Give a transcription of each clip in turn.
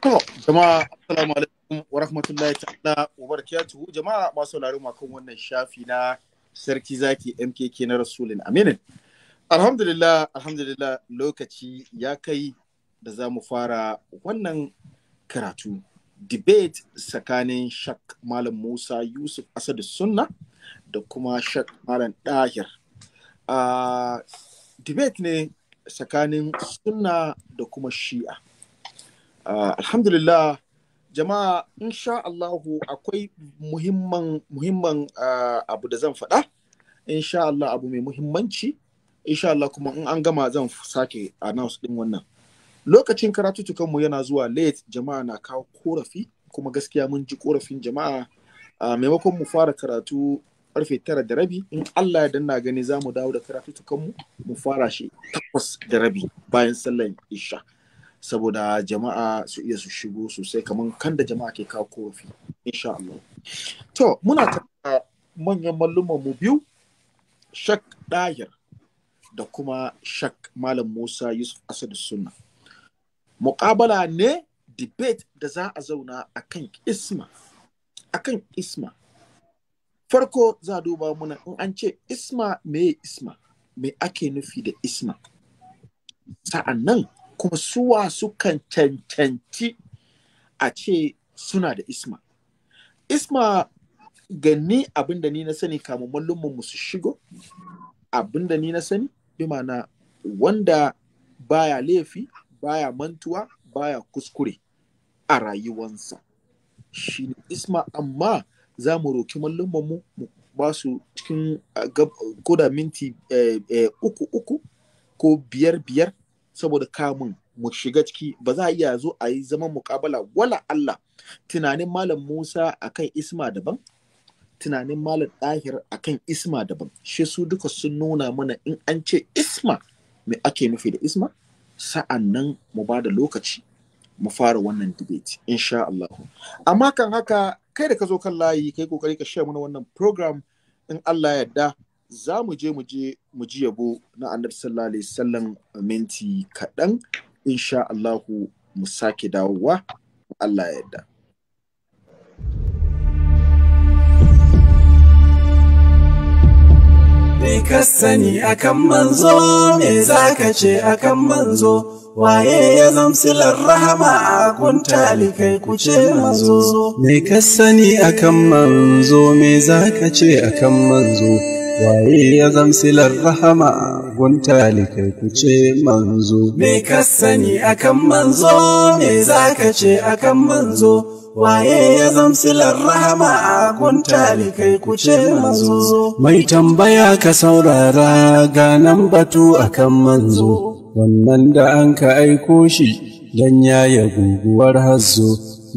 To, jama'a assalamu alaikum wa rahmatullahi ta'ala wa barakatuhu. Jama'a masu sauraron makon wannan shafi na Sarki Zaki MKK na Rasulin Aminin. Alhamdulillah, alhamdulillah lokaci ya kai da za mu fara wannan karatu. Debate tsakanin Shak Malam Musa Yusuf Asadu Sunna da kuma Shak Malam Dahir. Uh, debate ne tsakanin Sunna da kuma Shi'a. Uh, alhamdulillah jama'a insha Allahu akwai muhimman muhimman uh, abu da zan faɗa insha Allah abu mai muhimmanci insha Allah kuma in an gama zan sake announce ɗin wannan lokacin karatutukan mu yana zuwa late jama'a na kawo korafi kuma gaskiya mun ji korafin jama'a uh, maimakon mu fara karatu karfe tara da rabi in Allah ya danna gani za mu dawo da karatutukan mu mu fara shi takwas da rabi bayan sallan isha saboda jama'a su iya su shigo sosai kamar kan da jama'a ke kawo korafi insha Allah to muna ta manyan malluman mu biyu shak dayar da kuma shak malam Musa Yusuf Asad Sunna muqabala ne debate da za a zauna akan isma akan isma farko za a duba muna in an ce isma me isma me ake nufi da isma sa'an nan kuma suwa sukan cancanci a ce suna da isma isma gani abin da ni na sani kamun su shigo abin da ni na sani bi mana wanda baya laifi baya mantuwa baya kuskure a rayuwansa shi isma amma za mu roki mallumman mu ba su cikin koda minti eh, eh, uku uku ko biyar biyar saboda kamun mu shiga ciki ba za a iya zo a yi zaman mukabala wala Allah tunanin malam Musa akan Isma daban tunanin malam ɗahir akan Isma daban shi su duka sun nuna mana in an ce Isma me ake nufi da Isma sa'an nan mu ba da lokaci mu fara wannan debate insha Allah amma kan haka kai da ka zo kan layi kai kokari ka share mana wannan program in Allah ya yarda za mu je mu ji yabo na annabi sallallahu alaihi wasallam minti kaɗan insha Allahu mu sake dawowa Allah ya yarda. Me ka sani akan manzo, me za ka ce akan manzo, waye ya zamsilar rahama a kuntali kai kuce manzo. Me ka sani akan manzo, me za ka ce akan manzo. waye ya zamsilar rahama gunta kai ku manzo me ka sani akan manzo me zaka ce akan manzo waye ya zamsilar rahama gunta kai ku manzo mai tambaya ka saurara ganan batu akan manzo wannan da an ka aiko shi dan yaya guguwar hazo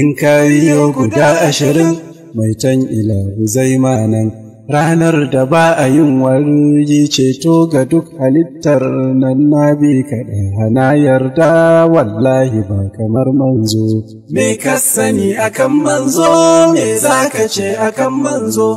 in ka guda ashirin mai can ilahu zai manan ranar da ba a yin wari ceto ga duk halittar nan na bi kaɗa hana yarda wallahi ba kamar manzo me ka sani akan manzo me za ka ce akan manzo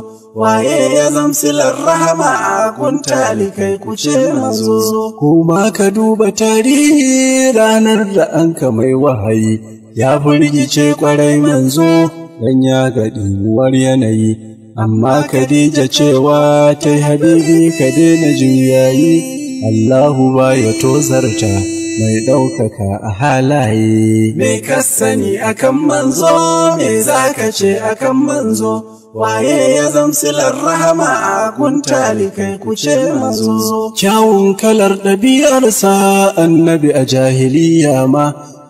waye ya zamsilar rahama a talikai kai ce manzo kuma ka duba tarihi ranar da an ka mai wahayi ya firgice ƙwarai manzo don ya ga ɗinguwar yanayi amma Khadija cewa ta habibi ka daina juyayi Allahu ba ya tozarta mai ɗaukaka a halaye mai ka sani akan manzo mai za ka ce akan manzo waye ya zamsilar rahama a kuntali kai kuce manzo kyawun kalar ɗabi'arsa annabi a jahiliya ma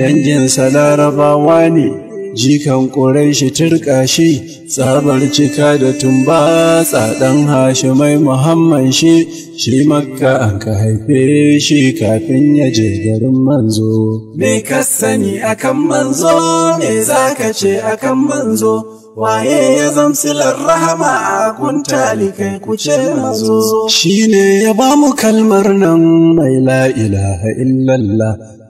danginsa larabawa ne jikan ƙurai shi turka shi tsabar cika da tumba tsadan mai muhamman shi shi makka an ka haife shi kafin ya je garin manzo me ka sani akan manzo me za ka ce akan manzo waye ya zamsilar rahama a kuntali kai kuce manzo shi ne ya ba mu kalmar nan mai la'ilaha ilaha illallah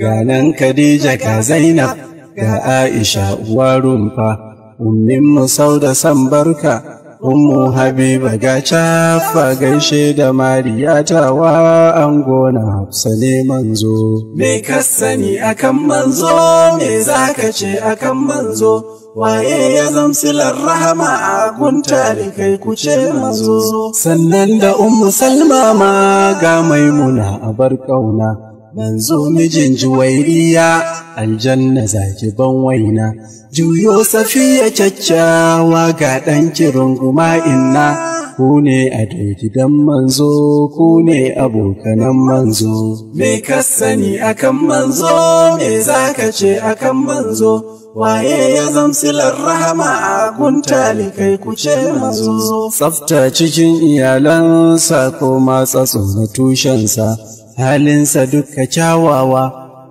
ga nan Khadija ka Zainab ga Aisha uwa rumfa ummin musau da san barka ummu habiba ga fa gaishe da wa, an gona hafsa ne manzo me ka sani akan manzo me zaka ce akan manzo waye ya zamsilar rahama a gunta da kai kuce manzo sannan da ummu salma ma ga maimuna abar ƙauna. manzo mijin juwairiya aljanna zaki ban waina juyo safiya caccawa ga ɗan runguma inna ku ne a gidan manzo ku ne abokanan manzo me ka sani akan manzo me zaka ce akan manzo waye ya zamsilar rahama a kuntali kai ku ce manzo tsafta cikin iyalansa ko matsa na tushensa halinsa dukka kyawawa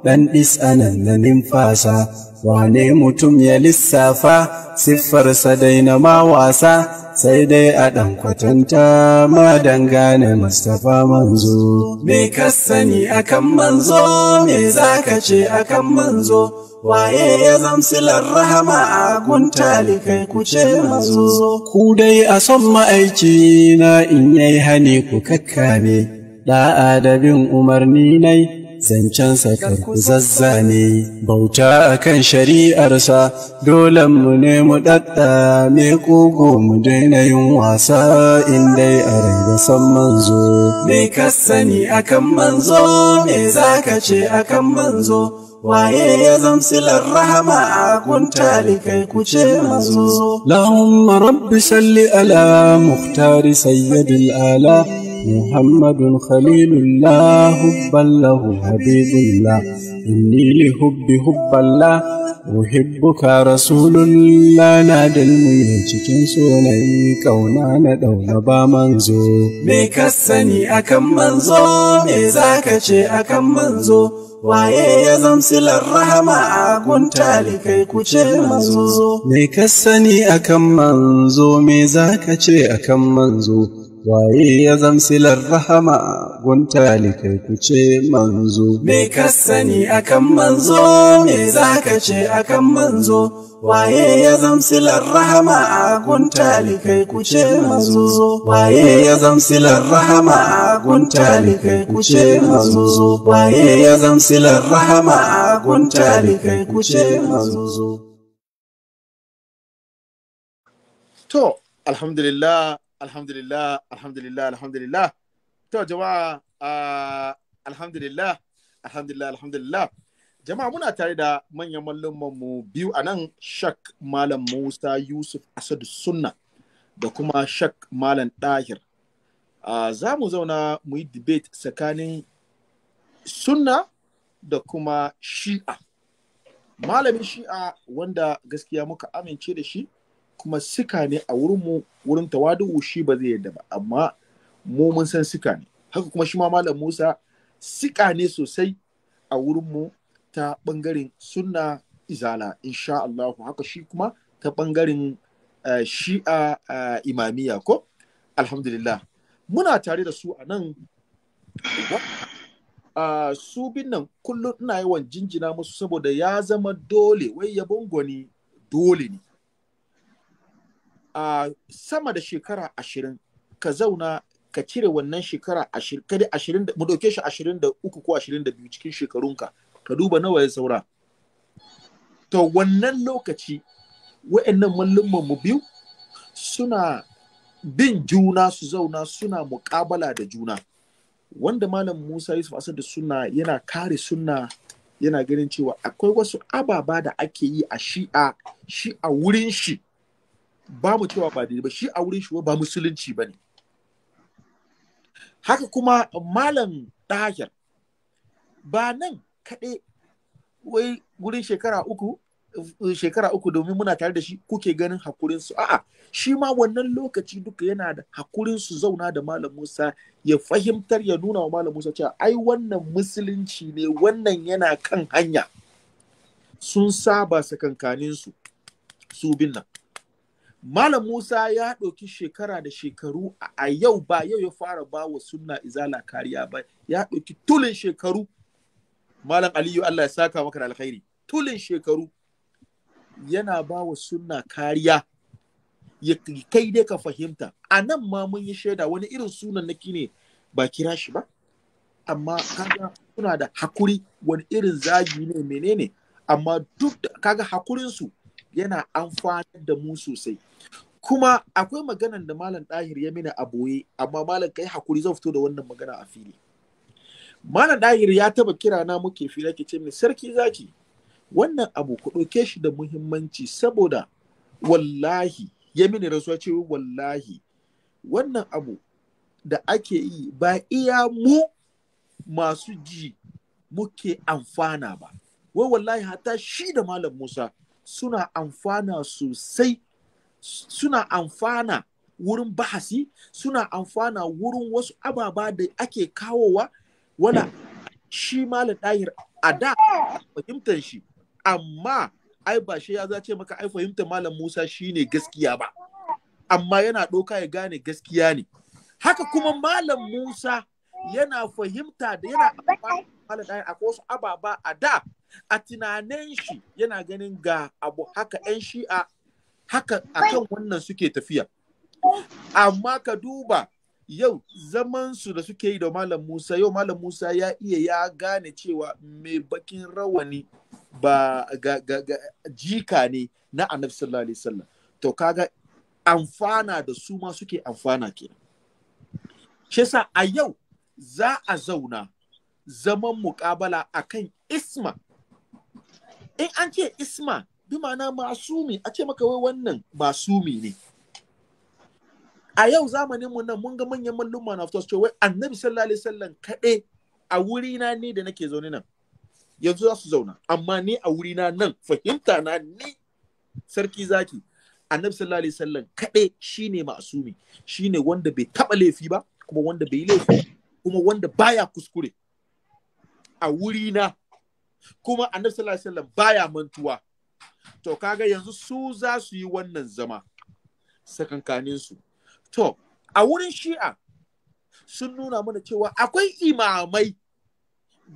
ɗan ɗis'anan na nimfasa wane mutum ya lissafa siffarsa daina ma wasa sai dai a ɗan kwatanta ma dangane mustapha manzo me ka sani akan manzo me za ka ce akan manzo waye ya zamsilar rahama a guntali kai ce manzo ku dai a son ma'aiki na in yayi hane ku kakkame ɗa'a da bin umarni nai zancensa karkuzazza ne bauta a kan shari'arsa dole mu ne mu ɗaɗɗa me ƙugu mu daina yin wasa in dai a raiga san manzo me ka sani akan manzo me za ka ce akan manzo waye ya zamsilar rahama a da kai ce manzo lahumma rabbi salli ala muhtari sayyidil ala محمد خليل الله حبا له حبيب الله إني لحب حب الله أحبك رسول الله نادى الميت كن سوني كونا na dauna ba manzo me ka sani akan manzo me zaka waye ya zamsilar rahama a guntali kai kuce manzo me ka sani akan manzo me zaka ce akan manzo waye ya zamsilar rahama gunta likai ku ce manzo me ka sani akan manzo me za ce akan manzo waye ya zamsilar rahama gunta likai ku ce manzo waye ya zamsilar rahama gunta likai ku ce manzo waye ya zamsilar rahama gunta likai ku ce manzo to alhamdulillah alhamdulillah alhamdulillah alhamdulillah to jama'a alhamdulillah alhamdulillah alhamdulillah jama'a muna tare da manyan mallumman mu biyu a nan shak malam musa yusuf asadu sunna da kuma shak malam dahir za mu zauna mu yi debate tsakanin sunna da kuma shi'a malamin shi'a wanda gaskiya muka amince da shi kuma sika ne a wurin mu wurin tawadu shi ba zai yadda ba amma mu mun san sika ne haka kuma shi ma malam Musa sika ne sosai a wurin mu ta bangaren sunna izala insha Allah haka shi kuma ta bangaren eh, shi'a eh, imamiya ko alhamdulillah muna tare da su a nan uh, su bin nan kullum ina yawan jinjina musu saboda ya zama dole wai yabon gwani dole ne a sama da shekara ashirin ka zauna ka cire wannan shekara ashirin kada ashirin mu ɗauke shi ashirin da uku ko ashirin da biyu cikin shekarunka ka duba nawa ya saura to wannan lokaci wa'annan mallumman mu biyu suna bin juna su zauna suna muƙabala da juna wanda malam musa yusuf da suna yana kare suna, yana ganin cewa akwai wasu ababa da ake yi a shi'a shi a wurin shi ba mu cewa ba daidai ba shi a wurin shi ba musulunci ba ne haka kuma malam ɗahir ba nan kaɗai wai gurin shekara uku shekara uku domin muna tare da shi kuke ganin hakurinsu a'a shi ma wannan lokaci duka yana da hakurinsu zauna da malam musa ya fahimtar ya nuna wa malam musa cewa ai wannan musulunci ne wannan yana kan hanya sun saba sakankaninsu su bin nan Malam Musa ya ɗauki shekara da shekaru a yau ba yau ya fara ba wa sunna izala kariya ba ya ɗauki tulin shekaru. Malam Aliyu Allah ya saka maka da alkhairi tulin shekaru yana ba wa sunna kariya ya kai dai ka fahimta a nan ma mun yi shaida wani irin sunan na ne ba kira shi ba amma kaga suna da hakuri wani irin zagi ne menene amma duk kaga hakurinsu yana amfanar da mu sosai kuma akwai maganan da malam ɗahir ya mini a boye amma malam kai hakuri zan fito da wannan magana a fili malam ɗahir ya taba kira na muke fili, ke ce mini sarki zaki wannan abu ku ɗauke shi da muhimmanci saboda wallahi ya mini rasuwa ce wallahi wannan abu da ake yi ba iya mu masu ji muke amfana ba wai wallahi hata shi da malam musa suna amfana sosai suna amfana wurin bahasi suna amfana wurin wasu ababa da ake kawowa wala shi malam dahir a da fahimtar shi amma ai ba shi ya zace maka ai fahimtar malam musa shine gaskiya ba amma yana ɗauka ya gane gaskiya ne haka kuma malam musa yana fahimta da yana amfana malam dahir a wasu ababa a da a tunanin shi yana ganin ga abu haka 'yan shi'a haka kan wannan suke tafiya amma ka duba yau zamansu da suke yi da malam musa yau malam musa ya iya ya gane cewa mai bakin rawani ba ga, ga, ga jika ne na annabi sallallahu alaihi to kaga amfana da su ma suke amfana kenan shi a yau za a zauna zaman muƙabala akan isma in an ce isma bi ma'ana masumi a ce maka wai wannan masumi ne a yau zamanin mu nan mun ga manyan malluma na fito wai annabi sallallahu alaihi wasallam kaɗai a wuri na ni da nake zaune nan yanzu za su zauna amma ni a wuri na nan fahimta na ni sarki zaki annabi sallallahu alaihi wasallam kaɗai shine masumi shine wanda bai taba laifi ba kuma wanda bai laifi kuma wanda baya kuskure a wuri na kuma annabi sallallahu alaihi wasallam baya mantuwa to kaga yanzu su za su yi wannan zama sakankanin su to a wurin shi'a sun nuna mana cewa akwai imamai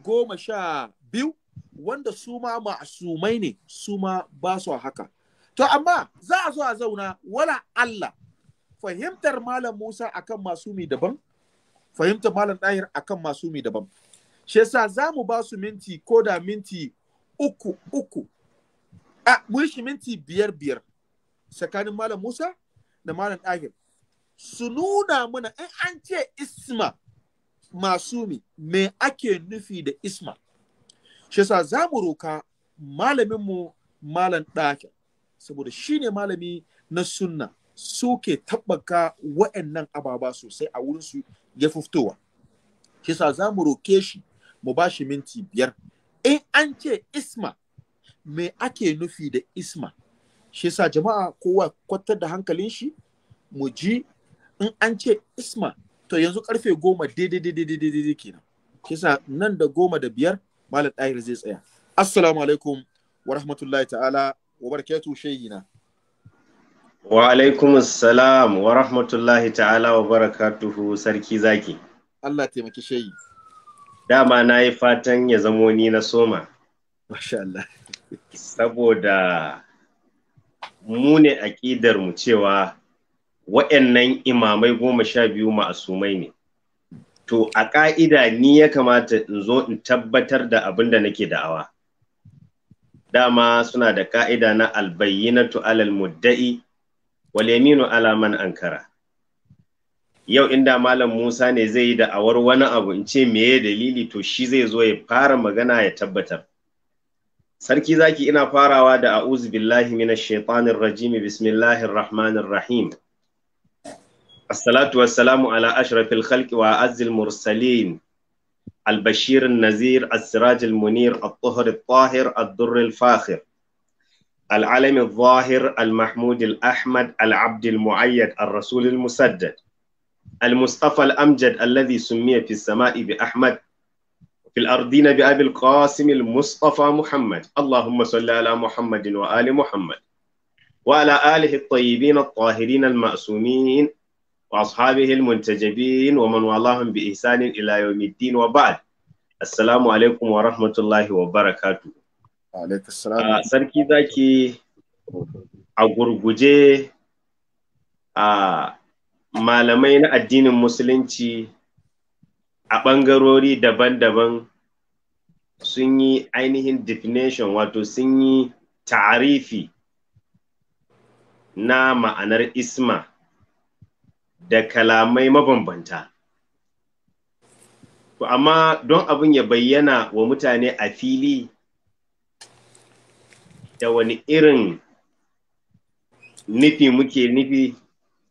goma sha biyu wanda su ma masumai ne su ma ba su haka to amma za a zo a zauna wala Allah fahimtar malam Musa akan masumi daban fahimtar malam Dahir akan masumi daban shi yasa za mu ba su minti ko da minti uku uku a mun shi minti biyar biyar tsakanin malam musa da malam ɗahir su nuna mana in an ce isma masumi me ake nufi da isma shi yasa za mu roka malaminmu malam ɗahir saboda shi ne malami na sunna suke tabbaka wa'annan ababa sosai a wurin su ya fitowa shi yasa za mu roke shi mu ba shi minti biyar in an ce isma me ake nufi da isma shi sa jama'a kowa kwatar da hankalin shi mu ji in an ce isma to yanzu karfe goma daidai daidai daidai kenan shi sa nan da goma da biyar malam ɗahir zai tsaya assalamu alaikum wa rahmatullahi ta'ala wa barakatu shayina. wa alaikum assalam wa rahmatullahi ta'ala wa barakatuhu sarki zaki Allah taimaki shayi. dama na yi fatan ya zamo ni na soma Allah. saboda mu ne mu cewa wa'annan imamai goma sha biyu ma'asumai ne to a ƙa'ida ni ya kamata in zo in tabbatar da abin da nake da'awa dama suna da ƙa'ida na albayyinatu alal mudda'i wal yaminu ankara yau inda malam Musa ne zai yi da'awar wani abu in ce meye dalili to shi zai zo ya fara magana ya tabbatar sarki zaki ina farawa da a'udhu billahi minash shaitanir rajim bismillahir rahmanir rahim assalatu wassalamu ala ashrafil khalqi wa azzil mursalin البشير النذير السراج المنير الطهر الطاهر الدر الفاخر العلم الظاهر المحمود الأحمد العبد المعيد الرسول المسدد المصطفى الأمجد الذي سمي في السماء بأحمد في الأرضين بأبي القاسم المصطفى محمد اللهم صل على محمد وآل محمد وعلى آله الطيبين الطاهرين المأسومين وأصحابه المنتجبين ومن والاهم بإحسان إلى يوم الدين وبعد السلام عليكم ورحمة الله وبركاته عليك السلام sarki zaki a gurguje a malamai na addinin musulunci a ɓangarori daban-daban sun yi ainihin definition wato sun yi ta'arifi na ma'anar isma da kalamai mabambanta. To, amma don abin ya bayyana wa mutane a fili da wani irin nufi muke nufi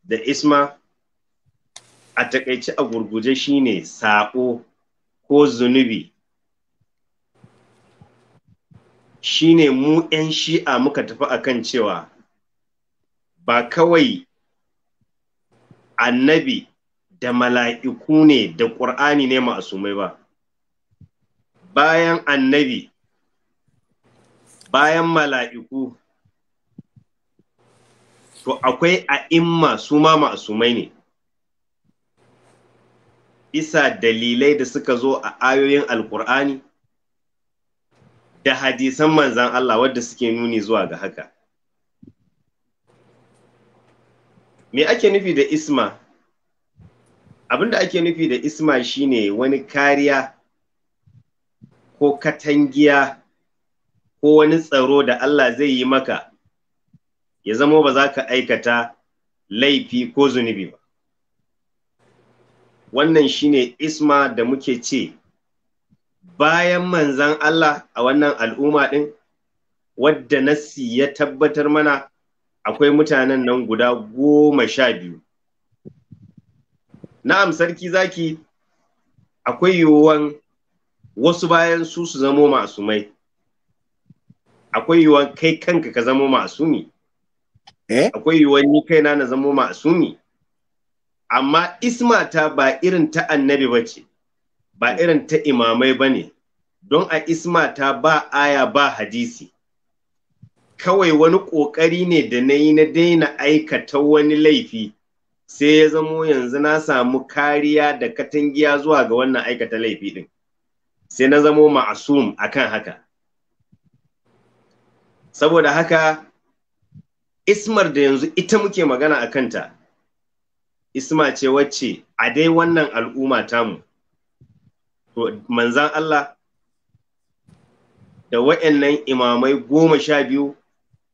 da isma a takaice a gurguje shine saƙo ko zunubi shine mu 'yan shi'a muka tafi akan cewa ba kawai annabi da mala'iku ne da ƙur'ani ne ma'asumai ba bayan annabi bayan mala'iku to akwai a'imma su ma ma'asumai ne bisa dalilai da suka zo a ayoyin alkur'ani da hadisan manzan Allah wadda suke nuni zuwa ga haka me ake nufi da isma abinda ake nufi da isma shine wani kariya ko katangiya ko wani tsaro da Allah zai yi maka ya zamo ba za ka aikata laifi ko zunubi ba wannan shine isma da muke ce bayan manzan Allah a wannan al'umma ɗin wadda nassi ya tabbatar mana akwai mutanen nan guda goma sha biyu na'am sarki zaki akwai yiwuwan wasu bayan su su zamo masumai akwai yiwuwan kai kanka ka zamo masumi eh? akwai yiwuwan ni kaina na zamo masumi amma ismata ba irin ta annabi ba ce ba irin ta imamai ba ne don a ismata ba aya ba hadisi kawai wani ƙoƙari ne da na yi na daina aikata wani laifi sai ya zamo yanzu na samu kariya da katangiya zuwa ga wannan aikata laifi ɗin sai na zamo ma'asum kan haka saboda haka ismar da yanzu ita muke magana a kanta isma ce wacce a dai wannan al'umma tamu to manzan Allah da wa'annan imamai goma sha biyu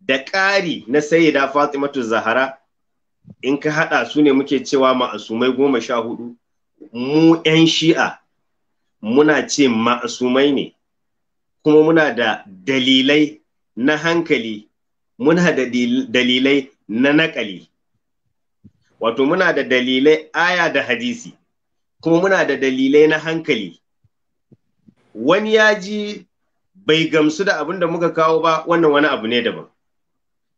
da ƙari na sayyida fatimatu zahara in ka haɗa su ne muke cewa ma'asumai goma sha hudu mu 'yan shi'a muna ce ma'asumai ne kuma muna da dalilai na hankali muna da dalilai na naƙali wato muna da dalilai aya da hadisi kuma muna da dalilai na hankali wani ya ji bai gamsu da abin da muka kawo ba wannan wani abu ne daban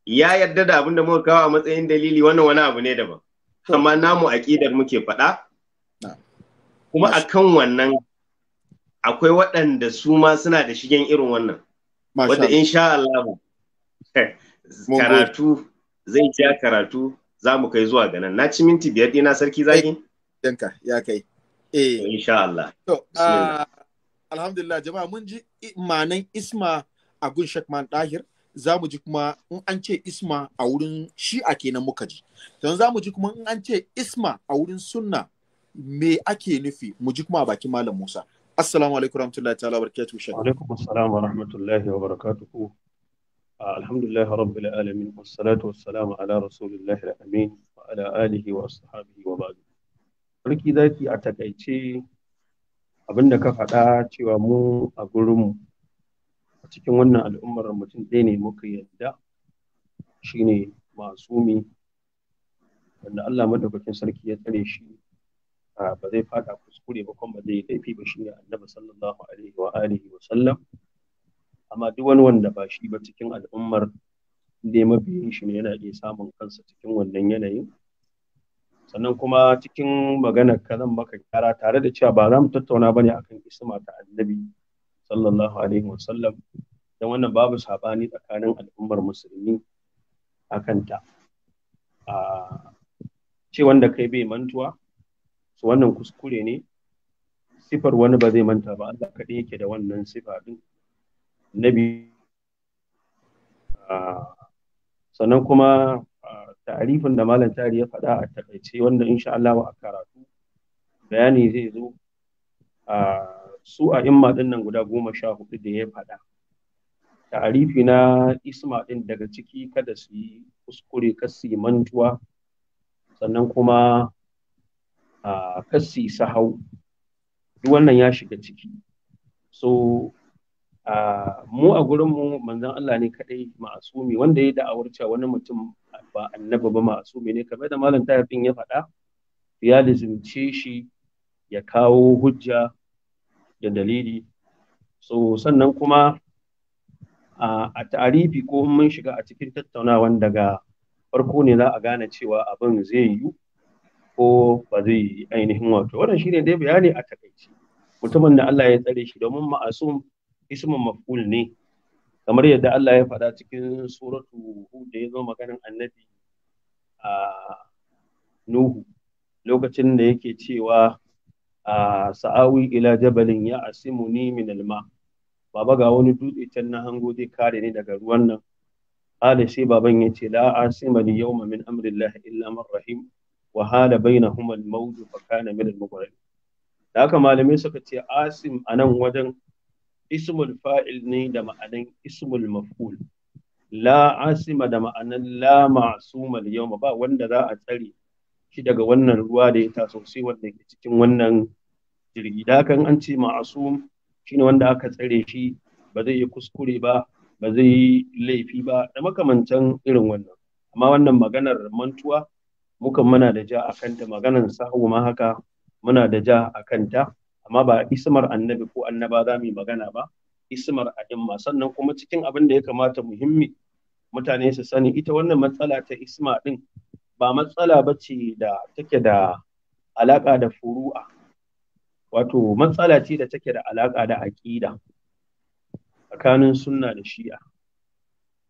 ya yarda da abin da muka kawo a matsayin dalili wannan wani abu ne daban amma namu aƙidar muke faɗa kuma a kan wannan akwai waɗanda su ma suna da shigen irin wannan wadda insha Allah karatu zai ja karatu za mu kai zuwa ganin, na ci minti biyar dina sarki zaki danka eh, ya kai eh. insha Allah to ah, alhamdulillah jama'a mun ji manan isma a gun Shekman dahir za mu ji kuma in an ce isma a wurin shi'a kenan muka ji don za mu ji kuma in an ce isma a wurin sunna me ake nufi mu ji kuma a bakin malam musa assalamu alaikum warahmatullahi ta'ala barakatuhu wa alaikum assalam wa rahmatullahi wa barakatuhu الحمد لله رب العالمين والصلاة والسلام على رسول الله الأمين وعلى آله وأصحابه وبعد sarki zaki a takaice abin ka faɗa cewa mu a gurinmu a cikin wannan al'ummar mutum ɗaya ne muka yadda shine masumi wanda Allah madaukakin sarki ya tsare shi ba zai faɗa kuskure ba kuma ba zai laifi ba shine annabi sallallahu alaihi wa alihi wa sallam amma duk wani wanda ba shi ba cikin al'ummar dai mabiyin shi ne yana iya samun kansa cikin wannan yanayin sannan kuma cikin magana ka zan baka kara tare da cewa ba za mu tattauna ba ne akan isma ta annabi sallallahu alaihi wasallam don wannan babu saɓani tsakanin al'ummar musulmi a kanta ce wanda kai bai mantuwa su wannan kuskure ne sifar wani ba zai manta ba Allah kaɗai yake da wannan sifa din na biyu ah, sannan kuma ah, ta'arifin da malam tari ya faɗa a takaice wanda insha Allah a karatu bayani zai zo a ah, su a imma ɗin nan guda goma sha hudu da ya faɗa ta'arifi na isma ɗin daga ciki kada su yi kuskure kasi mantuwa sannan kuma kassi, sahau duk wannan ya shiga ciki so mu a gurinmu manzon Allah ne kaɗai ma'asumi wanda ya da'awar cewa wani mutum ba annabi ba ma'asumi ne kamar da malam tayafin ya faɗa ya lazimce shi ya kawo hujja da dalili so sannan kuma a tarifi ko mun shiga a cikin tattaunawan daga farko ne za a gane cewa abin zai yiwu ko ba zai ainihin wato wannan shine dai bayani a takaici mutumin da Allah ya tsare shi domin ma'asum ismun maf'ul ne kamar yadda Allah ya faɗa cikin suratu Hud da ya zo maganin annabi a Nuhu lokacin da yake cewa a sa'awi ila jabalin ya asimu min alma baba ga wani dutse can na hango zai kare ni daga ruwan nan qala sai baban yace la asima li yawma min amrillahi illa man rahim wa hala bainahuma al-mawj fa kana min al-mughrib da haka malamai suka ce asim anan wajen ismul fa'il ne da ma'anan ismul maf'ul la asima da ma'anan la ma'suma yawma ba wanda za a tsare shi daga wannan ruwa da ya taso sai wanda ke cikin wannan jirgi da kan an ce ma'asum shine wanda aka tsare shi ba zai yi kuskure ba ba zai yi laifi ba da makamantan irin wannan amma wannan maganar mantuwa mukan muna da ja a kanta maganar sahu ma haka muna da ja a kanta amma ba ismar annabi ko annaba za mu yi magana ba ismar a a'imma sannan kuma cikin abin da ya kamata muhimmi mutane su sani ita wannan matsala ta isma din ba matsala ba ce da take da alaƙa da furu'a wato matsala ce da take da alaƙa da aƙida tsakanin sunna da shi'a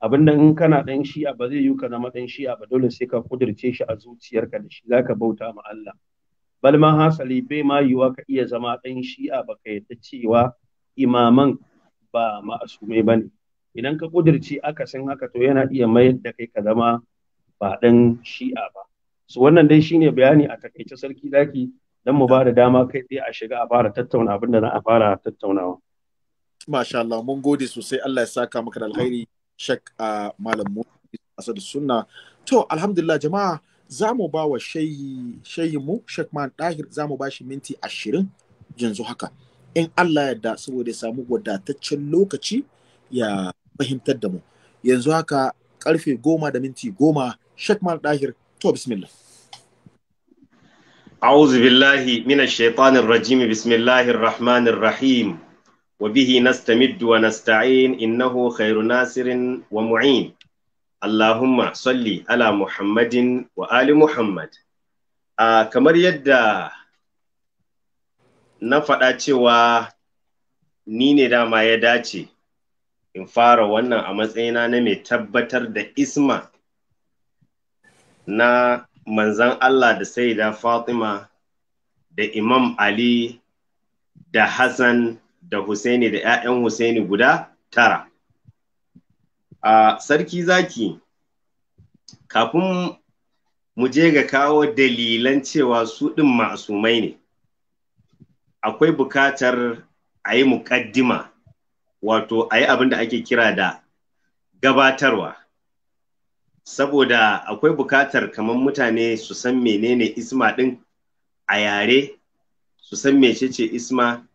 abin da in kana ɗan shi'a ba zai yi ka zama ɗan shi'a ba dole sai ka kudirce shi a zuciyarka da shi zaka bauta ma Allah bal ma hasali bai ma yiwa ka iya zama ɗan shi'a baka yadda cewa imaman ba ma'asume ba ne idan ka ƙudurci akasin haka to yana iya mayar da kai ka zama ba ɗan shi'a ba so wannan dai shine bayani a takaice sarki zaki dan mu ba da dama kai sai a shiga a fara tattauna abin da za a fara tattaunawa masha Allah mun gode sosai Allah ya saka maka da alkhairi shak a ah, malam mu asadu sunna to alhamdulillah jama'a za mu ba wa mu shekman ɗahir za mu ba shi minti ashirin yanzu haka in Allah yarda saboda ya samu wadataccen lokaci ya fahimtar da mu yanzu haka karfe goma da minti goma shekman ɗahir to bismillah أعوذ بالله من الشيطان الرجيم بسم الله الرحمن الرحيم وبه نستمد ونستعين إنه خير ناصر ومعين Allahumma salli ala Muhammadin wa ali Muhammad. Uh, kamar yadda na faɗa cewa ni ne dama ya dace in fara wannan a matsayina na mai tabbatar da isma na manzan Allah da Saida Fatima da Imam Ali da Hassan da Husaini da ‘ya'yan Husaini guda tara. a sarki zaki kafin mu je ga kawo dalilan cewa su ɗin ma'asumai ne akwai bukatar a yi muƙaddima wato a yi abin da ake kira da gabatarwa saboda akwai bukatar kamar mutane su san menene isma ɗin a yare su san mecece isma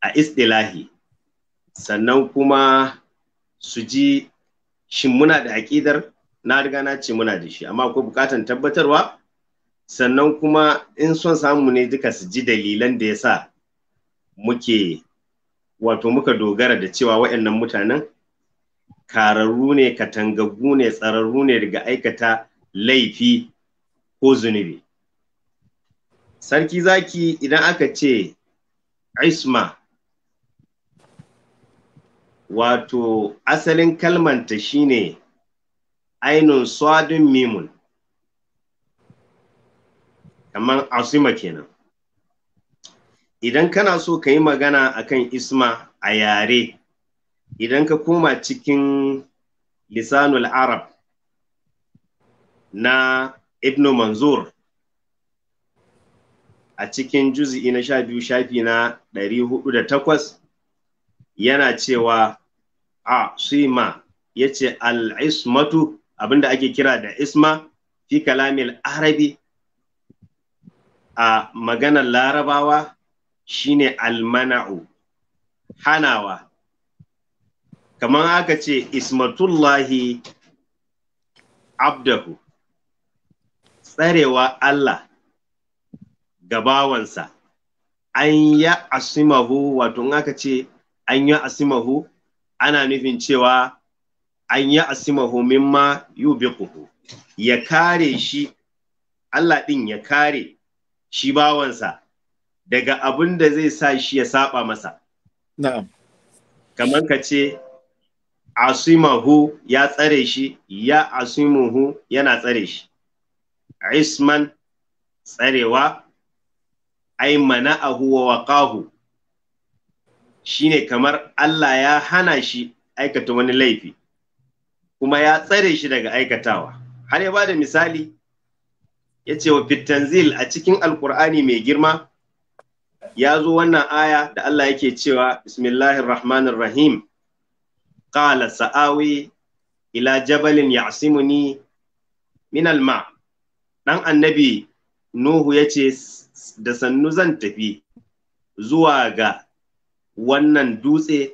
a istilahi sannan kuma su ji shin muna da aƙidar na riga na ce muna da shi amma akwai buƙatar tabbatarwa sannan kuma in son samu ne duka su ji dalilan da ya sa muke wato muka dogara da cewa waɗannan mutanen kararru ne katangaggu ne tsararru ne daga aikata laifi ko zunubi sarki zaki idan aka ce isma wato asalin kalmanta shine ainun swadin mimun kamar asima kenan idan kana so ka yi magana akan isma a yare idan ka koma cikin lisanul arab na ibn manzur a cikin juzi'i na sha biyu shafi na ɗari huɗu da takwas yana cewa A asima yace al al’ismatu abinda ake kira da isma fi kalamil arabi a maganar larabawa shine almana'u hanawa kamar aka ce ismatullahi abdahu tsarewa Allah gabawansa an ya asimahu wato aka ce an yi asimahu ana nufin cewa an yi asimahu mimma yubiquhu ya kare shi Allah ɗin ya kare shi bawansa daga abin da zai sa shi ya saba masa na'am kamar ka ce asimahu ya tsare shi ya asimuhu yana tsare shi isman tsarewa ai mana'ahu wa waqahu shine kamar Allah ya hana shi aikata wani laifi kuma ya tsare shi daga aikatawa har ya ba da misali ya ce wa fitanzil a cikin alƙur'ani mai girma ya zo wannan aya da Allah yake cewa bismillahir rahmanir rahim qala sa'awi ila jabalin ya'simuni min alma dan annabi nuhu ya ce da sannu zan tafi zuwa ga wannan dutse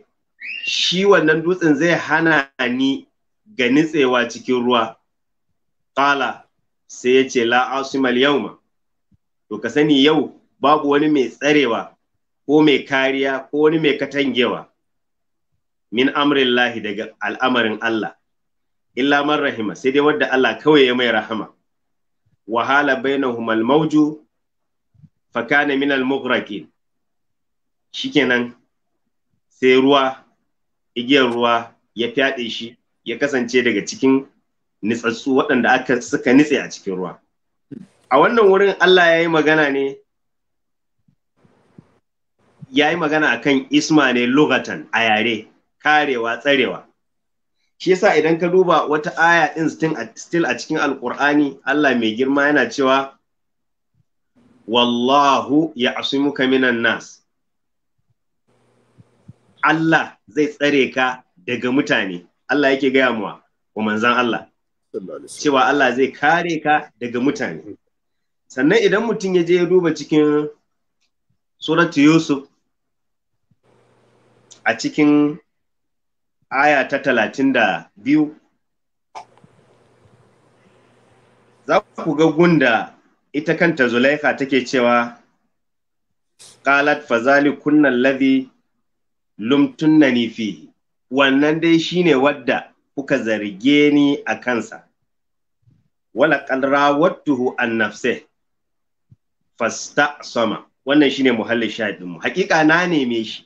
shi wannan dutsen zai hana ni ga nitsewa cikin ruwa ƙala sai ya ce la asimal yauma to ka sani yau babu wani mai tsarewa ko mai kariya ko wani mai katangewa min amrillahi daga al'amarin Allah illa man rahima sai dai wadda Allah kawai ya mai rahama wahala bainahum al-mawju fa kana min al-mughraqin shikenan sai ruwa igiyar ruwa ya fyaɗe shi ya kasance daga cikin nitsatsu waɗanda aka suka nitse a cikin ruwa a wannan wurin Allah ya yi magana ne ya yi magana a kan isma ne lugatan a yare karewa tsarewa shi yasa idan ka duba wata aya ɗin still a cikin alkur'ani Allah mai girma yana cewa wallahu ya asimuka minan nas Allah zai tsare ka daga mutane Allah yake gaya muwa wa manzan Allah cewa Allah zai kare ka daga mutane sannan idan mutum ya je ya duba cikin suratu Yusuf a cikin aya ta talatin da biyu za ku ga gunda ita kanta zulaika take cewa ƙalat fazali kunna alladhi ni fihi wannan dai shine wadda kuka zarge ni a kansa wala wattuhu an nafse fasta sama wannan shine muhallin shahidin mu hakika na neme shi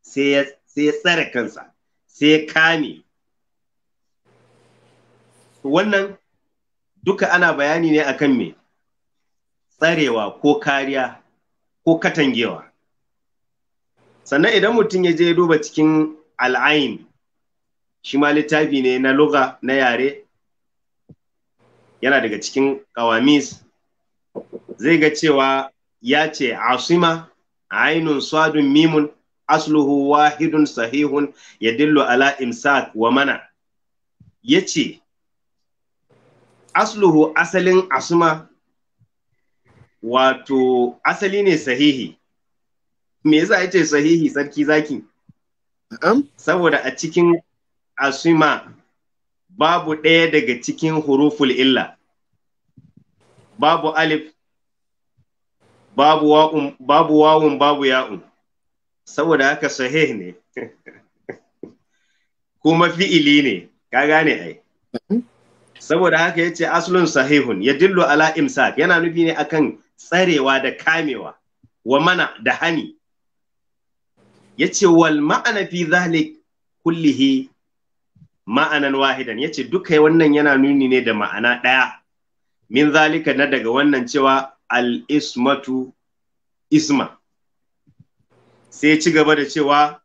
sai ya tsare kansa sai ya kame wannan duka ana bayani ne akan me tsarewa ko kariya ko katangewa sannan idan mutum ya je duba cikin al'ain shi ma littafi ne na luga na yare yana daga cikin kawamis zai ga cewa ya ce asima ainun swadun mimun asluhu wahidun sahihun ya dillu ala imsak wa mana ya ce asluhu asalin asuma wato asali ne sahihi me yasa ce sahihi sarki zaki saboda a cikin asima babu ɗaya daga cikin huruful illa babu alif babu wawun babu ya'un saboda haka sahih ne kuma fi'ili ne ka gane ai saboda haka ya ce asulun sahihun ya dillu ala imsak yana nufi ne akan tsarewa da kamewa wa mana da hani Ya ce wal ma'ana fi zalik kullihi ma'anan wahidan ce duka wannan yana nuni ne da ma'ana ɗaya min zalika na daga wannan cewa al isma sai ci gaba da cewa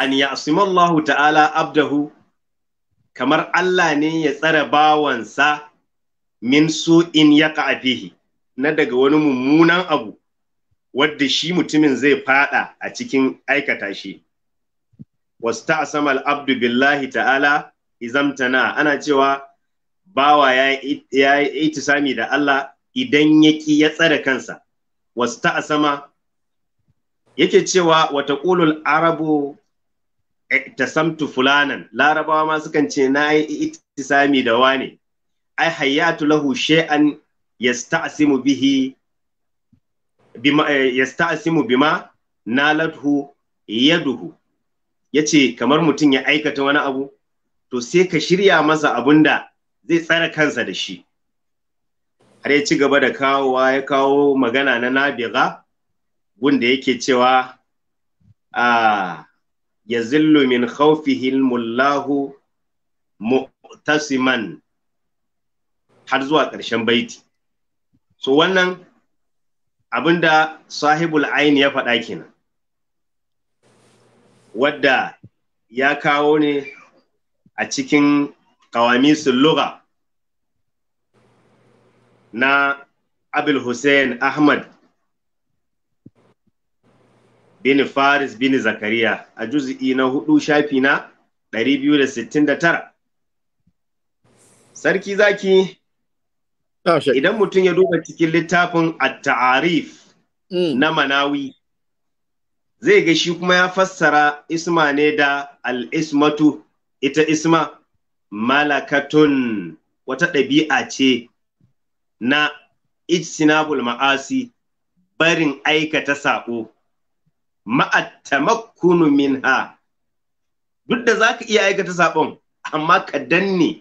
an ya'simallahu ta'ala abdahu kamar Allah ne ya tsara bawansa min su'in ya fihi na daga wani mummunan abu wadda shi mutumin zai fada a cikin aikata shi wasta samar abdu billahi ta'ala izamtana ana cewa bawa ya yi sami da Allah idan ya ki ya tsare kansa wasta sama yake cewa wata ƙulul arabu samtu fulanan larabawa ma sukan ce na yi sami da wane ai hayatu lahu ya yasta'simu bihi bima eh, bima nalathu yaduhu yace kamar mutum ya aikata wani abu to sai ka shirya masa abun da zai tsara kansa da shi har ya ci gaba da kawowa ya kawo magana na nabiga gunda yake cewa a ah, ya zillu min haufi mullahu mu'tasiman har zuwa ƙarshen baiti so wannan abinda sahibul aini ya faɗa kenan wadda ya kawo ne a cikin kawamisul lugha na abul hussein ahmad bin faris bin zakariya a juz'i na hudu shafi na 269 sarki zaki Ah, Idan mutum ya duba cikin littafin at-ta'arif mm. na Manawi zai ga shi kuma ya fassara isma ne da alismatu ita isma malakatun wata ɗabi'a ce na ijtinabul ma'asi barin aikata saƙo ma'attamakkunu minha duk da za ka iya aikata saƙon amma ka danne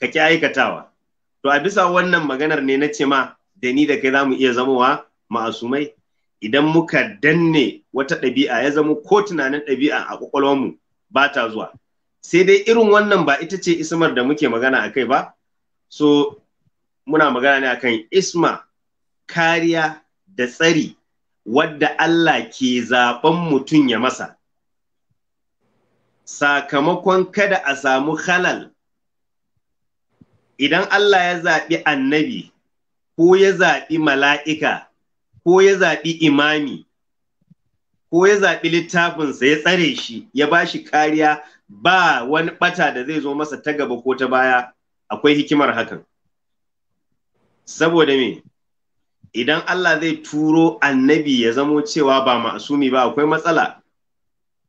ka ƙi aikatawa to a bisa wannan maganar ne na ce ma da ni da kai za mu iya zamowa ma'asumai idan muka danne wata ɗabi'a ya zama ko tunanin ɗabi'a a ƙwaƙwalwarmu ba ta zuwa sai dai irin wannan ba ita ce ismar da muke magana a kai ba so muna magana ne akan isma kariya da tsari wadda Allah ke zaɓen mutum ya masa sakamakon kada a samu halal idan Allah ya zaɓi annabi ko ya zaɓi mala'ika ko ya zaɓi imami ko ya zaɓi littafinsa ya tsare shi ya ba shi kariya ba wani ɓata da zai zo masa ta gaba ko ta baya akwai hikimar hakan. Saboda me, idan Allah zai turo annabi ya zamo cewa ba ma'asumi ba akwai matsala.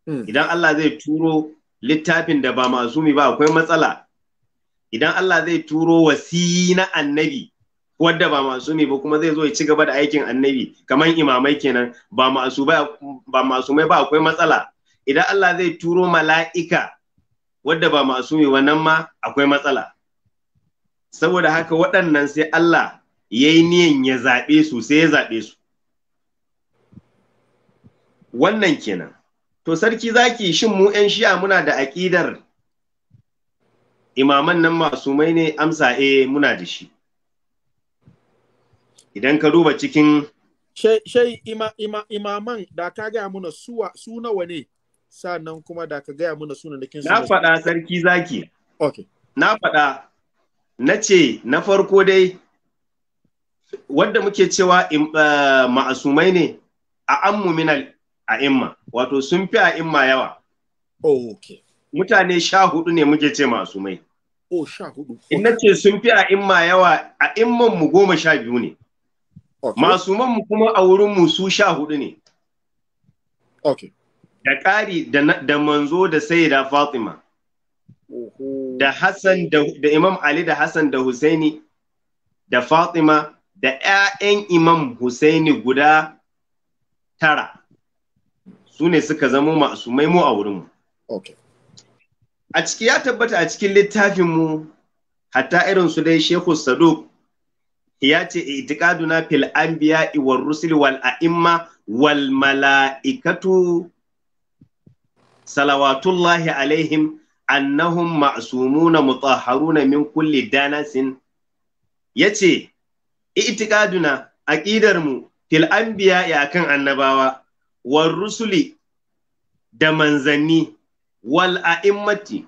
Hmm. Idan Allah zai turo littafin da ba asumi ba akwai matsala. idan Allah zai turo wasi na annabi wadda ba ne ba kuma zai zo ya ci gaba da aikin annabi kamar imamai kenan ba masumai ba akwai matsala idan Allah zai turo mala'ika wadda ba masumi wannan ma akwai matsala saboda haka waɗannan sai Allah ya yi niyan ya zaɓe su sai ya zaɓe su wannan kenan to sarki zaki shin mu 'yan shi'a muna da aƙidar imaman nan mai ne amsa e muna da shi idan ka duba cikin shai ima, ima, imaman da ka gaya muna suwa su nawa ne sannan kuma da ka gaya muna suna nakin na faɗa sarki zaki okay. na faɗa na ce na farko dai wadda muke cewa uh, ma'asumai ne a ammu a a'imma wato sun fi a'imma yawa oh, okay. mutane sha hudu ne muke ce ma'asumai o sha hudu in sun fi a imma yawa a imman mu goma sha biyu ne Masu man mu kuma a wurin mu su sha hudu ne Ok. da ƙari da manzo da da fatima da hassan da imam ali da hassan da husaini da fatima da 'ya'yan imam husaini guda tara su ne suka zama masu mu a wurinmu okay. a ciki ya tabbata a cikin littafinmu hatta irin su dai Shehu Saduk ya ce itiqaduna fil anbiya iwar rusul wal a'imma wal mala'ikatu salawatullahi alaihim annahum ma'sumuna mutahharuna min kulli danasin yace aqidar mu fil anbiya ya kan annabawa war rusuli da manzanni wal a'immati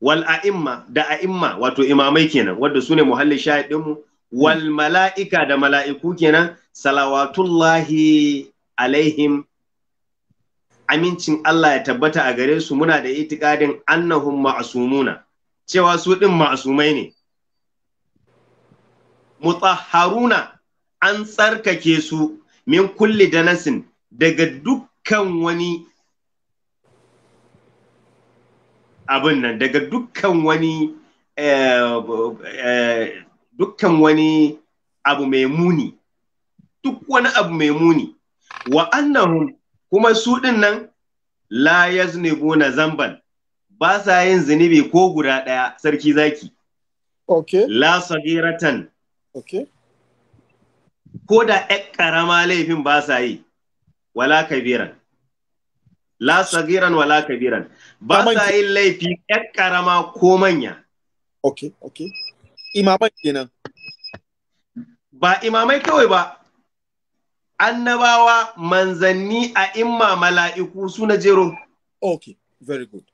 wal a'imma da a'imma wato imamai kenan wanda sune muhalli shahidin mu wal mala'ika da mala'iku kenan salawatullahi alaihim amincin Allah ya tabbata a gare su muna da itikadin annahum masumuna, cewa su ɗin masumai ne mutahharuna an tsarkake su min kulli danasin daga dukkan wani abin nan daga dukkan wani eh, dukkan wani abu mai muni duk wani abu mai muni wa annahum kuma su din nan la na zamban ba sa yin zunubi ko guda ɗaya sarki zaki okay la sagiratan okay ko da ƴan ƙarama laifin ba sa yi wala kabiran la sagiran wala kabiran ba sa yin laifi ƴan karama ko manya Ok, ok. imamai kenan ba imamai kawai ba annabawa manzanni a imma mala'iku su na jero Ok, very good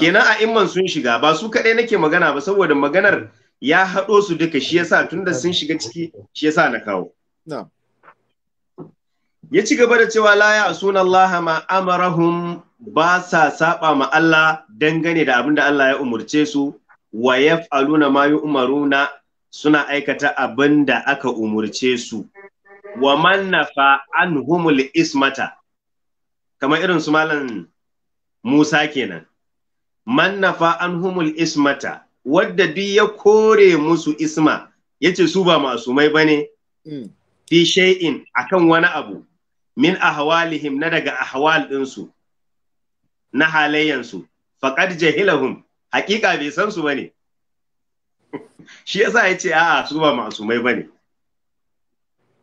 kenan a imman sun shiga ba su kaɗai nake magana ba saboda maganar ya haɗo su duka shi yasa tunda sun shiga ciki shi yasa na kawo na'am ya ci gaba da cewa la ya asuna Allah ma amarahum ba sa saba ma Allah dangane da abin da Allah ya umurce su wa yaf'aluna ma yu'maruna suna aikata abin da aka umurce su wa man nafa anhumul ismata kamar irin su malam Musa kenan man nafa anhumul ismata wadda duk ya kore musu isma yace su ba masumai bane mm. fi shay'in akan wani abu min ahwalihim na daga ahwal ɗinsu na halayyansu faƙad jahilahum haƙiƙa bai san su bane shi yasa ya ce a'a su ba masumai bane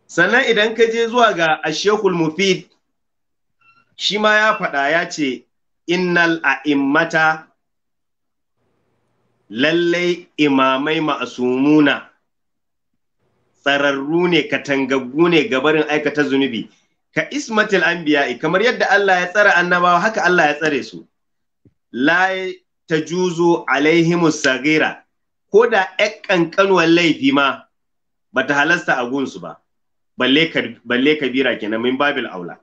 sannan idan ka je zuwa ga ashekul mufid shi ma ya faɗa ya ce innal a'immata lallai imamai masumuna tsararru ne katangaggu ne gabarin aikata zunubi ka ismatil anbiya kamar yadda Allah ya tsare annabawa haka Allah ya tsare su la tajuzu alaihimus sagira ko da ƴan ƙanƙanuwar laifi ma bata halasta a gunsu ba balle kabira kenan min babil aula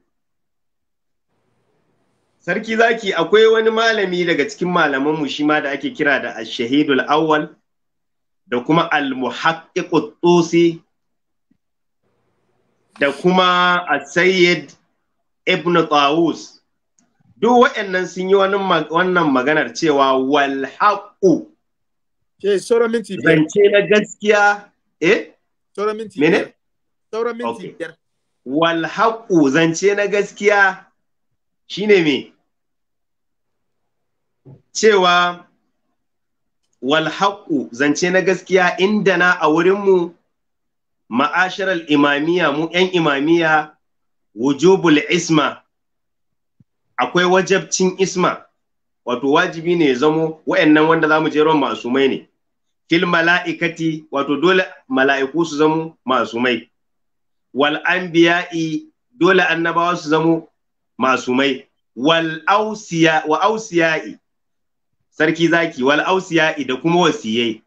sarki zaki akwai wani malami daga cikin malamanmu shi ma da ake kira da ash-shahidul awwal da kuma al-muhaqqiqut tusi da kuma Sayyid ibn Tawus duk waɗannan sun yi wannan maganar cewa wal Ke eh, sauran minti biyar zance na gaskiya eh sauran minti biyar sauran minti biyar wal zance na gaskiya shi ne me cewa wal zance na gaskiya inda na a wurinmu mu Ma'asharar imamiya mu 'yan imamiya wujubul isma akwai wajabcin isma wato wajibi ne ya zamo wa'annan wanda za mu je masu masumai ne fil mala'ikati wato dole mala'iku su zamo masumai wal anbiya'i dole annabawa su zamo masumai wal WalAusiya'i, sarki zaki wal da kuma wasiyai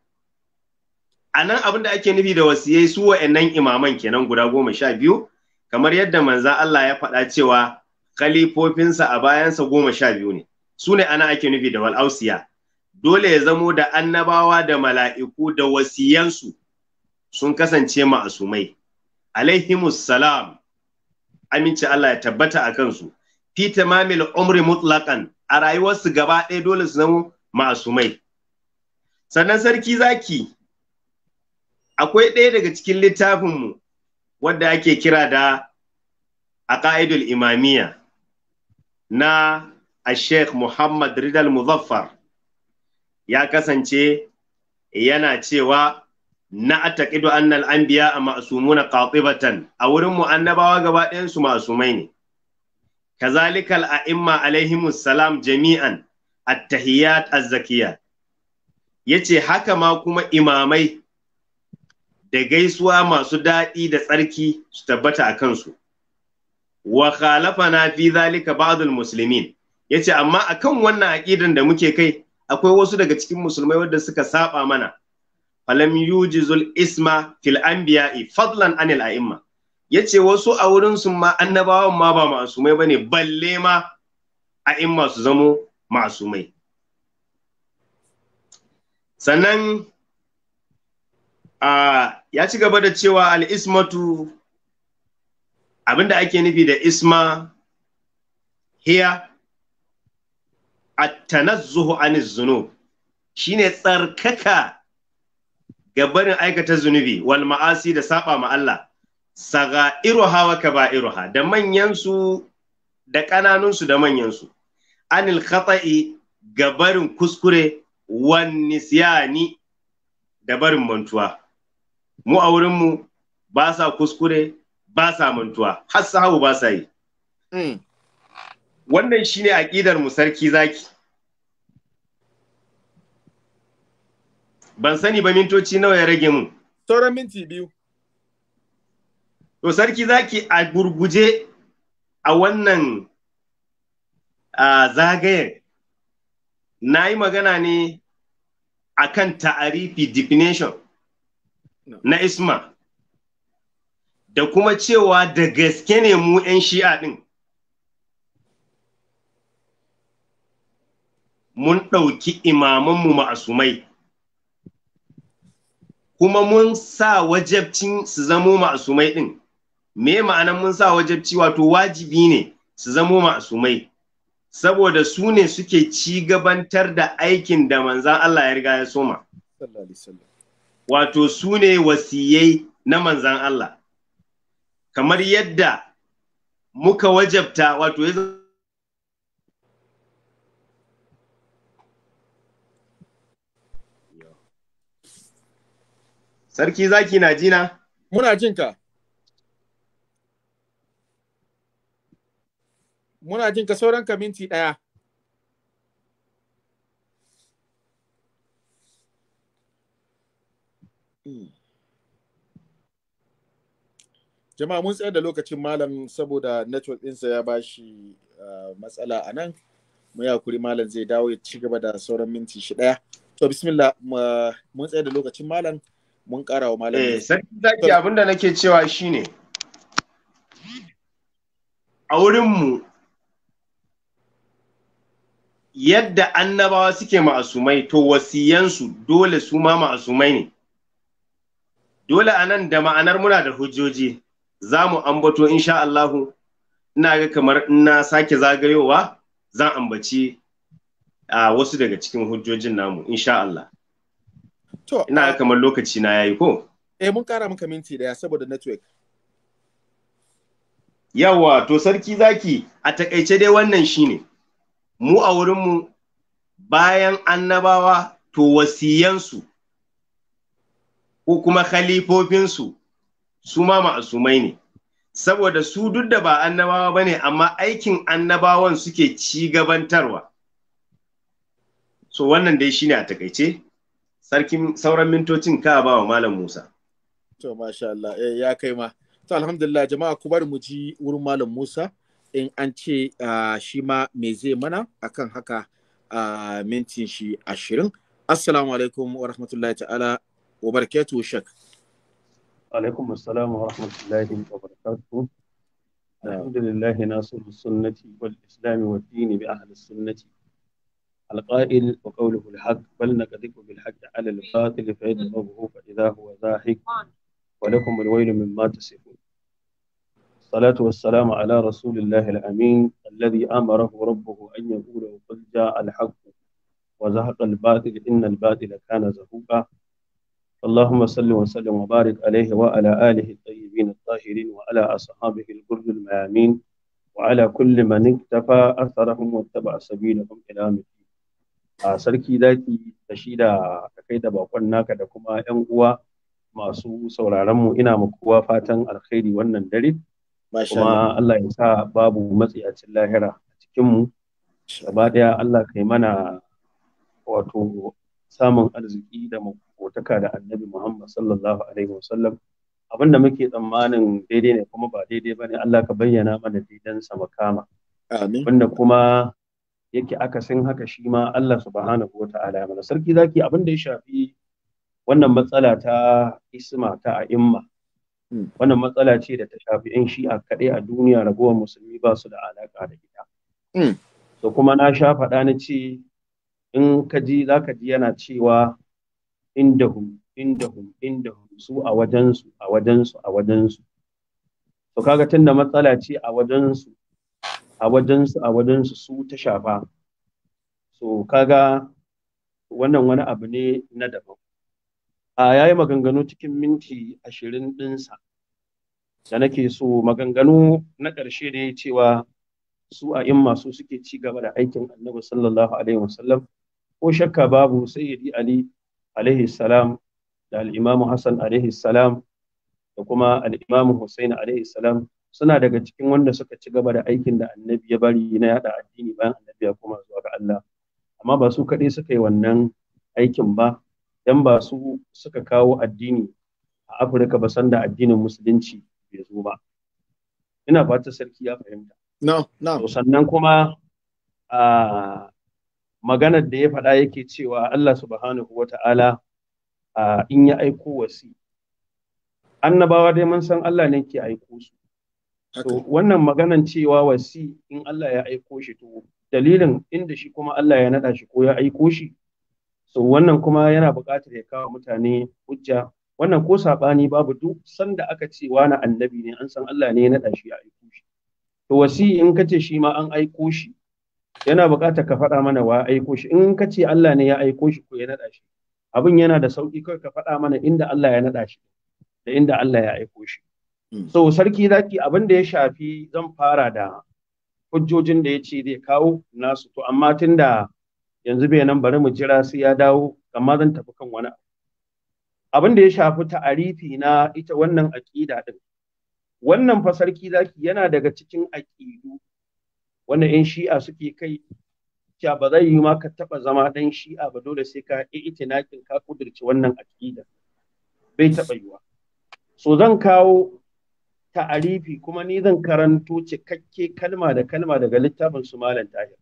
a nan abin da ake nufi da wasiyai su wa'annan imaman kenan guda goma sha biyu kamar yadda Manza Allah ya faɗa cewa khalifofinsa a bayansa goma sha biyu ne su ne ana ake nufi da wal'ausiya dole ya zamo da annabawa da mala'iku da wasiyansu sun kasance ma'asumai alaihimus salam aminci Allah ya tabbata a kansu fi tamamil umri mutlaqan a rayuwarsu gaba ɗaya dole su zamo ma'asumai sannan sarki zaki akwai ɗaya daga cikin littafinmu wadda ake kira da a ƙa’idul imamiyya na a sheikh muhammad ridal muzaffar ya kasance yana cewa na ataƙidu annal anbiya a ma'asumuna batan, a wurin mu annabawa gaba ɗayansu masu mai ne kazalikal a'imma alaihimus salam jami'an at-tahiyyat az ya yace haka ma kuma imamai da gaisuwa masu daɗi da tsarki su tabbata a kansu. Wa na fi zalika ba'dul muslimin yace amma akan wannan aqidan da muke kai akwai wasu daga cikin musulmai wanda suka saba mana. Falam yujizul isma fil anbiya'i fadlan anil a'imma. Yace wasu a wurin su ma annabawan ma ba masumai bane balle ma a'imma su zamo masumai. Sannan ya ci gaba da cewa al'ismatu abinda ake nufi da isma hiya at-tanazzuhu aniz zunub ne tsarkaka gabarin aikata zunubi wal ma'asi da saba ma Allah sagairuha wa kaba'iruha da su da ƙananunsu da manyansu, an anil khata'i gabarin kuskure wan nisyani da barin mantuwa mu a wurinmu ba sa kuskure ba sa mantuwa har sahabu ba sa yi hmm. wannan shi ne aƙidar mu sarki zaki ban sani ba mintoci nawa ya rage mu. sauran minti biyu to sarki zaki a gurguje a wannan zagayen na yi magana ne a kan ta'arifi definition na isma da kuma cewa da gaske ne mu 'yan shi'a ɗin mun ɗauki imamanmu ma'asumai kuma mun sa wajabcin su zamo ma'asumai ɗin me ma'anan mun sa wajabci wato wajibi ne su zamo ma'asumai saboda su ne suke ci gabantar da aikin da manzan Allah ya riga ya soma. wato su ne wasiyai na manzan Allah kamar yadda muka wajabta wato ya Sarki zaki na jina? Muna jinka. Muna jinka sauran ka minti ɗaya. jama'a mun tsayar da lokacin malam saboda network ɗinsa ya ba shi ah, matsala a nan mu ya kuri malam zai dawo ya ci gaba da sauran minti shi ɗaya to bismillah mun tsayar da lokacin malam mun ƙara wa malam eh sai zaki abinda nake cewa shine a wurinmu yadda annabawa suke ma'asumai to wasiyansu dole su ma ma'asumai ne dole a nan da ma'anar muna da hujjoji za mu ambato insha Allahu ina ga kamar ina sake zagayowa zan ambaci a wasu daga cikin hujjojin namu insha Allah to ina ga kamar lokaci na yayi ko eh mun kara maka minti daya saboda network yawa to sarki zaki a takaice dai wannan shine mu a wurinmu bayan annabawa to wasiyansu ko kuma khalifofinsu su ma ma'asumai ne saboda su duk da ba annabawa ba ne, amma aikin annabawan suke ci gabantarwa so wannan dai shine a takaice sarkin sauran mintocin ka ba wa malam Musa to masha Allah eh, ya kai ma to alhamdulillah jama'a ku bari mu ji wurin malam Musa in an ce ah, shi ma me zai mana A kan haka uh, mintin shi ashirin assalamu alaikum wa rahmatullahi ta'ala wa barakatuhu shak. عليكم السلام ورحمة الله وبركاته نعم. الحمد لله ناصر السنة والإسلام والدين بأهل السنة القائل وقوله الحق بل نكذب بالحق على الباطل فيدمغه فإذا هو ذاهق ولكم الويل مما تصفون الصلاة والسلام على رسول الله الأمين الذي أمره ربه أن يقول قل جاء الحق وزهق الباطل إن الباطل كان زهوقا اللهم صل وسلم وبارك عليه وعلى آله الطيبين الطاهرين وعلى أصحابه الغر الميامين وعلى كل من اكتفى أثرهم واتبع سبيلهم إلى الدين a sarki zaki da shi da kai da bakon naka da kuma 'yan uwa masu sauraron mu ina kowa fatan alkhairi wannan dare kuma Allah ya sa babu matsiyacin lahira a cikin mu gaba daya Allah kai mana wato samun arziki da makotaka da annabi Muhammad sallallahu alaihi wasallam abinda muke tsammanin daidai ne kuma ba daidai bane Allah ka bayyana mana daidan sa makama amin wanda kuma yake akasin haka shi ma Allah subhanahu wata'ala mana sarki zaki abinda ya shafi wannan matsala ta isma ta a'imma hmm. wannan matsala ce da ta shafi shi a kaɗai a duniya ragowar musulmi ba su da alaƙa da ita. Hmm. So kuma na sha faɗa na ce in ka ji za ka ji yana cewa indahum inda hu su a wajensu a wajensu a wajensu to kaga tunda matsala ce a wajensu a wajensu a wajensu su ta shafa so kaga wannan wani abu ne na daban a yayi maganganu cikin minti ashirin ɗinsa da nake so maganganu na ƙarshe da cewa su a in masu suke ci gaba da aikin annabi sallallahu alaihi wasallam ko shakka babu sayyidi ali alaihi salam da al-imamu hasan alaihi salam da kuma al-imamu husaini alaihi salam suna daga cikin wanda suka ci gaba da aikin da annabi ya bari na yada addini bayan annabi ya koma zuwa ga Allah amma ba su kaɗai suka yi wannan aikin ba dan ba su suka kawo addini a Afirka ba sanda addinin musulunci bai zo ba ina fata sarki ya fahimta Na, na. sannan kuma a ah, maganar da ya faɗa yake cewa Allah subhanahu wa ta'ala in ya aiko wasi annabawa dai mun san Allah ne ke aiko su so wannan maganan cewa wasi in Allah ya aiko shi to dalilin inda shi kuma Allah ya naɗa shi ko ya aiko shi so wannan kuma yana buƙatar ya kawo mutane hujja wannan ko saɓani babu duk sanda aka ce wani annabi ne an san Allah ne ya naɗa shi ya aiko shi to wasi in kace shi ma an aiko shi yana buƙatar ka faɗa mana wa aiko shi in ka ce Allah ne ya aiko shi ko ya naɗa shi abin yana da sauƙi kawai ka faɗa mana inda Allah ya naɗa shi da inda Allah ya aiko shi hmm. so sarki zaki abin da ya shafi zan fara da hujjojin da ya ce zai kawo nasu to amma tunda yanzu bai nan bari mu jira sai ya dawo amma zan tafi kan wani abin da ya shafi ta'arifi na ita wannan aƙida ɗin. Wannan sarki zaki yana daga cikin aƙidu wannan yan shi'a suke kai cewa ba zai yi ma ka taɓa zama dan shi'a ba dole sai ka yi itinakin ka kudirce wannan aƙida bai taɓa yiwa so zan kawo ta'arifi kuma ni zan karanto cikakke kalma da kalma daga littafin su malam tahir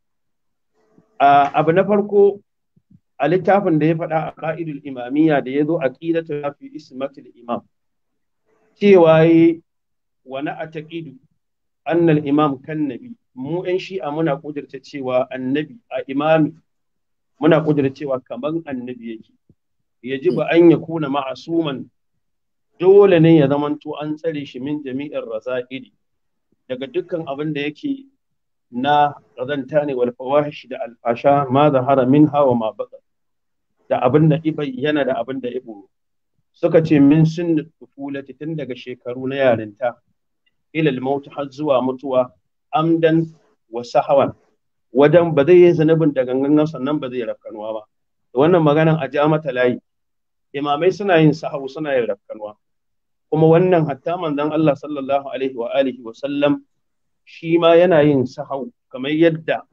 abu na farko a littafin da ya faɗa a ƙa'idul imamiyya da ya zo a ƙidatu fi ismatul imam cewa yi wani a taƙidu annal imam kan nabi mu 'yan shi'a muna ƙudurta cewa annabi a imami muna ƙudurta cewa kamar annabi yake ya ji ba an ya kuna ma'asuman dole ne ya zamanto an tsare shi min jami'in raza'ili daga dukkan abin da yake na ƙazanta ne wal da alfasha ma zahara min hawa ma baka da abin da ibai yana da abin da ibo suka ce min sunna tufulati tun daga shekaru na yarinta ilal mautu har zuwa mutuwa amdan wa sahawan wajen ba zai yi zunubin da gangan sannan ba zai rafkanuwa ba wannan maganan a ja mata layi imamai suna yin sahau suna yin rafkanuwa kuma wannan hatta manzon Allah sallallahu alaihi wa alihi wa sallam shi ma yana yin sahau kamar yadda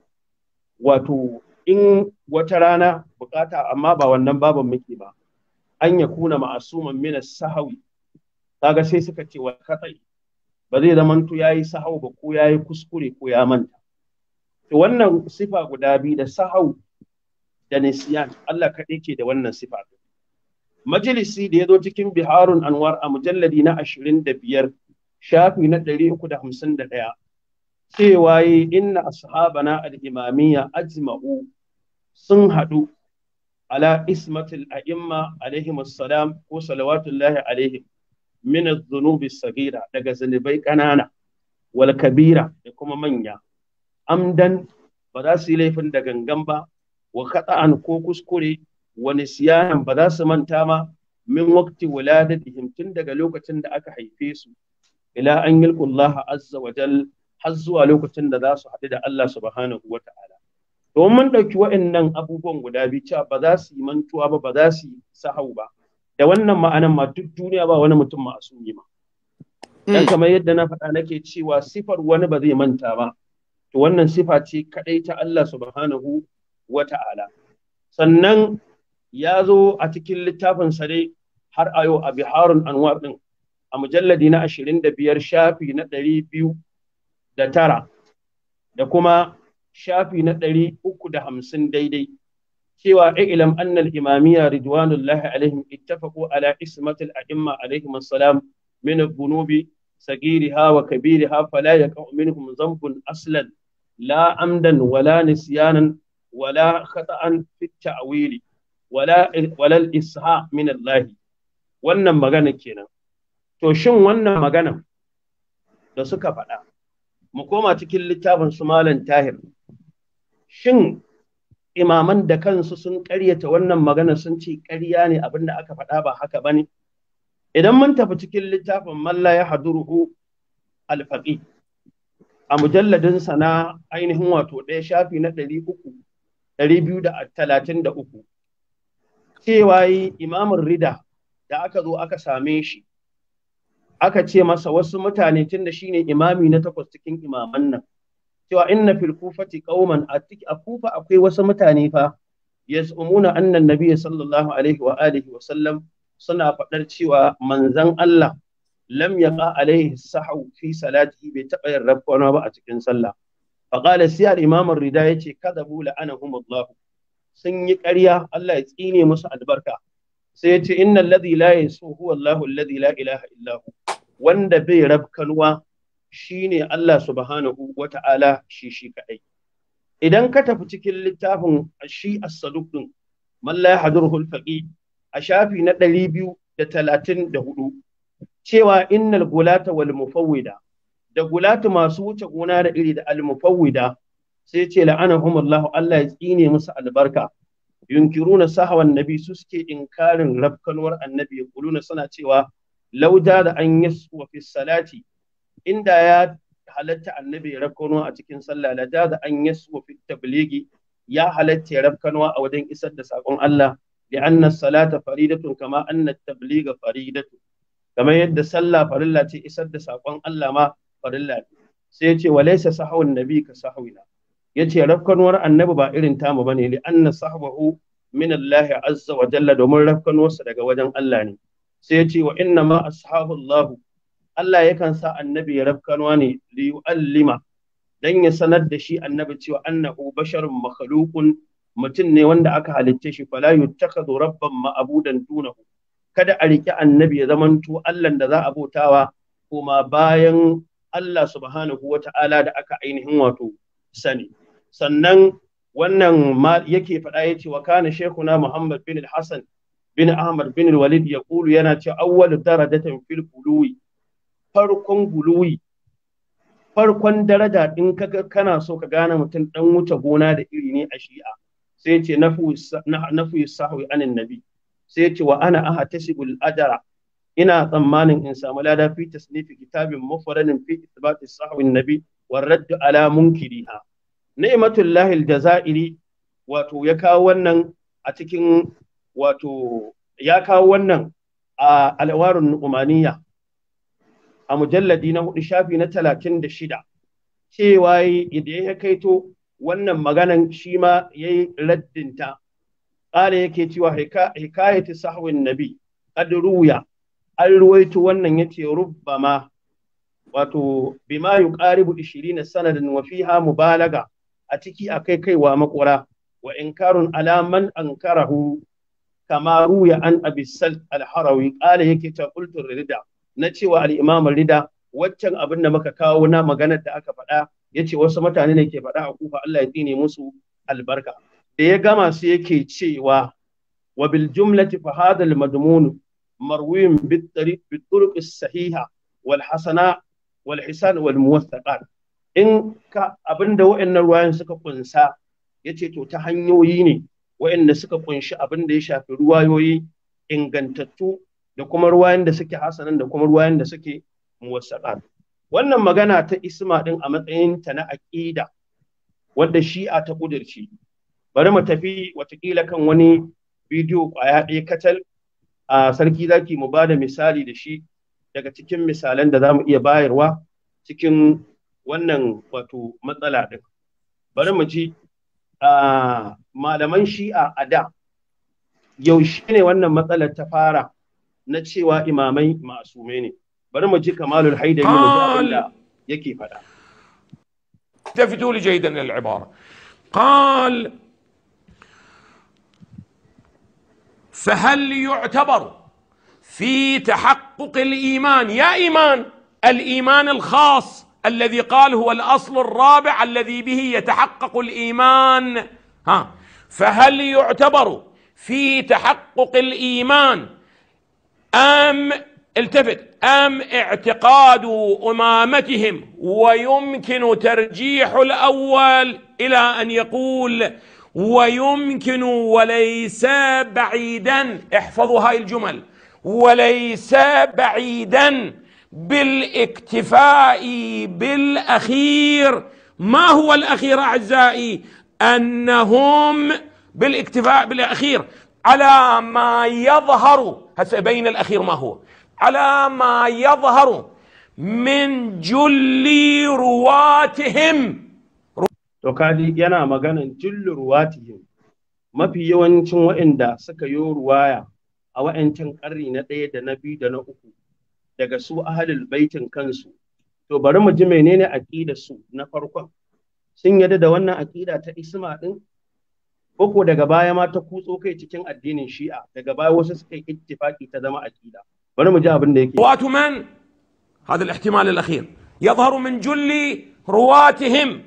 wato in wata rana bukata amma ba wannan baban muke ba an ya kuna ma'asuman mina sahawi kaga sai suka ce wa katai ba zai zamanto ya yi sahau ba ko ya yi kuskure ko ya manta to wannan sifa guda biyu da sahau da nisiyan Allah kaɗai ke da wannan sifa majalisi da ya zo cikin biharun anwar a mujalladi na ashirin da biyar shafi na ɗari uku da hamsin da ɗaya cewa yi inna ashabana al-imamiyya ajma'u sun haɗu ala ismatil a'imma alaihimus salam ko salawatullahi alaihim min adh-dhunubi sagira daga zunubai kanana wal kabira da kuma manya amdan ba za su yi laifin da gangan ba wa khata'an ko kuskure wa nisyanan ba za su manta ma min waqti wuladatihim tun daga lokacin da aka haife su ila an yulqullaha azza wa jal har zuwa lokacin da za su haɗu da Allah subhanahu wa ta'ala domin mun ɗauki wa'annan abubuwan guda biyu cewa ba za su yi mantuwa ba ba za su yi sahau ba da wannan ma'anan ma duk duniya ba wani mutum ma'asumi ma dan mm. kamar yadda na faɗa nake cewa sifar wani ba zai manta ba to wannan sifa ce kadai ta Allah subhanahu wa ta'ala sannan ya zo a cikin littafin sa dai har ayo yau a biharun anwar din a mujalladi na 25 shafi na biyu da tara da kuma shafi na uku da hamsin daidai cewa ilam annal imamiyya ridwanullahi alaihim ittafaqu ala ismatil a'imma alaihim assalam min dhunubi sagiriha wa kabiriha fala yaqa'u minhum dhanbun aslan la amdan wala nisyanan wala khata'an fi ta'wili wala wala al-isha min Allah wannan magana kenan to shin wannan magana da suka faɗa mu koma cikin littafin su malam tahir shin imaman da kansu sun ƙaryata wannan magana sun ce ƙarya ne abinda aka faɗa ba haka ba ne. Idan mun tafi cikin littafin Malla ya haduruhu alfaƙi a mujalladinsa na ainihin wato ɗaya shafi na ɗari uku, ɗari biyu da talatin da uku. Cewa yi imamin rida da aka zo aka same shi, aka ce masa wasu mutane tun da shi ne imami na takwas cikin imaman nan. cewa inna fil kufati qauman a kufa akwai wasu mutane fa yaz'umuna anna nabiyya sallallahu alaihi wa alihi wa sallam suna faɗar cewa manzon Allah lam yaqa alaihi sahu fi salatihi bai taɓa yin rabkona ba a cikin sallah faqala sai al-imam ar-rida yace kadabu la'anahum Allah sun yi ƙarya Allah ya tsine musu albarka sai ya ce inna alladhi la yasu huwa Allahu alladhi la ilaha illa wanda bai rabkalwa shine Allah subhanahu wa ta'ala shi shi kaɗai. Idan ka tafi cikin littafin shi as-saduq din Hulfaki a shafi na ɗari biyu da talatin da hudu cewa innal gulata wal mufawwida da gulata masu wuce gona da iri da al mufawwida sai ce la'anahum Allah Allah ya tsine musu albarka yunkiruna sahawan nabi su suke inkarin rafkanuwar annabi yaquluna suna cewa lauja da an wa fi salati inda ya halatta annabi ya rafkanuwa a cikin sallah la jaza an yasmu fi tabligi ya halatta ya rafkanuwa a wajen isar da sakon Allah li anna salata faridatun kama anna tabliga faridatu kamar yadda sallah farilla ce isar da sakon Allah ma farilla ce sai ya ce wa laysa sahawun nabi ka sahawina yace rafkanuwar annabi ba irin tamu bane li anna sahbahu min Allah azza wa jalla domin rafkanuwarsa daga wajen Allah ne sai ya ce wa inna ma ashabu Allah Allah yakan sa annabi ya rafkanwa ne li yu'allima dan ya sanar da shi annabi cewa annahu basharun makhluqun mutum ne wanda aka halicce shi fala yuttakhadhu rabban ma'budan dunahu kada a riƙe annabi ya zamanto Allah da za a bautawa kuma bayan Allah subhanahu wata'ala da aka ainihin wato sani sannan wannan yake faɗa ya ce wa kana shekuna Muhammad bin Hassan bin Ahmad bin Walid ya kulu yana cewa awwalu darajatan fil quluwi farkon guluwi farkon daraja ɗin kaga kana so ka gane mutum ɗan wuce gona da iri ne a shi'a sai ce nafi sahwi anin nabi sai ce wa ana aha tasibul ajara ina tsammanin in samu lada fi tasnifi kitabin mufradin fi ithbati sahwi nabi wa radd ala munkiriha ni'matul lahil jazairi wato ya kawo wannan a cikin wato ya kawo wannan a alwarun nu'maniya a mujalladi na hudu shafi na talatin da shida cewa idan ya kaito wannan maganan shi ma ya yi raddinta ƙara yake cewa hikayati sahwin nabi adruya an ruwaito wannan yace rubbama wato bima yuqaribu 20 sanadan wa fiha mubalaga a ciki akai kaiwa makura wa inkarun alaman ankarahu kama ruya an abisal alharawi. al yake ta qultu rida na cewa al Rida waccan abin da muka kawo na maganar da aka faɗa yace wasu mutane ne ke faɗa a kufa Allah ya dine musu albarka da ya gama su yake cewa wa bil jumlati fa hadha al-madmun marwiyin bit tariq bit turuq sahiha wal hasana wal hisan wal muwaththaqat in ka abinda wa'annan ruwayan suka kunsa yace to ta hanyoyi ne wa'anda suka kunshi abin da ya shafi ruwayoyi ingantattu da kuma ruwa da suke hasanan da kuma ruwa da suke muwassaqan wannan magana ta isma din a matsayin ta na aqida wanda shi'a ta kudirci bari mu tafi watakila kan wani bidiyo kwaya ɗaya katal a sarki zaki mu bada misali da shi daga cikin misalan da zamu iya bayarwa cikin wannan wato matsala din bari mu ji malaman shi'a a da yaushe ne wannan matsalar ta fara na cewa imamai masume ne bari mu ji kamalul haidari mu ji abin da yake faɗa التفتوا لي جيدا للعبارة قال فهل يعتبر في تحقق الإيمان يا إيمان الإيمان الخاص الذي قال هو الأصل الرابع الذي به يتحقق الإيمان ها فهل يعتبر في تحقق الإيمان أم التفت أم اعتقاد أمامتهم ويمكن ترجيح الأول إلى أن يقول ويمكن وليس بعيدا احفظوا هاي الجمل وليس بعيدا بالاكتفاء بالأخير ما هو الأخير أعزائي أنهم بالاكتفاء بالأخير على ما يظهر هسه بين الأخير ما هو على ما يظهر من جل رواتهم to kaji yana maganan jullu ruwatihim mafi yawancin waɗanda suka yi ruwaya a wa'ancan ƙarni na ɗaya da na biyu da na uku daga su ahalul baitin kansu to bari mu ji menene aƙidar su na farkon sun yarda da wannan aƙida ta isma ɗin Koko daga baya ma ta kutso kai cikin addinin Shi'a, daga baya wasu suka yi ittifaki ta zama aqida. Bari mu ji abin da yake. wato man hada al-ihtimal al-akhir yadhharu min julli ruwatihim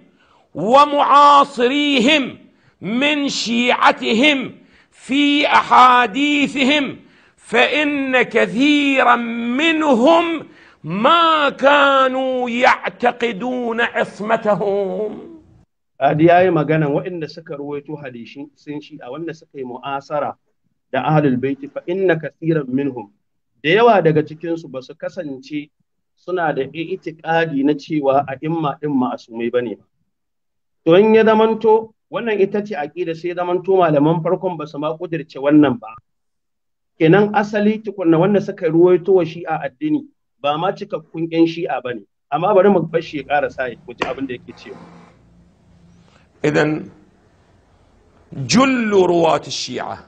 wa mu'asirihim min shi'atihim fi ahadithihim fa فإن kathiran minhum ما كانوا يعتقدون عصمتهم Kadi ya yi magana waɗanda suka ruwaito hadishin sun shi a wanda suka yi mu'asara da ahlul baiti fa inna kathiran minhum da yawa daga cikin su ba su kasance suna da itiqadi na cewa a imma din ma'asumai bane ba to in ya zamanto wannan ita ce aqida sai zamanto malaman farkon ba su ma kudirce wannan ba kenan asali tukunna wanda suka ruwaito wa shi'a addini ba ma cikakkun yan shi'a bane amma bari mu bar shi ya ƙara sa ya abin da yake cewa إذا جل رواة الشيعة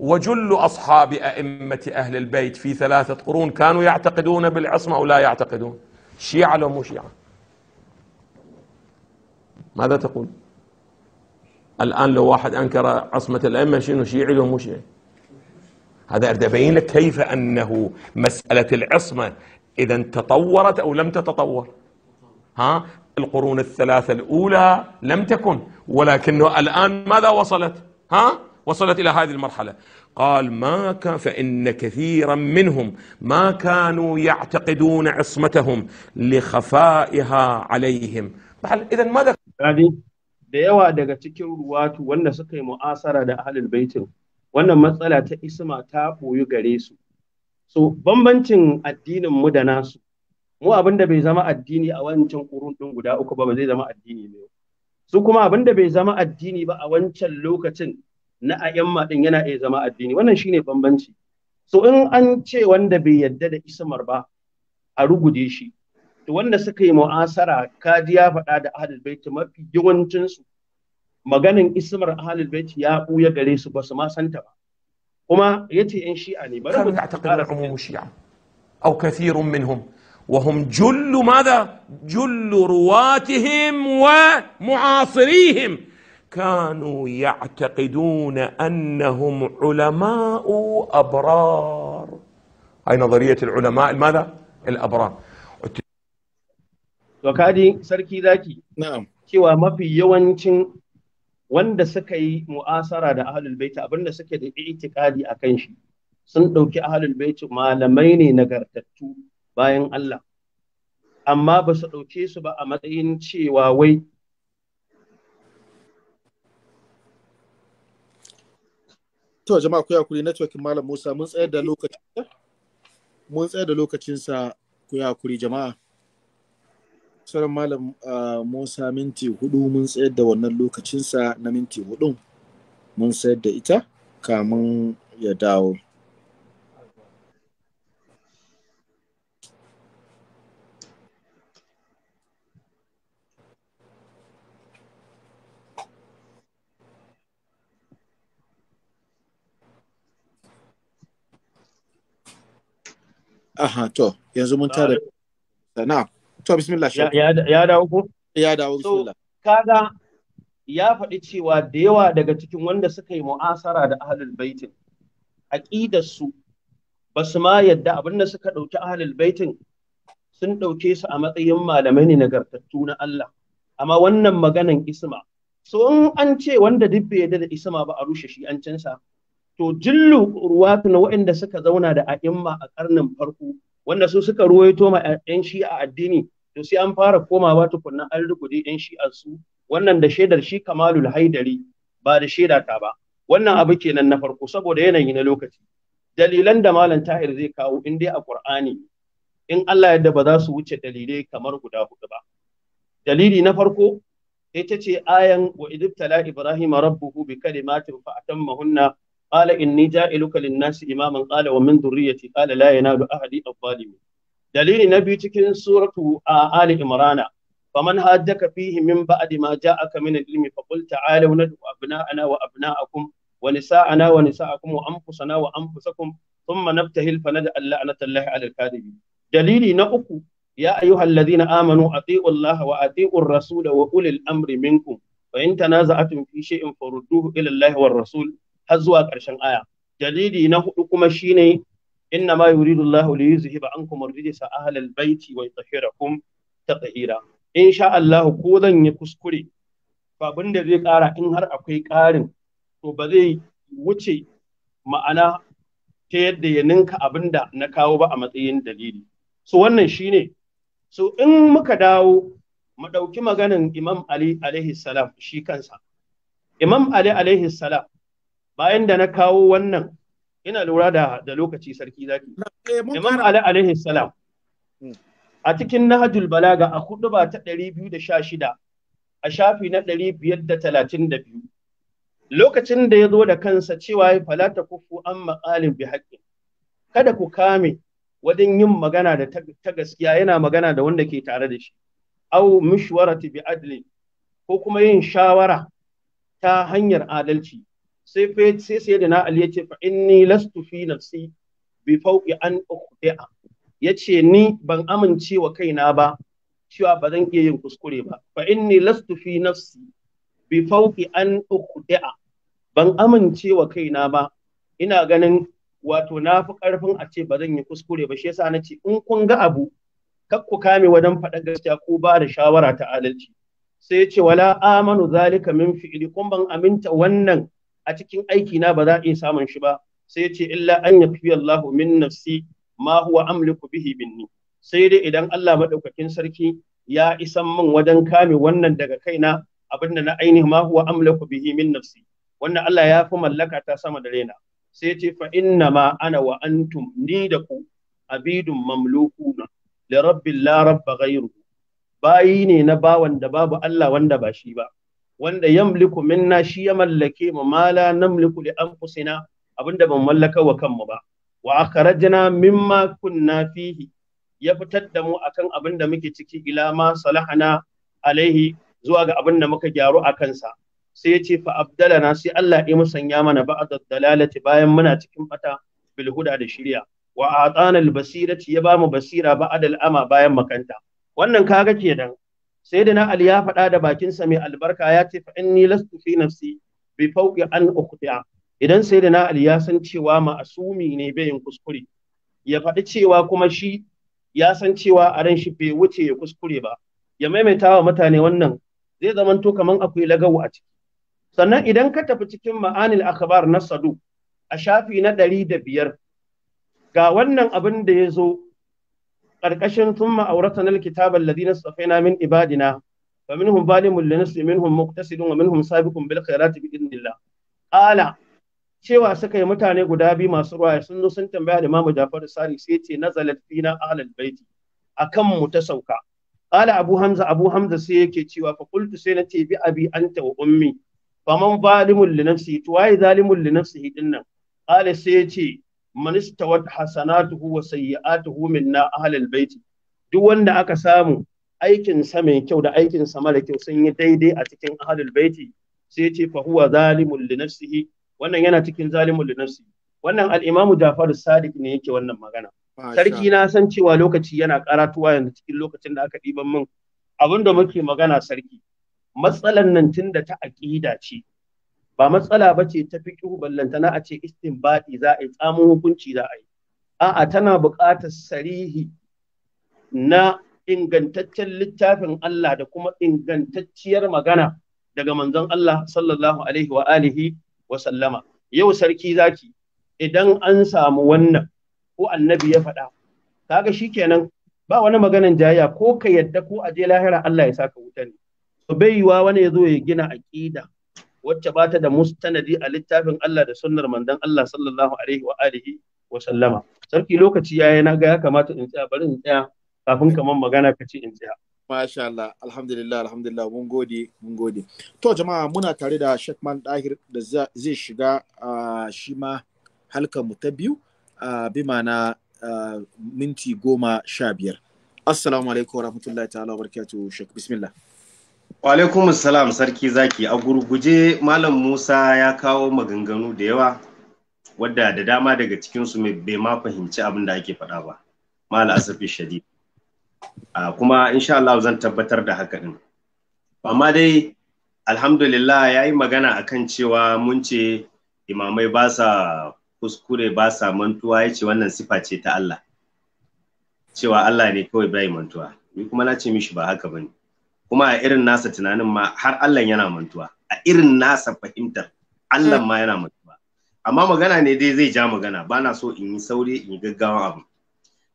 وجل أصحاب أئمة أهل البيت في ثلاثة قرون كانوا يعتقدون بالعصمة أو لا يعتقدون شيعة لو مو شيعة ماذا تقول الآن لو واحد أنكر عصمة الأئمة شنو شيعي لو مو شيعي هذا أريد أبين لك كيف أنه مسألة العصمة إذا تطورت أو لم تتطور ها القرون الثلاثة الأولى لم تكن ولكنه الآن ماذا وصلت ها؟ وصلت إلى هذه المرحلة قال ما كان فإن كثيرا منهم ما كانوا يعتقدون عصمتهم لخفائها عليهم إذا ماذا da yawa cikin ruwatu wanda suka yi mu'asara da ahlul baitin wannan matsala ta isma ta boyu gare su so bambancin addinin mu da nasu mu abin da bai zama addini a wancan kurun din guda uku ba ba zai zama addini ne su kuma abin da bai zama addini ba a wancan lokacin na ayamma din yana iya zama addini wannan shine bambanci so in an ce wanda bai yadda da ismar ba a ruguje shi to wanda suka yi mu'asara kadiya faɗa da ahlul bait mafi yawancin su maganin ismar ahlul baiti ya buya gare su ba su ma santa ba kuma yace yan shi'a ne bari mu ta'taqid al-umum shi'a aw kathirun minhum وهم جل ماذا جل رواتهم ومعاصريهم كانوا يعتقدون أنهم علماء أبرار هاي نظرية العلماء ماذا الأبرار وكادي سركي ذاكي نعم cewa mafi yawancin wanda suka yi mu'asara da ahlul baiti abinda suke da itikadi akan shi sun ɗauki ahlul baiti malamai ne nagartattu bayan Allah amma ba su ɗauke su ba a matsayin cewa wai to jama'a ku kuri networkin malam Musa mun tsayar da lokacin mun tsayar da lokacin sa ku jama'a sauran malam ah, Musa minti hudu mun tsayar da wannan lokacin sa na minti hudu mun tsayar da ita kamun ya dawo Aha, to, yanzu mun tare. Na, To, bismillah. Ya dawo ko? Ya dawo, bismillah. Kaga ya faɗi cewa da yawa daga cikin wanda suka yi mu'asara da ahlul baitin su ba su ma yadda abin da suka ɗauki ahlul baitin sun ɗauke su a matsayin malamai ne nagartattu na Allah amma wannan maganan isma so an ce wanda duk bai yadda da isma ba a rushe shi an cansa to jillu ruwatu na waɗanda suka zauna da a'imma a karnin farko wanda su suka ruwaito ma yan shi'a addini to sai an fara komawa tukunna an rukude yan shi'a su wannan da shaidar shi kamalul haidari ba da shaida ta ba wannan abu kenan na farko saboda yanayi na lokaci dalilan da malam tahir zai kawo in dai a qur'ani in Allah yadda ba za su wuce dalilai kamar guda hudu ba dalili na farko ita ce ayan wa idibtala ibrahima rabbuhu bi kalimatin fa atammahunna qala inni ja'iluka lin-nasi imaman qala wa min dhurriyyati qala la yanalu ahadi a dhalimin dalili na biyu cikin suratu ali imrana faman hajjaka fihi min ba'di ma ja'aka min al-ilmi fa qul ta'alu nad'u abna'ana wa abna'akum wa nisa'ana wa nisa'akum wa anfusana 'ala dalili na uku يا أيها الذين آمنوا أطيعوا الله وأطيعوا الرسول وأولي الأمر منكم وإن تنازعتم في شيء فردوه إلى الله والرسول har zuwa ƙarshen aya dalili na hudu kuma shine inna ma yuridu Allahu li yuzhiba ankum ar-rijsa ahla al-bayti wa yutahhirakum tatheera insha Allah ko zan yi kuskure babin da zai ƙara in har akwai ƙarin to ba zai wuce ma'ana ta yadda ya ninka abin da na kawo ba a matsayin dalili so wannan shine so in muka dawo mu ɗauki maganin Imam Ali alaihi salam shi kansa Imam Ali alaihi salam bayan da na kawo wannan ina lura da da lokaci sarki zaki eh, imam ali alaihi salam hmm. a cikin nahjul balaga a huduba ta 216 a shafi na 532 lokacin da ya zo da kansa cewa fala ta kufu an maqalin bi haqqin kada ku kame wajen yin magana da ta gaskiya yana magana da wanda ke tare da shi au mishwarati bi adli ko kuma yin shawara ta hanyar adalci sai sai sai da na ali yace fa inni lastu fi nafsi bi fawqi an ukhti'a yace ni ban amince wa kaina ba cewa ba zan iya yin kuskure ba fa inni lastu fi nafsi bi fawqi an ukhti'a ban amince wa kaina ba ina ganin wato na fi ƙarfin a ce ba zan yi kuskure ba shi yasa na ce in kun ga abu kak ku kame wajen faɗa gaskiya ko ba da shawara ta adalci sai ya ce wala amanu zalika min fi'li kun ban aminta wannan a cikin aiki na ba za a iya samun shi ba sai ce illa an yafi Allahu min nafsi ma huwa amliku bihi binni sai dai idan Allah madaukakin sarki ya isan min wajen kame wannan daga kaina abinda na ainihi ma huwa amliku bihi min nafsi wannan Allah ya fi mallaka ta sama da raina sai ce fa inna ma ana wa antum ni da ku abidun mamlukuna li rabbil la rabba ghayru bayi ne na bawan da babu Allah wanda ba shi ba wanda yamliku minna shi ya mallake mu mala namliku li anfusina abinda ban mallaka wa kanmu ba wa akhrajna mimma kunna fihi ya fitar da mu akan abinda muke ciki ila ma salahana alaihi zuwa ga abinda muka gyaru a kansa sai ya ce fa abdalana sai Allah ya musanya mana ba'da dalalati bayan muna cikin bata bil huda da shirya wa atana al basirati ya bamu basira ba'da al ama bayan makanta wannan kaga kenan sayyidina ali ya faɗa da bakinsa mai albarka ya ce fa inni lastu fi nafsi bi fawqi an ukhti'a idan sayyidina ali ya san cewa ma'asumi ne bai yin kuskure ya faɗi cewa kuma shi ya san cewa a ran shi bai wuce ya kuskure ba ya maimaita wa mutane wannan zai zamanto kaman akwai lagawu a ciki sannan idan ka tafi cikin ma'anil akhbar na sadu a shafi na ɗari da biyar ga wannan abin da ya zo ƙarƙashin sun ma'auratan alkitabar ladina na min ibadina fa minhum zalimun li nafsi minhum muqtasidun wa minhum sabiqun bil khairati bi idnillah cewa suka yi mutane guda biyu masu ruwa sun zo sun tambaya da Imam Jafar Sari sai ce na fina alal baiti akan mu ta sauka qala Abu Hamza Abu Hamza sai yake cewa fa qultu sai ce bi abi anta wa ummi faman zalimun li nafsi to waye zalimun li nafsihi dinnan qala sai ce. man istawat hasanatuhu wa sayyi'atuhu minna ahlul baiti duk wanda aka samu aikin sa mai kyau da aikin sa mara kyau sun yi daidai a cikin ahlul baiti sai ce fa huwa zalimul li nafsihi wannan yana cikin zalimul li nafsihi wannan al-imam Jafar Sadiq ne yake wannan magana sarki na san cewa lokaci yana karatuwa yanzu cikin lokacin da aka diban min abinda muke magana sarki matsalan nan tun ta aƙida ce ba matsala ba ce ta fiƙi ballantana a ce istinbadi za a yi tsamun hukunci za a yi a'a tana buƙatar sarihi na ingantaccen littafin Allah da kuma ingantacciyar magana daga manzon Allah sallallahu alaihi wa alihi wa sallama yau sarki zaki idan an samu wannan ko annabi ya faɗa kaga shikenan ba wani maganan jayya ko ka yadda ko a je lahira Allah ya saka wuta ne to bai yiwa wani ya zo ya gina aƙida wacce ba ta da mustanadi a littafin Allah da sunnar mandan Allah sallallahu alaihi wa alihi wa sallama sarki lokaci yayi na ga ya kamata in tsaya bari in tsaya kafin kaman magana ka ce in tsaya Masha Allah, alhamdulillah, alhamdulillah, mun gode, mun gode. To jama'a muna tare da Shekman Dahir da zai shiga shi ma halkar mu ta biyu bi na minti goma sha biyar. Assalamu alaikum warahmatullahi ta'ala wa barakatuhu Shek. Bismillah. Walaikum salam sarki zaki a gurguje Malam Musa ya kawo maganganu da yawa wadda da dama daga cikinsu bai ma fahimci abin da ake faɗa ba. mala Asafi Shadi. kuma insha Allah zan tabbatar da haka din. Amma dai alhamdulillah ya yi magana akan cewa mun ce imamai ba sa kuskure ba sa mantuwa ya ce wannan sifa ce ta Allah. Cewa Allah ne kawai bai mantuwa. Ni kuma na ce mishi ba haka bane kuma a irin nasa tunanin ma har Allah yana mantuwa a irin nasa fahimtar Allah ma yana mantuwa amma magana ne dai zai ja magana ba na so in yi sauri in yi gaggawa abu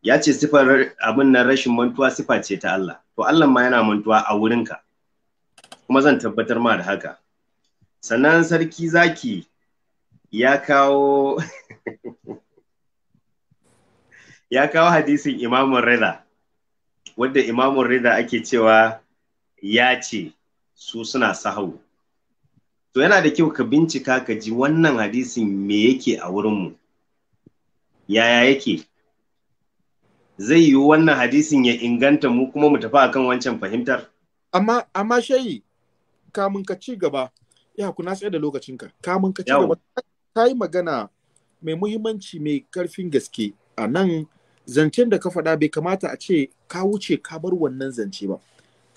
ya ce sifar abin nan rashin mantuwa sifa ce ta Allah to Allah ma yana mantuwa a wurinka kuma zan tabbatar ma da haka sannan sarki zaki ya kawo ya kawo hadisin imamun rida wadda imamun rida ake cewa ya ce su suna sahau to yana da kyau ka bincika ka ji wannan hadisin me yake a wurinmu yaya yake zai yi wannan hadisin ya inganta mu kuma mu tafi akan wancan fahimtar amma amma shayi kamun ka ci gaba ya kuna tsaye da lokacinka kamun ka ci gaba ta yi magana mai muhimmanci mai karfin gaske a nan zancen da ka faɗa bai kamata a ce ka wuce ka bar wannan zance ba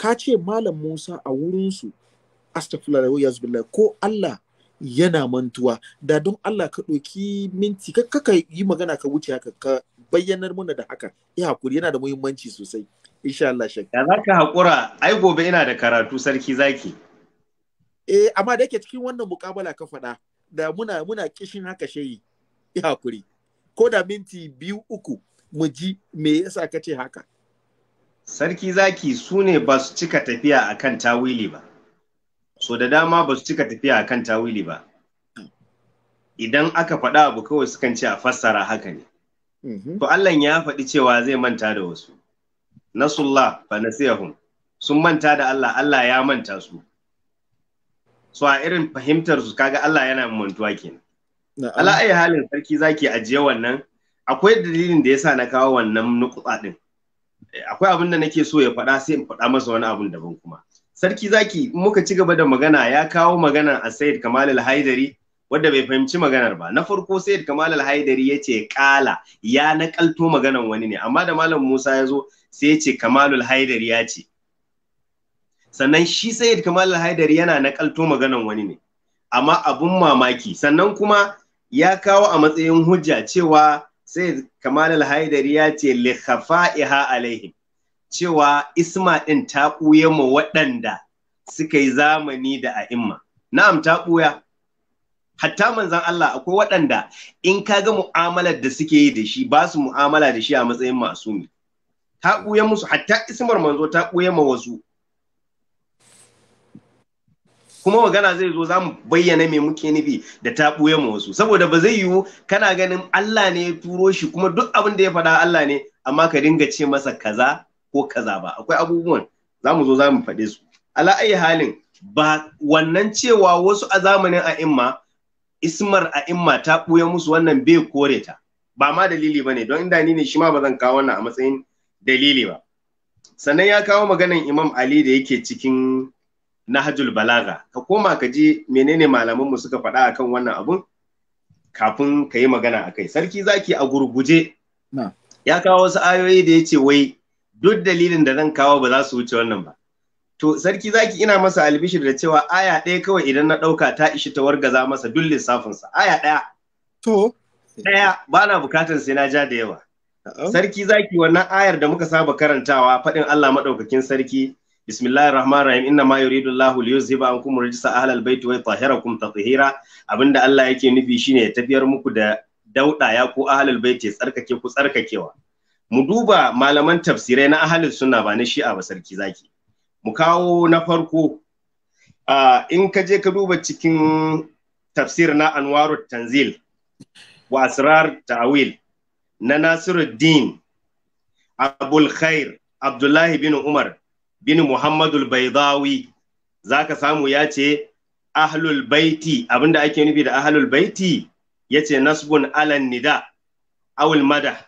ka ce malam Musa a wurinsu astagfirullah wa ko Allah yana mantuwa da don Allah ka ɗauki minti kaka yi magana ka wuce haka ka bayyanar muna da haka ya hakuri yana da muhimmanci sosai insha Allah shek ya ka hakura ai gobe ina da karatu sarki zaki eh amma da yake cikin wannan mukabala ka faɗa da muna muna kishin haka shehi ya hakuri ko da minti biyu uku mu ji me yasa ka ce haka sarki zaki su ne ba su cika tafiya a kan tawili ba so da dama ba su cika tafiya a kan tawili ba idan aka faɗa abu kawai sukan ce a fassara haka ne mhm. to Allah ya faɗi cewa zai manta da wasu nasullah fa nasiyahum sun manta da Allah Allah ya manta su so a irin fahimtar su kaga Allah yana mantuwa kenan ala ai halin sarki zaki ajiye wannan akwai dalilin da ya sa na kawo wannan nukutsa din akwai abin da nake so ya faɗa sai in faɗa masa wani abun daban kuma sarki zaki muka ci gaba da magana ya kawo maganar a sayid kamal al-haidari wadda bai fahimci maganar ba na farko sayid kamal al-haidari ya ce kala ya nakalto maganar wani ne amma da malam musa ya zo sai ya ce haidari ya ce sannan shi sayid kamal al-haidari yana nakalto maganar wani ne amma abun mamaki sannan kuma ya kawo a matsayin hujja cewa sai kamal al-haidari ya ce lihafa iha alaihim cewa isma din ta ɓuya ma waɗanda suka yi zamani da a'imma na'am ta ɓuya hatta manzan Allah akwai waɗanda in ka ga mu'amalar da suke yi da shi ba su mu'amala da shi a matsayin masumi ta ɓuya musu hatta ismar manzo ta ɓuya ma wasu kuma magana zai zo za mu bayyana mai muke nufi da ta ɓuya ma wasu saboda ba zai yiwu kana ganin Allah ne ya turo shi kuma duk abin da ya faɗa Allah ne amma ka dinga ce masa kaza ko kaza ba akwai abubuwan za mu zo za mu faɗe su ala ayi halin ba wannan cewa wasu a zamanin a'imma ismar a'imma ta ɓuya musu wannan bai kore ta ba ma dalili ba ne don inda ni ne shi ma ba zan kawo wannan a matsayin dalili ba sannan ya kawo maganan imam ali da yake cikin Na Hajul balaga ka koma ka ji menene malaman mu suka faɗa akan wannan abun kafin ka yi magana a kai. sarki zaki a gurguje ya kawo wasu ayoyi da ya ce wai duk dalilin da zan kawo ba za su wuce wannan ba to sarki zaki ina masa albishir da cewa aya ɗaya kawai idan na ɗauka ta ishi ta wargaza masa duk lissafinsa aya ɗaya to ɗaya ba na bukatar sai na ja da yawa sarki zaki wannan ayar da muka saba karantawa faɗin Allah maɗaukakin sarki bismillahir rahmanir rahim inna ma yuridu Allahu li yuzhiba ankum rijsa ahlal baiti wa yutahhirakum tatheera abinda Allah yake nufi shine ya tafiyar muku da dauda ya ku ahlul baiti tsarkake ku tsarkakewa mu duba malaman tafsirai na ahlus sunna ba na shi'a ba sarki zaki mu kawo na farko in ka je ka duba cikin tafsir na anwarut tanzil wa asrar ta'wil na nasiruddin abul khair abdullahi bin umar bin Muhammadul Baidawi ka samu ya ce ahlul baiti abinda ake nufi da ahlul baiti ce nasbun alan nida awul mada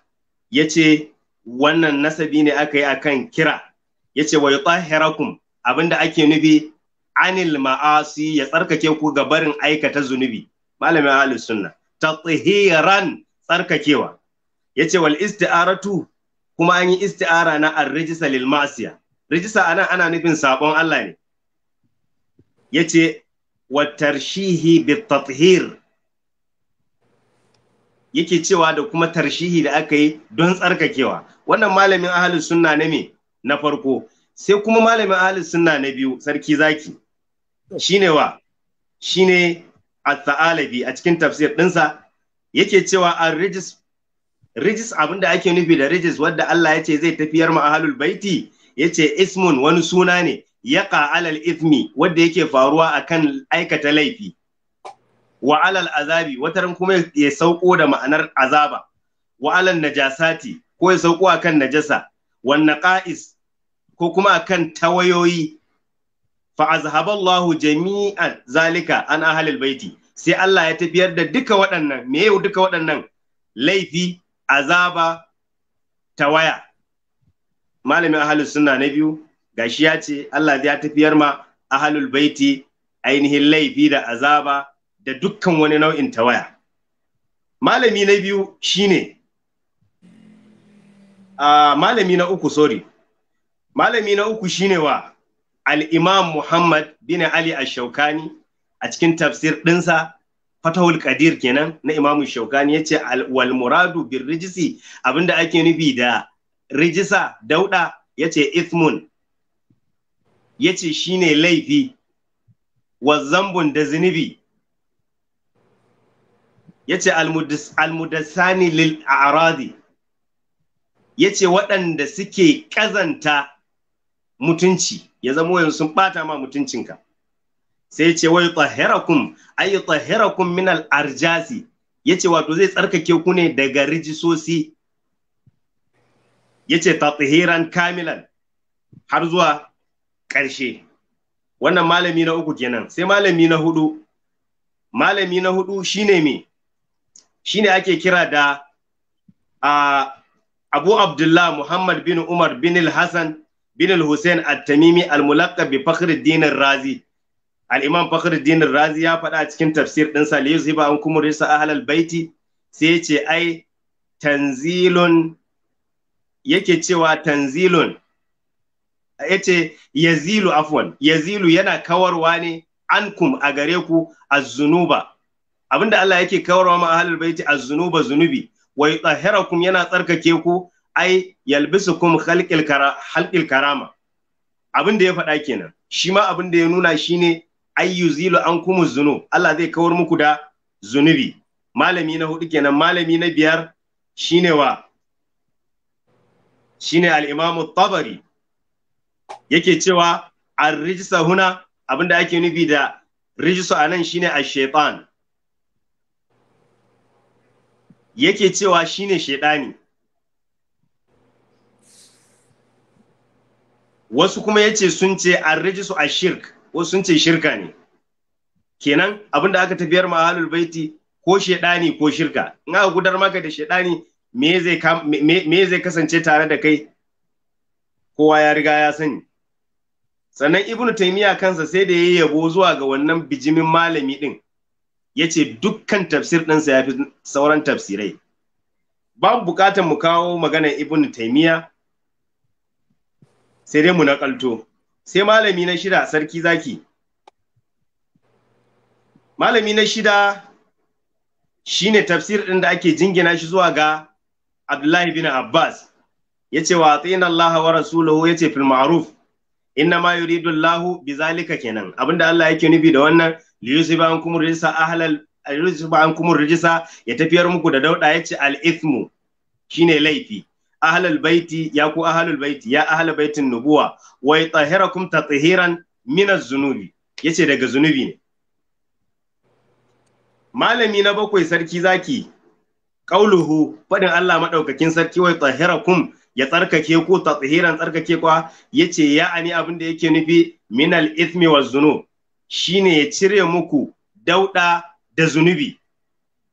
ce wannan nasabi ne aka yi akan kira Ya yace wa yutahhirakum abinda ake nufi anil ma'asi ya tsarkake ku ga barin aikata zunubi malamin ahlus sunna tathiran tsarkakewa Ya ce wal isti'aratu kuma an yi isti'ara na ar-rijsa lil ma'siya rijista anan ana nufin sabon Allah ne ce wa tarshihi bi tathir yake cewa da kuma tarshihi da aka yi don tsarkakewa wannan malamin ahalin sunna ne me na farko sai kuma malamin ahalin sunna na biyu sarki zaki ne wa shine al a cikin tafsir ɗinsa yake cewa a rijis rijis abinda ake nufi da rijis wadda Allah ya ce zai tafiyar ma ahalul baiti Ya ce ismun wani suna ne yaƙa alal ismi wanda yake faruwa akan aikata laifi wa alal azabi wataran kuma ya sauko da ma'anar azaba wa alal najasati ko ya sauko akan najasa wan naqais ko kuma akan tawayoyi fa azhaballahu jami'an zalika an halin baiti sai Allah ya tafiyar da duka waɗannan me yau duka waɗannan laifi azaba tawaya malamin ahalus sunna na biyu gashi ya ce Allah ya tafiyar ma ahalul baiti ainihin laifi da azaba da dukkan wani nau'in tawaya malami na biyu shine malami na uku sorry malami na uku shine wa al Muhammad bin Ali ash-Shawkani a cikin tafsir ɗinsa fatahul Kadir kenan na imamu shaukani ya ce wal muradu bir rijisi abinda ake nufi da rijisa dauda ya ce ismun ya ce shi ne laifi wa zambun da zunubi ya ce almudassani lil aradi ya ce waɗanda suke ƙazanta mutunci ya zama yanzu sun ɓata ma mutuncinka sai ce wai tsaherakun ayi tsaherakun min al arjasi ce wato zai tsarkake ku ne daga rijisosi Ya yace tatihiran kamilan har zuwa ƙarshe wannan malami na uku kenan sai malami na hudu malami na hudu shine me shine ake kira da Abu Abdullah Muhammad bin Umar bin hassan bin Al-Hussein At-Tamimi Al-Mulaqqab bi Fakhruddin razi Al-Imam Fakhruddin razi ya faɗa cikin tafsir ɗinsa li yuzhiba an kumur risa ahlal baiti sai ya ce ai tanzilun yake cewa tanzilun yace yazilu afwan yazilu yana kawarwa ne ankum a gare ku a zunuba abinda Allah yake kawarwa ma bai baiti a zunuba zunubi wa kum yana tsarkake ku ai yalbisukum khalqil kara halqil karama Abinda ya faɗa kenan shi ma abinda ya nuna shine ai yuzilu ankum zunub Allah zai kawar muku da zunubi malami na hudu kenan malami na biyar shine wa shine al-imamu tabari yake cewa ar-rijsa huna abinda ake nufi da rijsu anan shine ash-shaytan yake cewa shine shaydani wasu kuma yace sun ce ar-rijsu ash-shirk wasu sun ce shirka ne kenan abinda aka tafiyar ma baiti ko shaydani ko shirka in aka gudar maka da shaydani me zai kasance tare da kai kowa ya riga ya sani sannan ibnu taimiya kansa sai da ya yi yabo zuwa ga wannan bijimin malami ɗin, ya ce dukkan tafsir ɗinsa ya fi sauran tafsirai babu buƙatar mu kawo magana ibnu taimiya sai dai mu naƙalto sai malami na shida sarki zaki malami na shida shine tafsir ɗin da ake jingina shi zuwa ga Abdullahi bin Abbas yace wa atina Allah wa ya yace fil ma'ruf inna ma yuridu Allah bizalika kenan abinda Allah yake nufi da wannan li yusiba ankum rijsa ahlal yusiba ankum rijsa ya tafiyar muku da dauda yace al ithmu shine laifi ahlal baiti ya ku ahlul baiti ya ahlul baitin nubuwa wa yatahirakum tathiran min az-zunubi yace daga zunubi ne malami na bakwai sarki zaki qauluhu fadin Allah madaukakin sarki wai tahirakum ya tsarkake ku tsahiran tsarkake kwa yace ya ani abin da yake nufi minal ithmi wal zunub shine ya cire muku dauda da zunubi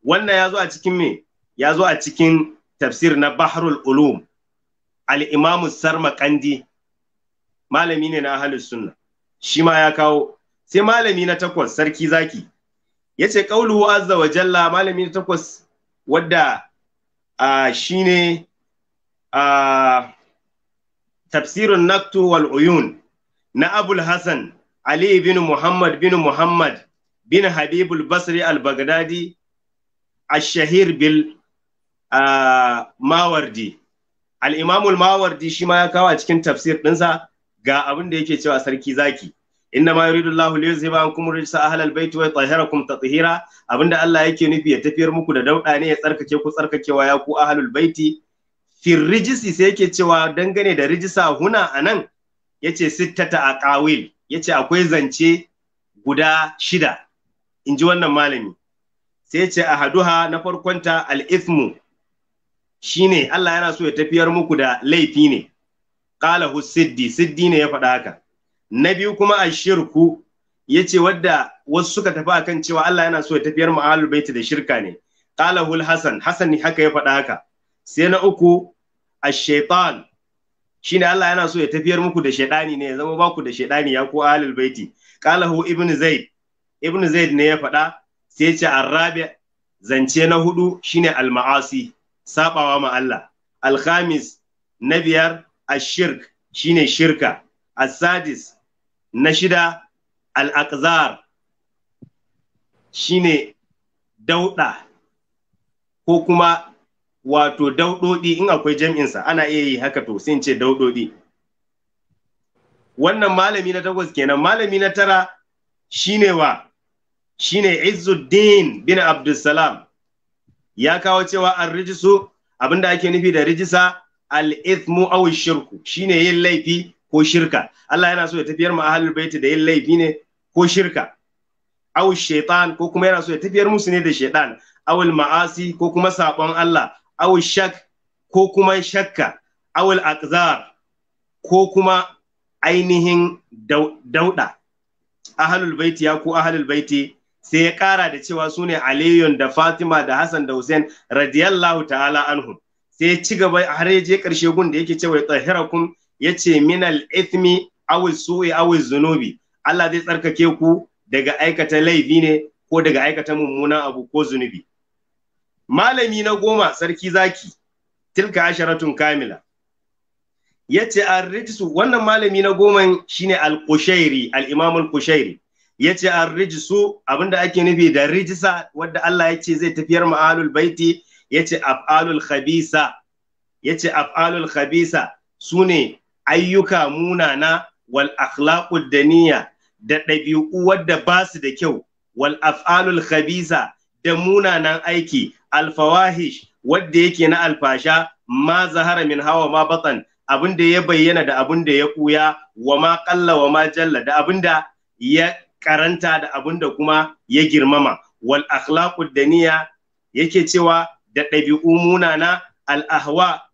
wannan yazo a cikin me ya a cikin tafsir na bahrul ulum al-imamu sarmaqandi malami ne na ahlus sunna shi ma ya kawo sai malami na takwas sarki zaki yace qauluhu azza wa jalla malami na takwas wadda uh, shine uh, tafsirin naktu wal uyun na abul hassan ali bin muhammad bin muhammad bin habibul basri al-baghdadi al-shahir bil uh, mawardi al-imamul mawardi shi ma ya kawo a cikin tafsir ɗinsa ga abin da yake cewa sarki zaki innama yuridu Allahu li yuzhiba ankum rijsa ahlal baiti wa yutahhirakum tathira abinda Allah yake nufi ya tafiyar muku da dauda ne ya tsarkake ku tsarkakewa ya ku ahlul baiti fi rijisi sai yake cewa dangane da rijisa huna anan yace sittata aqawil yace akwai zance guda shida inji wannan malami sai yace ahaduha na farkonta al Shi shine Allah yana so ya tafiyar muku da laifi ne qala siddi, siddi ne ya faɗi haka na biyu kuma a shirku ya ce wadda wasu suka tafi akan cewa Allah yana so ya tafiyar ma'alul baiti da shirka ne qala hul hasan hasan haka ya faɗa haka sai na uku shaitan shi shine Allah yana so ya tafiyar muku da shaidani ne ya zama baku da shaidani ya ku ahlul baiti qala hu ibn zaid ibn zaid ne ya faɗa sai ya ce arabi zance na hudu shine al-ma'asi sabawa ma Allah al na biyar ash-shirk shine shirka as-sadis na shida al-aqzar shine dauda ko kuma wato dauɗoɗi in akwai jam'insa ana iya yi haka to sai ce daudodi wannan malami na takwas kenan malami na tara shine wa shine izuddin bin Abdulsalam ya kawo cewa an rijisu abinda ake nufi da rijisa al awishirku shirku shine yin laifi ko shirka Allah yana so ya tafiyar mu ahlul baiti da yin laifi ne ko shirka aw shaitan ko kuma yana so ya tafiyar musu ne da shaitan awul ma'asi ko kuma sabon Allah aw shak ko kuma shakka awul aqzar ko kuma ainihin dauda ahlul baiti ya ko ahlul baiti sai ya kara da cewa su ne Aliyun da Fatima da Hassan da Hussein radiyallahu ta'ala anhum sai ya ci gaba har ya je karshe gun da yake cewa ya tsahira tsahirakum yace minal ithmi aw su'i aw zunubi Allah zai tsarkake ku daga aikata laifi ne ko daga aikata mummunan abu ko zunubi malami na goma sarki zaki tilka asharatun kamila yace ar-rijsu wannan malami na goma shine al-qushairi al-imam al-qushairi yace ar-rijsu abinda ake nufi da rijsa wanda Allah yace zai tafiyar ma'alul baiti yace af'alul khabisa yace af'alul khabisa sune ayyuka munana wal akhlaqud daniya da ɗabi'u wadda ba su da kyau wal af'alul khabisa da munanan aiki alfawahish wadda yake na alfasha ma zahara min hawa ma batan abin da ya bayyana da abin da ya kuya wa ma qalla wa ma jalla da abin da ya karanta da abin da kuma ya girmama wal akhlaqud daniya yake cewa da ɗabi'u munana al ahwa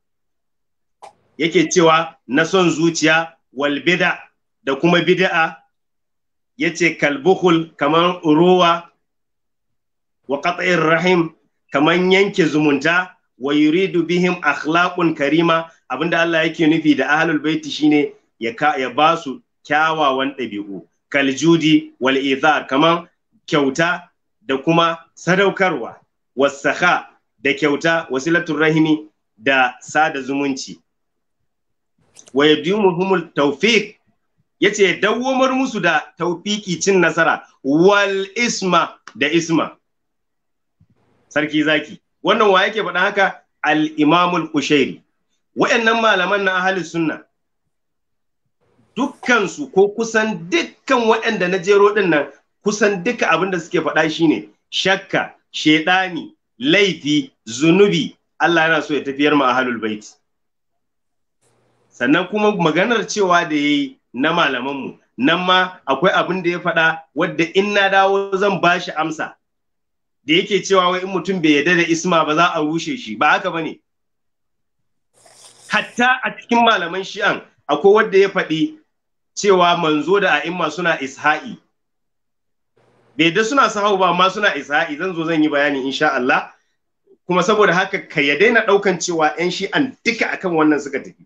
yake cewa na son zuciya wal bid'a da kuma bida'a, yace kalbuhul kaman ruwa wa qat'ir rahim kaman yanke zumunta wa yuridu bihim akhlaqun karima abinda Allah yake nufi da ahlul baiti shine ya ka ya basu kyawawan ɗabi'u kaljudi wal izar kaman kyauta da kuma sadaukarwa wasakha da kyauta wasilatul rahimi da sada zumunci wa yadumuhumul tawfiq yace dawomar musu da tawfiki cin nasara wal isma da isma sarki zaki wannan wa yake faɗa haka al imamul kushairi wa'annan malaman na ahli sunna dukkansu ko kusan dukkan waɗanda na jero ɗinnan nan kusan duka abin da suke faɗa shine shakka shedani laifi zunubi Allah yana so ya tafiyar ma ahlul bait sannan kuma maganar cewa da ya yi na malamanmu nan ma akwai abin da ya faɗa wadda in na dawo zan ba shi amsa da yake cewa wai in mutum bai yarda da isma ba za a rushe shi ba haka ba ne. hatta a cikin malaman shi'an akwai wadda ya faɗi cewa manzo da a'imma suna isha'i bai da suna sahau ba amma suna isha'i zan zo zan yi bayani insha Allah kuma saboda haka ka ya daina ɗaukan cewa 'yan shi'an duka akan wannan suka tafi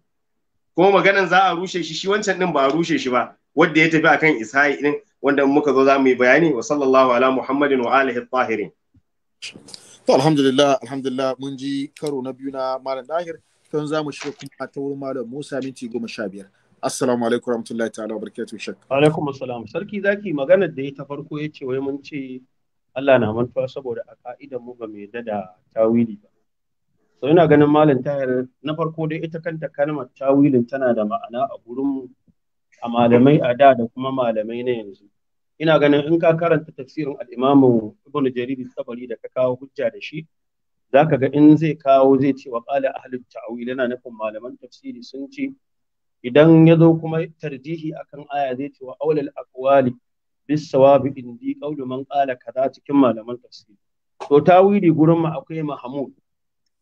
kuma maganan za a rushe shi shi wancan din ba a rushe shi ba wanda ya tafi akan ishai din wanda muka zo za mu yi bayani wa sallallahu ala muhammadin wa alihi tahirin to alhamdulillah alhamdulillah mun ji karo na biyu na malam dahir kan za mu shiga kuma ta wurin malam musa minti goma sha biyar assalamu alaikum warahmatullahi ta'ala wabarakatuh shak alaikum assalam sarki zaki maganar da ya ta farko ya ce wai mun ce Allah na mantuwa saboda a ka'idan mu ba mai da tawili ba so ina ganin malam tayar na farko dai ita kanta kalmar tawilin tana da ma'ana a gurin a malamai a da da kuma malamai na yanzu ina ganin in ka karanta tafsirin al-imamu ibnu jarir tabari da ka kawo hujja da shi zaka ga in zai kawo zai ce wa qala ahli ta'wil yana nufin malaman tafsiri sun ce idan ya zo kuma tarjihi akan aya zai ce wa aulal aqwali bis sawabi indi qawlu man qala kaza cikin malaman tafsiri to tawili gurin mu akwai mahmud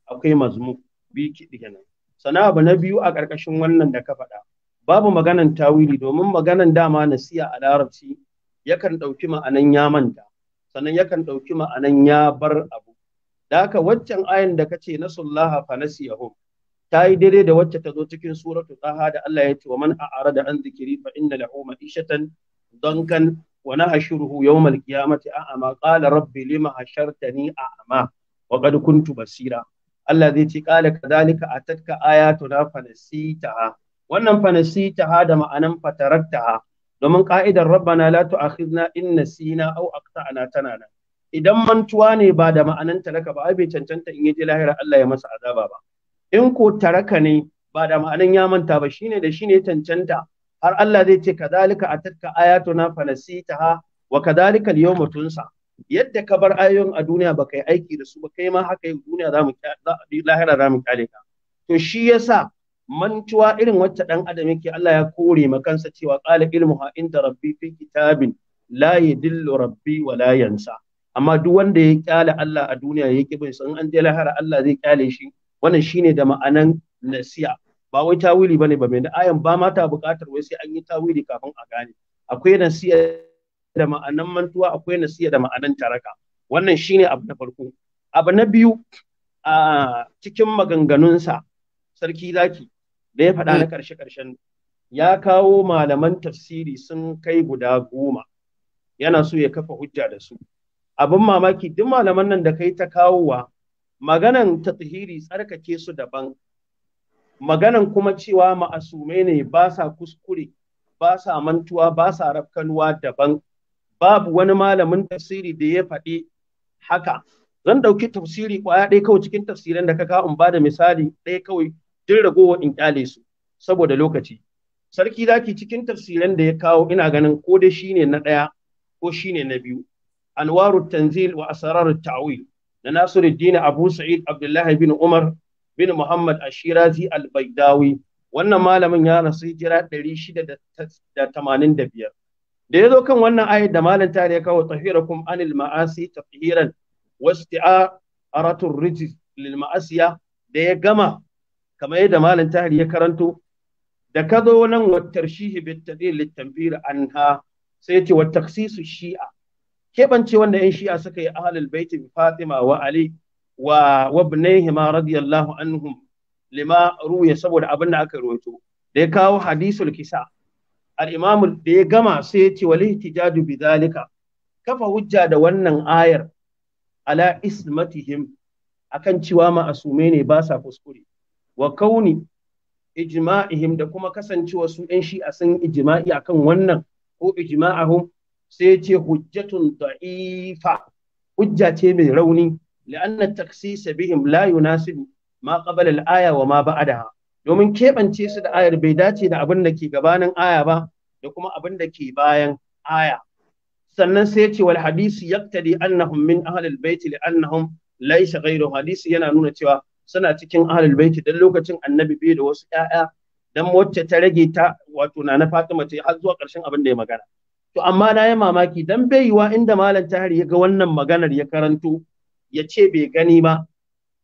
akwai mazmu bi kiɗi kenan sana abu na biyu a ƙarƙashin wannan da ka faɗa babu maganan tawili domin maganan dama nasiya a larabci yakan ɗauki ma'anan ya manta sannan yakan ɗauki ma'anan ya bar abu da haka waccan ayan da kace nasullaha fa nasiyahu ta yi daidai da wacce ta zo cikin suratu taha da Allah ya ce wa man a'rada an zikiri fa inna lahu ma'ishatan dankan wa nahshuruhu yawmal qiyamati a'ama qala rabbi lima hashartani a'ama wa qad kuntu basira Allah zai ce qala kadhalika atatka ayatuna fanasitaha wannan fanasitaha da ma'anan fataraktaha domin ka'idar rabbana la tu'akhidna in nasina aw aqta'na tana nan idan mantuwa ne ba da ma'anan taraka ba ai bai cancanta in yaji lahira Allah ya masa azaba ba in ko taraka ne ba da ma'anan ya manta ba shine da shine cancanta har Allah zai ce kadhalika atatka ayatuna fanasitaha wa kadhalika al-yawma tunsa yadda ka bar ayoyin a duniya baka yi aiki da su ba kai ma haka yi duniya za mu lahira za mu kyale ka to shi yasa mantuwa irin wacce dan adam yake Allah ya kore ma kansa cewa qala ha inda rabbi fi kitabin la yadillu rabbi wa la yansa amma duk wanda ya kyale Allah a duniya yake bin san an je lahira Allah zai kyale shi wannan shine da ma'anan nasiya ba wai tawili bane ba mai ayan ba mata ta bukatar wai sai an yi tawili kafin a gane akwai nasiya da ma'anan mantuwa akwai nasiya da ma'anan taraka wannan shine abu na farko abu na biyu a cikin maganganunsa sarki zaki da ya faɗa na mm. ƙarshe ƙarshen ya kawo malaman tafsiri sun kai guda goma yana so ya kafa hujja da su abin mamaki duk malaman nan da kai ta kawowa maganan ta tsarkake su daban maganan kuma cewa ma'asume ne ba sa kuskure ba sa mantuwa ba sa rafkanuwa daban babu wani malamin tafsiri da ya faɗi haka zan ɗauki tafsiri ƙwaya ɗaya kawai cikin tafsirin da ka in ba misali ɗaya kawai jin ragowa in ƙyale su saboda lokaci sarki zaki cikin tafsirin da ya kawo ina ganin ko dai shine na ɗaya ko shine na biyu anwaru tanzil wa asrarut ta'wil na Nasiruddin Abu Sa'id Abdullahi bin Umar bin Muhammad Ashirazi Al-Baidawi wannan malamin ya rasu hijira 685 da ya zo kan wannan ayat da malam tare ya kawo tahirakum anil ma'asi tahiran wasti'aratur rijis lil ma'asiya da ya gama kamar yadda malam tare ya karanto da ka zo nan wa tarshihi bit tadil lit tanfir anha sai ce wa taksisu shi'a keɓance wanda yan shi'a suka yi ahlul baiti bi fatima wa ali wa wabnaihi ma radiyallahu anhum lima ruya saboda abin da aka rawaito da ya kawo hadisul kisa' al-imamu da ya gama sai ya ce wal ihtijaju bi zalika kafa hujja da wannan ayar ala ismatihim akan cewa ma'asume ne ba sa kuskure wa kauni ijma'ihim da kuma kasancewa su ɗan shi a sun ijma'i akan wannan ko ijma'ahum sai ce hujjatun da'ifa hujja ce mai rauni لأن التخصيص بهم لا يناسب ما قبل wa ma ba'adaha. domin keɓance su da ayar bai dace da abin da ke gabanin aya ba da kuma abin da ke bayan aya sannan sai ce wal hadisi yaqtadi annahum min ahlil bait li annahum laysa ghayru hadisi yana nuna cewa suna cikin ahlil bait dan lokacin annabi bai da wasu ƴaƴa dan wacce ta rage ta wato na Fatima ce har zuwa ƙarshen abin da ya magana to amma na yi mamaki dan bai yiwa inda malam tahir ya ga wannan maganar ya karanto ya ce bai gani ba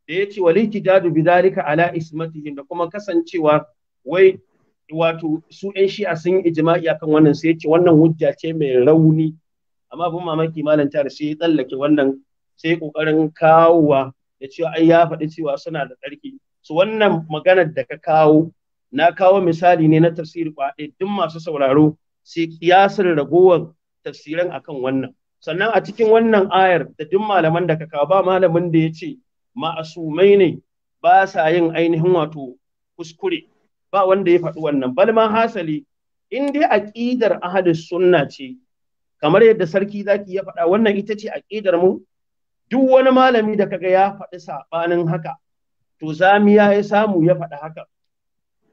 da yace wal bi bidhalika ala ismatihim da kuma kasancewa wai wato su ɗan shi'a sun yi ijma'i akan wannan sai yace wannan hujja ce mai rauni amma bin mamaki malam tare sai ya tsallake wannan sai kokarin kawowa da cewa ai ya faɗi cewa suna da tsarki su wannan maganar da ka kawo na kawo misali ne na tafsiri kwaɗe duk masu sauraro sai kiyasar ragowar tafsiran akan wannan sannan a cikin wannan ayar da duk malaman da ka kawo ba malamin da ya ce ma'asumai ne ba sa yin ainihin wato kuskure ba wanda ya faɗi wannan balma hasali in dai aqidar ahli sunna ce kamar yadda sarki zaki ya faɗa wannan ita ce aqidar mu duk wani malami da kaga ya faɗi sabanin haka to zamiya ya samu ya faɗi haka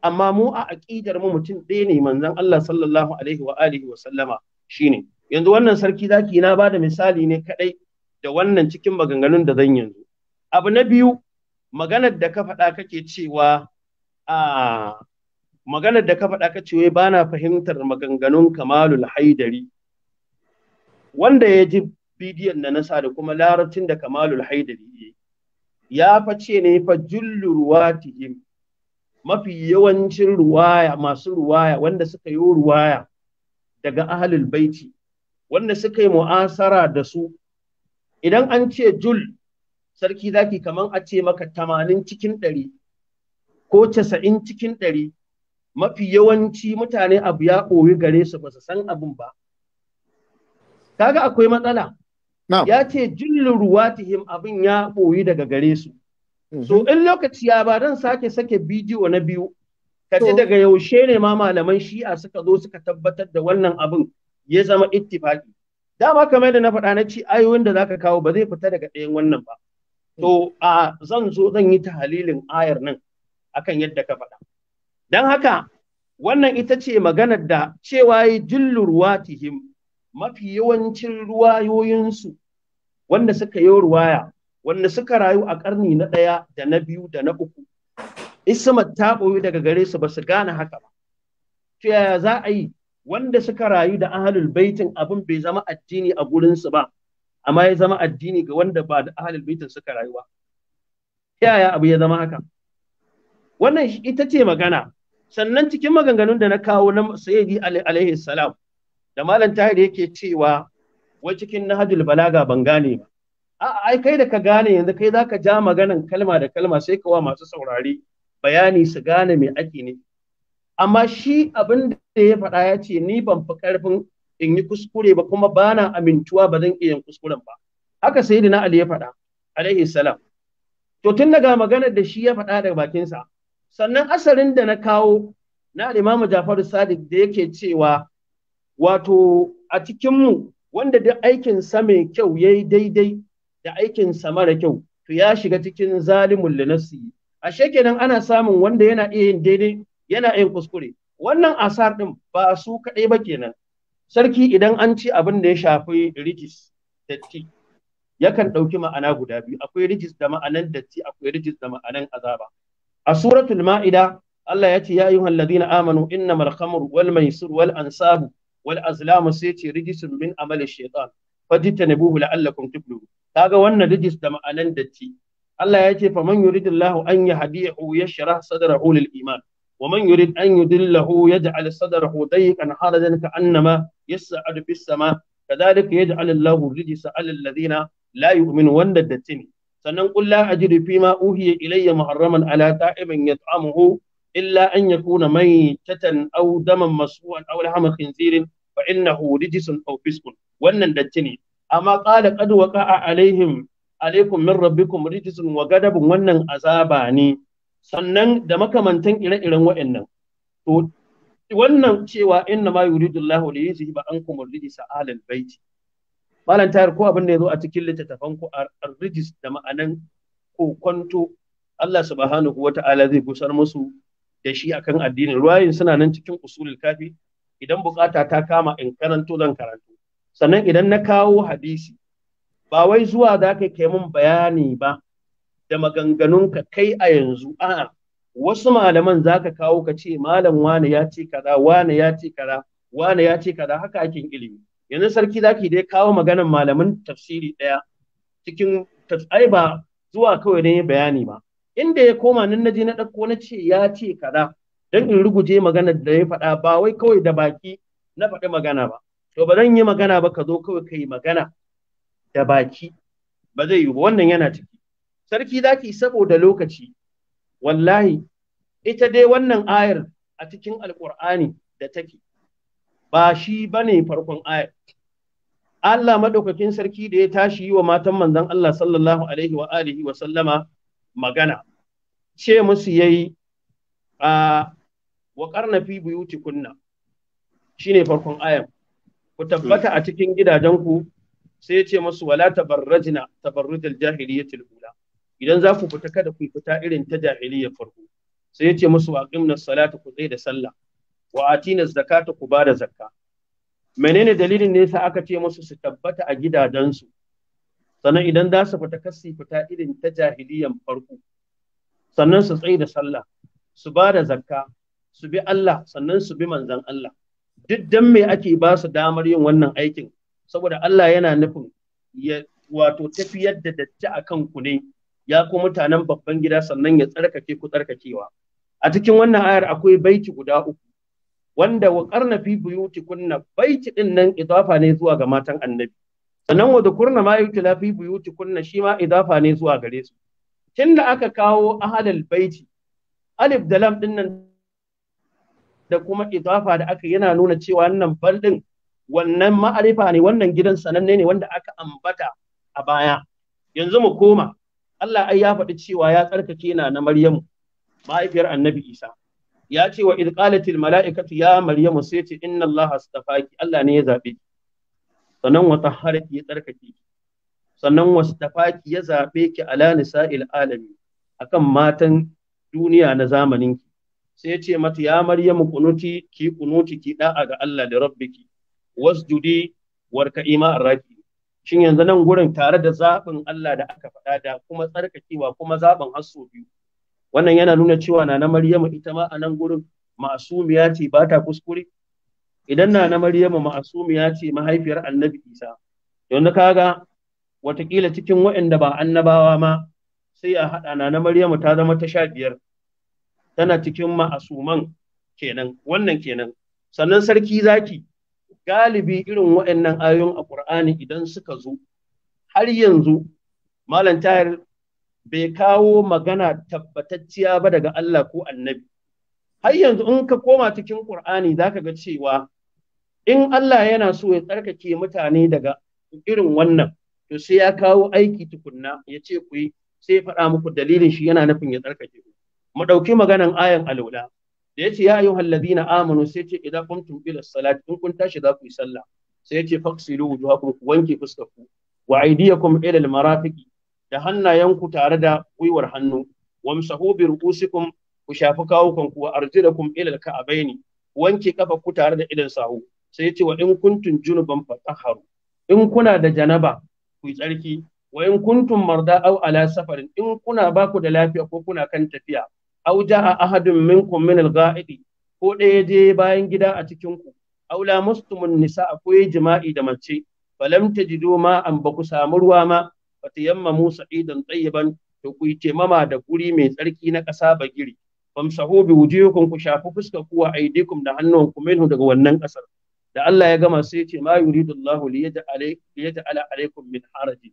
amma mu a aƙidar mu mutum ɗaya ne manzon Allah sallallahu alaihi wa alihi wa sallama shine yanzu wannan sarki zaki na bada misali ne kadai da wannan cikin maganganun da zan yanzu abu na biyu maganar da ka faɗa kake cewa a maganar da ka faɗa ka ce ba na fahimtar maganganun kamalul haidari wanda ya ji bidiyon da na sa da kuma larabcin da kamalul haidari ya fa ce ne fa jullu ruwatihim mafi yawancin ruwaya masu ruwaya wanda suka yi ruwaya daga ahalul baiti wanda suka yi mu'asara da su idan an ce jul sarki zaki kaman a ce maka tamanin cikin ɗari ko casa'in cikin ɗari mafi yawanci mutane abu ya ɓoyi gare su ba su san abin ba. Kaga akwai matsala. Ya ce jillin ruwatihim abin ya ɓoyi daga gare su. Mm-hmm. So in lokaci ya ba don sake sake bidiyo na biyu, ka daga yaushe ne ma malaman shi'a suka zo suka tabbatar da wannan abin ya zama ittifaki. Dama kamar da na faɗa na ci ayoyin da zaka kawo ba zai fita daga ɗayan wannan ba. To a zan zo zan yi tahalilin ayar nan akan yadda ka faɗa. Don haka wannan ita ce maganar da cewa yi jillu ruwatihim mafi yawancin ruwayoyinsu wanda suka yi ruwaya wanda suka rayu a ƙarni na ɗaya da na biyu da na uku ismat ta ɓoyi daga gare su ba su gane haka ba to yaya za a yi wanda suka rayu da ahlul baitin abin bai zama addini a gurinsu ba amma ya zama addini ga wanda ba da ahlul baitin suka rayuwa yaya abu ya zama haka wannan ita ce magana sannan cikin maganganun da na kawo na sayyidi alaihi salam da malam tahir yake cewa wai cikin nahjul balaga ban gane ba a'a ai kai da ka gane yanzu kai zaka ja maganan kalma da kalma sai ka wa masu saurari bayani su gane me ake ne amma shi abin da ya faɗa ya ce ni ban fi ƙarfin in yi kuskure ba kuma bana amintuwa ba zan iya kuskuren ba haka sayyidina ali ya faɗa alaihi salam to tun daga maganar da shi ya faɗa daga bakinsa sannan asarin da na kawo na imamu jafaru sadiq da yake cewa wato a cikinmu wanda duk aikinsa mai kyau yayi daidai da aikin sa mara kyau to ya shiga cikin zalimun linasi. ashe kenan ana samun wanda yana iya yin daidai yana yin kuskure wannan asar din ba su kaɗai ba kenan sarki idan an ci abin da ya shafi rijis datti yakan ɗauki ma'ana guda biyu akwai rijis da ma'anan datti akwai rijis da ma'anan azaba a suratul ma'ida Allah ya ce ya ayyuha alladhina amanu innamal khamru wal maisir wal ansabu wal azlamu sai ce rijisun min amali shaytan fajtanibuhu la'allakum tuflihun kaga wannan rijis da ma'anan datti Allah ya ce faman yuridillahu an yahdihu yashrah sadrahu lil iman ومن يريد أن يدله يجعل صدره ضيقا حرجا كأنما yas'adu fis sama kadhalika da Allahu rijsa 'ala alladhina la yu'minu wanda datti ne sannan qul la ajidu fima uhiya ilayya muharraman ala ta'imin yat'amuhu illa an yakuna maytatan aw daman masfu'an aw lahma khinzirin fa innahu rijsun aw fiskun wannan datti ne amma qala a waqa'a alaihim alaikum min rabbikum rijsun wa gadabun wannan azaba ne sannan da makamantan ire-iren wa'annan wannan cewa inna ma Allahu li yuzhiba ankum ar-rijsa ahlal bait malan tayar ko abin da yazo a cikin littattafan ku ar-rijs da ma'anan kwanto Allah subhanahu wata'ala zai gusar musu da shi akan addinin. ruwayin suna nan cikin usulul kafi idan bukata ta kama in karanto zan karanto sannan idan na kawo hadisi ba wai zuwa za ka kai mun bayani ba da maganganun ka kai a yanzu a'a wasu malaman za ka kawo ka ce malam wane ya ce kaza wane ya ce kaza wane ya ce kaza haka ake ilimi yanzu sarki zaki dai kawo maganan malaman tafsiri ɗaya cikin ai ba zuwa kawai don yi bayani ba inda ya koma nan naje na ɗauko na ce ya ce kaza don in ruguje maganar da ya faɗa ba wai kawai da baki na faɗi magana ba to ba zan yi magana ba ka zo kawai ka yi magana da baki ba zai yi ba wannan yana ciki sarki zaki saboda lokaci wallahi ita dai wannan ayar a cikin alƙur'ani da take ba shi bane farkon ayar Allah madaukakin sarki da ya tashi yi wa matan manzon Allah sallallahu alaihi wa alihi wa sallama magana ce musu yayi a wa karna fi kunna shine farkon ayar ku tabbata a cikin gidajenku sai ya ce musu wala tabarrajna tabarrujal jahiliyatil idan za ku fita kada ku fita irin ta jahiliya farko sai ya ce musu wa aqimna salata ku tsaye da sallah wa atina zakata ku bada zakka menene dalilin ne sa aka ce musu su tabbata a gidajensu sannan idan za su fita kasi fita irin ta jahiliyan farko sannan su tsaye da sallah su ba da zakka su bi Allah sannan su bi manzan Allah duk dan me ake ba su damar yin wannan aikin saboda Allah yana nufin ya wato tafiyar da datti akan ku ne ya ku mutanen babban gida sannan ya tsarkake ku tsarkakewa a cikin wannan ayar akwai baiti guda uku wanda wa karna fi kunna baiti din nan idafa ne zuwa ga matan annabi sannan wa dukurna ma yutla fi kunna shi ma idafa ne zuwa gare su Tinda aka kawo ahalal baiti alif da lam din nan da kuma idafa da aka yana nuna cewa wannan bal wannan ma'arifa ne wannan gidan sananne ne wanda aka ambata a baya yanzu mu koma Allah ai ya faɗi cewa ya tsarkake na na Maryamu mahaifiyar Annabi Isa ya ce wa idqalatil mala'ikatu ya Maryamu sai ce inna Allah astafaki Allah ne ya zabe ki sannan wa tahharaki ya tsarkake ki sannan wastafaki ya zabe ki ala nisa'il alami akan matan duniya na zamanin ki sai ce mata ya Maryamu kunuti ki kunuti ki da'a ga Allah da rabbiki wasjudi ima ma'arraki shin yanzu nan gurin tare da zaɓin Allah da aka faɗa da kuma tsarkakewa kuma zaɓin hasso biyu wannan yana nuna cewa na na Maryamu ita ma a nan gurin ma'asumiya ce ba ta kuskure idan na na Maryamu ma'asumiya ce mahaifiyar Annabi Isa yanzu kaga watakila cikin waɗanda ba annabawa ma sai a haɗa na na Maryamu ta zama ta sha biyar tana cikin ma'asuman kenan wannan kenan sannan sarki zaki galibi irin waɗannan ayoyin a ƙur'ani idan suka zo har yanzu malam tahir bai kawo magana tabbatacciya ba daga Allah ko annabi har yanzu in ka koma cikin Qur'ani zaka ga cewa in Allah yana so ya tsarkake mutane daga irin wannan to sai ya kawo aiki tukunna ya ce ku yi sai ya faɗa muku dalilin shi yana nufin ya tsarkake ku mu ɗauki maganan ayan alwala da yace ya ayyuhal ladina amanu sai ce idza qumtum ila salat in kun tashi za ku yi sallah sai yace faqsilu wujuhakum ku wanke fuskarku wa aydiyakum ila al marafiqi da hannayenku tare da gwiwar hannu wamsahu bi ru'usikum ku shafi kawukan ku wa arjilakum ila al ka'abaini wanke kafa ku tare da idan sahu sai ce wa in kuntum junuban fatahharu in kuna da janaba ku yi tsarki wa in kuntum marda aw ala safarin in kuna ba ku da lafiya ko kuna kan tafiya aw a ahadun minkum min al ko ɗaya je bayan gida a cikin ku aw lamustumun nisa ko jima'i da mace falam tajidu ma an ba ku samu ruwa ma fatayammamu sa'idan tayyiban to ku yi taimama da guri mai tsarki na ƙasa bagiri famsahu bi wujuhikum ku shafi fuska ku wa aidikum da ku minhu daga wannan ƙasar da Allah ya gama sai ce ma yuridu Allahu li yaj'ala alaikum min haraji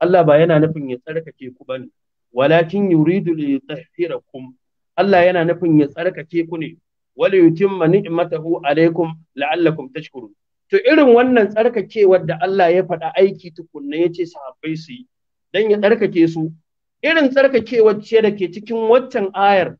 Allah ba yana nufin ya tsarkake ku bane walakin yuridu li yutahhirakum Allah yana nufin ya tsarkake ku ne wala yutimma ni'matahu alaikum la'allakum tashkurun to irin wannan tsarkakewar da Allah ya faɗa aiki tukunna yace sahabbai su yi dan ya tsarkake su irin tsarkakewar ce da ke cikin waccan ayar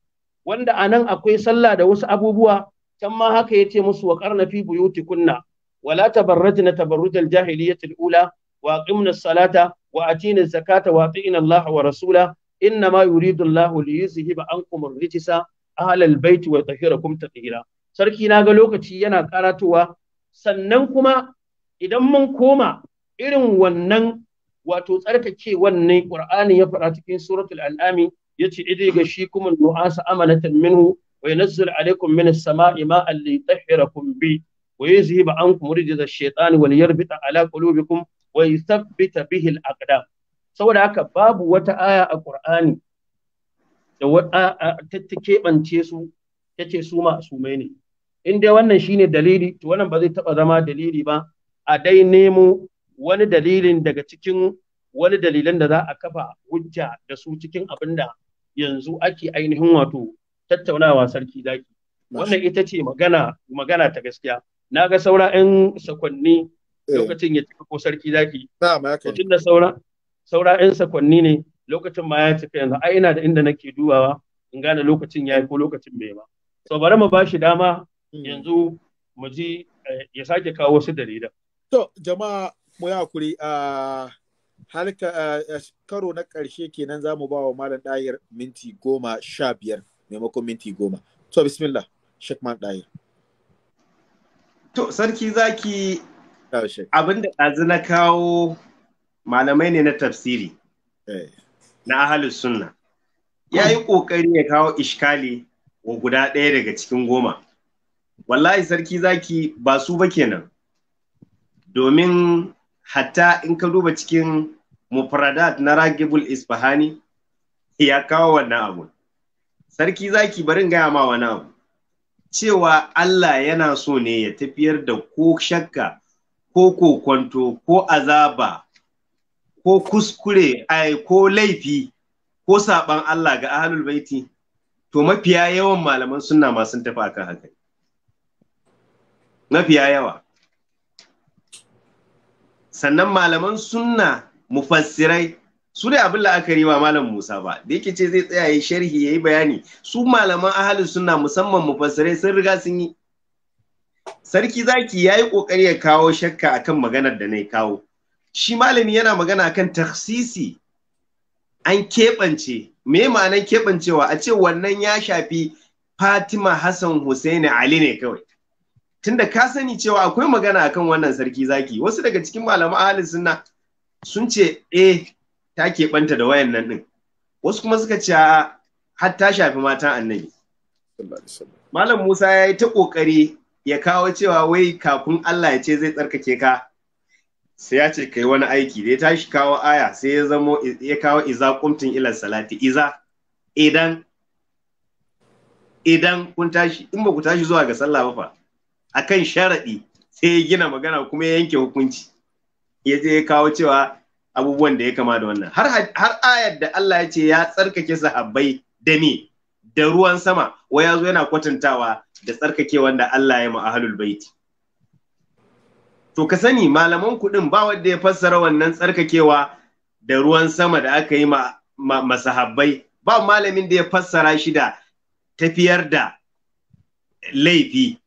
wanda anan akwai sallah da wasu abubuwa can ma haka ya ce musu wa qarna fi kunna. buyutikunna ولا تبرجن تبرج الجاهلية الأولى وأقمنا zakata wa atina وأطعنا wa rasula inna ma yuridu Allahu li an ankum ar ta ahlal bait wa yutahhirakum tatheera sarki na ga lokaci yana karatowa sannan kuma idan mun koma irin wannan wato tsarkake wannan Qur'ani ya faɗa cikin suratul ya yace idai ga shi kuma nu'asa amanatan minhu wa yunazzilu alaykum minas sama'i ma'an li yutahhirakum bi wa yuzhiba ankum rijza ash-shaytani wa liyarbita ala qulubikum wa yuthabbita bihi al-aqdam saboda haka babu wata aya a Qur'ani da ta keɓance su ta ce su ma'asumai ne in dai wannan shine dalili to wannan ba zai taɓa zama dalili ba a dai nemo wani dalilin daga cikin wani dalilan da za a kafa hujja da su cikin abin da yanzu ake ainihin wato tattaunawa sarki zaki wannan ita ce magana magana ta gaskiya na ga saura 'yan sakonni eh. lokacin ya tafi ko sarki zaki. Na'am, da saura saura 'yan sakwanni ne lokacin ma ya cika yanzu ai ina da inda nake dubawa in gane lokacin yayi ko lokacin bai ba so bari mu bashi dama hmm. yanzu mu ji eh, ya sake kawo wasu dalila to jama'a mu ya hakuri a halka karo na karshe kenan zamu ba wa malam dayar minti goma sha biyar maimakon minti goma to bismillah man dayar to sarki zaki abinda ɗazu na kawo malamai ne na tafsiri eh. na ahalus sunna ya yi ƙoƙari ya kawo ishkali wa guda ɗaya daga cikin goma wallahi sarki zaki ba su ba kenan domin hatta in ka duba cikin mufradat na ragibul isfahani ya kawo wannan abu sarki zaki barin gaya ma wani abu cewa Allah yana so ne ya tafiyar da ko shakka ko kokwanto, ko azaba ko kuskure ai ko laifi ko saban Allah ga ahlul baiti to mafiya yawan malaman sunna ma sun tafi akan haka mafiya yawa sannan malaman sunna mufassirai su ne abin la'akari ba malam Musa ba da yake ce zai tsaya ya sharhi ya yi bayani su malaman ahalin sunna musamman mufassirai sun riga sun yi sarki zaki ya yi ƙoƙari ya kawo shakka akan maganar da na kawo shi malami yana magana kan taksisi an keɓance me ma'anar keɓancewa a ce wannan ya shafi fatima hassan hussaini ali ne kawai tunda ka sani cewa akwai magana kan wannan sarki zaki wasu daga cikin malaman ahalin sunna sun ce eh ta keɓanta da wayan nan ɗin wasu kuma suka ce har ta shafi mata annabi malam musa ya yi ta ƙoƙari ya kawo cewa wai kafin allah ya ce zai tsarkake ka sai ya ce kai wani aiki da ya tashi kawo aya sai ya zamo ya kawo iza kumtin ilar salati iza idan idan kun tashi in ba ku tashi zuwa ga sallah ba fa akan sharaɗi sai ya gina magana kuma ya yanke hukunci ya je ya kawo cewa abubuwan da ya kama da wannan har har ayar da Allah ya ce ya tsarkake sahabbai da ni da ruwan sama wa ya zo yana kwatantawa da tsarkakewan da Allah ya ma ahlul baiti to ka sani malaman kuɗin ba wanda ya fassara wannan tsarkakewa da ruwan sama da aka yi ma, masahabbai ba malamin da ya fassara shi da tafiyar da laifi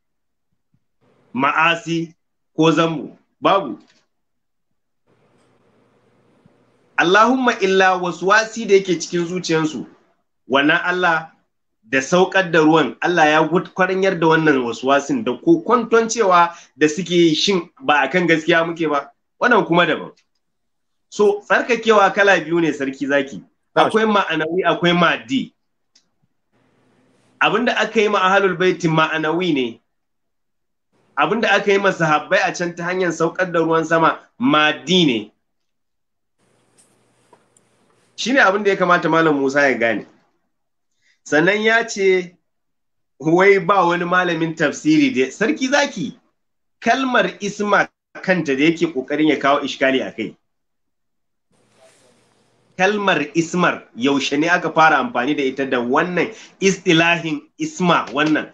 ma'asi ko zambo babu Allahumma illa wasu wasi da yake cikin zuciyarsu wannan Allah da saukar da ruwan Allah ya kwaranyar da wannan wasin da ko kwanton cewa da suke shin ba a kan gaskiya muke ba wannan kuma daban so tsarkakewa kala biyu ne sarki zaki akwai ma'anawi akwai ma'adi abinda aka yi ma baitin ma'anawi ne abinda aka yi masa a can ta hanyar saukar da ruwan sama ma'adi ne shine ne abinda ya kamata malam Musa ya gane sannan ya ce wai ba wani malamin tafsiri da sarki zaki kalmar isma kanta da yake kokarin ya kawo iskali a kai kalmar ismar yaushe ne aka fara amfani da ita da wannan istilahin isma wannan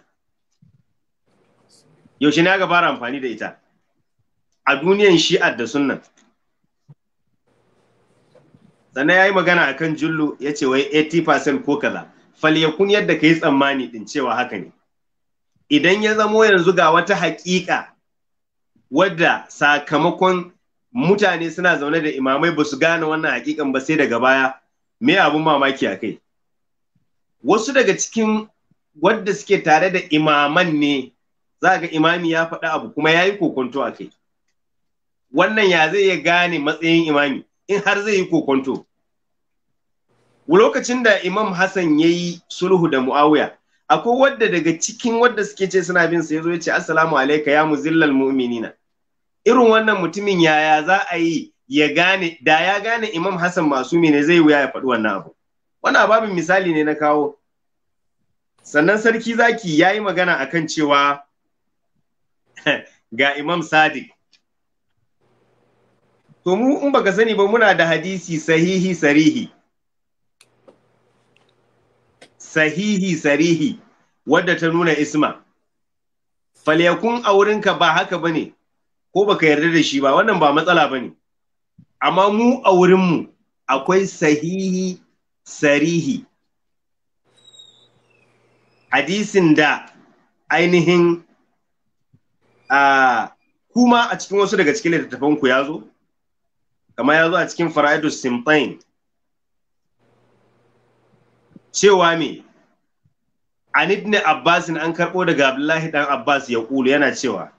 yaushe ne aka fara amfani da ita a duniyan shi'ar da sunnan sannan ya yi magana a kan jullu ya ce wai 80% ko kaza falyakun yadda ka yi tsammani din cewa haka ne idan ya zamo yanzu ga wata haƙiƙa wadda sakamakon mutane suna zaune da imamai ba su gane wannan haƙiƙan ba sai daga baya me abun mamaki a kai wasu daga cikin wadda suke tare da imaman ne za ga imami ya faɗa abu kuma ya yi kokonto a kai wannan ya zai ya gane matsayin imami in har zai yi kokonto lokacin da imam hassan ya yi sulhu da muawiya akwai wadda daga cikin wadda suke ce suna bin sa yazo ya ce assalamu alaika, ya muzillal mu'minina irin wannan mutumin yaya za a yi ya gane da ya gane imam hassan masu ne zai wuya ya faɗi wannan abu wannan babin misali ne na kawo sannan sarki zaki ya yi magana akan cewa ga imam sadiq to mu in baka sani ba muna da hadisi sahihi sarihi sahihi sarihi wadda ta nuna isma falyakun a wurinka ba haka bane ko baka yarda da shi ba wannan ba matsala bane amma mu a wurinmu akwai sahihi sarihi hadisin da ainihin kuma a cikin wasu daga cikin littattafanku ya zo kama ya zo a cikin fara'idus simpain cewa me an ibn Abbas an karɓo daga Abdullahi dan Abbas ya kulu yana cewa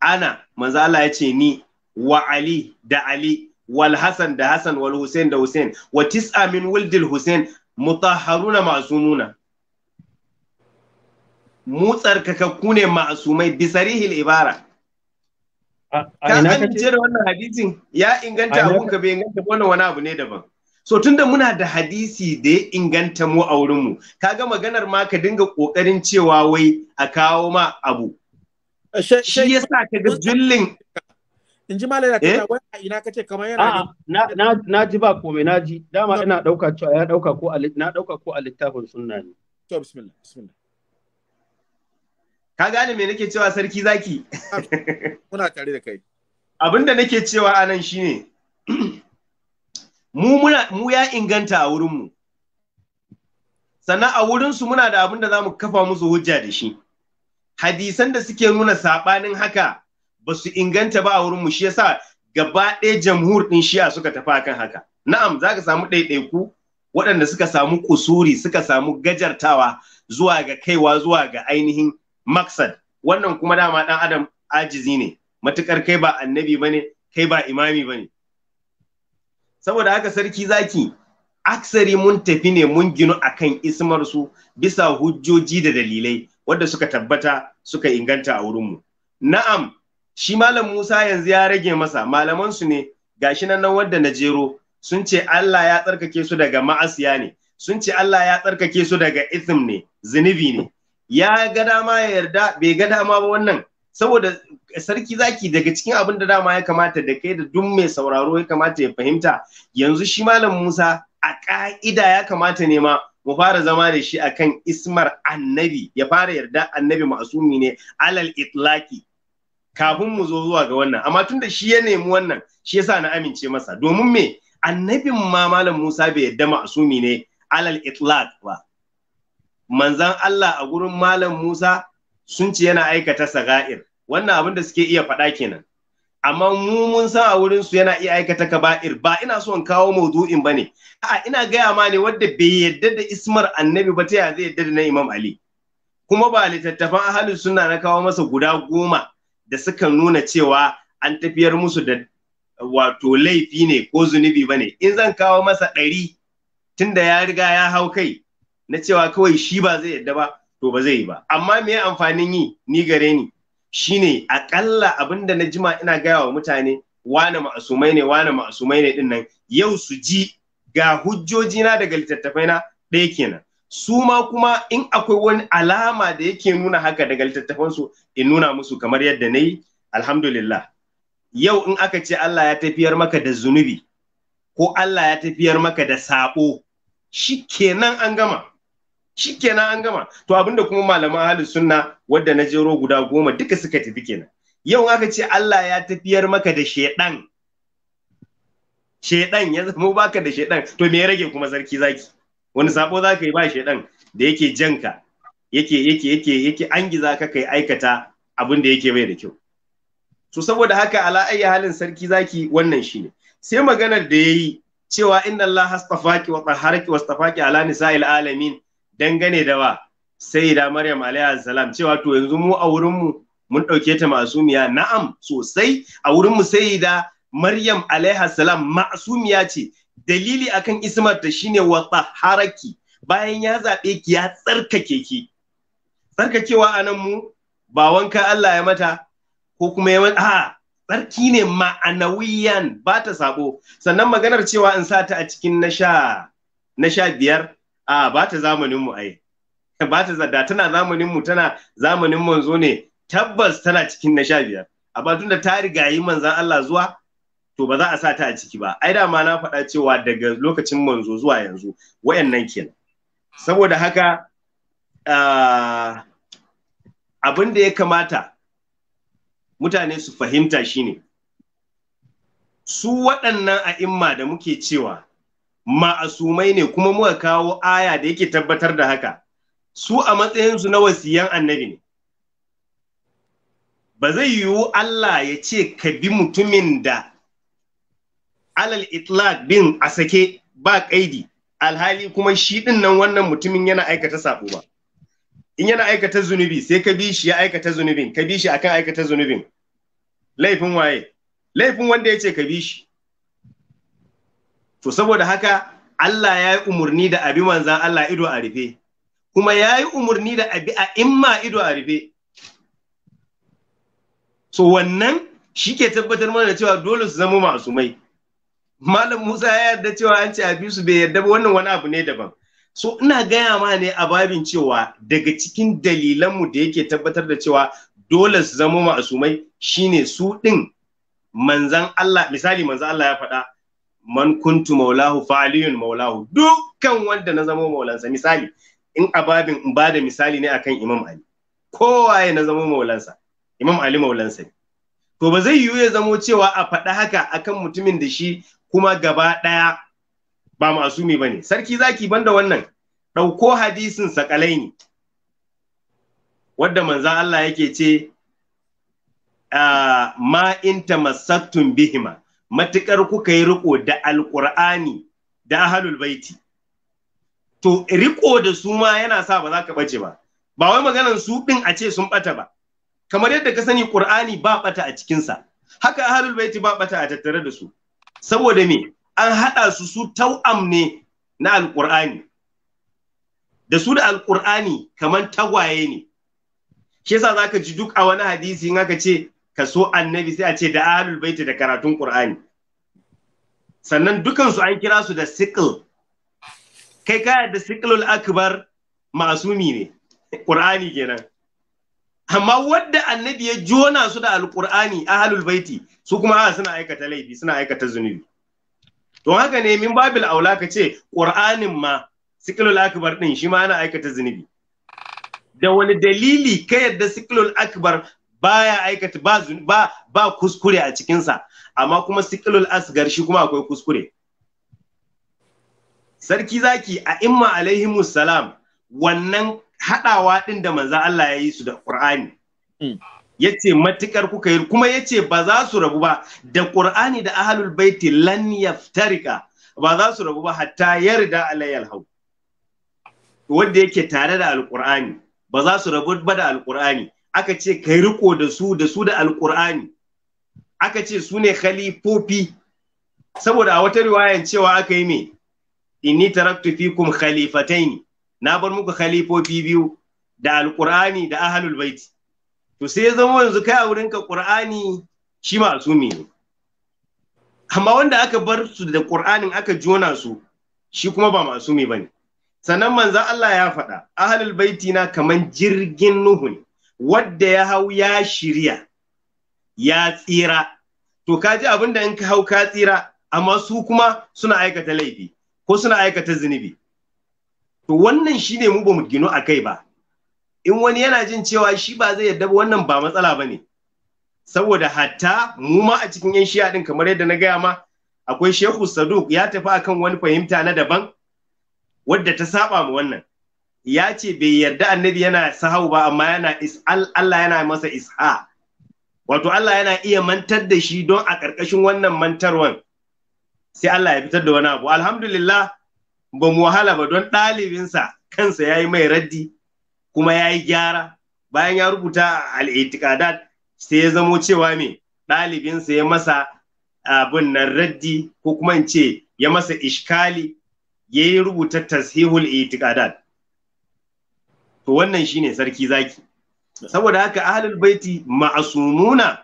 ana manzo Allah ya ce ni wa Ali da Ali wal Hasan da Hasan wal Hussein da Hussein wa tis'a min wuldil Hussein mutahharuna ma'sumuna mu tsarkakakku ne ma'asumai sarihil ibara ka amince da wannan hadisin ya inganta abun ka bai inganta wannan wani abu ne daban So tunda muna da hadisi da ya inganta mu a wurinmu, kaga maganar ma ka dinga ƙoƙarin cewa wai a kawo ma abu. Eh, Shi ya sa ka ga jullin. In ji malai na eh? wai a ina kace kamar yana. Na ji ba komai na ji, dama ina ɗauka cewa ya ɗauka ko na ɗauka ko a littafin sunna ne. To bismillah bismillah. Ka gane me nake cewa sarki zaki? Muna tare da kai. Abin da nake cewa anan shine mu ya inganta a wurinmu, mu sannan a wurin muna da abin da zamu kafa musu hujja da shi hadisan da suke nuna saɓanin haka ba su inganta ba a wurin mu shi yasa gaba ɗaya jamhur din shi'a suka tafi akan haka na'am zaka samu ɗaiɗaiku waɗanda suka samu kusuri suka samu gajartawa zuwa ga kaiwa zuwa ga ainihin maksad wannan kuma dama ɗan adam ajizi ne matukar kai ba annabi bane kai ba imami bane saboda haka sarki zaki aksari mun tafi ne mun gino akan ismar su bisa hujjoji da dalilai wadda suka tabbata suka inganta a wurin mu. na'am shi malam Musa yanzu ya rage masa malaman su ne gashi nan nan wadda na jero sun ce Allah ya tsarkake su daga ma'asiya ne sun ce Allah ya tsarkake su daga isim ne zunubi ne ya ga dama ya yarda bai ga dama ba wannan saboda sarki zaki daga cikin abin da dama ya kamata da kai da duk mai sauraro ya kamata ya fahimta yanzu shi malam Musa a ka'ida ya kamata ne ma mu fara zama da shi akan ismar annabi ya fara yarda annabi masumi ne alal itlaki kafin mu zo zuwa ga wannan amma tun da shi ya nemi wannan shi yasa na amince masa domin me annabin ma malam Musa bai yarda ma'asumi ne alal itlaq ba manzan Allah a gurin malam Musa sun ce yana aikata saga'ir wannan abin da suke iya faɗa kenan amma mu mun san a wurin su yana iya aikata kaba'ir ba ina so in kawo maudu'in bane a'a ina gaya ma ne wanda bai yarda da ismar annabi ba ta ya zai yadda da na imam ali kuma ba littattafan ahalu suna na kawo masa guda goma da suka nuna cewa an tafiyar musu da wato laifi ne ko zunubi bane in zan kawo masa ɗari tunda ya riga ya hau kai na cewa kawai shi ba zai yarda ba to ba zai yi ba amma me amfanin yi ni gare ni shine akalla abin da na jima ina gaya wa mutane wane ma'asumai ne wane ma'asumai ne dinnan yau su ji ga hujjoji na daga littattafai na ɗaya kenan su ma kuma in akwai wani alama da yake nuna haka daga su in nuna musu kamar yadda na yi alhamdulillah yau in aka ce Allah ya tafiyar maka da zunubi ko Allah ya tafiyar maka da saɓo shi kenan an gama shikenan an gama to abinda kuma malaman ahli sunna wadda na jero guda goma duka suka tafi kenan yau aka ce Allah ya tafiyar maka da shedan shedan ya zama baka da shedan to me ya rage kuma sarki zaki wani sabo zaka yi ba shedan da yake janka yake yake yake yake angiza ka kai aikata abin da yake bai da kyau to saboda haka ala ayi halin sarki zaki wannan shine sai maganar da yayi cewa inna Allah astafaki wa tahharaki wastafaki ala nisa'il alamin dangane da wa sai da Maryam alaihi salam cewa to yanzu mu a wurin mu mun ɗauke ta masumiya na'am sosai a wurin mu sai da Maryam alaihi salam masumiya ce dalili akan ismar ta shine wa haraki bayan ya zabe ki ya tsarkake ki tsarkakewa anan mu ba wanka Allah ya mata ko kuma ya a tsarki ne ma'anawiyan ba ta sabo sannan maganar cewa in sa ta a cikin na sha biyar a ba ta zamanin mu ai ba ta da tana zamanin mu tana zamanin manzo ne tabbas tana cikin na sha biyar amma tunda ta riga yi manzan Allah zuwa to ba za a sa ta a ciki ba ai da ma na faɗa cewa daga lokacin manzo zuwa yanzu wayannan kenan saboda haka abin da ya kamata mutane su fahimta shine su waɗannan a'imma da muke cewa ma'asumai ne kuma muka kawo aya da yake tabbatar da haka su a matsayinsu na wasiyan annabi ne ba zai yiwu Allah ya ce ka bi mutumin da alal itlaq bin a sake ba kaidi alhali kuma shi din nan wannan mutumin yana aikata sabo ba in yana aikata zunubi sai ka bi shi ya aikata zunubin ka bi shi akan aikata zunubin laifin waye laifin wanda ya ce ka bi shi to saboda haka Allah ya yi umarni da abi manzan Allah ido a rufe kuma ya yi umarni da abi a imma ido a rufe so wannan shi ke tabbatar mana cewa dole su zama masu mai malam musa ya yarda cewa an ce abi su bai yarda ba wannan wani abu ne daban so ina gaya ma ne a babin cewa daga cikin dalilanmu da yake tabbatar da cewa dole su zama masu mai shine su ɗin manzan Allah misali manzan Allah ya faɗa man kuntu maulahu faliyun maulahu dukkan wanda na zama maulansa misali in ababin in ba da misali ne akan imam ali kowaye na zama maulansa imam ali maulansa ne to ba zai yiwu ya zamo cewa a faɗa haka akan mutumin da shi kuma gaba ɗaya ba masumi ba ne sarki zaki banda wannan ɗauko hadisin sakalai ne wadda manzan Allah yake ce ah, ma in bihima matukar kuka yi riko da alkur'ani da ahlul baiti to riko da su ma yana sa ba za ka bace ba ba wai maganan su din a ce sun bata ba kamar yadda ka sani ƙur'ani ba bata a cikinsa haka ahlul baiti ba bata a tattare da su saboda me an haɗa su su tau'am ne na alƙur'ani da su da alƙur'ani kamar tagwaye ne shi yasa zaka ji duk a wani hadisi in aka ce ka annabi sai a ce da ahlul baiti da karatun qur'ani sannan dukansu an kira su da sikl kai ka da siklul akbar masumi ne qur'ani kenan amma wadda annabi ya jona su da alqur'ani ahlul baiti su kuma suna aikata laifi suna aikata zunubi to haka ne min babil aula ka ce qur'anin ma siklul akbar din shi ma ana aikata zunubi da wani dalili ka yadda siklul akbar baya aikata ba ba ba kuskure a cikinsa amma kuma sikilul asgar shi kuma akwai kuskure sarki zaki a imma alaihi salam wannan haɗawa ɗin da manzo Allah ya yi su da Qur'ani mm. yace matukar kuka yi kuma yace ba za su rabu ba da Qur'ani da ahlul baiti lan yaftarika ba za su rabu ba hatta yarda alayyal hau wanda yake tare da alqur'ani ba za su rabu ba da alqur'ani aka ce kai riko da su da su da alkur'ani aka ce su ne khalifofi saboda a wata riwayan cewa aka yi mai, inni taraktu fikum khalifataini na bar muku khalifofi biyu da alkur'ani da ahlul baiti to sai ya zama yanzu kai a wurinka qur'ani shi ma'asumi ne amma wanda aka bar su da qur'anin aka jona su shi kuma ba masu ba bane sannan manzon Allah ya faɗa ahlul baiti na kaman jirgin nuhu ne wadda ya hau ya shirya ya tsira to kaji abin da in ka hau ka tsira amma su kuma suna aikata laifi ko suna aikata zunubi to wannan shi ne mu ba mu gino a kai ba in wani yana jin cewa shi ba zai yarda wannan ba matsala ba ne saboda hatta mu ma a cikin yan shiya ɗin kamar yadda na gaya ma akwai shehu saduk ya tafi akan wani fahimta na daban wadda ta saba mu wannan ya ce bai yarda annabi yana sahau ba amma yana Allah yana masa isha wato Allah yana iya mantar da shi don a ƙarƙashin wannan mantarwan sai Allah ya fitar da wani abu alhamdulillah ba mu wahala ba don ɗalibinsa kansa ya yi mai raddi kuma ya yi gyara bayan ya rubuta al'itikadat sai ya zamo cewa me ɗalibinsa ya masa abin nan raddi ko kuma in ce ya masa ishkali ya yi rubuta tashihul itikadat to wannan shine sarki zaki saboda haka ahlul baiti ma'asumuna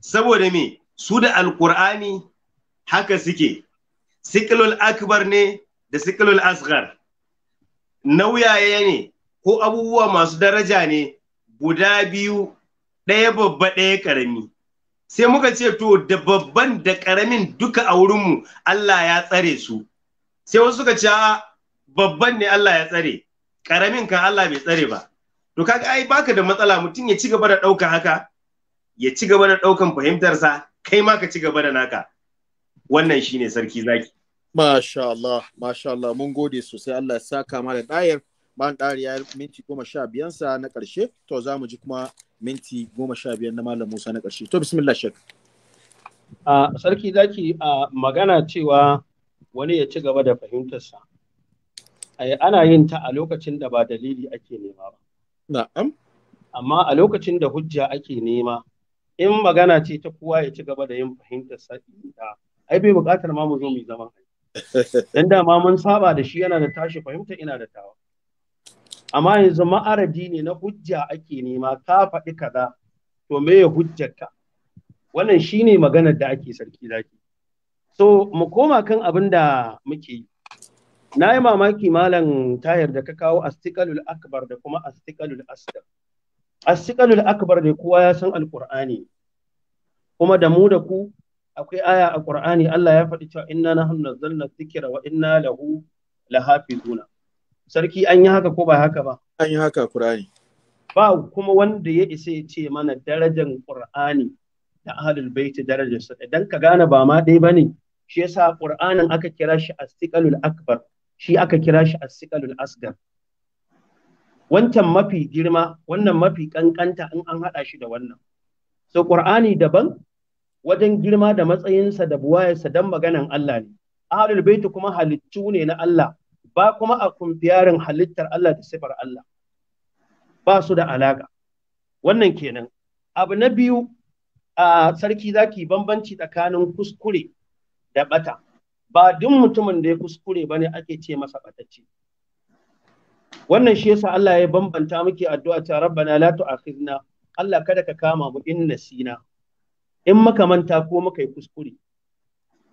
saboda me su da alqur'ani haka suke siklul akbar ne da siklul asghar nauyaye ne ko abubuwa masu daraja ne guda biyu ɗaya babba ɗaya ƙarami sai muka ce to da babban da ƙaramin duka a wurinmu Allah ya tsare su sai wasu suka ce babban ne Allah ya tsare karamin ka Allah bai tsare ba to kaga ai baka da matsala mutum ya ci gaba da ɗauka haka ya ci gaba da ɗaukan fahimtarsa kai ma ka ci gaba da naka wannan shine sarki zaki masha Allah masha Allah mun gode sosai Allah ya saka mana dayar ban ɗari ya minti goma sha biyansa na ƙarshe to za mu ji kuma minti goma sha biyan na malam musa na ƙarshe to bismillah shek a sarki zaki a magana cewa wani ya ci gaba da fahimtarsa Eh, ana yin ta a lokacin da ba dalili ake nema ba. Na'am. Amma a lokacin da hujja ake nema, in magana ce ta kowa ya ci gaba da yin fahimtar sa'ida, ai bai buƙatar ma mu zo mu zama. Dan da ma mun saba da shi yana da tashi fahimta ina da tawa. Amma yanzu ma'aradi ne na hujja ake nema ka faɗi kaza to me ya hujjarka? Wannan ne maganar da ake sarki zaki. So mu koma kan abin da muke yi. na yi mamaki malam tayar da ka kawo astikalul akbar da kuma astikalul asgar astikalul akbar da kowa ya san alqur'ani kuma da mu da ku akwai aya a qur'ani Allah ya faɗi cewa inna nahnu nazzalna dhikra wa inna lahu lahafizuna sarki an yi haka ko ba haka ba an yi haka qur'ani ba kuma wanda ya isa ya ce mana darajar qur'ani da ahlul baiti darajarsa dan ka gane ba ma ba bane shi yasa qur'anin aka kira shi astiqalul akbar shi aka kira shi a sikalun asgar wancan mafi girma wannan mafi kankanta in an hada shi da wannan so qur'ani daban wajen girma da matsayinsa da buwayarsa dan maganan Allah ne ahlul baiti kuma halittu ne na Allah ba kuma a kumfiyarin halittar Allah da sifar Allah ba su da alaka wannan kenan abu na biyu a sarki zaki bambanci tsakanin kuskure da bata ba duk mutumin da ya kuskure ba ne ake ce masa ɓatacce. Wannan shi yasa Allah ya bambanta muke addu'a ta rabbana la tu'akhidna Allah kada ka kama mu in nasina in muka manta ko muka yi kuskure.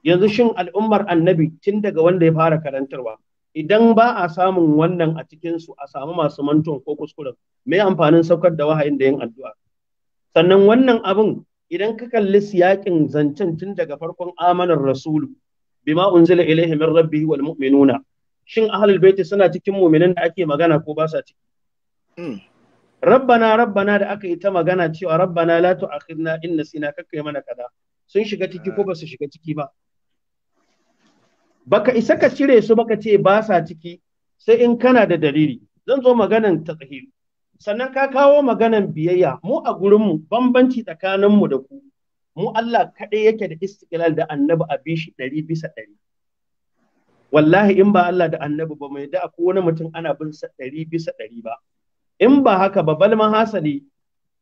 Yanzu shin al'ummar annabi tun daga wanda ya fara karantarwa idan ba a samun wannan a cikin su a samu masu mantuwa ko kuskuren me amfanin saukar da wahayin da yin addu'a. Sannan wannan abin idan ka kalli siyakin zancen tun daga farkon amanar rasulu bima unzila ilaihi min rabbihi wal mu'minuna shin ahlul baiti suna cikin mu'minin da ake magana ko ba sa ciki hmm. rabbana rabbana da aka yi ta magana cewa rabbana la tu'akhidna in nasina kakkai mana kaza sun shiga ciki ko ba su shiga ciki ba baka isa ka cire su baka ce ba sa ciki sai in kana da dalili zan zo maganan ta sannan ka kawo maganan biyayya mu a gurinmu bambanci tsakaninmu da ku mu Allah kaɗai yake da istiqlal da annabi a bishi ɗari bisa ɗari wallahi in ba Allah da annabi ba mai da ko wani mutum ana bin sa ɗari bisa ɗari ba in ba haka ba balma hasali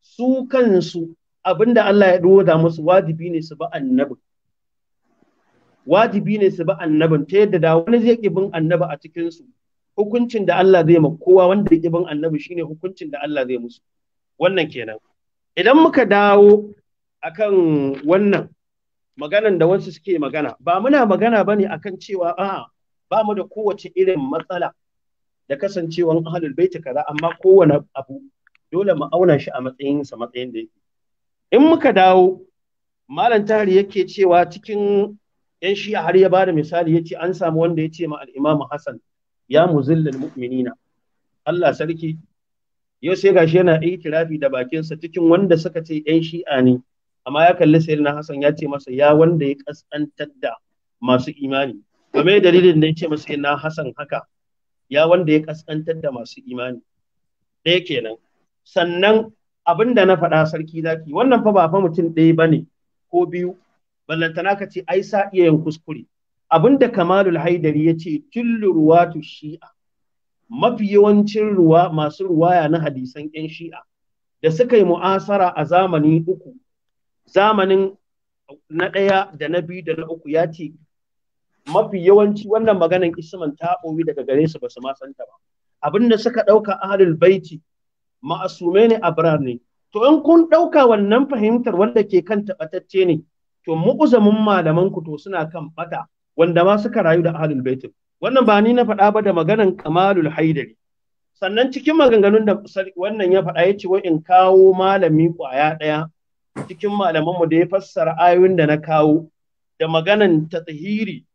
su kansu abinda Allah ya doda musu wajibi ne su ba annabi wajibi ne su ba annabin ta yadda da wani zai bin annabi a cikin su hukuncin da Allah zai ma kowa wanda ya bin annabi shine hukuncin da Allah zai musu wannan kenan idan muka dawo akan wannan maganan da wasu suke magana ba muna magana ba bane akan cewa a ba mu da kowace irin matsala da kasancewan ahlul baiti kaza amma kowane abu dole mu auna shi a matsayinsa matsayin da yake in muka dawo malam tahari yake cewa cikin yan shi'a har ya bada misali yace an samu wanda yace ma al-imam hasan ya muzillal mu'minina Allah sarki yau sai gashi yana ikirafi da bakinsa cikin wanda suka ce yan shi'a ne amma ya kalli sayyidina Hassan ya ce masa ya wanda ya kaskantar da masu imani game dalilin da ya ce masa yana Hassan haka ya wanda ya kaskantar da masu imani ɗaya kenan sannan abin da na faɗa sarki zaki wannan fa ba fa mutum ɗaya bane ko biyu ballantana ka ce ai sa iya yin kuskure abin da kamalul haidari ya ce kullu ruwatu shi'a mafi yawancin ruwa masu ruwaya na hadisan yan shi'a da suka yi mu'asara a zamani uku zamanin na ɗaya da na biyu da na uku ya ce mafi yawanci wannan maganan isman ta ɓoyi daga gare su ba su masanta ba abin da suka ɗauka ahlul baiti ma'asume ne a birane. to in kun ɗauka wannan fahimtar wanda ke kan taɓatacce ne to mu'uzamin malaman ku to suna kan bata wanda ma suka rayu da ahlul baiti wannan ba ni na faɗa ba da maganan kamalul haidari sannan cikin maganganun da wannan ya faɗa ya ce wa in kawo malami ƙwaya ɗaya cikin malamanmu da ya fassara ayoyin da na kawo da maganan tatahiri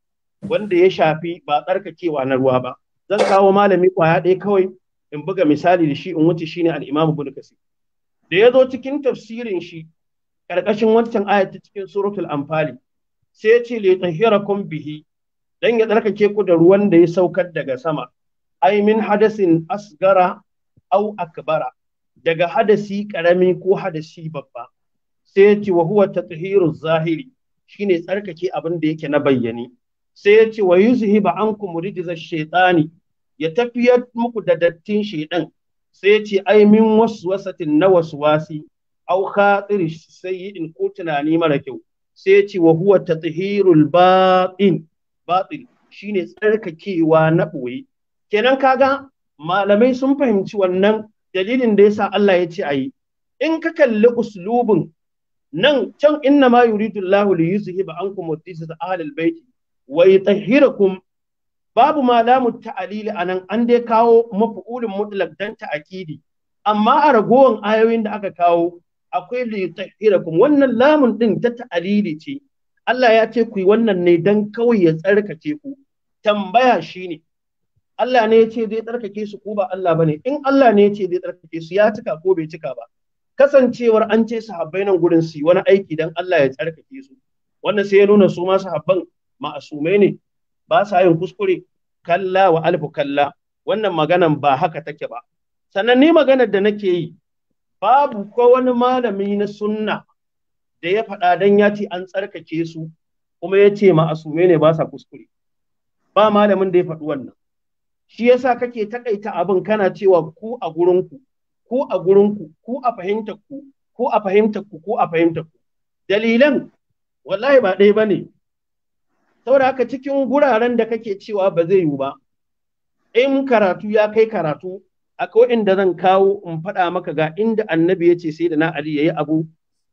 wanda ya shafi ba tsarkakewa na ruwa ba zan kawo malami kwaya ɗaya kawai in buga misali da shi in wuce shi ne al'imamu bin da ya zo cikin tafsirin shi ƙarƙashin wancan ayar ta cikin suratul anfali sai ya ce li tahirakum bihi dan ya tsarkake ku da ruwan da ya saukar daga sama ai min hadasin asgara au akbara daga hadasi karami ko hadasi babba sai ya ce wa huwa tatheeru zahiri shine tsarkake abin da yake na bayyane sai ya ce wa yuzhiba ankum rijza shaytani ya tafiyar muku da dattin shaydan sai ya ce ai min waswasatin na waswasi au khatir sayyidin ko tunani mara kyau sai ya ce wa huwa tatheerul batin batin shine tsarkakewa na boye kenan kaga malamai sun fahimci wannan dalilin da yasa Allah ya ce ayi in ka kalli uslubin nan can inna ma yuridu Allahu li yuzhiba ankum wadhisata ahlil baiti wa yutahhirakum babu ma lamu ta'alili anan an dai kawo maf'ulun mutlaq dan ta'kidi amma a ragowan ayoyin da aka kawo akwai li yutahhirakum wannan lamun din ta ta'alili ce Allah ya ce ku wannan ne dan kawai ya tsarkake ku tambaya shine Allah ne ya ce zai tsarkake su ko ba Allah bane in Allah ne ya ce zai tsarkake su ya cika ko bai cika ba kasancewar an ce sahabbai nan gurin su wani aiki dan Allah ya tsarkake su wannan sai ya nuna su ma sahabban ma'asumai ne ba sa yin kuskure kalla wa alfu kalla wannan maganan ba haka take ba sannan ni maganar da nake yi babu ko wani malami na sunna da ya faɗa dan ya ce an tsarkake su kuma ya ce ma'asumai ne ba sa kuskure ba malamin da ya faɗi wannan shi yasa kake takaita abin kana cewa ku a gurinku Ko a gurinku ko a fahimtarku ko a fahimtar ko a fahimtar dalilan wallahi ba ɗaya bane saboda haka cikin guraren da kake cewa ba zai yiwu ba in karatu ya kai karatu akwai inda zan kawo in faɗa maka ga inda annabi ya ce sai da na Ali ya yi abu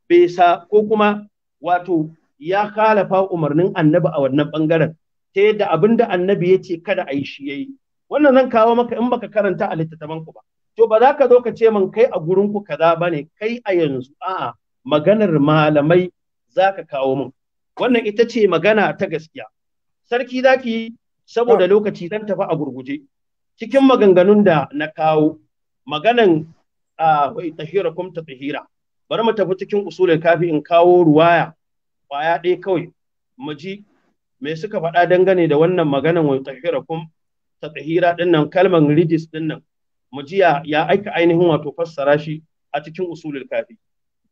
bai sa ko kuma wato ya halafa umarnin annabi a wannan ɓangaren ta yadda abin da annabi ya ce kada a yi shi ya yi wannan zan kawo maka in baka karanta a littattafan ku ba to ba za ka zo ka ce min kai a gurin ku kaza ne kai a yanzu a'a maganar malamai za ka kawo min wannan ita ce magana ta gaskiya sarki zaki saboda lokaci zan tafi a gurguje cikin maganganun da na kawo maganan a tahira kum ta tahira bari mu tafi cikin usulin kafi in kawo ruwaya kwaya ɗaya kawai mu ji me suka faɗa dangane da wannan maganan wai tahira kum ta tahira dinnan kalman rijis dinnan mu ji ya aika ainihin wato fassara shi a cikin usulul kafi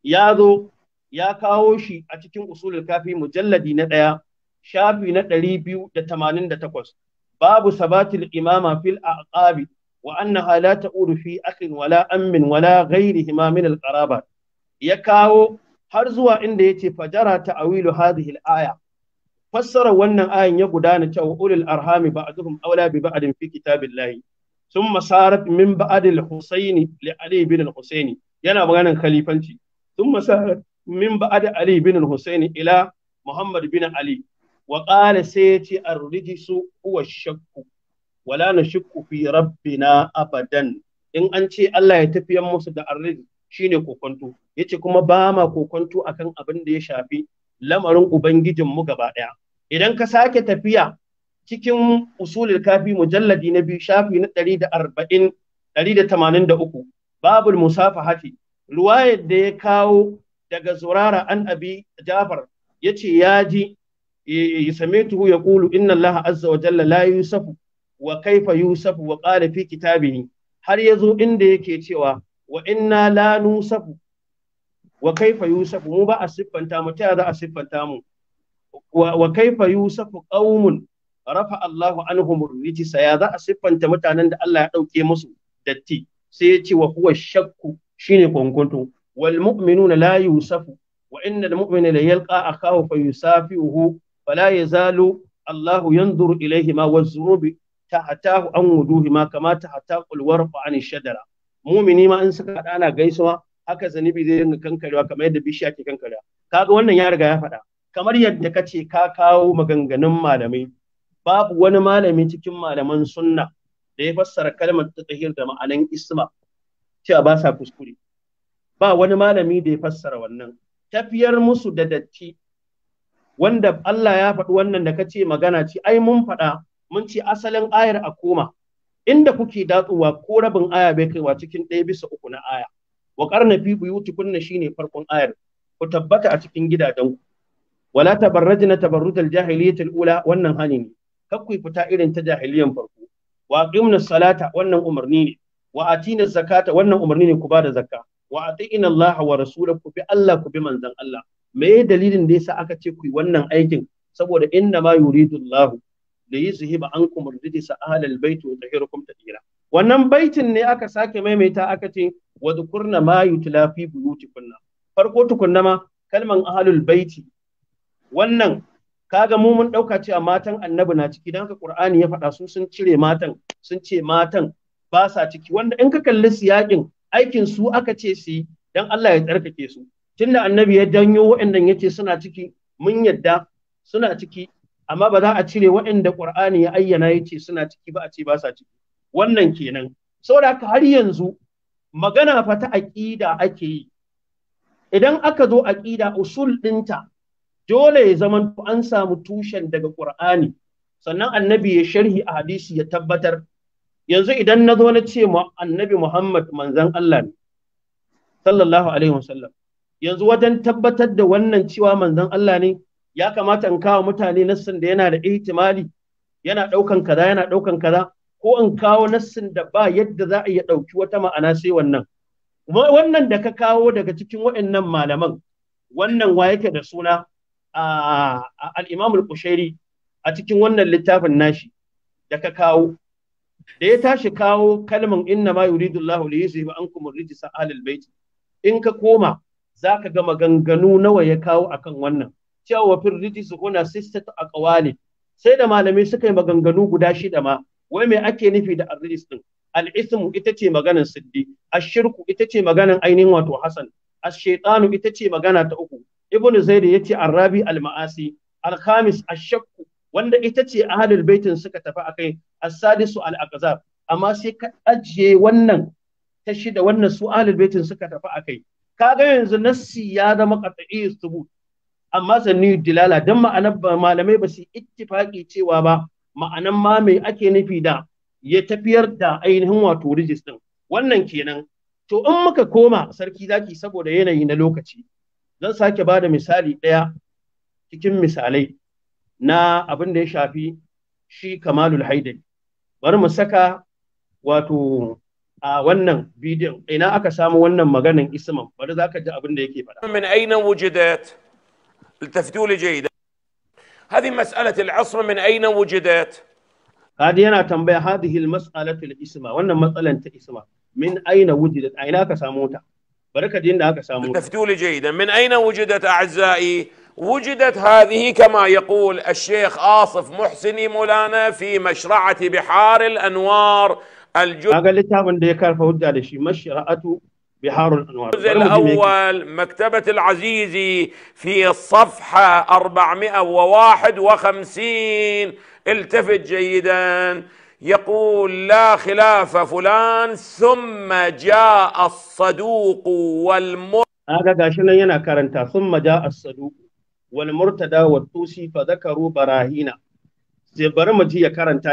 ya zo ya kawo shi a cikin usulul kafi mujalladi na ɗaya shafi na ɗari biyu da tamanin da takwas babu sabatil imama fil aqabi wa annaha la ta'udu fi akhin wala ammin wala ghairihima min al ya kawo har zuwa inda yace fajara ta'awilu hadhihi al aya fassara wannan ayan ya gudana cewa ulul arhami ba'duhum awla bi ba'din fi kitabillahi sun masarat min ba'adil husaini li ali bin husaini yana maganin khalifanci sun min ali bin husaini ila muhammad bin ali wa qala sai yace ar-rijsu huwa shakku wala nashukku fi rabbina abadan in an ce Allah ya tafiyan musu da arrijs shine kokonto yace kuma ba ma kokonto akan abin da ya shafi lamarin ubangijin mu gaba daya idan ka sake tafiya cikin usulul kafi mujalladi na biyu shafi na ɗari da 183 babul musafahati ruwayar da ya kawo daga zurara an abi jafar ce ya ji ya same tuhu ya qulu inna allaha azza wa jalla la yusafu wa kaifa yusafu wa qala fi kitabihi har zo inda yake cewa wa inna la nusafu wa kaifa yusafu mu ba a siffanta mu ta za a siffanta mu wa kaifa yusafu qaumun rafa Allahu anhumur rijsa ya za a siffanta mutanen da Allah ya ɗauke musu datti sai ya ce wa huwa shakku shine kunkuntu wal mu'minuna la yusafu wa al mu'mina la yalqa akahu fa yusafihu fala yazalu Allahu yanzuru ilayhi ma ta tahtahu an wuduhi ma kama tahtaqul warqa an shadara mu'mini ma in suka hada ana gaisuwa haka zanibi zai ringa kankarewa kamar yadda bishiya ke kankarewa kaga wannan ya riga ya faɗa kamar yadda kace ka kawo maganganun malamai babu wani malami cikin malaman sunna da ya fassara kalmar tatahir da ma'anan isma cewa ba sa kuskure ba wani malami da ya fassara wannan tafiyar musu da datti wanda Allah ya faɗi wannan da kace magana ce ai mun faɗa mun ce asalin ayar a koma inda kuke datsuwa ko rabin aya bai kaiwa cikin ɗaya bisa uku na aya wa karna fi kunna shine farkon ayar ku tabbata a cikin ku. wala tabarrajna tabarrudal jahiliyatil ula wannan hani ne kakku fita irin ta jahiliyan farko wa qimna salata wannan umarni ne wa atina zakata wannan umarni ne ku ba da zakka wa atina Allah wa rasulahu bi Allah ku bi manzon Allah me dalilin da yasa aka ce ku wannan aikin saboda inna ma yuridu Allah da yuzhiba ankum rijsa ahlal bait wa tahirukum tadhira wannan baitin ne aka sake maimaita aka ce wa dhukurna ma yutla fi buyutikunna farko tukunna ma kalman ahlul baiti wannan kaga mu mun ɗauka cewa matan annabi na ciki dan ka qur'ani ya faɗa su sun cire matan sun ce matan ba sa ciki wanda in ka kalli siyakin aikin su aka ce su dan Allah ya tsarkake su tunda annabi ya danyo waɗannan yace suna ciki mun yadda suna ciki amma ba za a cire waɗanda qur'ani ya ayyana yace suna ciki ba a ce ba sa ciki wannan kenan saboda haka har yanzu magana fa ta aqida ake yi idan aka zo aqida usul ɗinta dole ya zama an samu tushen daga ƙur'ani sannan annabi ya sharhi a hadisi ya tabbatar yanzu idan na zo na ce annabi Muhammad manzan Allah ne sallallahu alaihi wasallam yanzu wajen tabbatar da wannan cewa manzan Allah ne ya kamata in kawo mutane nassin da yana da ihtimali yana daukan kaza yana ɗaukan kaza ko in kawo nassin da ba yadda za a iya ɗauki wata ma'ana sai wannan wannan da ka kawo daga cikin waɗannan malaman wannan wa yake da suna al al’ushairi a cikin wannan littafin nashi da ka kawo da ya tashi kawo kalman inna ma yuridu Allahu li yuzhiba ankum ar in ka koma za ka ga maganganu nawa ya kawo akan wannan cewa wa fil rijsi huna a aqwali sai da malamai suka yi maganganu guda shida ma wai me ake nufi da ar ɗin ita ce maganar siddi ash ita ce maganar ainihin wato Hassan. ash ita ce magana ta uku ibnu zaid ya ce al-ma'asi al-khamis ash-shakku wanda ita ce ahlul baitin suka tafi akai as-sadisu al-aqzab amma sai ka ajiye wannan ta shida wannan su ahlul baitin suka tafi akai kaga yanzu nassi ya zama qat'i thubut amma sanni dilala dan ma'anar malamai ba su ittifaqi cewa ba ma'anan ma mai ake nufi da ya tafiyar da ainihin wato rijis din wannan kenan to in muka koma sarki zaki saboda yanayi na lokaci zan sake bada misali daya cikin misalai na abin da ya shafi shi kamalul haidari bari mu saka wato a wannan bidiyon ina aka samu wannan maganan isman bari zaka ji abin da yake fada min aina wujidat التفتوا لي جيدا هذه مسألة العصر من أين وجدت؟ هذه أنا تنبيه هذه المسألة الإسمة وأن مسألة الإسمة من أين وجدت؟ أين كساموتا؟ بركة إن جيدا من أين وجدت أعزائي وجدت هذه كما يقول الشيخ آصف محسني مولانا في مشرعة بحار الأنوار الجزء من ديكار مشرعة بحار الأنوار الجزء الأول مكتبة العزيزي في الصفحة 451 التفت جيداً يقول لا خلاف فلان ثم جاء الصدوق والمر هذا غاشنا ينا كارنتا ثم جاء الصدوق والمرتدى والطوسي فذكروا براهينا sai bari mu ji ya karanta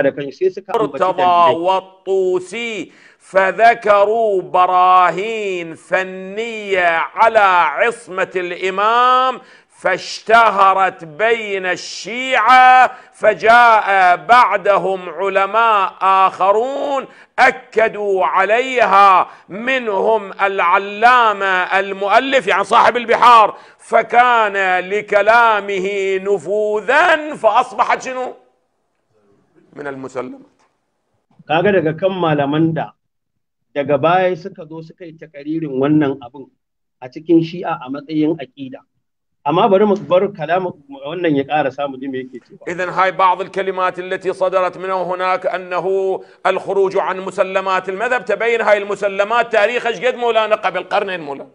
فذكروا براهين فنية على عصمة الإمام فاشتهرت بين الشيعه فجاء بعدهم علماء اخرون اكدوا عليها منهم العلامه المؤلف يعني صاحب البحار فكان لكلامه نفوذا فاصبحت شنو؟ من المسلمة kaga daga kan malaman da daga baya suka zo suka yi takaririn wannan abin a cikin shi'a a matsayin aƙida. أما برم برو كلامك وأن يقار سامو إذا هاي بعض الكلمات التي صدرت منه هناك أنه الخروج عن مسلمات المذهب تبين هاي المسلمات تاريخ ايش قد مولانا قبل قرنين مولانا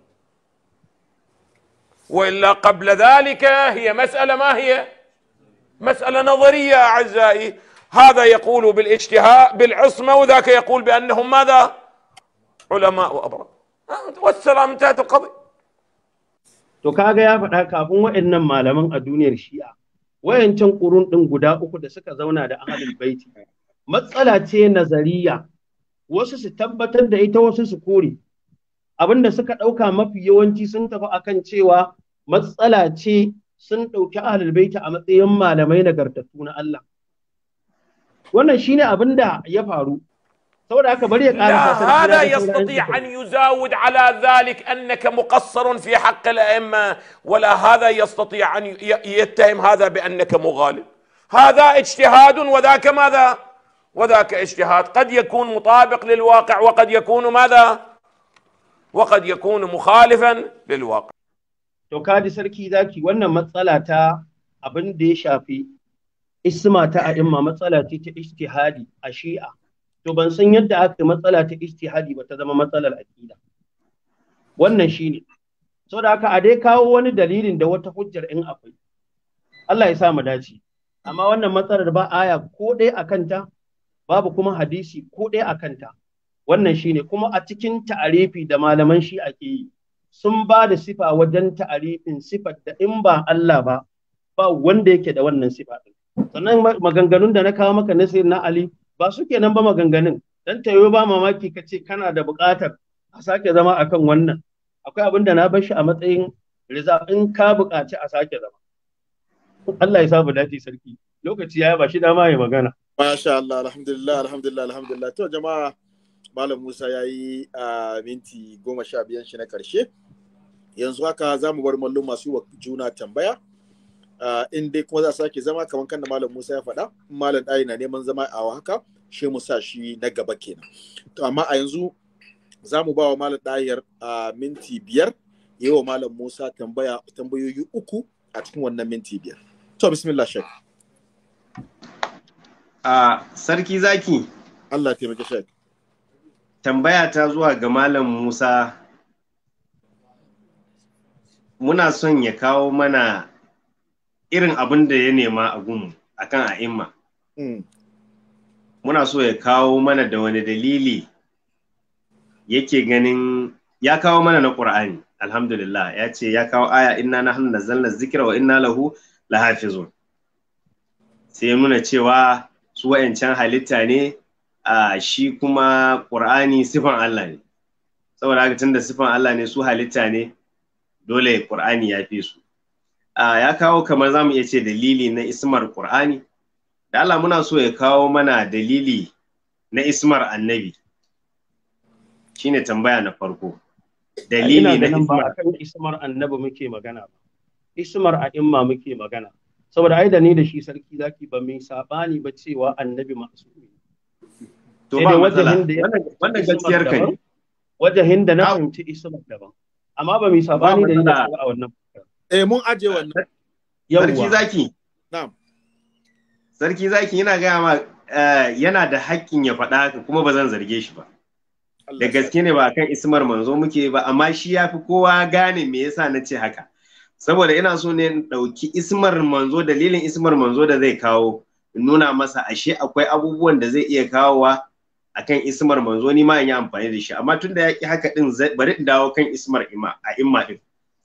وإلا قبل ذلك هي مسألة ما هي مسألة نظرية أعزائي هذا يقول بالاجتهاء بالعصمة وذاك يقول بأنهم ماذا علماء وأبرار آه، والسلام انتهت القضية to kaga ya faɗa kafin waɗannan malaman a duniyar shi'a wayancan ƙurun ɗin guda uku da suka zauna da ahalin baiti matsala ce nazariya wasu su tabbatar da ita wasu su kore Abin da suka ɗauka mafi yawanci sun tafi akan cewa matsala ce sun ɗauki ahalin baiti a matsayin malamai nagartattu na Allah wannan shine da ya faru saboda haka bari هذا يستطيع أن يزاود على ذلك أنك مقصر في حق الأئمة ولا هذا يستطيع أن يتهم هذا بأنك مغالب هذا اجتهاد وذاك ماذا وذاك اجتهاد قد يكون مطابق للواقع وقد يكون ماذا وقد يكون مخالفا للواقع to kaji sarki zaki wannan matsala ta abin da ya shafi isma ta a'imma matsala ce ta ijtihadi a shi'a to ban san yadda aka matsala ta ijtihadi ba ta zama matsalar aqida wannan shine saboda haka a dai kawo wani dalilin da wata hujjar in akwai Allah ya sa mu dace amma wannan matsalar ba aya ko dai a kanta babu kuma hadisi ko dai akanta wannan shine kuma a cikin ta'arifi da malaman shi ake yi sun ba da sifa wajen ta'arifin sifar da in ba Allah ba ba wanda yake da wannan sifa sannan maganganun da na kawo maka na na Ali ba su nan ba maganganun dan tayo ba mamaki ka ce kana da buƙatar a sake zama akan wannan akwai abin da na bar shi a matsayin riza in ka buƙaci a sake zama Allah ya sabu dace sarki lokaci ya ba shi dama ya magana masha Allah alhamdulillah alhamdulillah alhamdulillah to jama'a malam Musa ya yi a minti goma sha biyan shi na karshe yanzu haka za mu bar mallum masu wa juna tambaya in dai kuma za a sake zama kamar kan da malam Musa ya faɗa malam ɗayi na neman zama a haka shi musa shi na gaba kenan to amma a yanzu za mu ba wa malam ɗayar a minti biyar yi wa malam musa tambaya tambayoyi uku a cikin wannan minti biyar to bismillah shek a sarki zaki allah taimaki shek tambaya ta zuwa ga malam musa muna son ya kawo mana irin abin da ya nema a gumu akan a'imma hmm. muna so ya kawo mana da wani dalili yake ganin ya kawo mana na ƙur'ani alhamdulillah ya ce ya kawo aya inna na hannun zalna zikira wa inna lahu lahafizun sai ya nuna cewa su wa'ancan halitta ne a shi kuma ƙur'ani sifan Allah ne saboda haka da sifan Allah ne su halitta ne dole ƙur'ani ya fi su ya kawo kamar za mu iya ce dalili na ismar ƙur'ani da Allah muna so ya kawo mana dalili na ismar annabi shine tambaya na farko dalili na ismar ba ismar annabi muke magana ba ismar a imma muke magana saboda ai da ni da shi sarki zaki ba mai sabani ba cewa annabi ne to ba matsala wannan gaskiyar ka ne wajahin da na fahimci ismar daban amma ba mai sabani da ni da a wannan eh mun aje wannan sarki zaki sarki zaki yana gaya ma eh, yana da hakkin ya faɗa haka kuma ba zan zarge shi ba da gaske ne ba kan ismar manzo muke ba amma shi ya fi kowa gane me yasa na ce haka saboda ina so ne in ɗauki ismar manzo dalilin ismar manzo da zai kawo in nuna masa ashe akwai abubuwan da zai iya kawowa akan ismar manzo ni ma in yi amfani da shi amma tunda ya ki haka din bari in dawo kan ismar ima a imma din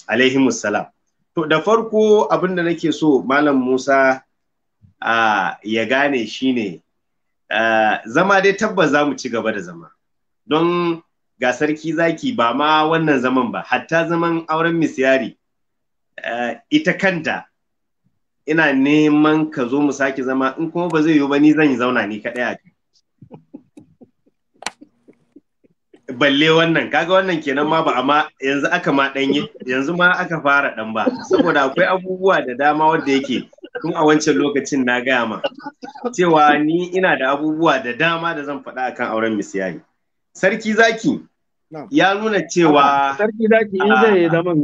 alaihi salam to da farko abin da nake so malam Musa ya gane shine zama dai tabbas za mu ci gaba da zama don ga sarki zaki ba ma wannan zaman ba hatta zaman auren misiyari ita kanta ina neman ka zo mu sake zama in kuma ba zai yiwu ba ni zan yi zauna ni kaɗai a balle wannan kaga wannan kenan ma ba amma yanzu aka ma dan yanzu ma aka fara dan ba saboda akwai abubuwa da dama wanda yake tun a wancan lokacin na gaya ma cewa ni ina da abubuwa da dama da zan faɗa akan auren Yayi sarki zaki ya nuna cewa sarki zaki in zai yi ah. zaman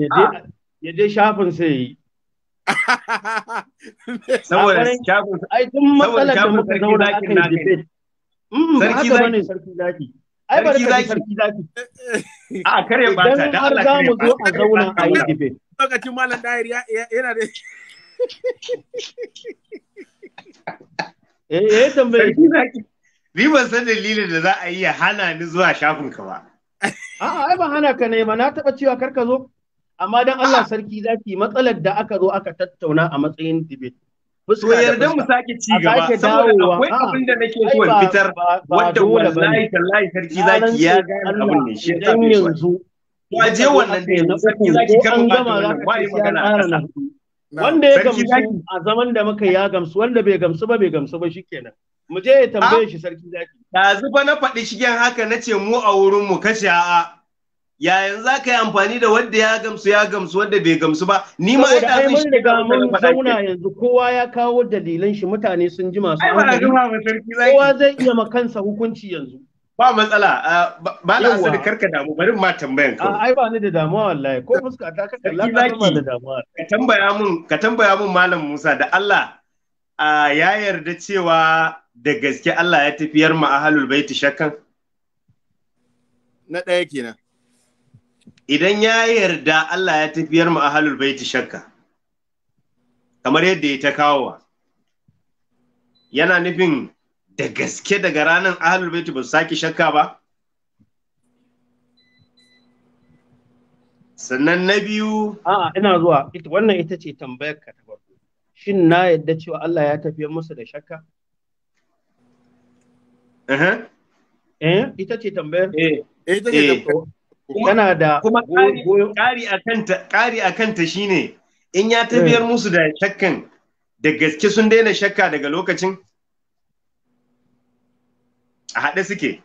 ya je shafin sai yi saboda shafin ai tun matsalar da muka zauna akan debate mm, sarki zaki ai ba da sarki zaki a kare ba ta da Allah kare ba a zauna a yi dibe lokacin malam ya yana da eh eh tambaye ni ban san dalilin da za a iya hana ni zuwa shafin ka ba a'a ai ban hana ka ne ma na taba cewa kar ka zo amma dan Allah ah. sarki zaki matsalar da aka zo aka tattauna a matsayin debate To yarda mu sake ci gaba saboda akwai abin da nake so in fitar wanda wallahi tallahi sarki zaki ya ga abin ne shi ta yanzu to je wannan da sarki zaki kan ka wannan wai magana wanda ya gamsu a zaman da muka ya gamsu wanda bai gamsu ba bai gamsu ba shikenan mu je ya tambaye ah! shi sarki zaki dazu ba na faɗi shigen haka nace mu a wurin mu kace a'a ya yanzu za ka yi amfani da wanda ya gamsu ya gamsu wanda bai gamsu ba ni ma ina zan shi da mun zauna yanzu kowa ya kawo dalilan shi mutane sun ji masu kowa zai iya makansa hukunci yanzu ba matsala ah, ba na asali karka damu bari ma tambayan ka ah, ai ba ni da damuwa wallahi ko fuska ta ka kalla ka ba da damuwa ka tambaya mun ka tambaya mun malam Musa da Allah ah, ya yarda cewa da gaske Allah ya tafiyar mu ahlul baiti shakkan na ɗaya kenan idan ya yarda Allah ya tafiyar mu ahalul baiti shakka kamar yadda ya ta wa, yana nufin da gaske daga ranar ahalul baiti ba su sake shakka ba sannan na biyu a'a ina zuwa wannan ita ce tambayar ka ta farko shin na yadda cewa Allah ya tafiyar musu da shakka eh ita ce tambayar eh, eh ita ce eh. tana da kuma ƙari a kanta ƙari shine in ya tafiyar eh. musu da shakkan da gaske sun daina shakka daga lokacin a haɗe suke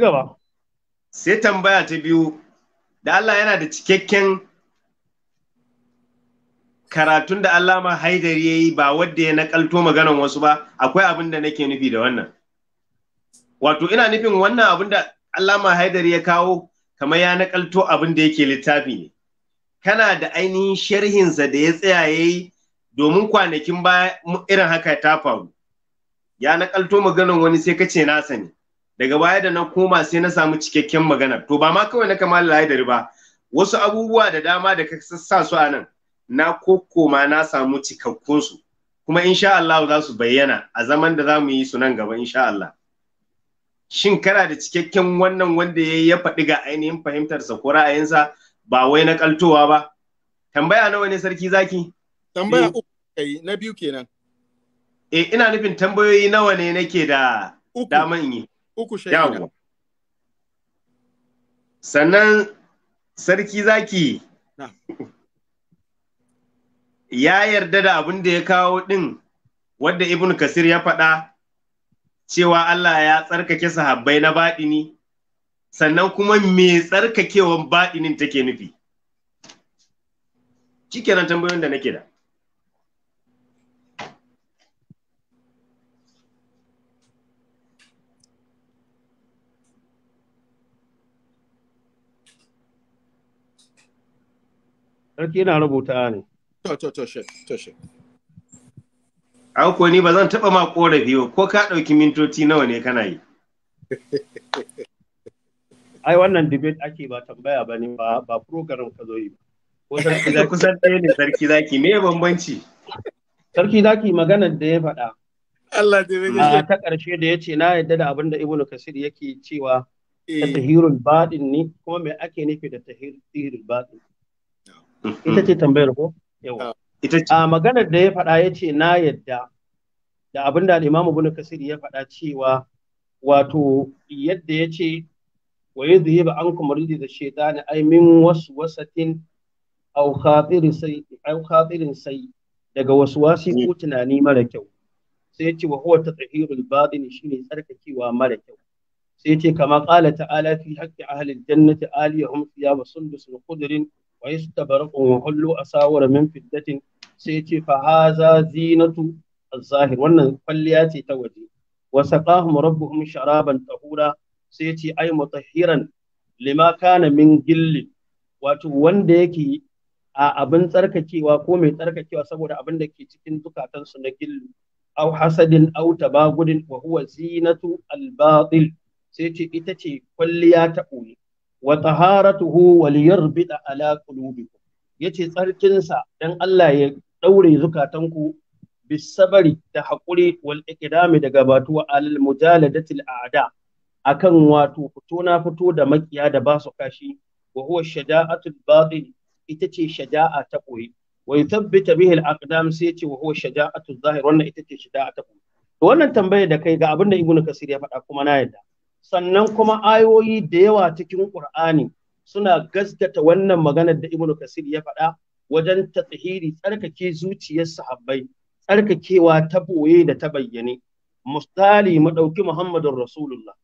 gaba. Sai tambaya ta biyu, da Allah yana da cikakken karatun da ma Haidari ya yi ba wadda ya naƙalto maganan wasu ba, akwai abin da nake nufi da wannan. wato ina nufin wannan abin da Allama haidari ya kawo kamar ya nakalto abin da yake littafi ne kana da ainihin sharhinsa da ya tsaya yayi domin kwanakin baya irin haka ta faru ya nakalto maganar wani sai kace nasa ne daga baya da na koma sai na samu cikakken magana to ba ma kawai na kama haidari ba wasu abubuwa da dama da ka sassa su a nan na kokoma na samu cikakkun su kuma insha Allah za su bayyana a zaman da za mu yi su nan gaba insha Allah shin kana da cikakken wannan wanda ya ya faɗi ga ainihin fahimtarsa ko ra'ayinsa ba wai na kaltowa ba tambaya nawa ne sarki zaki tambaya eh. uku kai na biyu kenan eh ina nufin tambayoyi nawa ne nake da daman yi uku shaida sannan sarki zaki ya yarda da abin da ya kawo din wadda ibn kasir ya faɗa cewa Allah ya tsarkake sahabbai na baɗini sannan kuma me tsarkakewan baɗinin take nufi nan tambayoyin da nake da Sarki yana rubuta ne. To, to, to, to, Auko ni ba zan taɓa ma korafi ba ko ka ɗauki mintoci nawa ne kana yi. Ai wannan debate ake ba tambaya ba ne ba program ka zo yi ba. Kusan ɗaya ne sarki zaki me bambanci? Sarki zaki maganar da ya faɗa. Allah da ya ta ƙarshe da ya ce na yadda da abin da Ibn Kasir yake cewa eh. tahirul baɗin ne kuma me ake nufi da tahirul baɗin. Ita ce tambayar ko? Yawa. a maganar da ya faɗa ya ce na yadda da abin da al'imamu bin kasir ya faɗa cewa wato yadda ya ce wa yi zuhi ba an kuma ridi da shaitani ai min wasu wasatin au khatirin sai daga wasu wasi ko tunani mara kyau sai ya ce wa huwa tatahirul badin shine tsarkakewa mara kyau sai ya ce kama qala ta'ala fi haqqi ahli aljannati aliyahum thiyabu sundus khudrin wa yastabarqu wa hullu asawir min fiddatin sai ce fa haza zinatu az-zahir wannan kwalliya ce ta waje wa saqahum rabbuhum sharaban tahura sai ce ai mutahhiran lima kana min gilli wato wanda yake a abin tsarkakewa ko mai tsarkakewa saboda abin da ke cikin dukatansu na gilli au hasadin au tabagudin wa huwa zinatu al-batil sai ce ita ce kwalliya ta ɓoye wa taharatuhu wal yarbida ala qulubikum yace tsarkin sa dan Allah ya daure zukatanku bisabari da hakuri wal ikidami da gabatu alal al a'da akan wato fito na fito da makiya da ba su kashi wa huwa shaja'atul batin ita ce shaja'a ta koyi wa yuthabbita bihi al aqdam sai ce wa huwa shaja'atul zahir wannan ita ce shaja'a ta koyi to wannan tambayar da kai ga abinda ibnu kasir ya faɗa kuma na yadda sannan kuma ayoyi da yawa cikin Qur'ani suna gaskata wannan maganar da Ibn Kasir ya faɗa wajen tatsihiri tsarkake zuciyar sahabbai tsarkakewa ta boye da ta bayyane mustali mu ɗauki Muhammadun Rasulullah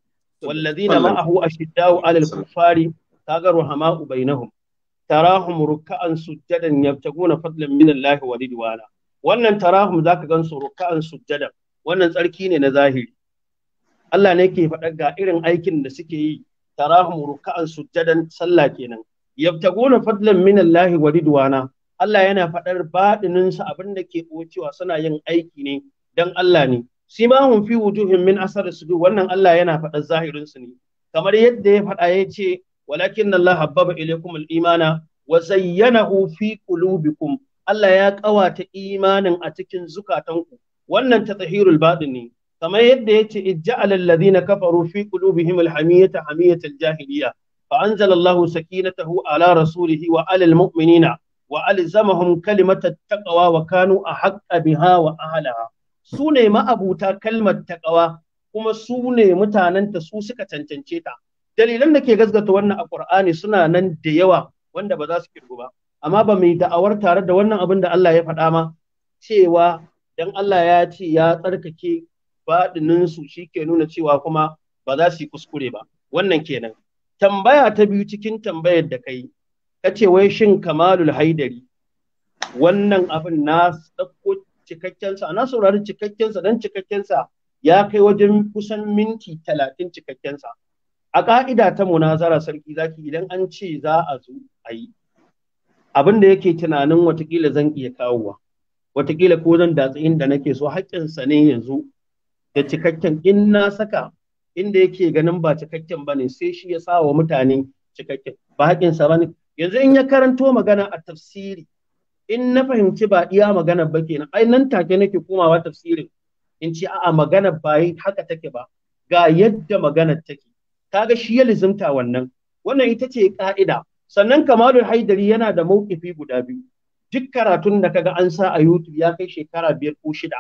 wallazina معه أشداء على kufari kaga ruhama'u bainahum tarahum ruk'an sujjadan yabtaguna fadlan min Allah wa ridwana wannan tarahum zaka gansu ruk'an sujjadan wannan tsarki ne na zahiri Allah ne ke faɗa ga irin aikin da suke yi tarahum ruka'an sujjadan sallah kenan yabtaguna fadlan min Allah wa ridwana Allah yana faɗar badinin sa abin da ke cewa suna yin aiki ne dan Allah ne simahum fi wujuhin min asar sujud wannan Allah yana faɗar zahirin su ne kamar yadda ya faɗa ya ce walakin Allah habbaba ilaykum al-imana wa zayyanahu fi qulubikum Allah ya ƙawata imanin a cikin zukatanku wannan tatahirul baɗin ne kamar yadda ya ce ij'alal ladina kafaru fi qulubihim alhamiyata hamiyatal jahiliya fa anzalallahu sakinatahu ala rasulihi wa alal mu'minina wa alzamahum kalimatat taqwa wa kanu ahqqa biha wa ahliha su ne ma'abuta kalmar taqwa kuma su ne mutanenta su suka cancance ta dalilan da ke gazgata wannan a Qur'ani suna nan da yawa wanda ba za su kirgu ba amma ba mai da'awar tare da wannan abin da Allah ya faɗa ma cewa dan Allah ya ce ya tsarkake Faɗinin su shi ke nuna cewa kuma ba za su yi kuskure ba wannan kenan tambaya ta biyu cikin tambayar da kai ka ce wai shin kamalul haidari wannan abin na ɗauko cikakkensa na saurari cikakkensa dan cikakkensa ya kai wajen kusan minti talatin cikakkensa a ƙa'ida ta munazara sarki zaki idan an ce za a zo a yi abin da yake tunanin watakila zan iya kawowa watakila ko zan datsa inda nake so haƙƙinsa ne yanzu da cikakken in na saka inda yake ganin ba cikakken ba ne sai shi ya sa wa mutane cikakken ba haƙinsa ba ne yanzu in ya karanto magana a tafsiri in na fahimci ba iya magana ba kenan ai nan take nake komawa tafsirin in ce a'a magana ba haka take ba ga yadda maganar take kaga shi ya lizimta wannan wannan ita ce ka'ida sannan kamalul haidari yana da mawkifi guda biyu duk karatun da kaga an sa a youtube ya kai shekara biyar ko shida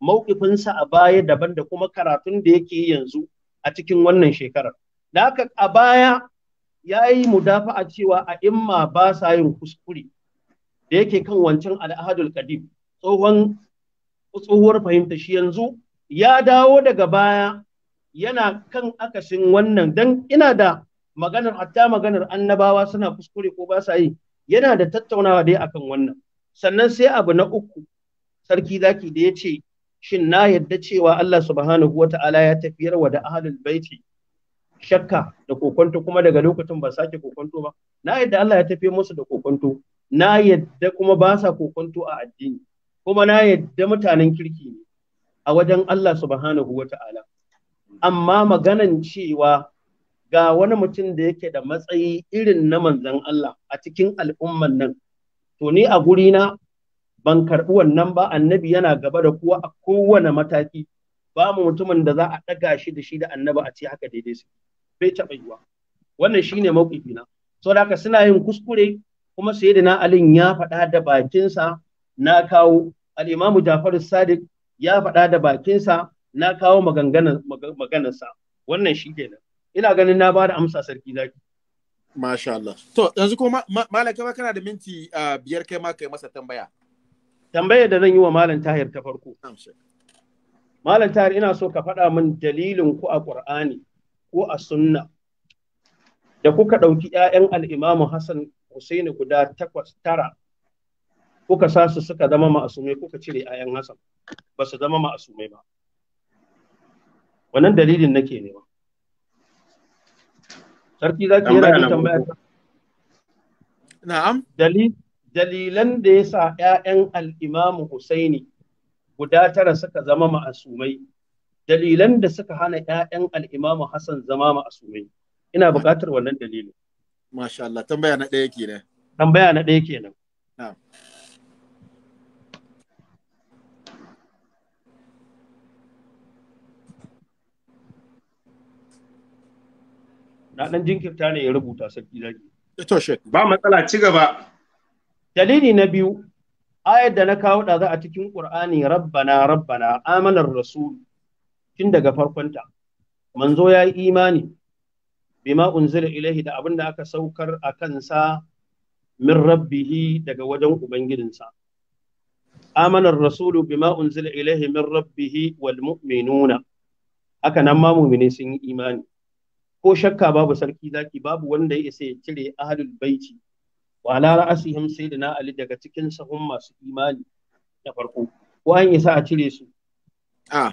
maukifinsa a baya daban da kuma karatun da yake yanzu a cikin wannan shekarar. Da haka a baya ya yi mudafa a cewa a imma ba sa yin kuskure da yake kan wancan al'ahadul kadim tsohon tsohuwar fahimta shi yanzu ya dawo daga baya yana kan akasin wannan dan ina da maganar hatta maganar annabawa suna kuskure ko ba sa yi yana da tattaunawa dai akan wannan sannan sai abu na uku sarki zaki da ya ce shin na yadda cewa Allah subhanahu wa ta'ala ya tafiyar wa da ahalul baiti shakka da kokonto kuma daga lokacin ba sake kokonto ba na yadda Allah ya tafi musu da kokonto na yadda kuma ba sa kokonto a addini kuma na yadda mutanen kirki ne a wajen Allah subhanahu wa ta'ala amma maganan cewa ga wani mutum da yake da matsayi irin na manzon Allah a cikin al'umman nan to ni a guri na. ban karɓi wannan ba annabi yana gaba da kowa a kowane mataki ba mu mutumin da za a ɗaga shi da shi da annabi a ce haka daidai su bai taɓa yiwa wannan shine ne na sau da suna yin kuskure kuma na alin ya faɗa da bakinsa na kawo al'imamu Ja'far Sadiq ya faɗa da bakinsa na kawo maganarsa wannan shi nan. ina ganin na ba da amsa sarki zaki Masha Allah. To, yanzu kuma malaka kana da minti ah, biyar kai ma kai masa tambaya. tambayar da zan yi wa malam tahir ta farko malam tahir ina so ka faɗa min dalilin ku a qur'ani ko a sunna da kuka ɗauki 'ya'yan al'imamu hassan husaini guda takwas tara kuka sa su suka zama ma'asumai kuka cire 'ya'yan hassan ba su zama ma'asumai ba wannan dalilin nake nema sarki za ki yi tambaya na'am dalil dalilan da ya sa ‘ya'yan al'imamu Husaini guda tara suka zama ma'asumai, dalilan da suka hana ‘ya'yan al'imamu Hassan zama ma'asumai, ina buƙatar wannan dalilin. Masha Allah, tambaya na ɗaya nan. Tambaya na ɗaya nan. Na ɗan jinkirta ne ya rubuta sarki zaki. Ba matsala ci gaba. dalili na biyu ayar da na kawo ɗaza a cikin ƙur'ani rabbana rabbana amanar rasul tun daga farkonta manzo ya yi imani bima unzila ilahi da abin da aka saukar a kansa min rabbihi daga wajen ubangijinsa amanar rasulu bima unzila ilahi min rabbihi wal mu'minuna haka nan ma mu'mini sun yi imani ko shakka babu sarki zaki babu wanda ya isa ya cire ahlul baiti wa ala ra'asihim sayyidina ali daga cikin sahun masu imani na farko ko an isa a cire su a ah.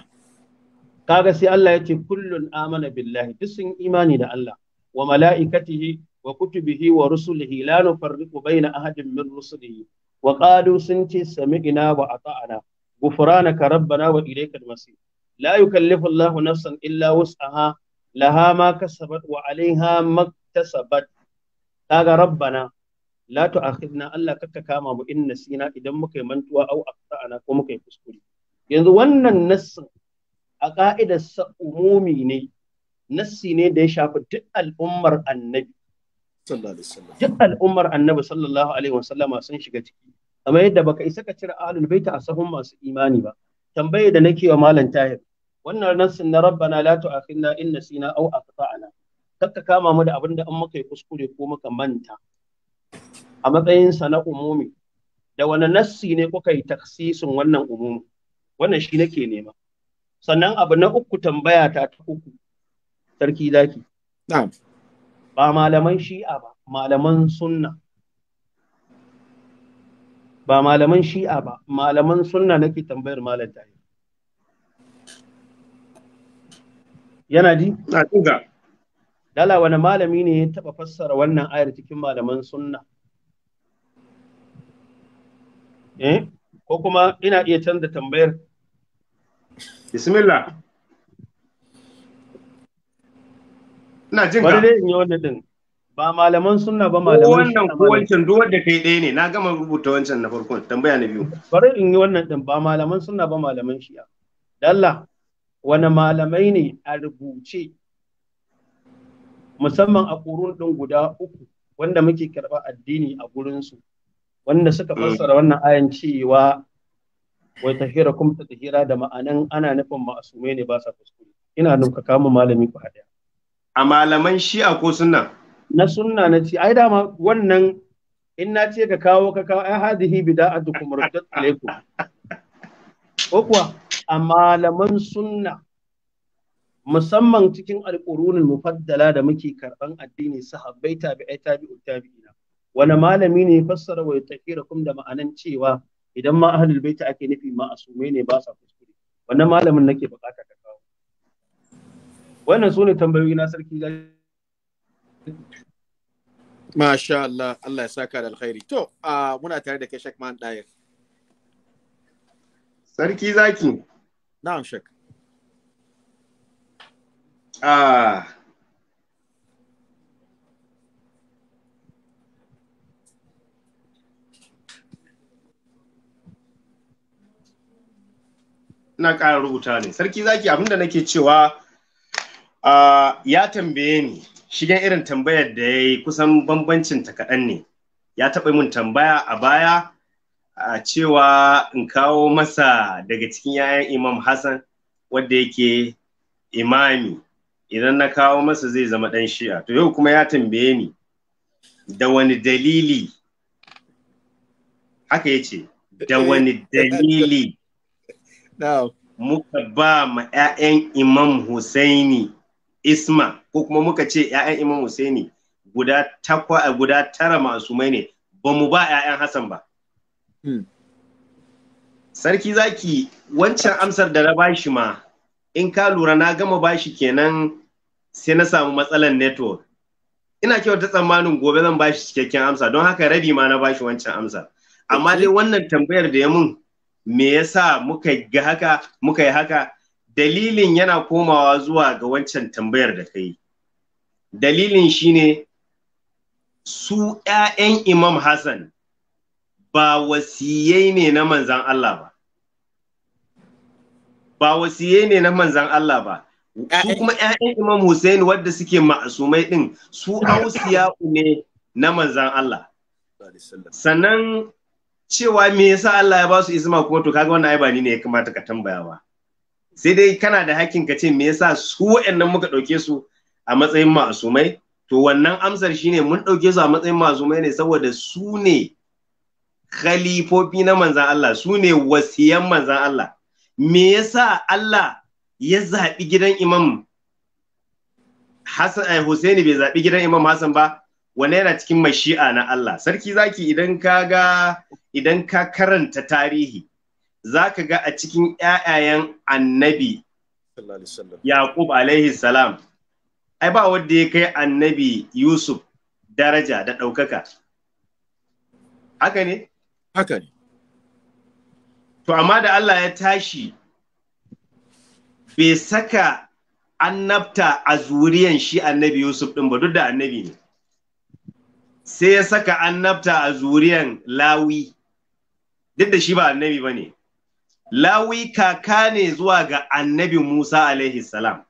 kaga sai Allah ya ce kullun amana billahi duk sun imani da Allah wa mala'ikatihi wa kutubihi wa rusulihi la nufarriqu baina ahadin min rusulihi wa qalu sun ce sami'na wa ata'ana ghufranaka rabbana wa ilaykal masir la yukallifu Allahu nafsan illa wus'aha laha ma kasabat wa alaiha maktasabat kaga rabbana la tu'akhidna Allah kakka kama mu in nasina idan muka yi mantuwa au aqta'ana ko muka yi kuskure yanzu wannan nassin a ka'idar sa ne nassi ne da ya shafi duk al'ummar annabi duk al'ummar annabi sallallahu alaihi wasallama sun shiga ciki amma yadda baka isa ka cire ahlul baita a sahun masu imani ba tambaye da nake wa malam tahir wannan nassin na rabbana la tu'akhidna in nasina aw aqta'ana kakka kama mu da abinda in an muka yi kuskure ko muka manta a matsayinsa na umumi da wani nassi ne kuka yi taksisin wannan umumi wannan shi nake nema sannan abu na uku tambaya ta ta uku sarki zaki ba malaman shi'a ba malaman sunna ba malaman shi'a ba malaman sunna nake tambayar malam tayi yana ji? Na Lala wani malami ne ya taɓa fassara wannan ayar cikin malaman sunna. Eh? Ko kuma ina iya canza tambayar. Bismillah. Ina jin ka. Bari dai in yi wannan din. Ba malaman sunna ba malaman sunna. Wannan ko wancan duk wanda kai ɗaya ne. Na gama rubuta wancan na farkon tambaya na biyu. Bari in yi wannan din ba malaman sunna ba malaman shi'a. Dalla wani malamai ne a rubuce musamman a ƙurun ɗin guda uku wanda muke karɓa addini a gurinsu wanda suka mm. fassara wannan ayan cewa wai tahira kuma ta tahira da ma'anan ana nufin ma'asumai ne ba sa kuskure ina nufin ka kama malami ku haɗa a malaman shi'a ko sunna na sunna na ce ai dama wannan in na ce ka kawo ka kawo ai hadihi bida'atukum raddat alaikum ko kuwa a malaman sunna musamman cikin alƙurunin mufaddala da muke karɓan addini sahabbai tabi'ai tabi'u tabi'ina wani malami ne fassara wa tafira kum da ma'anan cewa idan ma ahlul baiti ake nufi ma asume ne ba sa kuskure wannan malamin nake bukata ka kawo wannan sune tambayoyi na sarki Masha Allah, Allah ya saka da alkhairi. To, uh, muna tare da kai man Dayar. Sarki zaki. Na'am Shek. Ah. Ina ƙara rubuta ne. Sarki zaki abinda nake cewa ah, ya tambaye ni shigen irin tambayar da ya yi kusan bambancin ta kaɗan ne. Ya taɓa mun tambaya a baya a cewa in kawo masa daga cikin 'ya'yan Imam Hassan wadda yake imami. idan na kawo masa zai zama ɗan shi'a to yau kuma ya tambaye ni da wani dalili haka ya ce da wani dalili muka ba ma 'ya'yan imam Husaini isma ko kuma muka ce 'ya'yan imam Husaini guda takwa guda tara masu mai ne ba mu ba 'ya'yan Hassan ba. Hmm. Sarki zaki wancan amsar da na bashi ma in ka lura na gama bashi kenan sai na samu matsalan network ina kyau ta tsammanin gobe zan bashi cikakken amsa don haka rabi ma na bashi wancan amsa amma dai wannan tambayar da ya mun me yasa muka ga haka muka yi haka dalilin yana komawa zuwa ga wancan tambayar da kai. dalilin shine su 'ya'yan imam hassan ba wasiyai ne na manzan Allah ba ba wasiye ne na manzan Allah ba su kuma ‘ya’yan Imam Hussein wadda suke ma'asumai ɗin su Hausiya ne na manzan Allah sannan cewa me yasa Allah ya ba su isma kuma to kaga wannan aibani ne ya kamata ka tambaya ba sai dai kana da hakkin ka ce me yasa su waɗannan muka ɗauke su a matsayin ma'asumai to wannan amsar shine mun ɗauke su a matsayin ma'asumai ne saboda su ne khalifofi na manzan Allah su ne wasiyan manzan Allah me yasa Allah ya zaɓi gidan Imam Hassan ai eh, Hussaini bai zaɓi gidan Imam Hassan ba wanne yana cikin mashi'a na Allah sarki zaki idan ka ga idan ka karanta tarihi zaka ga a cikin ƴaƴayen annabi Yaqub alaihi salam ai ba wanda ya kai annabi Yusuf daraja da ɗaukaka haka ne haka ne To amma da Allah ya tashi bai saka annabta a zuriyan shi annabi Yusuf ɗin ba duk da annabi ne. Sai ya saka annabta a zuriyan Lawi, duk da shi ba annabi ba ne. Lawi kaka ne zuwa ga annabi Musa alaihi salam.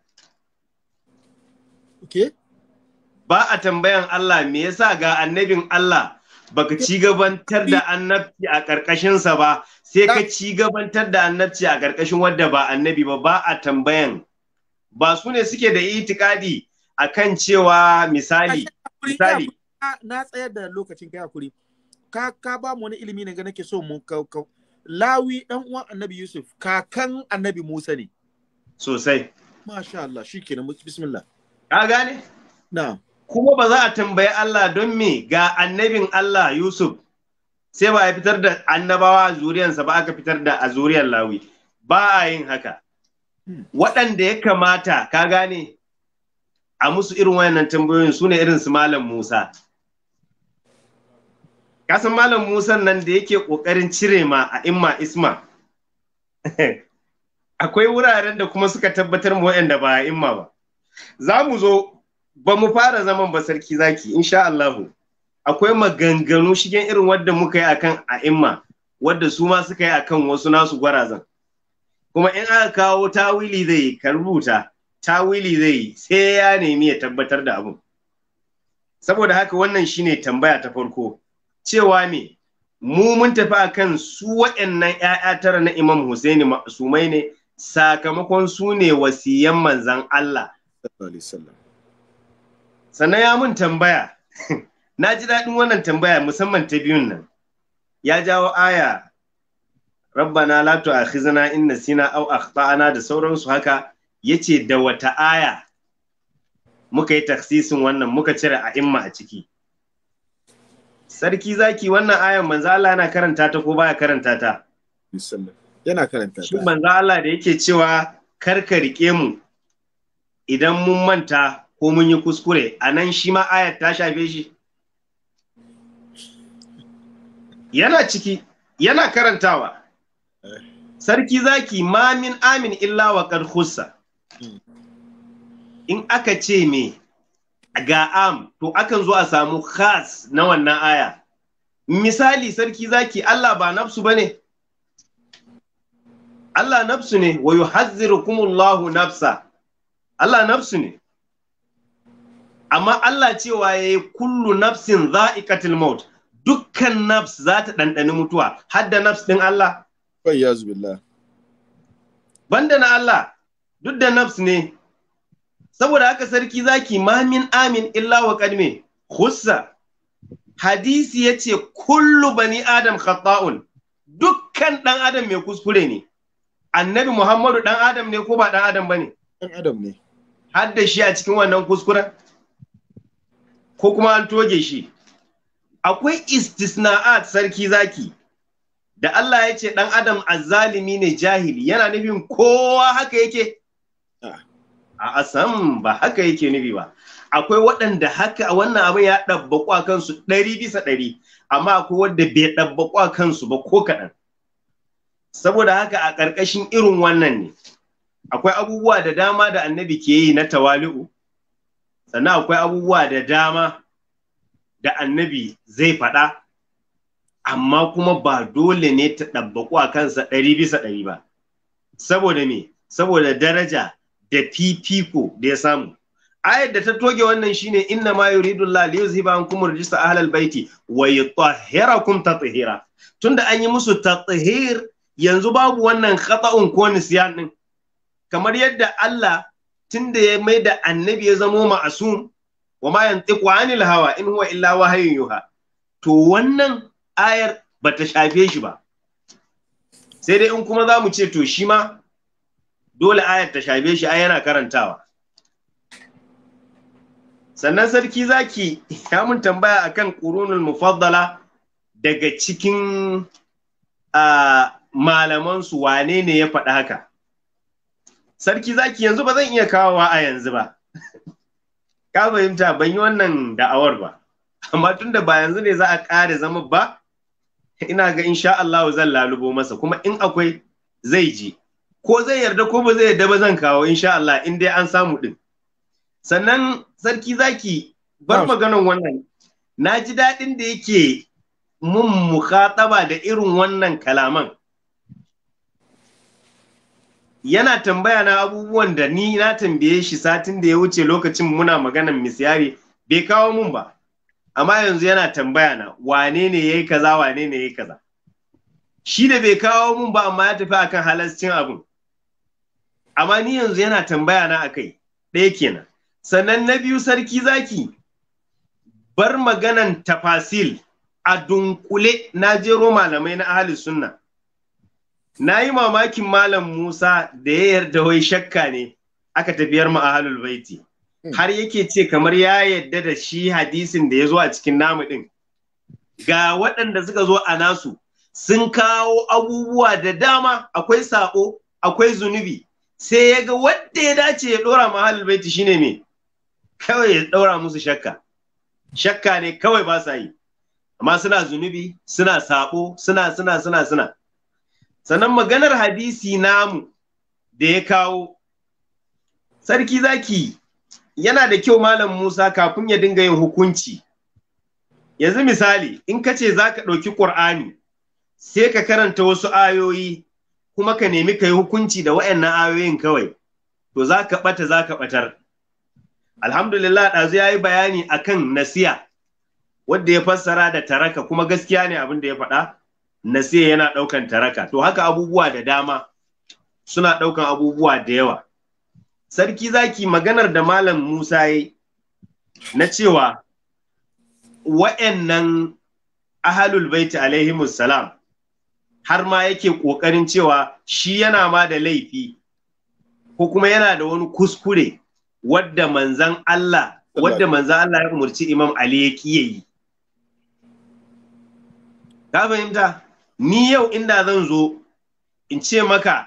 Ba a tambayan Allah me yasa ga annabin Allah baka ci gabantar da annabci a ƙarƙashinsa ba sai ka ci gabantar da annabci a ƙarƙashin wadda ba annabi ba ba a tambayan ba su ne suke da itikadi a kan cewa misali misali na tsayar da lokacin kai hakuri ka ka ba mu wani ilimi ne ga nake so mu ka lawi dan uwan annabi yusuf kakan annabi musa ne sosai masha Allah shikenan bismillah ka gane na kuma ba za a tambayi Allah don me ga annabin Allah yusuf sai ba a fitar da annabawa a zuriyarsa ba aka fitar da a zuriyar lawi ba a yin haka waɗanda ya kamata ka gane a musu irin wayannan tambayoyin su ne irin su malam musa kasan malam musa nan da yake ƙoƙarin cire ma a imma isma akwai wuraren da kuma suka tabbatar mu wayanda ba a imma ba za mu zo ba mu fara zaman ba sarki zaki insha Allahu akwai maganganu shigen irin wadda muka yi akan a'imma wadda su ma suka yi akan wasu nasu gwarazan kuma in aka kawo tawili zai yi ka rubuta tawili zai yi sai ya nemi ya tabbatar da abu saboda haka wannan shine tambaya ta farko cewa me mu mun tafi akan su waɗannan ‘ya'ya tara na Imam Husaini masumai ne sakamakon su ne wasiyan manzan Allah. Sannan ya mun tambaya na ji daɗin wannan tambaya musamman ta biyun nan ya jawo aya rabbana la tu'akhizna in nasina aw akhtana da sauransu haka yace da wata aya muka yi taksisin wannan muka cire a imma a ciki sarki zaki wannan ayan manzo Allah yana karanta ta ko baya karanta ta yana karanta ta shi manzo Allah da yake cewa kar ka rike mu idan mun manta ko mun yi kuskure nan shi ma ayat ta shafe shi yana ciki yana karantawa eh. sarki zaki ma min amin illa wa kan khussa hmm. in aka ce me ga am to akan zo a samu khas na wannan aya misali sarki zaki Allah ba nafsu bane Allah nafsu ne wa yuhazzirukumullahu nafsa Allah nafsu ne amma Allah cewa yayi kullu nafsin za'iqatul maut dukkan nafs za ta ɗanɗani mutuwa hadda nafs ɗin Allah. Banda na Allah duk da nafs ne saboda haka sarki zaki mamin amin illa wa ƙadme, hussa hadisi ya ce kullu bani adam khata'un dukkan ɗan adam mai kuskure ne annabi muhammadu ɗan adam ne ko ba ɗan adam ba ne ɗan adam ne Hadda shi a cikin wannan kuskuren ko kuma an toge shi akwai istisna'at sarki zaki da Allah ya ce ɗan adam azzalimi ne jahili yana nufin kowa haka yake a asam ba haka yake nufi ba akwai waɗanda haka wannan abin ya ɗabba kansu ɗari bisa ɗari amma akwai wanda bai ɗabba kansu ba ko kaɗan saboda haka a ƙarƙashin irin wannan ne akwai abubuwa da dama da annabi ke yi na tawali'u sannan akwai abubuwa da dama da annabi zai faɗa amma kuma ba dole ne ta ɗabbaƙu a kansa ɗari bisa ɗari ba saboda me saboda daraja da fifiko da ya samu ayar da ta toge wannan shine inna ma Allah li yuzhiba ankum rijsa ahlal baiti wa yutahhirakum tathira tunda an yi musu tatheer yanzu babu wannan khata'un ko nisyan din kamar yadda Allah tunda ya mai da annabi ya zamo ma'asum wa ma yantiqu anil hawa in huwa illa wahyun yuha to wannan ayar bata shafe shi ba sai dai in kuma zamu ce to shi ma dole ayar ta shafe shi ai yana karantawa sannan sarki zaki ya mun tambaya akan qurunul mufaddala daga cikin malaman su wane ne ya faɗi haka sarki zaki yanzu ba zan iya kawowa a yanzu ba ka fahimta ban yi wannan da'awar ba amma tun da ba yanzu ne za a ƙare zama ba ina ga insha Allah zan lalubo masa kuma in akwai zai ji ko zai yarda ko ba zai yarda ba zan kawo insha Allah in dai an samu din sannan sarki zaki bar maganan wannan na ji daɗin da yake mun mukhataba da irin wannan kalaman yana tambaya na abubuwan da ni na tambaye shi satin da ya wuce lokacin muna maganan misyari bai kawo mun ba amma yanzu yana tambaya na wane ne yayi kaza wane ne yayi kaza shi da bai kawo mun ba amma ya tafi akan halascin abun amma ni yanzu yana tambaya na a kai. ɗaya kenan sannan na biyu sarki zaki bar maganan tafasil a dunkule na jero malamai na ahli sunna na yi mamakin malam Musa da ya yarda wai shakka ne aka tafiyar mu ahlul baiti hmm. har yake ce kamar ya yarda da shi hadisin da ya zo a cikin namu din ga waɗanda suka zo a nasu sun kawo abubuwa da dama akwai saƙo, akwai zunubi sai ya ga wanda ya dace ya ɗora ma baiti shine me kawai ya ɗora musu shakka shakka ne kawai ba sa yi amma suna zunubi suna sabo suna suna suna suna sannan maganar hadisi namu da ya kawo sarki zaki yana da kyau malam Musa kafin ya dinga yin hukunci yanzu misali in ka ce za ka ɗauki ƙur'ani sai ka karanta wasu ayoyi kuma ka nemi ka yi hukunci da waɗannan ayoyin kawai to za ka ɓata za ka ɓatar alhamdulillah ɗazu ya yi bayani akan nasiya wadda ya fassara da taraka kuma gaskiya ne abin da ya faɗa nasiya yana ɗaukan taraka to haka abubuwa da dama suna ɗaukan abubuwa da yawa sarki zaki maganar da malam musa yi na cewa wa'annan ahalul baiti alaihimus salam har ma yake ƙoƙarin cewa shi yana ma da laifi ko kuma yana da wani kuskure wadda manzan Allah wadda manzan Allah ya umarci Imam Ali ya kiyaye. Ka fahimta? ni yau inda zan zo in ce maka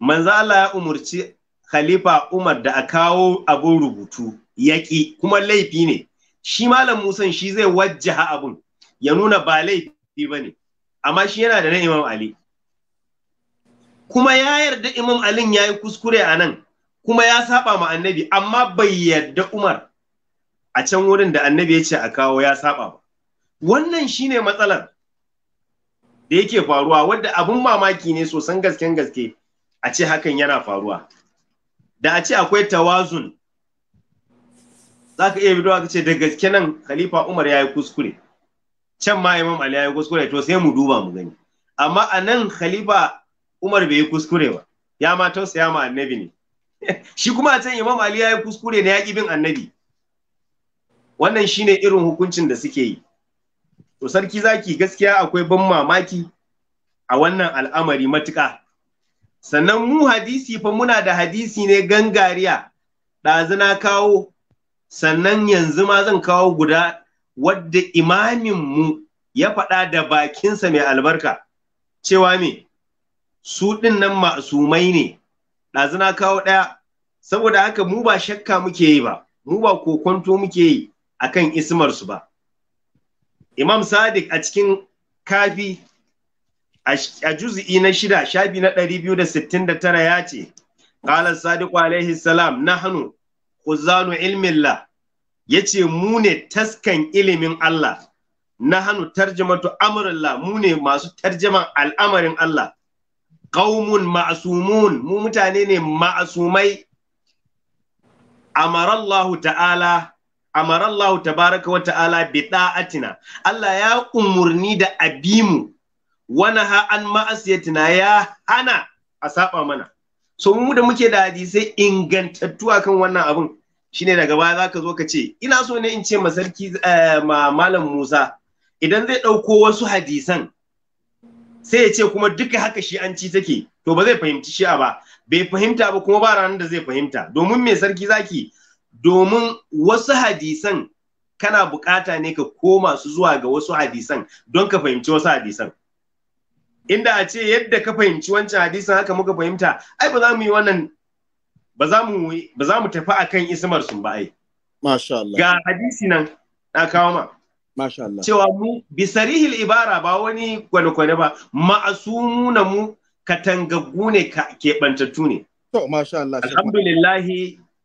manzo Allah ya umurci Khalifa Umar da a kawo abun rubutu yaƙi kuma laifi ne shi malam Musan shi zai wajjaha abun ya nuna ba laifi bane amma shi yana da na Imam Ali kuma ya yarda Imam Alin ya yi kuskure a nan kuma ya saba ma annabi amma bai yarda Umar a can wurin da annabi ya ce a kawo ya saba ba wannan shine matsalar da yake faruwa wadda abun mamaki ne sosan gasken gaske a ce hakan yana faruwa da a ce akwai tawazun za ka iya bidowa ka ce da gaske nan khalifa umar ya yi kuskure can ma imam ali ya yi kuskure to sai mu duba mu gani amma a nan khalifa umar bai yi kuskure ba ya ma tausaya ma annabi ne shi kuma a can imam ali ya yi kuskure ne ya bin annabi wannan shine irin hukuncin da suke yi To sarki zaki gaskiya akwai ban mamaki a wannan al'amari matuƙa. Sannan mu hadisi fa muna da hadisi ne gangariya ɗazu kawo sannan yanzu ma zan kawo guda wadda imaminmu ya faɗa da bakinsa mai albarka cewa me su ɗin nan ma'asumai ne ɗazuna kawo ɗaya saboda haka mu ba shakka muke yi ba mu ba kokonto muke yi a akan ismarsu ba Imam Sadiq a cikin kafi a juz'i na shida shafi na ɗari biyu da sittin da tara ya ce, Ƙalar Sadiq alaihi salam na hannu, ku ilmin la. ya ce mu ne taskan ilimin Allah, na hannu tarjamatu la mu ne masu tarjaman al'amarin Allah. Ƙaumun ma'asumun, mu mutane ne ma'asumai, amarallahu ta'ala amarallahu Allah tabaraka wa ta'ala bi da'atina Allah ya umurni da abimu wana ha an ma'asiyatina ya hana a saɓa mana so mu da muke da hadisai ingantattu akan wannan abin shine daga baya zaka zo ka ce ina so ne in ce ma sarki eh, ma malam Musa idan zai ɗauko wasu hadisan sai ya ce kuma duka haka shi an ci take to ba zai fahimci shi'a ba bai fahimta ba kuma ba ranar da zai fahimta domin me sarki zaki domin wasu hadisan kana bukata ne ka koma su zuwa ga wasu hadisan don ka fahimci wasu hadisan inda a ce yadda ka fahimci wancan hadisan haka muka fahimta ai ba za mu yi wannan ba za mu tafi akan ismar sun ba ai ga hadisi nan na kawo ma cewa mu bisarihil ibara ba wani kwane-kwane ba ma'asu mu katangaggu ne ka keɓantattu ne to masha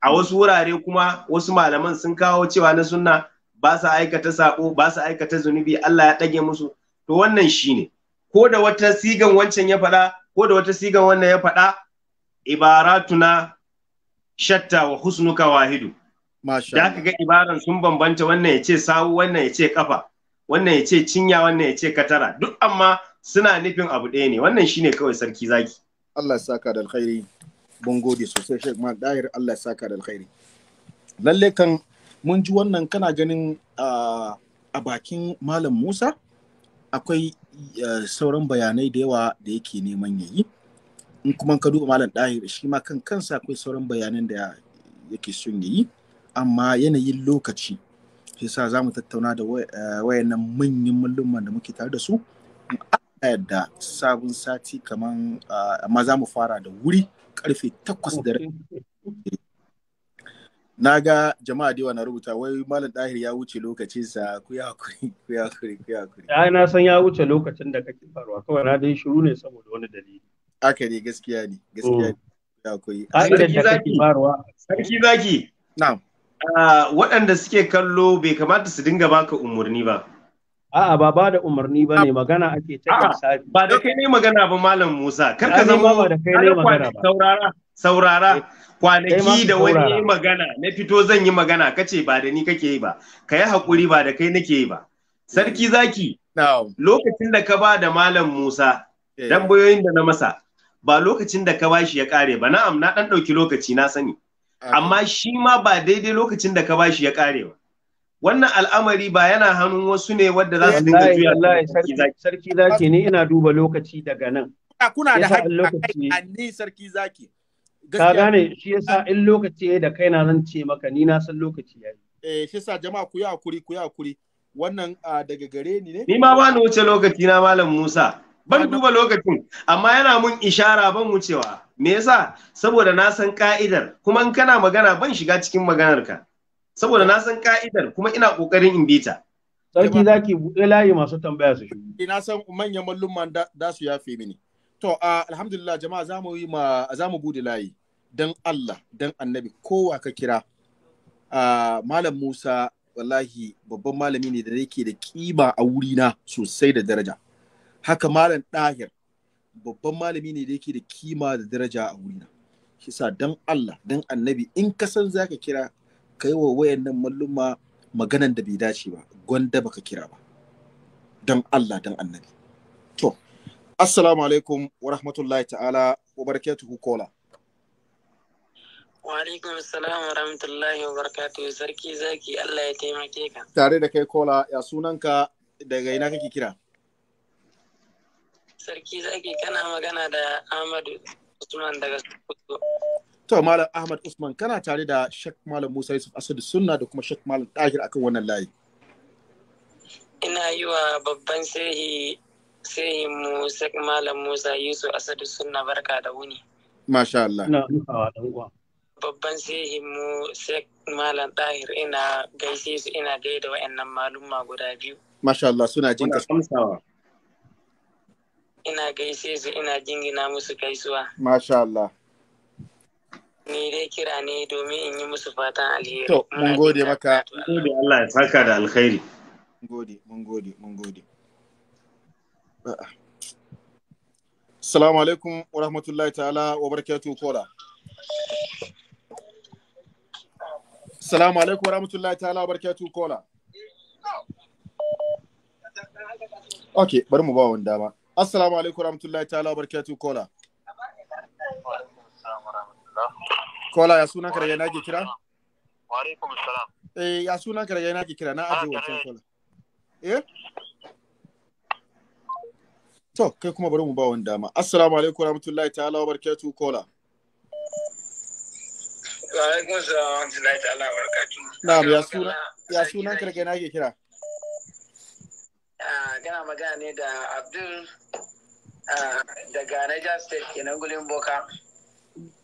a wasu wurare kuma wasu malaman sun kawo cewa na sunna ba su aikata sako ba su aikata zunubi Allah ya ɗage musu to wannan shine ko da wata sigan wancan ya faɗa ko da wata sigan wannan ya faɗa ibaratuna shatta wa husnuka wahidu da aka ibaran sun bambanta wannan ya ce sawu wannan ya ce kafa wannan ya ce cinya wannan ya ce katara duk amma suna nufin abu ɗaya ne wannan shine kawai sarki zaki Allah ya saka da alkhairi mun gode sosai shek ma Dahir Allah ya saka da alkhairi lalle kan mun ji wannan kana ganin a bakin Malam Musa akwai sauran bayanai da yawa da yake neman yayi in kuma ka duba Malam Dahir shi ma kan kansa akwai sauran bayanan da yake son yayi amma yanayin lokaci shi sa za mu tattauna da wayannan manyan mulman da muke tare da su yadda sabon sati kaman amma za mu fara da wuri karfe takwas da rai na ga jama'a da na rubuta wai malam dahir ya wuce lokacinsa ku ya kuri ku ya kuri ku ya kuri ai na san ya wuce lokacin da kake faruwa kawai na dai shiru ne saboda wani dalili haka ne gaskiya ne gaskiya ne ya kuri sarki zaki sarki zaki na'am ah, waɗanda suke kallo bai kamata su dinga baka umarni ba A'a ba ba da umarni ba magana ake ta Ba da kai ne magana ba Malam Musa, kar ka zama ba da kai ne magana ba. Saurara, saurara, eh, kwanaki da wani magana, na fito zan yi magana, kace ba da ni kake yi ba, ka yi haƙuri ba da kai nake yi ba. Sarki zaki, lokacin da ka ba da Malam Musa, eh. boyoyin da na masa, ba lokacin da ka ba shi ya kare ba, na'am na ɗan ɗauki lokaci na sani. Amma shi ma ba daidai lokacin da ka ba shi ya ƙare ba. wannan al'amari ba yana hannun wasu ne wadda za su dinga juya sarki zaki ne ina duba lokaci daga nan kuna da hakki ni sarki zaki ka gane shi yasa in lokaci ya da kaina zan ce maka ni na san lokaci yayi eh shi yasa jama'a ku yi hakuri ku yi hakuri wannan ah, daga gare ni ne ni ma ba ni wuce lokaci na malam Musa ban duba lokacin amma yana mun ishara ban wucewa me yasa saboda na san ka'idar kuma in kana magana ban shiga cikin maganarka saboda na san ka'idar kuma ina kokarin in bita sarki zaki buɗe layi masu tambaya su shi. ina san manyan mallumman da su yafe mini to alhamdulillah jama'a za mu yi ma za mu bude layi dan Allah dan annabi kowa ka kira malam Musa wallahi babban malami ne da yake da kima a wurina sosai da daraja haka malam ɗahir babban malami ne da yake da kima da daraja a wurina shi sa dan Allah dan annabi in ka san zaka kira ka yi wa wayannan malluma maganan da bai dace ba gwanda baka kira ba don Allah don annabi to assalamu alaikum wa rahmatullahi ta'ala wa barakatuhu kola wa alaikum assalam wa rahmatullahi wa barakatuhu sarki zaki Allah ya taimake ka tare da kai kola ya sunanka daga ina kake kira sarki zaki kana magana da Ahmadu Usman daga Sokoto To Malam Ahmad Usman kana tare da Sheikh Malam Musa Yusuf Asadu Sunna da kuma Sheikh Malam Tahir akan wannan layi. Ina yi wa babban sehi sehi mu Sheikh Malam Musa Yusuf Asadu Sunna barka da wuni. Masha Allah. Ina nufawa dan uwa. Babban sehi mu Sheikh Malam Tahir ina gaishe su ina gaida wayannan malumma guda biyu. Masha Allah suna jin ka. Ina gaishe su ina jingina musu gaisuwa. Masha Allah. ni dai kira ne domin in yi musu fatan alheri to mun gode maka gode Allah ya saka da alkhairi mun gode mun gode mun gode Salamu alaikum wa rahmatullahi ta'ala wa barakatuhu kola. Salamu alaikum wa rahmatullahi ta'ala wa barakatuhu kola. Ok, bari mu ba wani dama. Assalamu alaikum wa rahmatullahi ta'ala wa barakatuhu kola. Kola ya suna kare na kira? Wa alaikum Eh ya na na ah, wancan eh. kola. Eh? To kai kuma bari mu ba wani dama. Assalamu alaikum wa barakatuh kola. Wa alaikum salam warahmatullahi ta'ala ya kare kira? Gana ah, magana ne da Abdul ah, daga Niger State kenan gurin Boka.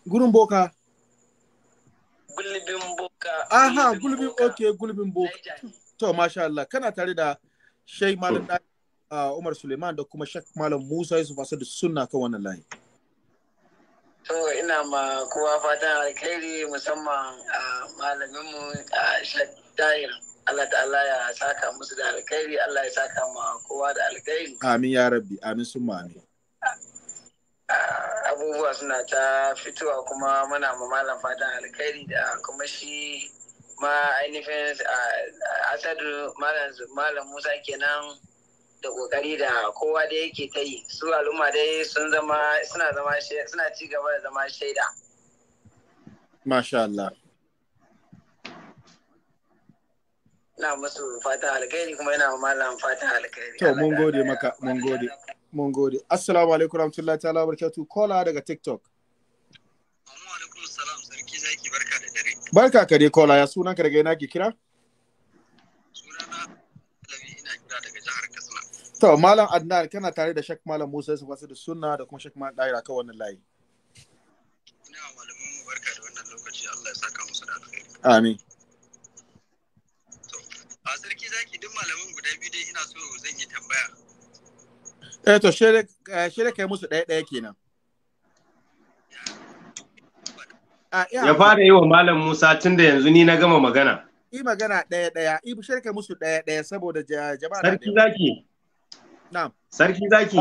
Gurin Boka? gulbin boka. Aha, gulbin, ok, gulbin boka. To, masha Allah, kana tare da Shai Malam da uh, Umar Suleiman da kuma shak Malam Musa Yusuf Asadu suna kan wannan layi. To, ina ma kowa fatan alkhairi musamman a uh, malaminmu a uh, shak tayin. Allah Allah ya saka musu da alkhairi, Allah ya saka ma kowa da alkhairi. Amin ya rabbi, amin sun amin. Ah, abubuwa suna ta fitowa kuma muna mamalan fatan alkhairi da kuma shi ma ainihin asadu malam musa kenan da kokari da kowa da yake ta yi su al'umma dai sun zama suna zama suna ci gaba da zama shaida masha Allah na musu fatan alkhairi kuma yana malam fatan alkhairi to mun gode maka mun gode Mun gode. Assalamu alaikum rahmatullahi ta'ala barkatu kola daga TikTok. Assalamu alaikum salam sarki zaki barka da dare. Barka ka dai kola ya sunan ka daga ina ke kira? Sunana Alawi ina kira daga jihar Katsina. To malam Adnan kana tare da Sheikh Malam Musa Yusuf da sunna da kuma Sheikh Malam Daira kan wannan layi. Ina malamin mu barka da wannan lokaci Allah ya saka musu da alheri. Amin. To a sarki zaki duk malamin guda biyu dai ina so zan yi tambaya. eh to eh, shere kai musu ɗaya ɗaya kenan ah, ya fara yi wa malam Musa tun da yanzu ni na gama magana yi magana ɗaya ɗaya yi shere kai musu ɗaya ɗaya saboda jama'a sarki zaki na'am sarki zaki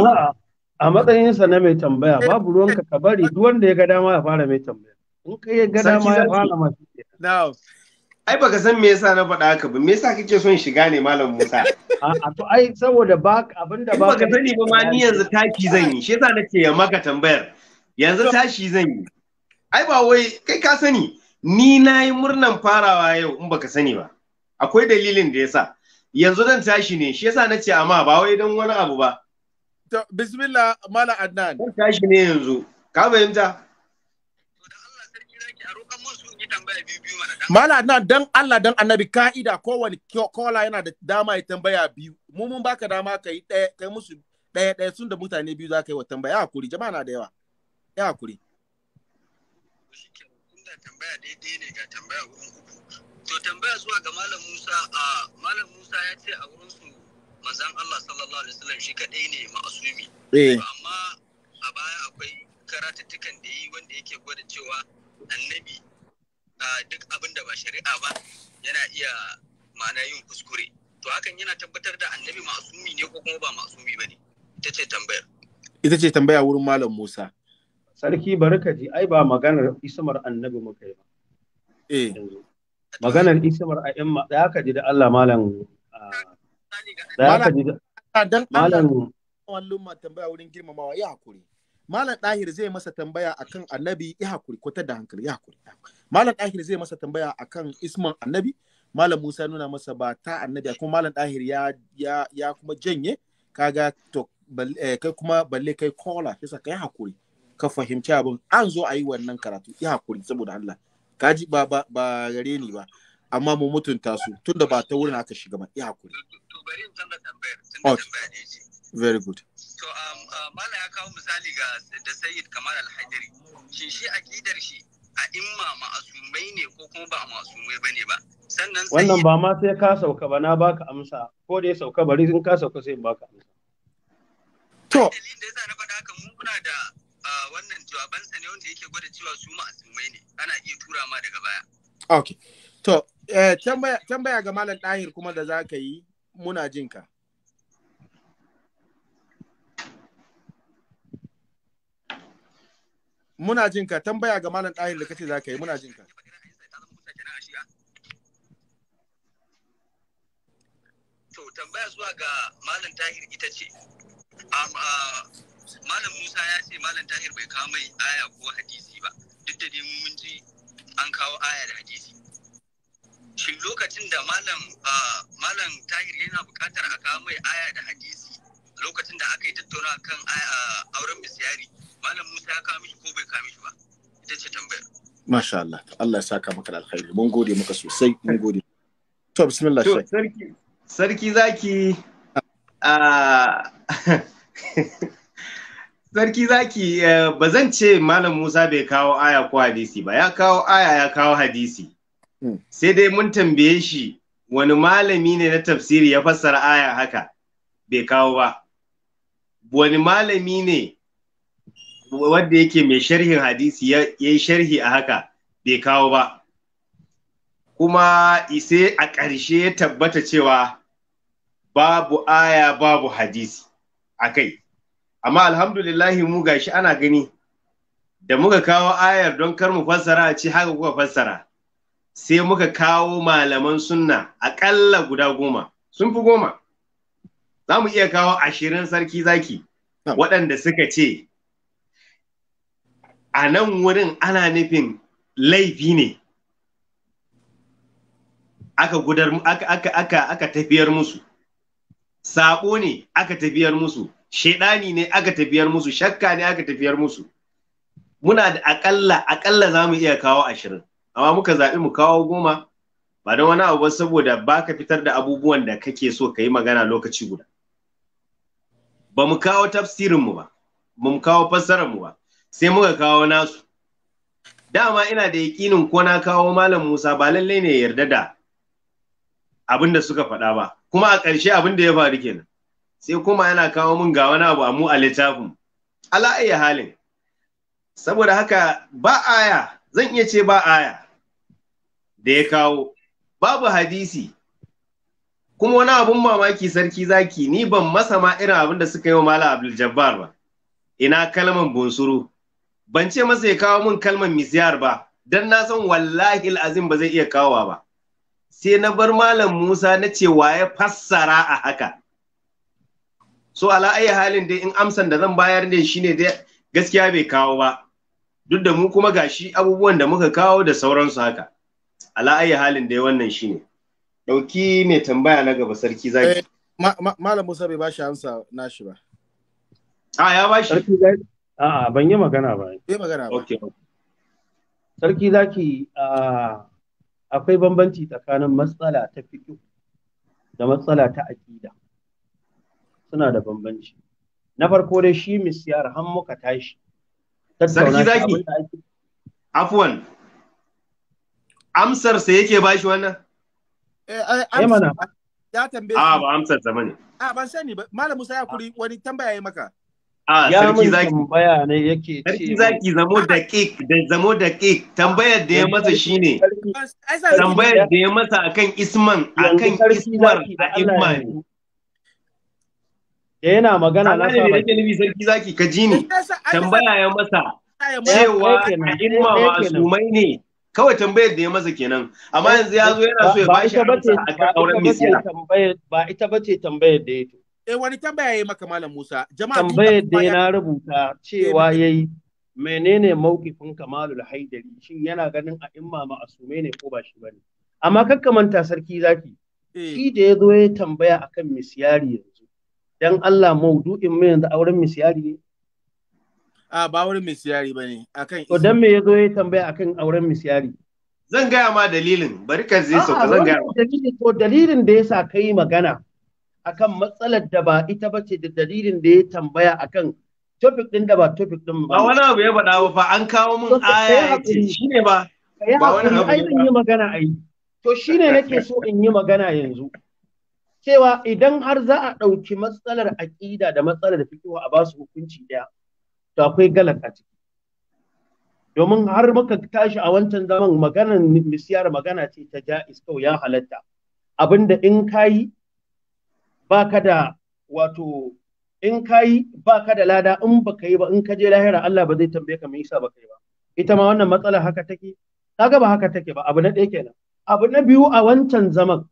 a matsayin sa na mai tambaya eh, babu ruwanka ka bari duk wanda ya ga dama ya fara mai tambaya in kai ya ga dama ya fara masu na'am ai baka san me yasa na faɗa haka ba me yasa kake son shiga ne malam Musa a to ai saboda ba abinda ba baka sani ba ma ni yanzu taki zan yi shi yasa nake ya maka tambayar yanzu tashi zan yi ai ba wai kai ka sani ni na yi murnan farawa yau in baka sani ba akwai dalilin da yasa yanzu zan tashi ne shi yasa nace amma ba wai don wani abu ba to bismillah malam Adnan tashi ne yanzu ka fahimta Mala na dan Allah dan annabi ka'ida kowane kola yana da dama ya tambaya biyu. Mu mun baka dama ka yi ɗaya kai musu ɗaya ɗaya sun da mutane biyu za ka yi wa tambaya. Ya hakuri jama'a na da yawa. Ya hakuri. tambaya daidai ne ga tambaya wurin uku. To tambaya zuwa ga Malam Musa a Malam Musa ya ce a wurin su manzon Allah sallallahu alaihi wasallam shi kadai ne ma'asumi. Eh. Amma a baya akwai karatuttukan da yi wanda yake gwada cewa annabi duk abin da ba shari'a ba yana iya ma'ana yin kuskure to hakan yana tabbatar da annabi masumi ne ko kuma ba masumi ba ne ita ce tambayar ita ce tambaya wurin malam musa sarki ji ai ba maganar ismar annabi muka yi ba eh maganar ismar a yan da aka ji da Allah malam da aka ji da malam wallon ma tambaya wurin girmamawa ya hakuri Malam Dahir zai masa tambaya akan annabi ya hakuri ko da hankali ya hakuri. Malam Dahir zai masa tambaya akan isman annabi. Malam Musa nuna masa ba ta annabi kuma Malam Dahir ya ya ya kuma janye kaga to eh, kai kuma balle kai kola kisa kai hakuri ka fahimci abin an zo a yi wannan karatu ya hakuri saboda Allah kaji ba ba ba gare ni ba amma mu mutunta su tunda ba ta wurin aka shiga ba ya hakuri to very good to um, uh, mala ya kawo misali ga da sayyid kamar alhajari shi shi akidar shi a imma ma'asumai ne ko kuma ba ma'asumai bane ba sannan wannan ba ma sai ka sauka ba na baka amsa ko da ya sauka bari in ka sauka sai in baka amsa to dalilin da yasa na faɗa haka mu muna da uh, wannan jawabansa ne wanda yake gwada cewa su ma'asumai ne ana iya tura ma daga baya okay to eh, tambaya ga malam Dahir kuma da za ka yi muna jinka muna jin ka tambaya ga malam ɗahir da kace za ka yi muna jin ka to tambaya zuwa ga malam tahir ita ce malam musa ya ce malam tahir bai kawo mai aya ko hadisi ba duk da dai mun ji an kawo aya da hadisi shi lokacin da malam malam tahir yana buƙatar a kawo mai aya da hadisi lokacin da aka yi tattauna kan auren misyari malam Musa ya kawo mishi ko bai kawo mishi ba ita ce tambayar masha Allah Allah ya saka maka da alkhairi mun gode maka sosai mun gode to bismillah shi. sarki sarki zaki a ah. sarki zaki eh, ba zan ce malam Musa bai kawo aya ko hadisi ba ya kawo aya ya kawo hadisi hmm. sai dai mun tambaye shi wani malami ne na tafsiri ya fassara aya haka bai kawo ba wani malami ne wanda yake mai sharhin hadisi ya yi sharhi a haka bai kawo ba kuma isai a ƙarshe ya tabbata cewa babu aya babu hadisi a kai amma alhamdulillahi mu gashi ana gani da muka kawo ayar don kar mu fassara a ci haka kuka fassara sai muka kawo malaman sunna aƙalla guda goma sun fi goma za mu iya kawo ashirin sarki zaki waɗanda suka ce a nan wurin ana nufin laifi ne aka gudar aka aka aka aka tafiyar musu saƙo ne aka tafiyar musu shedani ne aka tafiyar musu shakka ne aka tafiyar musu muna da akalla akalla za mu iya kawo ashirin amma muka zaɓi mu kawo goma ba don wani abu ba saboda ba ka fitar da abubuwan da kake so ka yi magana lokaci guda ba mu kawo tafsirinmu ba ba mu kawo fassararmu ba sai muka kawo nasu dama ina da yakinin ko na kawo malam Musa ba lallai ne yarda da abin da suka faɗa ba kuma a ƙarshe abin da ya faru kenan sai kuma yana kawo min ga wani abu a mu a littafin ala iya halin saboda haka ba aya zan iya ce ba aya da ya kawo babu hadisi kuma wani abun mamaki sarki zaki ni ban masa ma irin abin da suka yi wa malam Abdul Jabbar ba ina kalman bunsuru ban ce masa ya kawo min kalmar miziyar ba don na san wallahi azim ba zai iya kawowa ba sai na bar malam Musa na ce ya fassara a haka so ala ayi halin dai in amsan da zan bayar ne shine dai gaskiya bai kawo ba duk da mu kuma gashi abubuwan da muka kawo da sauransu haka ala ayi halin dai wannan shine dauki mai tambaya na gaba sarki zaki eh, malam Musa bai bashi amsa nashi ba a ya bashi A'a ban yi magana ba. Yi magana ba. Okay. Sarki zaki akwai bambanci tsakanin matsala ta fito da matsala ta aƙida. Suna da bambanci. Na farko dai shi misiyar har muka tashi. Sarki zaki. Afuwan. Amsar sa yake bashi wannan? Eh, eh, eh mana. Ya tambaye. A ba amsar zamani. bane. A ban sani ba. Malam Musa ya kuri wani tambaya ya maka. A sarki zaki tambaya ne yake ce Sarki zaki zamo da kik da zamo da kik tambayar da ya masa shine tambayar da ya masa akan isman akan ismar a imma ne da yana magana na sa ba ne sarki zaki ka ji ni tambaya ya masa cewa a imma sumai ne kawai tambayar da ya masa kenan amma yanzu ya zo yana so ya bashi a kan auren misira ba ita bace tambayar da ya to Eh wani tambaya yayi maka Malam Musa. Jama'a tambayar da na rubuta cewa eh, yayi menene mawqifin Kamalul Haidari shin yana ganin a imma ma'asume ne ko ba shi bane. Amma kakka manta sarki zaki. Eh. Shi da ya zo ya tambaya akan misyari yanzu. Dan Allah maudu'in mu yanzu auren misyari ne. A ba auren misyari bane akan To dan me ya zo ya tambaya akan auren misyari? Zan gaya ma dalilin bari ka zai sauka zan gaya ma. Dalilin da yasa kai magana akan matsalar da ba ita ba ce da dalilin da ya tambaya akan topic din da ba topic din ba. Ba wani abu ya faɗa ba an kawo mun aya ce shine ba. Ba wani abu ai zan yi magana ai. To shine nake so in yi magana yanzu. Cewa idan har za a ɗauki matsalar aƙida da matsalar fikihu a basu hukunci ɗaya to akwai a ciki. Domin har muka tashi a wancan zaman maganar misiyar magana ce ta ja'iz kau ya halatta. Abinda in yi. ba ka da wato in ka yi ba ka da lada in ba ka yi ba in ka je lahira Allah ba zai tambaye ka me yasa ba ka yi ba ita ma wannan matsala haka take kaga ba haka take ba abu na ɗaya kenan abu na biyu a wancan zaman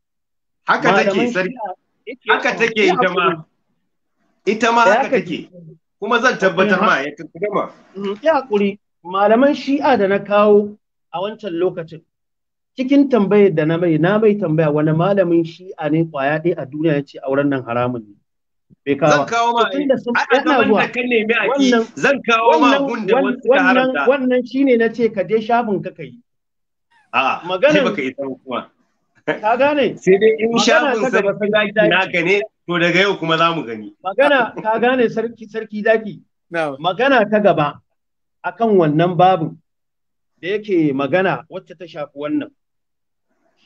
haka take sarki haka take ita ma ita ma haka take kuma zan tabbatar ma ya kuma mm, ya hakuri malaman shi'a da na kawo a wancan lokacin cikin tambayar da na mai na mai tambaya wani malamin shi'a ne kwaya ɗaya a duniya ya ce auren nan haramun ne bai kawo zan kawo ma ina zuwa wannan zan kawo ma da wannan wannan shine na ce ka je shafin ka kai a'a magana ka yi kuma ka gane sai dai in shafin sarki zaki Na gane to daga yau kuma za mu gani magana ka gane sarki sarki zaki magana ta gaba akan wannan babu da yake magana wacce ta shafi wannan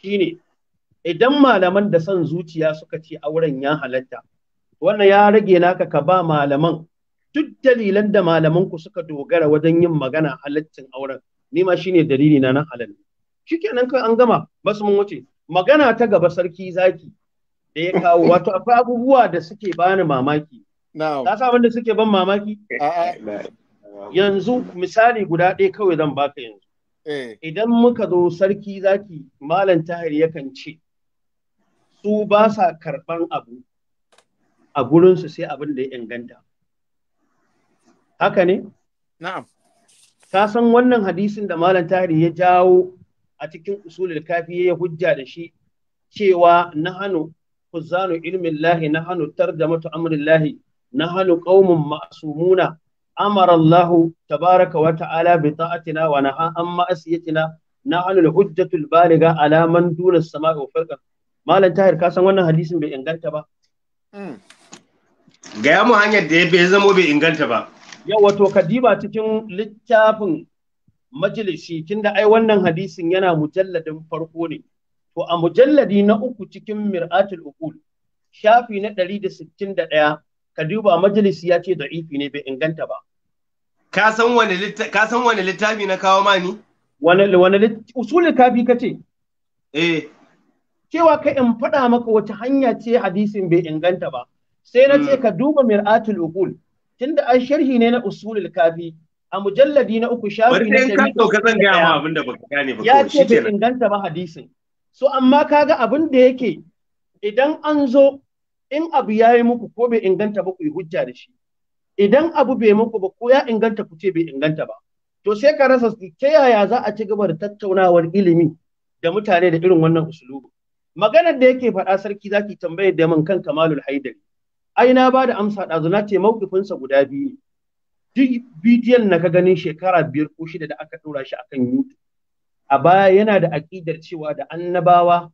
shine idan malaman da son zuciya suka ce auren ya halatta wannan ya rage naka ka ba malaman duk dalilan da malaman ku suka dogara wajen yin magana halaccin auren ni shine dalili na nan halal shikenan kai an gama basu mun wuce magana ta gaba sarki zaki da ya kawo wato akwai abubuwa da suke bani mamaki ka sa abin suke ban mamaki yanzu misali guda ɗaya kawai zan baka yanzu Eh. Idan muka zo sarki zaki Malam Tahir yakan ce, su ba sa karɓan abu a gurinsu sai abin da ya inganta. Haka ne? Na'am. Ka san wannan hadisin da Malam Tahir ya jawo a cikin usulul kafi ya hujja da shi cewa na hannu kuzanu ilmin lahi na hannu tar da mata lahi na hannu ƙaumin amara Allah tabaraka wa ta'ala bi ta'atina wa naha an ma'asiyatina nahnu al-hujjatul baliga ala man duna as-sama'i wa farqa malam tahir ka san wannan hadisin bai inganta ba hmm. gaya mu hanyar da bai zamo bai inganta ba yawa to kadiba cikin littafin majalisi tunda ai wannan hadisin yana mujalladin farko ne to a mujalladi na uku cikin mir'atul uqul shafi na ɗari da 161 ka duba majalisi ya ce da'ifi ne bai inganta ba Ka san wani littafi na kawo ma ni? Wani usulul kafi ka ce? Eh. Cewa ka in faɗa maka wata hanya ce hadisin bai inganta ba. Sai na ce hmm. ka duba mir'atul ukul, tunda an sharhi ne na usulul kafi a mujalladi na uku shafi na ka ka zan ga ma abinda baka gane ba ya ce bai inganta ba hadisin. So amma kaga abin da yake idan an zo in abu yayi muku ko bai inganta ba ku yi hujja da shi. idan abu bai muku ba ko ya inganta ku ce bai inganta ba to sai ka rasa ta yaya za a ci gaba da tattaunawar ilimi da mutane da irin wannan usulubu maganar da yake faɗa sarki zaki tambaye da man kan Kamalul Haidari ai na ba amsa ɗazu na ce guda biyu duk bidiyon na ka ganin shekara biyar ko shida da aka ɗora shi akan YouTube a baya yana da aƙidar cewa da annabawa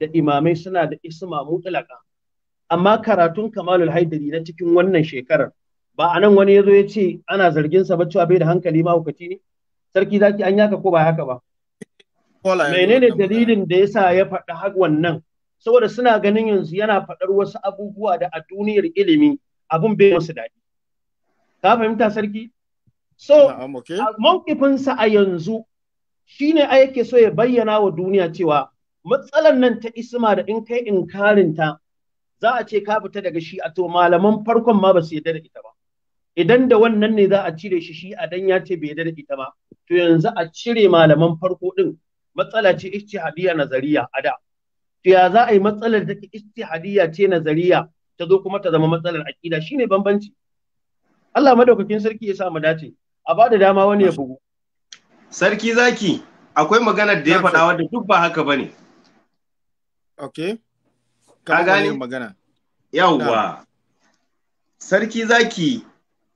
da imamai suna da isma mutlaka amma karatun Kamalul Haidari na cikin wannan shekarar ba anan wani ya zo ya ce ana zargin sa ba cewa bai da hankali ma ne sarki zaki an yaka ko ba haka ba menene dalilin da yasa ya faɗi har wannan saboda suna ganin yanzu yana faɗar wasu abubuwa da a duniyar ilimi abun bai musu daɗi ka fahimta sarki so sa a yanzu shine a yake so ya bayyana wa duniya cewa matsalar nan ta isma da in kai inkarinta za a ce ka fita daga shi a to malaman farkon ma ba su yarda da ita ba idan da wannan ne za a cire shi shi a dan ya ce bai da ita ba to yanzu a cire malaman farko din matsala ce ijtihadiyya nazariya a da to ya za a yi matsalar da ke ijtihadiyya ce nazariya ta zo kuma ta zama matsalar aqida shine bambanci Allah madaukakin sarki ya sa mu dace a ba da dama wani ya bugu sarki zaki akwai maganar da ya faɗa wadda duk ba haka bane okay ka gane magana yawwa sarki zaki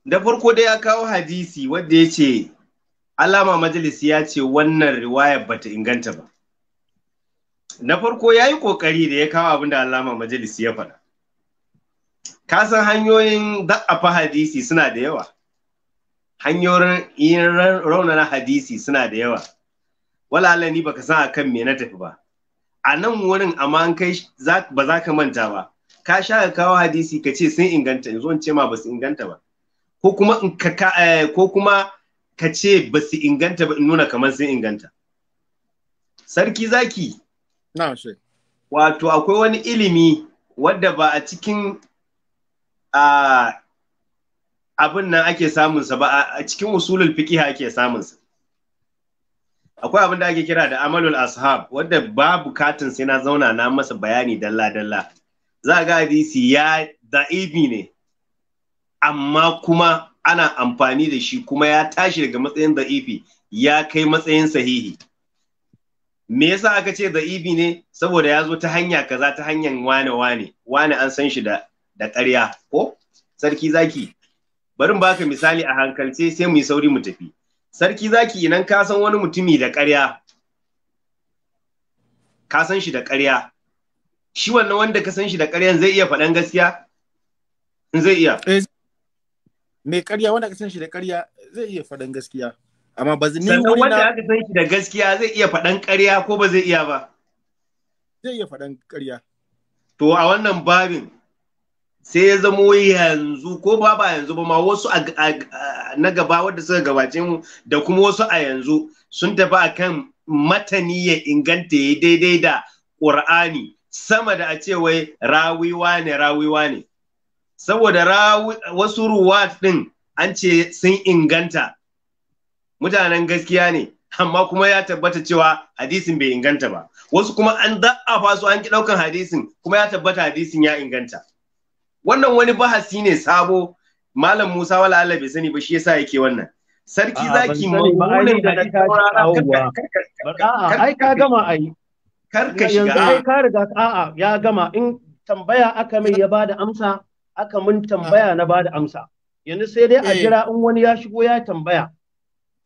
da farko dai ya kawo hadisi wadda ya ce alama majalisi ya ce wannan riwaya bata inganta ba na farko ya yi ƙoƙari da ya kawo abinda alama majalisi ya faɗa kasan hanyoyin da'afa hadisi suna da yawa hanyoyin raunana hadisi suna da yawa wala ni baka san akan me na tafi ba a nan wurin amma an kai ba za ka manta ba ka sha ka kawo hadisi ka ce sun inganta yanzu in ce ma ba su inganta ba ko kuma ka eh, ko kuma ka ce ba su inganta ba in nuna kamar sun inganta sarki zaki na shi wato akwai wani ilimi wadda ba a cikin abin nan ake samunsa ba a cikin usulul fiqh ake samunsa akwai abin da ake kira da amalul ashab wadda ba bukatun sai na zauna na masa bayani dalla dalla za ga hadisi ya da'ibi ne amma kuma ana amfani da shi kuma ya tashi daga matsayin da'ifi ya kai matsayin sahihi me yasa aka ce da'ifi ne saboda ya zo ta hanya kaza ta hanyar wane wane wane an san shi da ƙarya ko sarki zaki bari baka misali a hankalce sai mu yi sauri mu tafi sarki zaki idan ka san wani mutumi da ƙarya ka san shi da ƙarya shi wannan wanda ka san shi da ƙaryan zai iya faɗan gaskiya zai iya eh, mai karya wanda aka san shi da karya zai iya faɗan gaskiya amma ba zai sannan wanda aka san shi da gaskiya zai iya faɗan karya ko ba zai iya ba zai iya faɗan karya to a wannan babin sai ya zamo yanzu ko ba ba yanzu ba ma wasu na gaba wadda suka gabace mu da kuma wasu a yanzu sun tafi akan matani ya inganta ya daidai da ƙur'ani sama da a ce wai rawiwa ne rawiwa ne saboda wasu ruwat ɗin an ce sun inganta mutanen gaskiya ne amma kuma ya tabbata cewa hadisin bai inganta ba wasu kuma an da'afa su an ki ɗaukan hadisin kuma ya tabbata hadisin ya inganta wannan wani bahasi ne sabo malam Musa wala Allah bai sani ba shi yasa yake wannan sarki zaki maunin da na ai ka gama ai kar shiga ai ka riga a'a ya gama in tambaya aka mai ya bada amsa aka mun ah. tambaya na bada amsa yanzu sai dai a eh. jira in wani ya shigo ya tambaya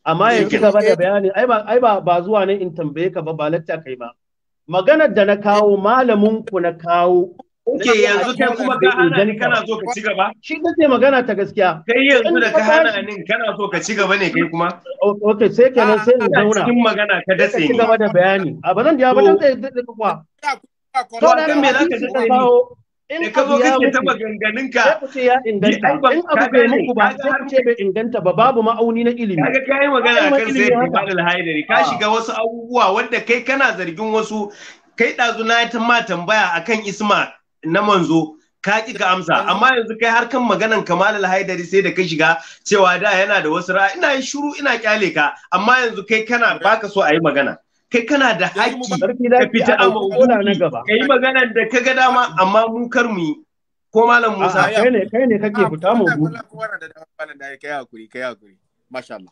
amma ya ci gaba da eh. bayani ai ba ai ba zuwa ne in tambaye ka ba ba latta kai ba maganar da na kawo eh. malamin ku na kawo Oke yanzu kai kuma ka hana ni kana so ka ci gaba? Shi kace magana ta gaskiya. Kai yanzu da ka hana ni kana so ka ci gaba ne kai kuma? Oke sai ke nan sai in ah, zauna. Cikin magana ka dace ni. Ci gaba da bayani. A bazan ya ba dan zai da kuma. To dan me zaka datse ni? in abu ya mutu, ta ku ce ya inganta in abu bai mutu ba sai ku ce bai inganta ba babu ma'auni na ilimi kaga kai magana kan sai ibadul ka ah. shiga wasu abubuwa wanda kai kana zargin wasu kai ɗazu na ta ma tambaya akan isma na manzo ka ki ka amsa amma yanzu kai har kan maganan kamal haidari sai da ka shiga cewa da yana da wasu ra'a ina shiru ina kyale ka amma yanzu kai kana baka so a yi magana kai kana da haƙƙi ka fita a ka yi magana da ka ga dama amma mu kar mu yi ko malam Musa kai ne kai ne kake fita mu gudu kai hakuri kai hakuri masha Allah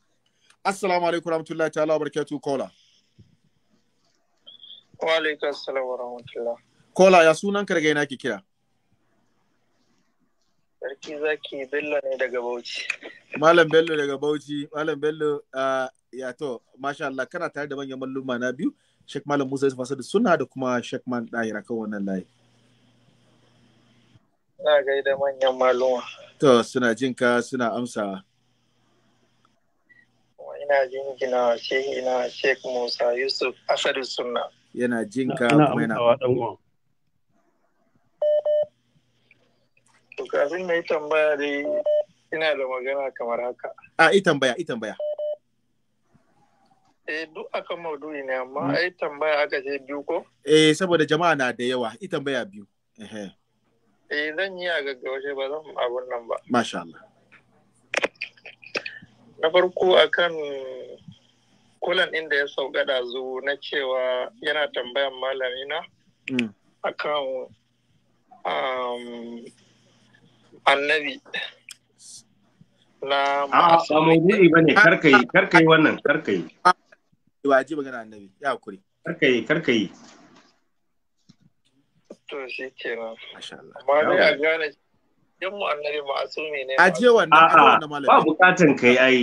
assalamu alaikum warahmatullahi ta'ala wabarakatuh kola wa alaikum assalam warahmatullahi kola ya sunan ka daga ina ke kira Sarki zaki Bello ne daga Bauchi. Malam Bello daga Bauchi, Malam Bello ah, ya to, masha Allah kana tare da manyan malluma na biyu, Sheikh Malam Musa Yusuf Asadu suna da kuma Sheikh Man Dahira akan wannan layi. Na gaida manyan malluma. To, suna jin ka suna amsa. Ina jin kina Sheikh ina Sheikh Musa Yusuf Asadu suna. Yana jin ka kuma yana. Ina To kafin na yi tambaya dai ina da magana kamar haka. A yi tambaya, yi tambaya. Eh duk akan maudu'i ne amma mm. ai tambaya aka ce biyu ko? Eh saboda jama'a na da yawa, yi tambaya biyu. Eh zan yi a gaggaushe ba zan abun nan ba. Masha Allah. Na farko akan kulan inda ya sauka ɗazu na cewa yana tambayan malamina mm. akan um, annabi na a ba maudu'i ba ne karkai karkai wannan karkai ba ji magana annabi ya kuri karkai karkai to shi kenan masha Allah amma dai a gane yan mu annabi ma'asumi ne aje wannan aje wannan malam ba bukatan kai ai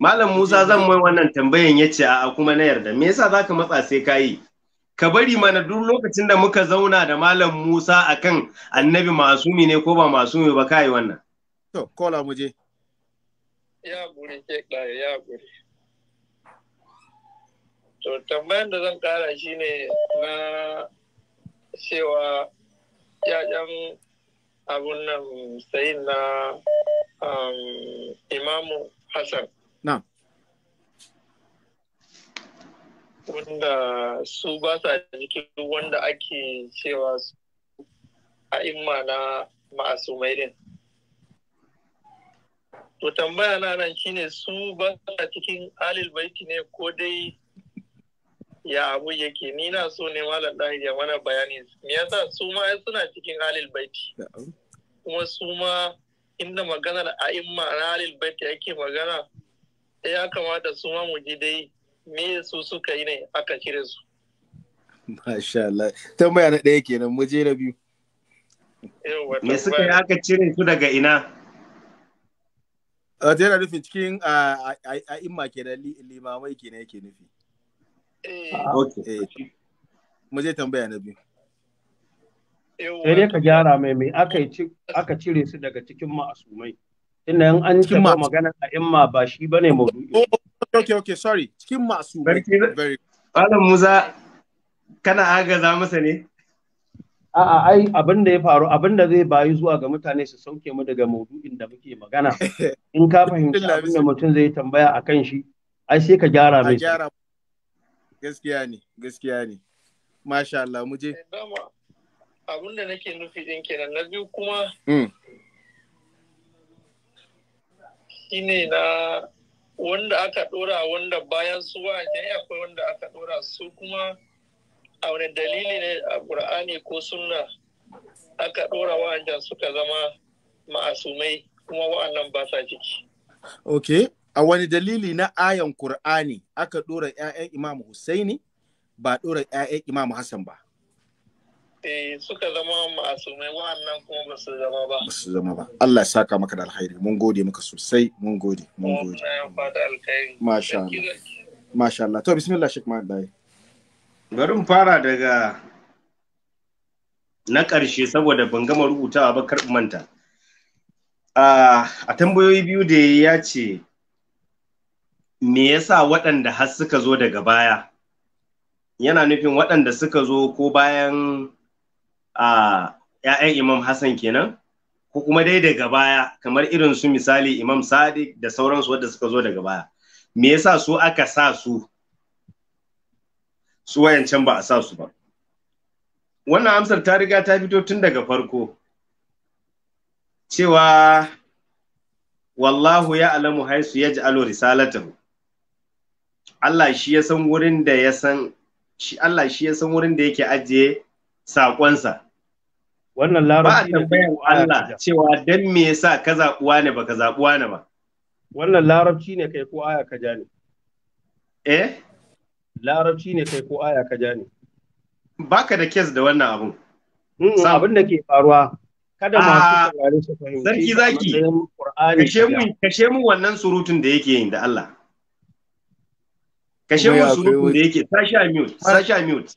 malam Musa zan mai wannan tambayan yace a'a kuma na yarda me yasa zaka matsa sai kai ka bari mana duk lokacin da muka zauna da malam Musa akan annabi Masu ne ko ba masu ba yi wannan to kola mu je ya guri ke ya guri to tambayan da zan shi ne na cewa yayan abun nan sayin na um, imamu hassan na'am wanda su ba sa jikin wanda ake cewa su a imma na masu din. To tambaya na nan ne su ba sa cikin alil baiti ne ko dai ya abu yake ni na so ne malam ɗahir ya mana bayani me yasa su ma suna cikin alil baiti kuma su ma inda maganar a imma na alil baiti ake magana ya kamata su ma mu ji dai me su suka yi ne aka kire su Masha Allah. Tambaya na ɗaya kenan, mu je na biyu. Me suka yi aka cire su daga ina? Wata yana nufin cikin a imma kenan limamai kenan yake nufi. Eh, ah, eh, mu je tambaya na biyu. Sai dai ka gyara mai mai aka cire su daga cikin ma'asumai. Ina in an taɓa magana a imma ba shi ba ne maudu'i. Oh, oh, okay, okay, sorry. Cikin masu. Malam Musa, kana agaza masa ne? A'a, ai abin da ya faru abin da zai bayu zuwa ga mutane su sauke mu daga maudu'in da muke magana. In ka fahimci abin da mutum zai tambaya a kan shi, ai sai ka gyara mai. Gaskiya ne, gaskiya ne. Masha Allah, mu je. Eh, abin da nake nufi ɗin kenan na biyu kuma hmm. ne na wanda aka dora wanda bayan su wajen akwai wanda aka dora su kuma a wani dalili ne a ƙur'ani ko sunna aka dora wajen suka zama ma'asumai kuma wa'annan ba sa ciki. Ok, a wani dalili na ayan Kur'ani aka dora 'ya'yan Imam Husaini ba dora 'ya'yan Imam Hassan ba. Eh, suka zama masumai wa'annan kuma ba su zama ba. Ba su zama ba. Allah ya saka maka da alkhairi. Mun gode maka sosai. Mun gode. Mun gode. Masha Allah. Masha Allah. To bismillah Sheikh Mahmud Dai. Bari mu fara daga na ƙarshe saboda ban gama rubutawa ba karɓi manta. A tambayoyi biyu da ya ce me yasa waɗanda har suka zo daga baya yana nufin waɗanda suka zo ko bayan a ‘ya'yan Imam Hassan kenan, ko kuma dai daga baya, kamar irin su misali Imam Sadiq da sauransu wadda suka zo daga baya. Me yasa su aka sa su, su wayancan ba a sa su ba. Wannan amsar ta riga ta fito tun daga farko, cewa wallahu ya alamu haisu ya ji alo risalatahu. Allah shi ya san wurin da ya san Allah shi ya san wurin da yake ajiye saƙonsa. Wannan larabci ne ba Allah cewa dan me yasa ka zaɓuwa ne baka zaɓuwa ne ba. Wannan larabci ne kai ko aya ka ja ne. Eh? Larabci ne kai ko aya ka ja ne. Baka da kes da wannan abun. Hmm, abin da ke faruwa kada ah, masu saurare su fahimci. Sarki zaki. Kashe mu kashe mu wannan surutun da yake yin da Allah. Kashe mu surutun da yake sasha mute sasha mute.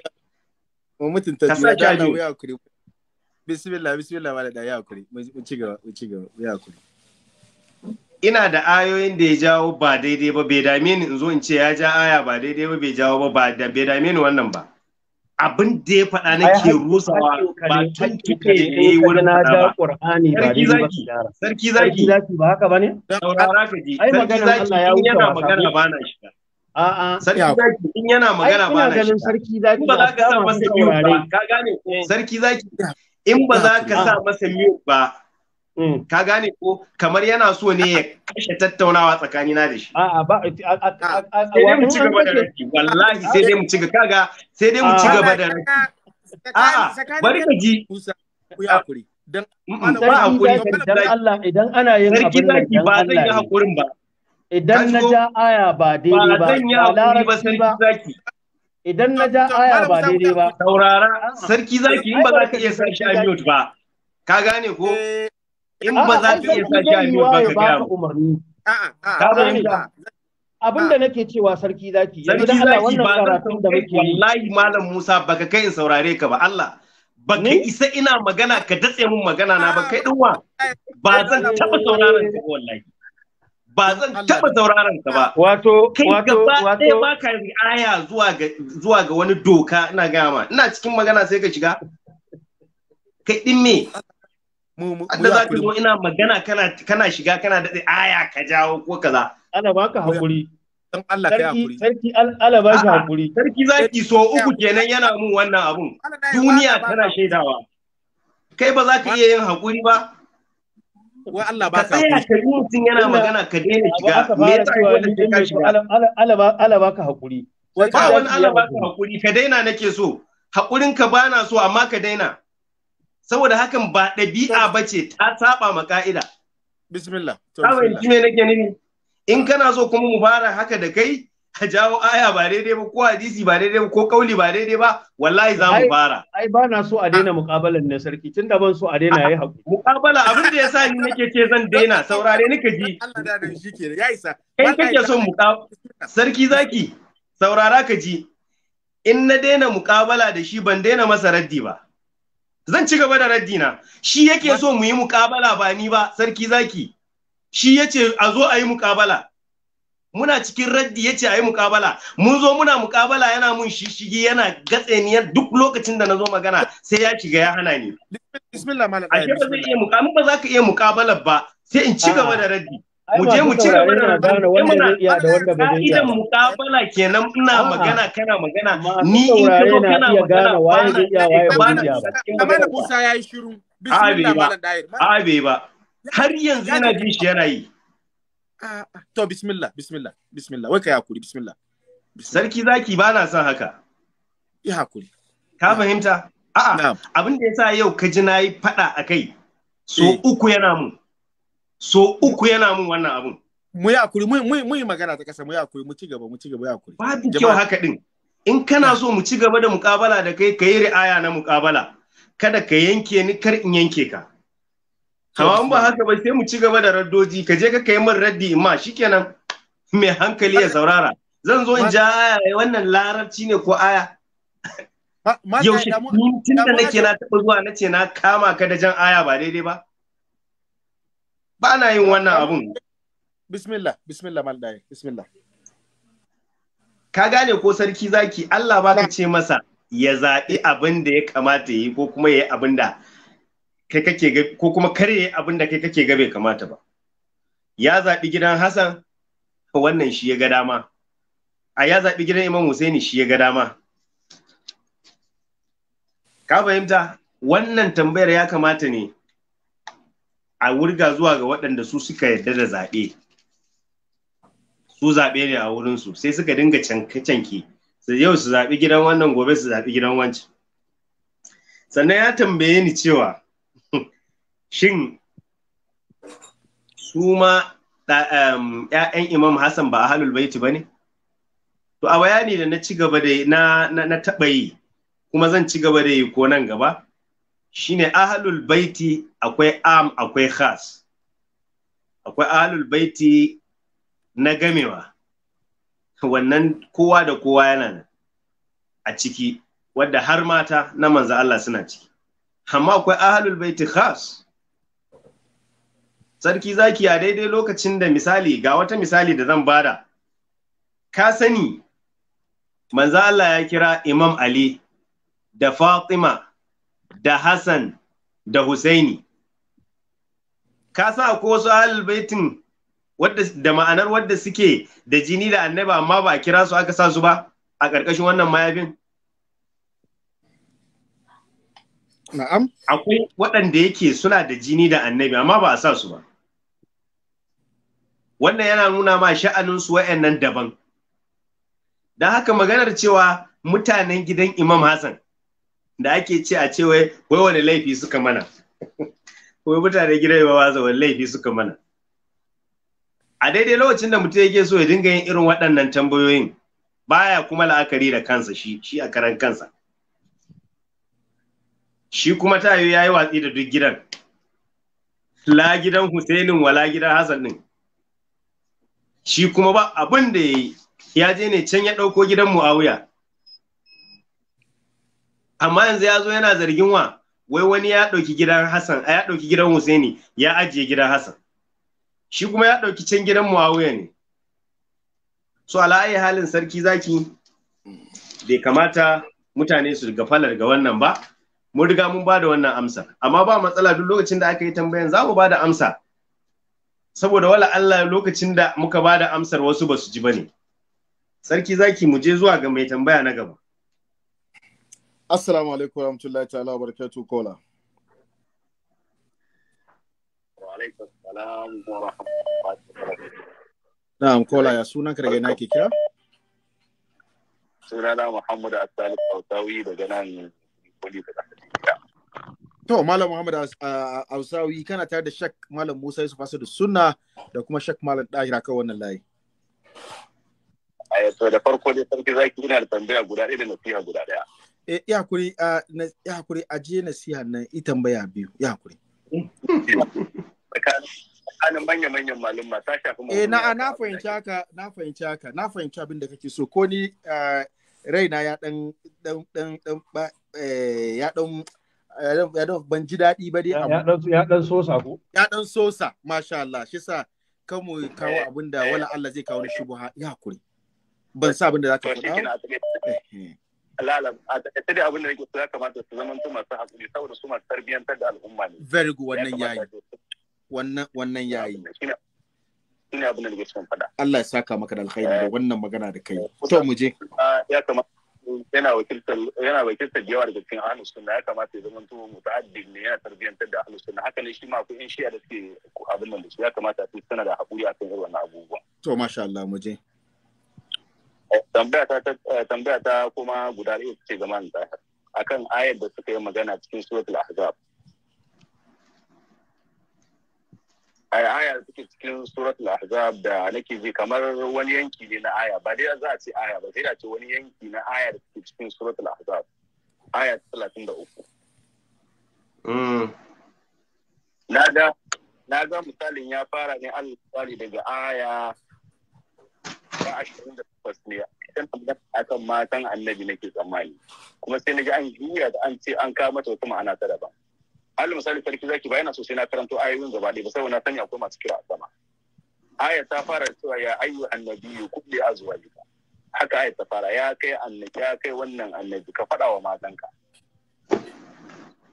mu mutunta juna da bismillah bismillah wala da mu ci gaba ina da ayoyin da ya jawo ba daidai ba bai dame ni in zo in ce ya ja aya ba daidai ba bai jawo ba ba bai dame ni wannan ba abin da ya faɗa nake rusawa ba tun kike ne yayi na ja qur'ani ba sarki zaki sarki zaki ba haka bane saurara ka ji sarki zaki yana magana ba na shiga A'a. Sarki zaki in yana magana ba na ganin sarki za ka sa in ah. ba za ka sa masa ba. Ka gane ko kamar yana so ne ya kashe tattaunawa tsakanina da shi. A'a ba sai dai mu ci gaba ah. da rafi A'a bari ji. Dan idan ana yin abin da Sarki yi hakurin ba. idan na ja aya ba daidai ba ba zan ba sarki zaki idan na ja aya ba daidai ba taurara sarki zaki in ba za ka iya sa shi a mute ba ka gane ko eh, in ba za ka iya sa shi a mute ba ka gaya umarni ka fahimta abin da nake cewa sarki zaki yanzu da Allah wannan karatun da muke wallahi malam Musa baka kai in saurare ka ba Allah baka isa ina magana ka datse mun magana na ba kai dinwa eh, ba eh, zan taba sauraron ka wallahi ba zan taba sauraron ka ba wato wato wato ba ka riaya zuwa ga zuwa ga wani doka ina gaya ma ina cikin magana sai ka shiga kai din me da za ka zo ina magana kana kana shiga kana daɗe aya ka jawo ko kaza ana baka hakuri dan Allah kai hakuri sarki Allah ba hakuri sarki zaki so uku kenan yana mun wannan abun duniya tana shaidawa kai ba za ka iya yin hakuri ba wai Allah baka ka tsaya ka yi yana magana ka eh, daina shiga me yasa ai wannan da ka shiga Allah baka hakuri ba wani Allah baka hakuri ka daina nake so hakurin ka bana so amma ka daina saboda hakan ba ɗabi'a ba ce ta saba ma ka'ida bismillah to bismillah me nake nufi in kana so kuma mu fara haka da kai ka jawo aya ba daidai ba ko hadisi ba daidai ba ko kauli ba daidai ba wallahi za mu fara ai ba na so a daina muƙabalan ne sarki tun da ban so a daina yayi haƙuri. muƙabala abin da yasa ni nake ce zan daina saurare ni ka ji Allah da da shi ya isa kai kake son muƙabala sarki zaki saurara ka ji in na daina muƙabala da shi ban daina masa raddi ba zan ci gaba da raddi na shi yake so mu yi muƙabala ba ni ba sarki zaki shi yace a zo a yi muƙabala muna cikin raddi ya ce a yi mukabala mun zo muna mukabala yana mun shishigi yana gatse gatseniyar duk lokacin da na zo magana sai ya shiga ya hana ni bismillah ba zai iya ba za ka iya mukabala ba sai in ci gaba da raddi mu je mu ci gaba da raddi muna ka'idan mukabala kenan ina magana kana magana ni in ka zo kana magana ba na ba na ba na Musa yayi shiru bismillah malam dair ba har yanzu ina jin shi yana yi To bismillah bismillah bismillah wai ka hakuri bismillah. Sarki zaki ba na son haka. Yi hakuri. Ka fahimta? A'a abin da yasa yau ka ji na yi faɗa a kai. So eh. uku yana mun. So uku yana mun wannan abun. Mu yi hakuri mu yi magana ta kasa mu yi hakuri mu ci gaba mu ci gaba yi hakuri. Babu kyau haka din. In kana so mu ci gaba da mukabala da kai ka yi ri'aya na mukabala. Kada ka yanke ni kar in yanke ka. Hawa ba haka ba sai mu ci gaba da raddoji ka je ka kai min raddi ma shikenan mai hankali ya saurara. Zan zo in ja wannan larabci ne ko aya. Yaushe tun da nake na taɓa zuwa na ce na kama ka da jan aya ba daidai ba. Ba na yin wannan abun. Bismillah, bismillah maldaye, bismillah. Ka gane ko sarki zaki Allah ba ka ce masa ya zaɓi abin da ya kamata ya yi ko kuma ya yi abin da kai kake ga ko kuma kare abin da kai kake ga bai kamata ba ya zaɓi gidan Hassan wannan shi ya ga dama a ya zaɓi gidan Imam Husaini shi ya ga dama ka fahimta wannan tambayar ya kamata ne a wurga zuwa ga waɗanda su suka yarda da zaɓe su zaɓe ne a wurinsu sai suka dinga canke su yau su zaɓi gidan wannan gobe su zaɓi gidan wancan sannan ya tambaye ni cewa shin su ma ‘ya'yan Imam Hassan ba a halul baiti ba ne? To, a bayani da na ci gaba da na, na, taɓa yi, kuma zan ci gaba da yi ko nan gaba, shine ahalul baiti akwai am akwai khas. Akwai ahalul baiti na gamewa, wannan kowa da kowa yana nan a ciki, wadda har mata na manza Allah suna ciki. Amma akwai ahalul baiti khas. sarki zaki ya daidai lokacin da misali ga wata misali da zan bada ka sani manzo Allah ya kira Imam Ali da Fatima da Hassan da Husaini ka sa ko su baitin da ma'anar wadda suke da jini da annaba amma ba a kira su aka sa su ba a ƙarƙashin wannan mayabin Na'am. Akwai waɗanda yake suna da jini da annabi amma ba a sa su ba. Wannan yana nuna ma sha'aninsu su wa'annan daban. Don haka maganar cewa mutanen gidan Imam Hassan da ake ce a ce wai wani laifi suka mana. Wai mutanen gidan Imam Hassan wani laifi suka mana. A daidai lokacin da mutum ya ke so ya dinga yin irin waɗannan tambayoyin baya kuma la'akari da kansa shi shi a karan kansa. shi kuma ta ya yi watsi da duk gidan la gidan Husainin wala gidan Hassan din shi kuma ba abin da ya yi ya je ne can ya ɗauko gidan Muawiya amma yanzu ya zo yana zargin wa wai wani ya ɗauki gidan Hassan a ya ɗauki gidan Husaini ya ajiye gidan Hassan shi kuma ya ɗauki can gidan Muawiya ne so ala'ayi halin sarki zaki bai kamata mutane su falar ga wannan ba mun riga mun ba da wannan amsa amma ba matsala duk lokacin da aka yi tambayan za mu ba da amsa saboda wala Allah lokacin da muka ba da amsar wasu ba su ji ba ne sarki zaki mu je zuwa ga mai tambaya na gaba assalamu alaikum warahmatullahi ta'ala wa barakatuh kola Na'am kola ya sunan karge na ke kira? Sunana Muhammadu Asali Kautawi daga nan Kuli da To, Malam Muhammad Ausawi kana tare da Shak Malam Musa Yusuf Asadu Sunna da kuma Shak Malam Dahira kan wannan layi. To da farko dai sarki zaki yana da tambaya guda ɗaya da nasiha guda ɗaya. Eh, ya kuri ya hakuri aje nasiha nan i tambaya biyu, ya kuri. Tsakanin manya-manyan malumma ta shafi Eh, na na fahimci haka, na fahimci haka, na fahimci abin da kake so. Ko ni raina ya ɗan eh, ya ɗan Eh, ban ji daɗi ba dai abu. Ya dan sosa ko? Ya dan sosa, masha Allah, shi sa kan mu kawo abin da wala Allah zai kawo shi buha ya kuri Ban sa abin da za faɗa. Allah a takaice eh, eh. da abin da nake ya kamata su zama to masu hakuri saboda su masu tarbiyantar da al'umma ne. Very good wannan yayi. Wannan wannan yayi. Ina abin da nake son faɗa. Allah ya saka maka da alkhairi da wannan magana da kai. To mu je. Ah, ya kamata yana wakiltar yana wakiltar yawa daga cikin ahlus sunna ya kamata ya zama to muta'addid ne yana tarbiyyantar da ahlus sunna haka ne shi ma akwai shiya da suke abin nan da su ya kamata su sana da hakuri kan irin abubuwa to masha Allah mu je eh, eh, tambaya ta kuma guda ɗaya ce zaman zahar akan ayar da suka yi magana cikin suratul ahzab a aya suke cikin surat al ahzab da nake ji kamar wani yanki ne na aya ba dai za a ce aya ba sai da ce wani yanki na aya da suke cikin surat al ahzab aya talatin da uku. Mm. Na ga misalin ya fara ne al tsari daga aya ta ashirin da takwas ne a kan matan annabi nake tsammani kuma sai na ji an yi da an ce an kawo mata wata ma'ana ta daban. Hali misali sarki zaki ba yana so sai na karanto ayoyin gaba ɗaya ba saboda na sanya akwai masu kira a sama aya ta fara cewa ya ayyu annabi kubli azwajika haka aya ta fara ya kai annabi ya kai wannan annabi ka faɗa wa matanka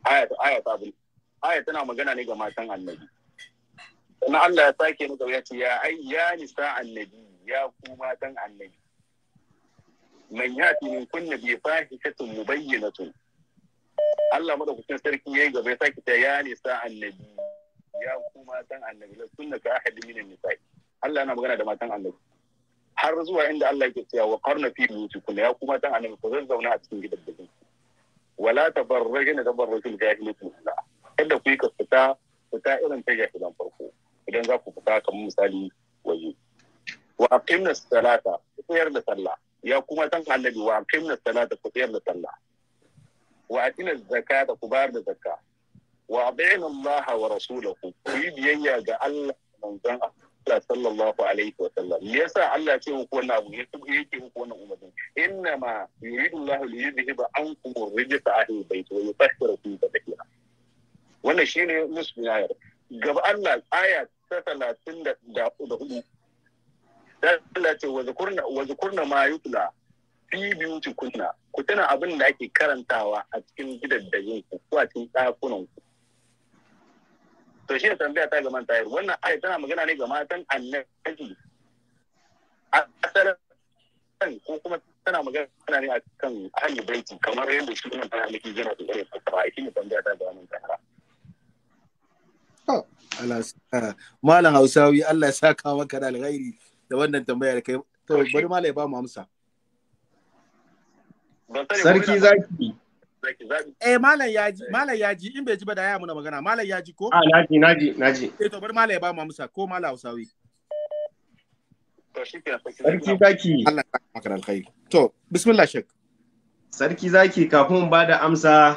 aya aya ta bin aya tana magana ne ga matan annabi sannan Allah ya sake ni gaba ya ce ya ai ya nisa annabi ya ku matan annabi man yati min kunna bi fahishatin mubayyinatun Allah madaukakin sarki ya yi gaba ya saki ta ya nisa annabi ya kuma san annabi la sunna ka ahad min an-nisa'i Allah yana magana da matan annabi har zuwa inda Allah yake cewa wa qarna fi buyutikum ya kuma san annabi ko zan zauna a cikin gidajen wala tabarrajna tabarrujul jahiliyyati Allah kada ku yi ka fita fita irin ta jahilan farko idan za ku fita kamar misali waje wa aqimna salata ku tsayar da sallah ya kuma san annabi wa aqimna salata ku tsayar da sallah wa atina zakata ku bayar da zakka wa atina Allah wa rasulahu ku yi biyayya ga Allah manzon Allah sallallahu alaihi wa sallam me yasa Allah ce muku wannan abu yake muku wannan umarni inna ma yuridu Allah li yuzhiba ankum rijsa ahli bayt wa yutahhirakum tadhkira wannan shine gaba Allah aya ta 34 da Allah ma bibiyu ki ku tana abin da ake karantawa a cikin gidaddajin ku ko a cikin ɗakunan ku to shi tambaya ta ga tayar wannan ayat tana magana ne ga matan annabi asalin ko kuma tana magana ne a kan ahli baiti kamar yadda shi kuma tana miki gina da irin fasaha shi ne tambaya ta ga tayar Malam Hausawi Allah ya saka maka da alkhairi da wannan tambayar kai to bari ya ba mu amsa Sarki zaki. Eh malam yaji eh. malam yaji in bai ji ba da ya muna magana malam yaji ko? Ah naji naji naji. Eh to bar malam ya ba mu amsa ko malam Hausawi. Sarki zaki. Allah ya maka alkhairi. To bismillah shek. Sarki zaki kafin ba da amsa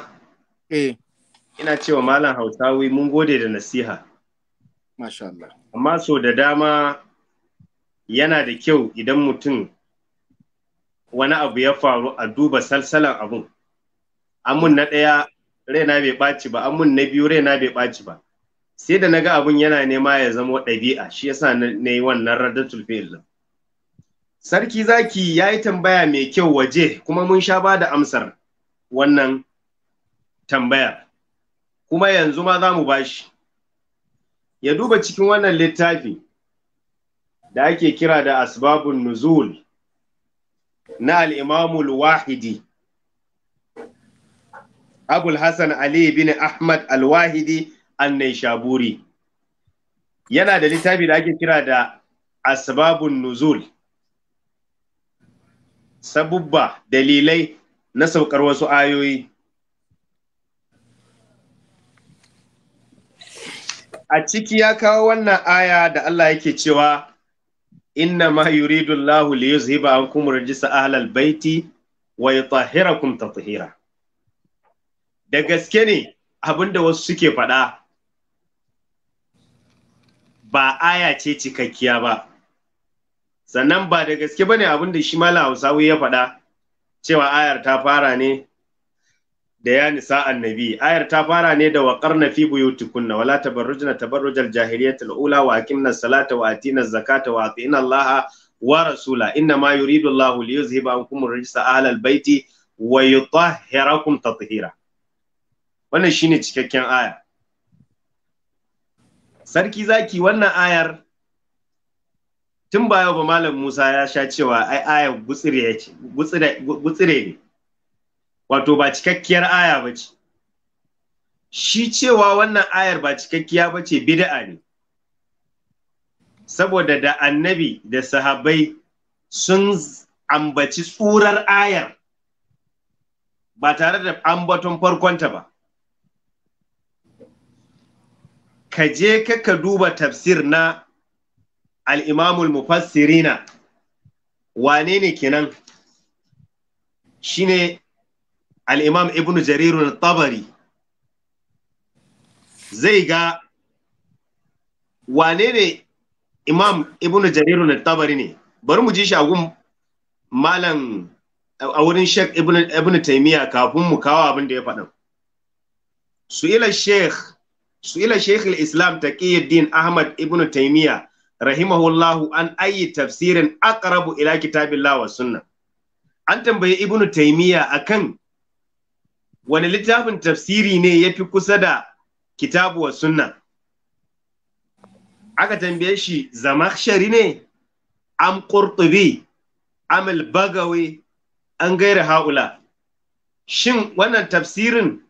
eh ina cewa malam Hausawi mun gode da nasiha. Masha Allah. Amma so da dama yana da kyau idan mutum wani abu ya faru a duba salsalan abun amun na ɗaya raina bai ɓaci ba amun na biyu raina bai ɓaci ba sai da na ga abun yana nema ya zama ɗabi'a shi yasa na yi wannan radatul fi'il sarki zaki ya yi tambaya mai kyau waje kuma mun sha ba da amsar wannan tambaya kuma yanzu ma za mu shi ya duba cikin wannan littafi da ake kira da asbabun nuzul na al'imamul wahidi abul hassan ali bin ahmad al-wahidi annai shaburi yana da littafi da ake kira da asbabun nuzul sabubba dalilai na saukar wasu ayoyi a ciki ya kawo wannan aya da Allah yake cewa inna ma yuridu Allahu li yuzhiba ankum rijsa ahlal baiti wa yutahhirakum tatheera da gaske ne abinda wasu suke faɗa ba aya ce cikakkiya ba sannan ba da gaske bane abinda shi mala Hausawi ya faɗa cewa ayar ta fara ne da ya nisa annabi ayar ta fara ne da waƙar na fi tukunna wala tabarrujna tabarrujal jahiliyatil ula wa aqimna salata wa atina zakata wa atina allaha wa rasula inna ma yuridu allahu liyuzhiba ankum rijsa ahlal baiti wa yutahhirakum tathira wannan shine cikakken aya sarki zaki wannan ayar tun ba ba malam Musa ya sha cewa ai ayar gutsire ne wato ba cikakkiyar aya ba ce shi cewa wannan ayar ba cikakkiya ba ce bida'a ne saboda da annabi da sahabai sun ambaci tsurar ayar ba tare da ambaton farkonta ba ka je ka duba tafsir na al'imamul mufassirina wane ne kenan shine al-imam ibn jaririn tabari zai ga wane ne imam ibn jaririn tabari ne bari mu ji shagun malam a wurin sheikh ibn taimiyya kafin mu kawo abin da ya faɗa su ila sheikh al-islam din ahmad ibn taimiyya rahimahullahu an ayi tafsirin aqrabu ila kitabin wa sunna an tambayi ibn taimiyya akan wani littafin tafsiri ne ya fi kusa da kitabu wa sunna aka tambaye shi zamakshari ne am qurtubi am al an gaira haula shin wannan tafsirin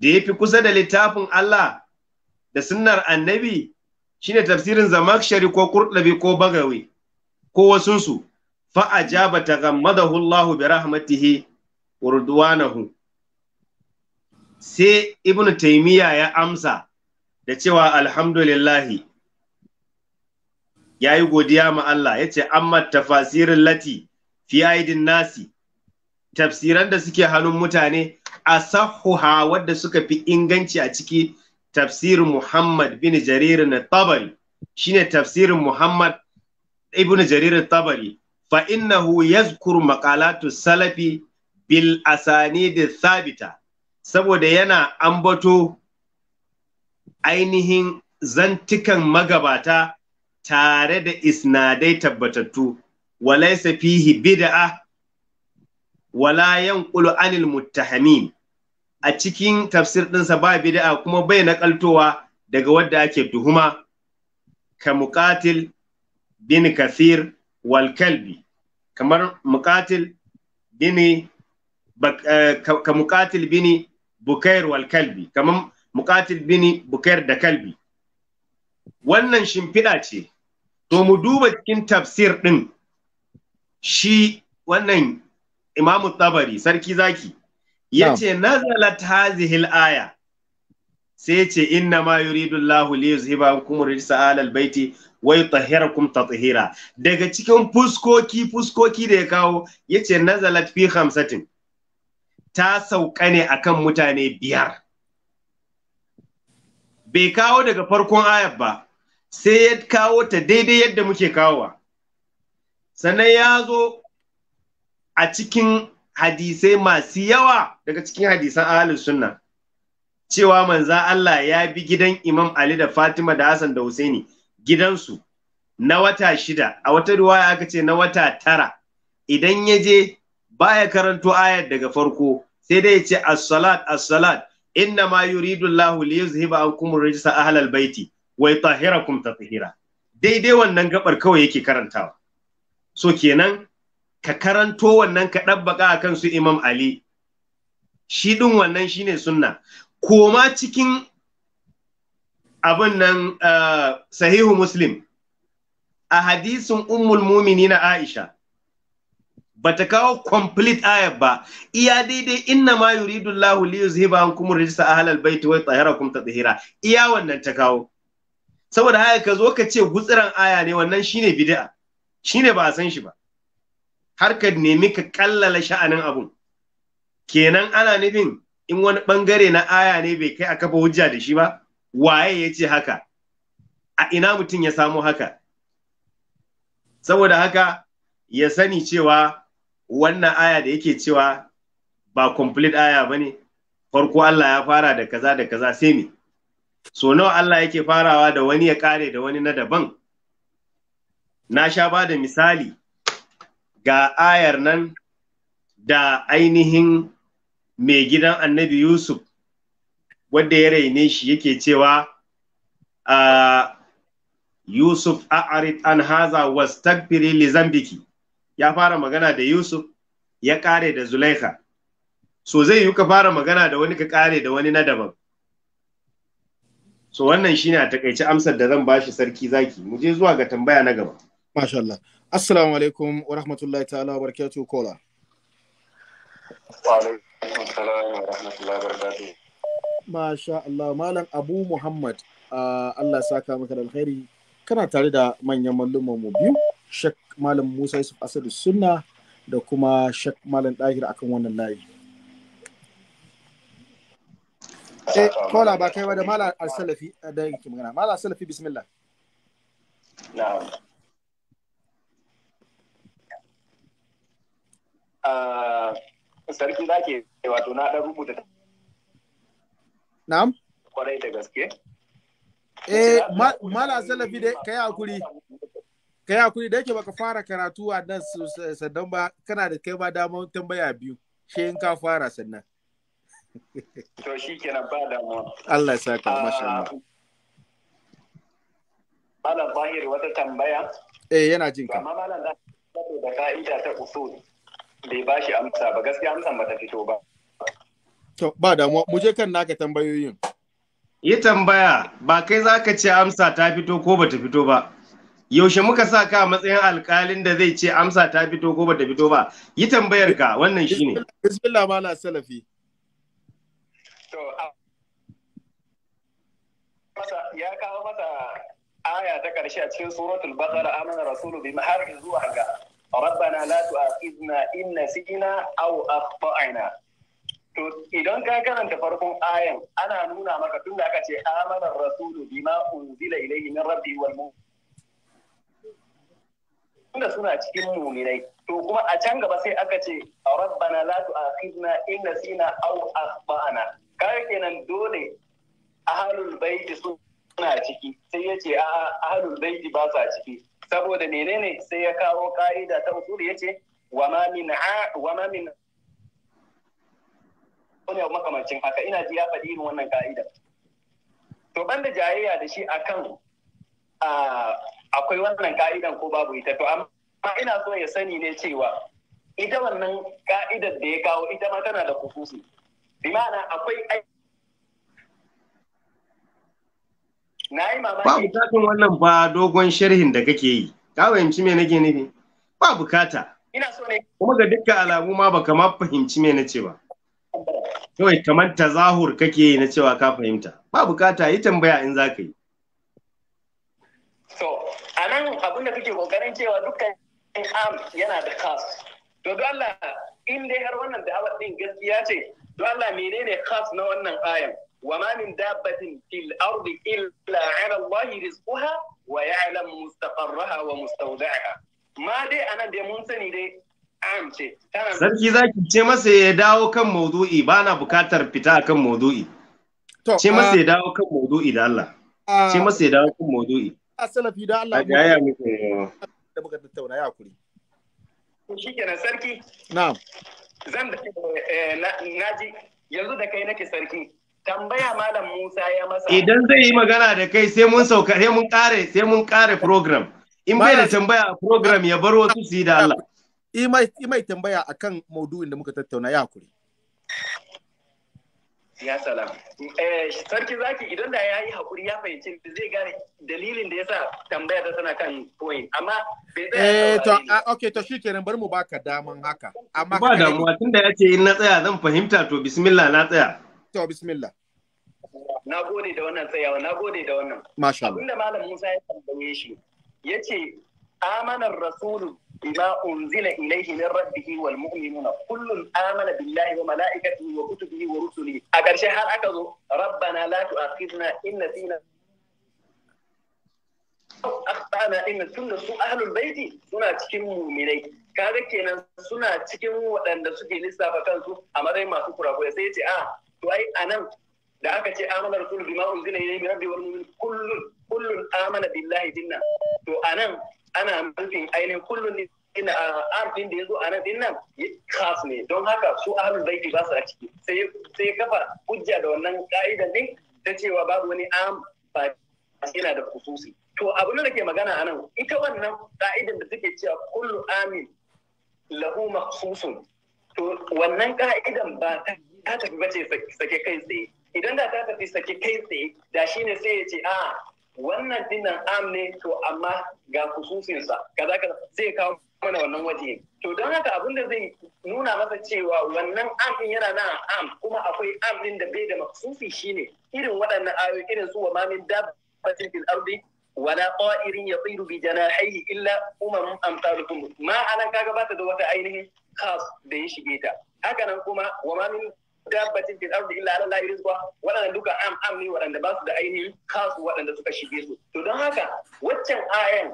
da ya fi kusa da littafin Allah da sunnar annabi shine tafsirin shari ko qurtubi ko bagawi ko wasunsu su ta tagammadahu Allah bi rahmatihi wa sai ibn taimiyya ya amsa da cewa alhamdulillahi ya yi godiya ma Allah ya ce amma tafasirin lati fi aidin nasi tafsiran da suke hannun mutane a sahuha wadda suka fi inganci a ciki tafsirin Muhammad bin Jaririn na tabari shine tafsirin Muhammad ibn Jaririn tabari fa innahu yazkur maqalatu salafi bil da Sabita. saboda yana ambato ainihin zantikan magabata tare da isnadai tabbatattu walaisa fihi bid'a wala yanqulu anil muttahamin a cikin tafsir ɗinsa ba bid'a kuma bai na naƙaltowa daga wadda ake tuhuma ka muƙatil bin kathir wal kalbi kamar muƙatil bin eh, ka muƙatil bini bukair wal kalbi kamar muqatil bini bukair da kalbi wannan shimfiɗa ce to mu duba cikin tafsir ɗin shi wannan imamu tabari sarki zaki ya ce nazalat hazihil aya sai ce inna ma yuridu Allahu li yuzhiba ankum rijsa alal baiti wa yutahhirakum tathira daga cikin fuskoki fuskoki da ya kawo yace nazalat fi khamsatin ta sauka ne akan mutane biyar bai kawo daga farkon ayab ba sai ya kawo ta daidai yadda muke kawowa sannan ya zo a cikin hadisai masu yawa daga cikin hadisan ahalin sunna cewa manza Allah ya bi gidan Imam Ali da Fatima da Hassan da Husaini gidansu na wata shida a wata ruwa aka ce na wata tara idan ya je baya karanto ayar daga farko sai dai ya ce as-salat as-salat inna ma yuridu Allah li yuzhiba ankum rijsa ahlal baiti wa yutahhirakum tatheera daidai wannan gabar kawai yake karantawa so kenan ka karanto wannan ka dabbaka akan su Imam Ali shi din wannan shine sunna koma cikin abin nan ah, sahihu muslim a hadisin ummul muminina aisha Ba ta kawo complete ayat ba iya daidai inna ma yuridullahu li yuzhiba ankum rijsa ahlal baiti wa yutahhirakum tatheera iya wannan ta kawo saboda haka ka zo ka ce gutsiran aya ne wannan shine bid'a shine ba a san shi ba har ka nemi ka kallala sha'anin abun kenan ana nufin in wani bangare na aya ne bai kai a kafa hujja da shi ba waye ya ce haka a ina mutum ya samo haka saboda haka ya sani cewa wannan aya da yake cewa ba complete aya ba ne farko Allah ya fara da kaza da kaza sai me so nawa Allah yake farawa da wani ya kare da wani na daban na sha ba da misali ga ayar nan da ainihin mai gidan annabi Yusuf wadda ya raine shi yake cewa a ah, Yusuf a'arid an haza wasu li zambiki ya fara magana da Yusuf ya kare da Zulaikha so zai yi ka fara magana da wani ka kare da wani na daban so wannan shine a takaice amsar da zan bashi sarki zaki mu je zuwa ga tambaya na gaba masha Allah assalamu alaikum wa rahmatullahi ta'ala wa barakatuhu kola wa alaikum assalam wa rahmatullahi wa barakatuhu masha Allah malam Abu Muhammad uh, Allah saka maka da alkhairi kana tare da manyan mallumanmu biyu shek malam musa yusuf asadu sunna da kuma shek malam Dahir akan wannan layi eh kola ba kai da malam al-salafi eh, da yake magana malam al-salafi bismillah ah, sarkin da ke wato na ɗan rubuta na'am kwarai da gaske eh mala salafi dai kai hakuri kai hakuri da yake baka fara karatu a nan sannan ba kana da kai ma damar tambaya biyu shi in ka fara sannan to shi kenan ba damuwa Allah ya saka ah, masha Allah Malam Bahir wata tambaya eh yana jin ka amma malam da da ka'ida ta usul bai ba shi amsa ba gaskiya amsan ba ta fito ba to ba damuwa mu je kan naka tambayoyin yi tambaya ba kai zaka ce amsa ta fito ko ba ta fito ba yaushe muka sa ka matsayin alkalin da zai ce amsa ta fito ko ba ta fito ba yi tambayar ka wannan shine bismillah mala salafi ya kawo masa aya ta karshe a cikin suratul baqara amana rasulu bi har zuwa ga rabbana la tu'akhidna in nasina aw akhta'na to idan ka karanta farkon ayan ana nuna maka tun da aka ce amana rasulu bima unzila ilayhi min rabbi wal mu'min tunda suna cikin muminai to kuma a can gaba sai aka ce rabbana la tu'akhidna in nasina aw akhtana kai kenan dole ahlul baiti suna ciki sai yace a ahlul baiti ba sa ciki saboda menene sai ya kawo ka'ida ta usuli yace wa ma min a wa ma min wani abu makamancin haka ina ji ya faɗi irin wannan ka'ida to banda jayayya da shi akan a ah, akwai wannan ka'idan ko babu ita to amma ina so ya sani ne cewa ita wannan ka'idar da ya kawo ita ma tana da kususi bi ma'ana akwai na yi mamaki ba bukatun wannan ba dogon sharhin da kake yi ka fahimci me nake nufi ba bukata ina so ne kuma ga dukkan alamu ma baka ma fahimci me na ba kawai kamar tazahur kake yi na cewa ka fahimta ba bukata yi tambaya in za ka yi abinda kake kokarin cewa dukkan am yana da khas to don Allah in dai har wannan da'awar din gaskiya ce don Allah menene khas na wannan ayan wa ma min dabbatin fil ardi illa ala Allah rizquha wa ya'lam mustaqarraha wa mustawda'aha ma dai anan dai mun sani dai am ce sarki zaki ce masa ya dawo kan maudu'i na bukatar fita kan maudu'i uh, uh, ce masa ya dawo kan maudu'i da Allah ce masa ya dawo kan maudu'i asalafi salafi da Allah ya ya muku da muka tattauna ya kuri shikenan sarki na'am zan da eh, naji yanzu da kai nake sarki tambaya malam Musa ya masa idan zai yi magana da kai sai mun sauka sai mun kare sai mun kare program in bai da tambaya a program ya bar wasu su yi da Allah Imai imai tambaya akan maudu'in da muka tattauna ya kuri Ya salam. Eh, sarki zaki idan da ya yi hakuri ya fahimci zai gane dalilin da ya sa tambaya ta tana kan point. Amma Eh to ah, okay to shi kenan bari mu baka daman haka. Amma ba damuwa tunda ya ce in na tsaya zan fahimta to bismillah na tsaya. To bismillah. Na gode da wannan tsayawa, na gode da wannan. Masha Allah. Abinda Malam Musa ya tambaye shi, ya ce, Amanar rasulun. بما أنزل إليه من ربه والمؤمنون كل آمن بالله وملائكته وكتبه ورسله أكر شهر أكذو ربنا لا تؤاخذنا إن نسينا أخطأنا إن سنة سوء أهل البيت سنة cikin muminai kaga kenan suna cikin waɗanda suke lissafa kansu a matsayin masu kurakurai sai ya ce a to da aka ce amana rasul bima unzila ilayhi min rabbi wal mu'min kullun kullun amana billahi dinna to anan ana nufin ainihin kullum ne ina a arzikin da ya zo a nan din nan khas ne don haka su ahlul baiti ba su a ciki sai kafa hujja da wannan ka'idan din ta cewa babu wani am ba yana da kususi to abin da ke magana a nan ita wannan ka'idan da take cewa kullu amin lahu makhsusun to wannan ka'idan ba ta tafi bace sake kai tsaye idan da ta tafi sake kai tsaye da shine sai ya ce a ah, wannan dinnan am ne to amma ga kususinsa kaza kaza zai kawo mana wannan waje to don haka abin da zai nuna masa cewa wannan am din yana nan am kuma akwai am din da bai da makusufi shine irin waɗannan ayoyi irin su wa ma min dabbatin fil ardi wala qa'irin yatiru bi janahihi illa umam amsalukum ma anan kaga ba da wata ainihin khas da ya shige ta Hakanan kuma wa mamin dabbatin fil da illa ala lahirin rizqa waɗanda duka am am ne waɗanda ba su da ainihin kasu waɗanda suka shige su to don haka waccan ayan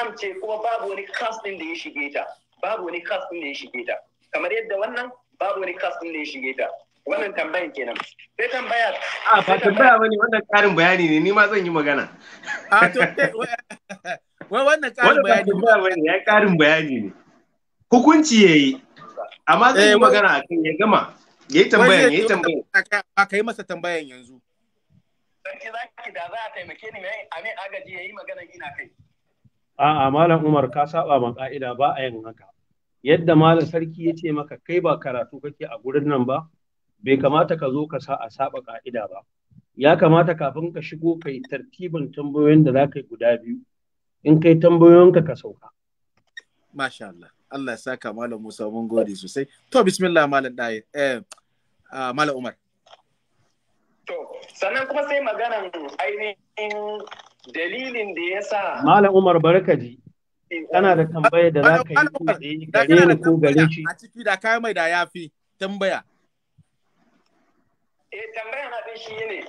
am ce kuma babu wani kas ɗin da ya shige ta babu wani kas ɗin da ya shige ta kamar yadda wannan babu wani kas ɗin da ya shige ta wannan tambayan kenan sai tambaya a ba tambaya bane wannan karin bayani ne ni ma zan yi magana a to wai wannan karin bayani ne ya karin bayani ne hukunci yayi amma zan yi eh, magana a kan ya gama Yayi tambayan, yayi tambayan. Ba kai masa tambayan yanzu. Sarki zaki da za a taimake ni mai amin agaji yayi magana ina kai. A'a Malam Umar ka saba ma ka'ida ba a yin haka. Yadda Malam Sarki ya ce maka kai ba karatu kake a gurin nan ba, bai kamata ka zo ka sa a saba ka'ida ba. Ya kamata kafin ka shigo ka yi tartibin tambayoyin da za ka yi guda biyu. In kai tambayoyinka ka sauka. Masha Allah. Allah ya saka Malam Musa mun gode sosai. To bismillah Malam Daye eh ah, Malam Umar. To sannan kuma sai maganan ainihin dalilin da ya sa Malam Umar barkaji. Kana da tambaya da za ka yi gare ni ko gare shi. A ciki da kai mai da yafi tambaya. Eh tambaya na din shi ne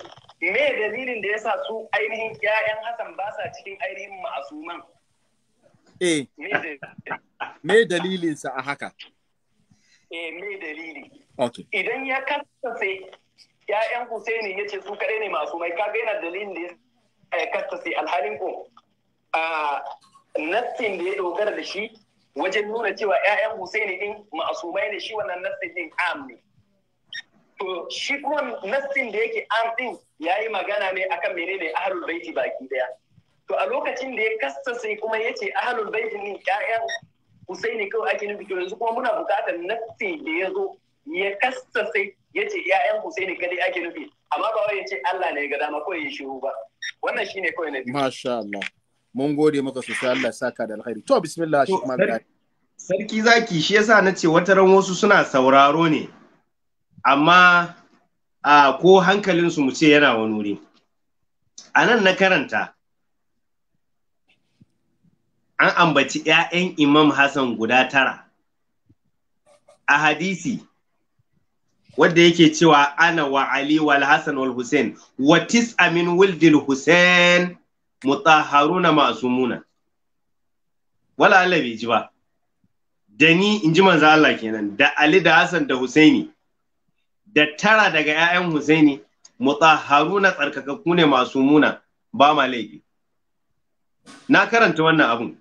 me dalilin da ya sa su ainihin 'ya'yan Hassan ba sa cikin ainihin ma'asuman. Eh. Me dalilinsa a haka? Eh, me dalili. Okay. Idan ya kasance ‘ya'yan Husaini ya ce su kaɗai ne masu mai kaga yana dalilin da ya kasance alhalin ko a nassin da ya dogara da shi wajen nuna cewa ‘ya'yan Husaini din masumai ne shi wannan nassin din am ne. To shi kuma nassin da yake am din ya yi magana ne akan menene ahlul baiti baki daya. to a lokacin da ya kasta sai kuma ya ce ahalul baiti ne ƴaƴan ne kawai ake nufi to yanzu kuma muna buƙatar nassi da ya zo ya kasta sai ya ce ƴaƴan ne kadai ake nufi amma ba wai ya ce Allah ne ga dama kawai ya shiru ba wannan shine kawai na biyu masha Allah mun gode maka sosai Allah saka da alkhairi to bismillah shi kuma sarki zaki shi yasa na ce wata ran wasu suna sauraro ne amma a ko hankalinsu mu ce yana wani wuri a nan na karanta an ambaci 'ya'yan imam hassan guda tara a hadisi wadda yake cewa ana wa ali wal hassan wal hussein wa tis'a min wildil hussein mutahharuna ma'sumuna wala Allah bai ji ba da ni in ji manzo Allah kenan da ali da hassan da husaini da tara daga 'ya'yan husaini mutahharuna tsarkakakku ne masu muna ba ma laifi na karanta wannan abun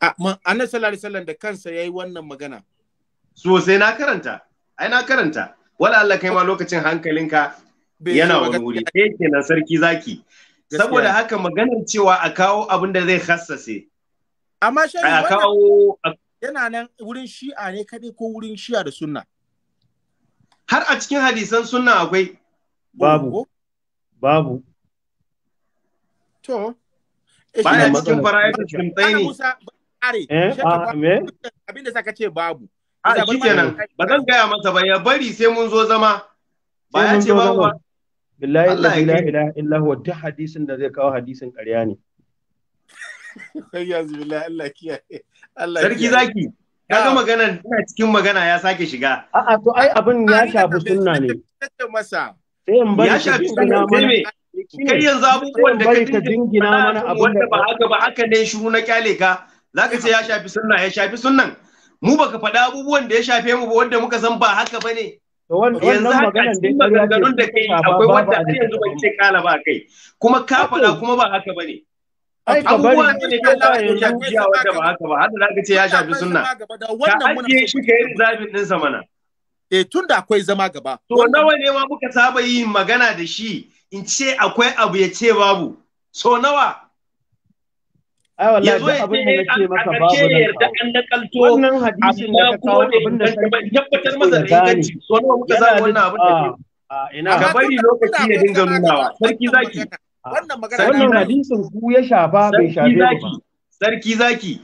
Annabi sallallahu alaihi da kansa yayi wannan magana. Sosai na karanta. Ai na karanta. Wala Allah kai ma lokacin hankalinka yana wani wuri. Sai kenan sarki zaki. Saboda haka maganar cewa a kawo abin da zai hassase. Amma shari'a a kawo yana nan wurin shi'a ne kadai ko wurin shi'a da sunna. Har a cikin hadisan sunna akwai. Babu. Babu. To. Eh, Baya cikin fara'ayin shimtai ne. are eh, ah, abin da saka ce babu ah, a shikenan ba zan gaya masa ba ya bari sai mun zo zama ba ya ce babu ba billahi la ilaha illa huwa duk hadisin da zai kawo hadisin ƙarya ne yanzu billahi Allah kiyaye Allah sarki zaki kaga maganan ina cikin magana ya sake shiga a'a to ai abin ya ah, shafi sunna ne sai in bari ya shafi sunna ne kai yanzu abubuwan da ka dinga mana abin da ba haka ba haka ne shiru na kyale ka za ka ce ya shafi sunna ya shafi sunnan mu baka faɗa abubuwan da ya shafe mu ba wanda muka san ba haka ba ne yanzu haka cikin maganganun da kai akwai wanda har yanzu ban ce kala ba kai kuma ka faɗa kuma ba haka ba ne abubuwa ne ka lawa ya shafi ya wanda ba haka ba har da ka ce ya shafi sunna ka ajiye shi ka yi rizabin ɗinsa mana E, eh, tun da akwai zama gaba to nawa ne ma muka saba yin magana da shi in ce akwai abu ya ce babu so nawa ai wallahi duk abin da nake maka babu nan yarda an nakalto wannan hadisin da ka kawo abin da sai tabbatar masa da inganci so nawa muka wannan abin da ke ina ka bari lokaci ya dinga nunawa sarki zaki wannan hadisin ku ya shafa bai shafe ba sarki zaki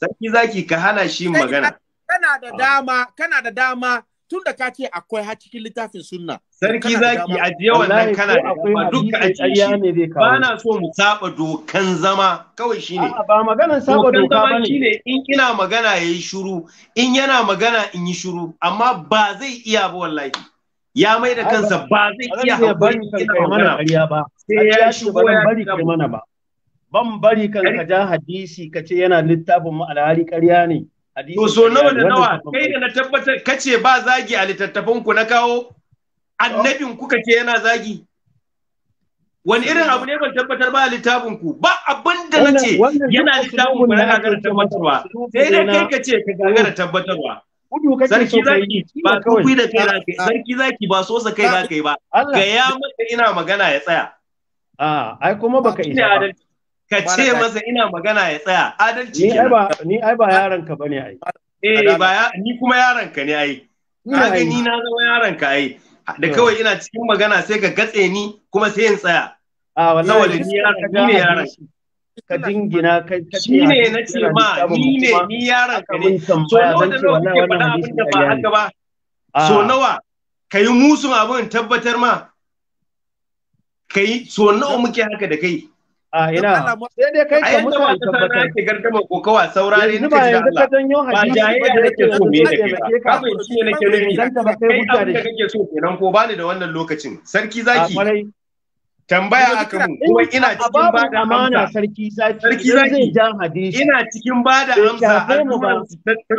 sarki zaki ka hana shi magana kana da dama kana da dama tun da ka ce akwai har cikin littafin sunna. Sarki zaki ajiye wannan kana da ba duka ajiye ba na so mu saba dokan zama kawai shine. Ba maganan saba doka ba ne. shine in ina magana ya yi shuru in yana magana in yi shuru amma ba zai iya ba wallahi. Ya mai da kansa ba zai iya haƙuri ina magana ba. Sai ya shigo ya bari kai mana ba. Ban bari kan ka ja hadisi ka ce yana littafin mu alhari ƙarya ne. To so nawa da nawa kai da na tabbatar kace ba zagi a littattafan ku na kawo annabin kuka ce yana zagi. Wani irin abu ne ban tabbatar ba a littafin ku ba abin da na ce yana littafin ku na gagara tabbatarwa sai da kai ka ce ka gagara tabbatarwa. Sarki zaki ba kuku da kai za ka yi sarki zaki ba so sa kai za ka ba ga ya maka ina magana ya tsaya. A ah, ai kuma baka isa ba. ka ce masa ina magana ya tsaya adalci ni ai ba ni ai ba yaron ka bane ai eh ba ni kuma yaron ka ne ai ka ga ni na zama yaron ka ai da kawai ina cikin magana sai ka gatse ni kuma sai in tsaya a wallahi ni yaron ka ne yaron ka dingina kai ka ce ne na ce ma ni ne ni yaron ka ne so nawa da nawa kake faɗa abin da ba haka ba so nawa kayi musun abin tabbatar ma kai so nawa muke haka da kai a ina sai dai kai ka mutu a tabbatar ke gardama ko kawa saurare ne kace Allah ba janyo hadisi ba da yake so me da kai ka ba shi ne ke nemi kai abin da kake so kenan ko bani da wannan lokacin sarki zaki tambaya aka mu kuma ina cikin ba da amana sarki zaki sarki zaki jan hadisi ina cikin ba da amsa su tattauna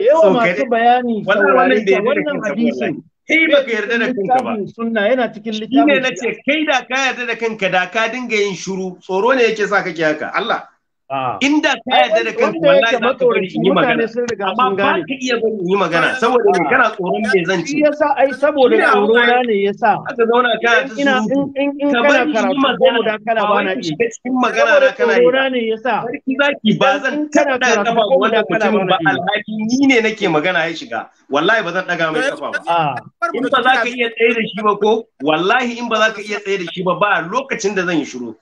yawa masu bayani wannan wannan hadisin kai ba ka yarda da kanka ba sunna yana cikin littafin na ce kai da ka yarda da kanka da ka dinga yin shiru tsoro ne yake sa kake haka Allah Ah. inda ka yarda da kanka wallahi za ka bari in yi magana amma ba ka iya bari in yi magana saboda me kana tsoron me zan ci yasa ai saboda tsoro na ne yasa aka zauna ka ina in in kana karatu saboda kana ba na cikin magana na kana yi tsoro ne yasa sarki zaki ba zan da kafa wanda mutum ba alhaki ni ne nake magana ya shiga wallahi ba zan daga mai kafa ba in ba za ka iya tsaye da shi ba ko wallahi in ba za ka iya tsaye da shi ba ba lokacin da zan yi shiru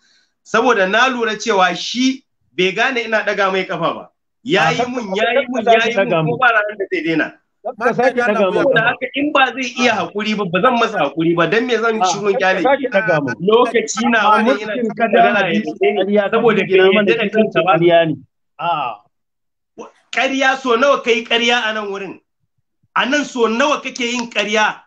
saboda na lura cewa shi bai gane ina daga mai kafa ba yayi mun yayi mun yayi mun ko ba ranar da zai na? da haka in ba zai iya hakuri ba ba zan masa hakuri ba dan me zan mun kyale lokaci na wani ina cikin magana da yake saboda ke yarda da kanta ba a ƙarya so nawa kai ƙarya a nan wurin a nan so nawa kake yin ƙarya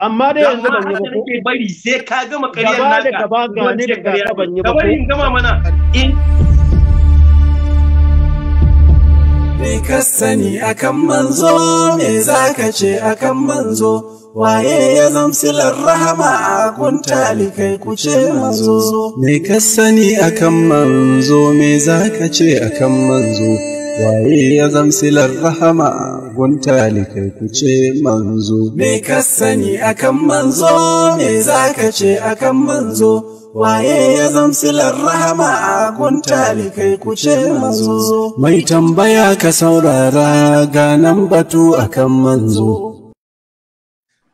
amma dai yanzu ban yi ba ko bari sai ka gama ƙaryar naka gaba da gaba ga ni da gaba ban yi ba ko gama mana in Me ka sani akan manzo, me za ce akan manzo, waye ya zamsilar rahama a kuntali kai ce manzo. Me ka sani akan manzo, me za ce akan manzo, waye ya zamsilar rahama gun talikai ku ce manzo. Me ka sani akan manzo, me za ka ce akan manzo, waye ya zamsilar rahama a gun talikai ku ce manzo. Mai tambaya ka saurara ganan batu akan manzo.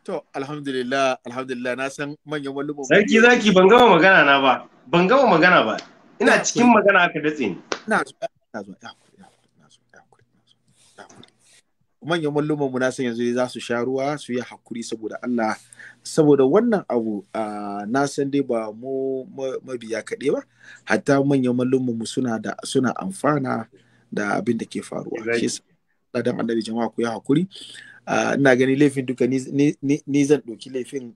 To, alhamdulillah, alhamdulillah, na san manyan wani Sarki zaki ban gama magana na ba, ban gama magana ba, ina cikin magana aka datse ni. Na zuwa, na zuwa, manyan mallumanmu mu na san yanzu za su sha ruwa su yi hakuri saboda Allah saboda wannan abu na san dai ba mu mabiya kaɗai ba hatta manyan malluman mu suna da suna amfana da abin da ke faruwa da dan annabi jama'a ku yi hakuri ina gani laifin duka ni zan ɗauki laifin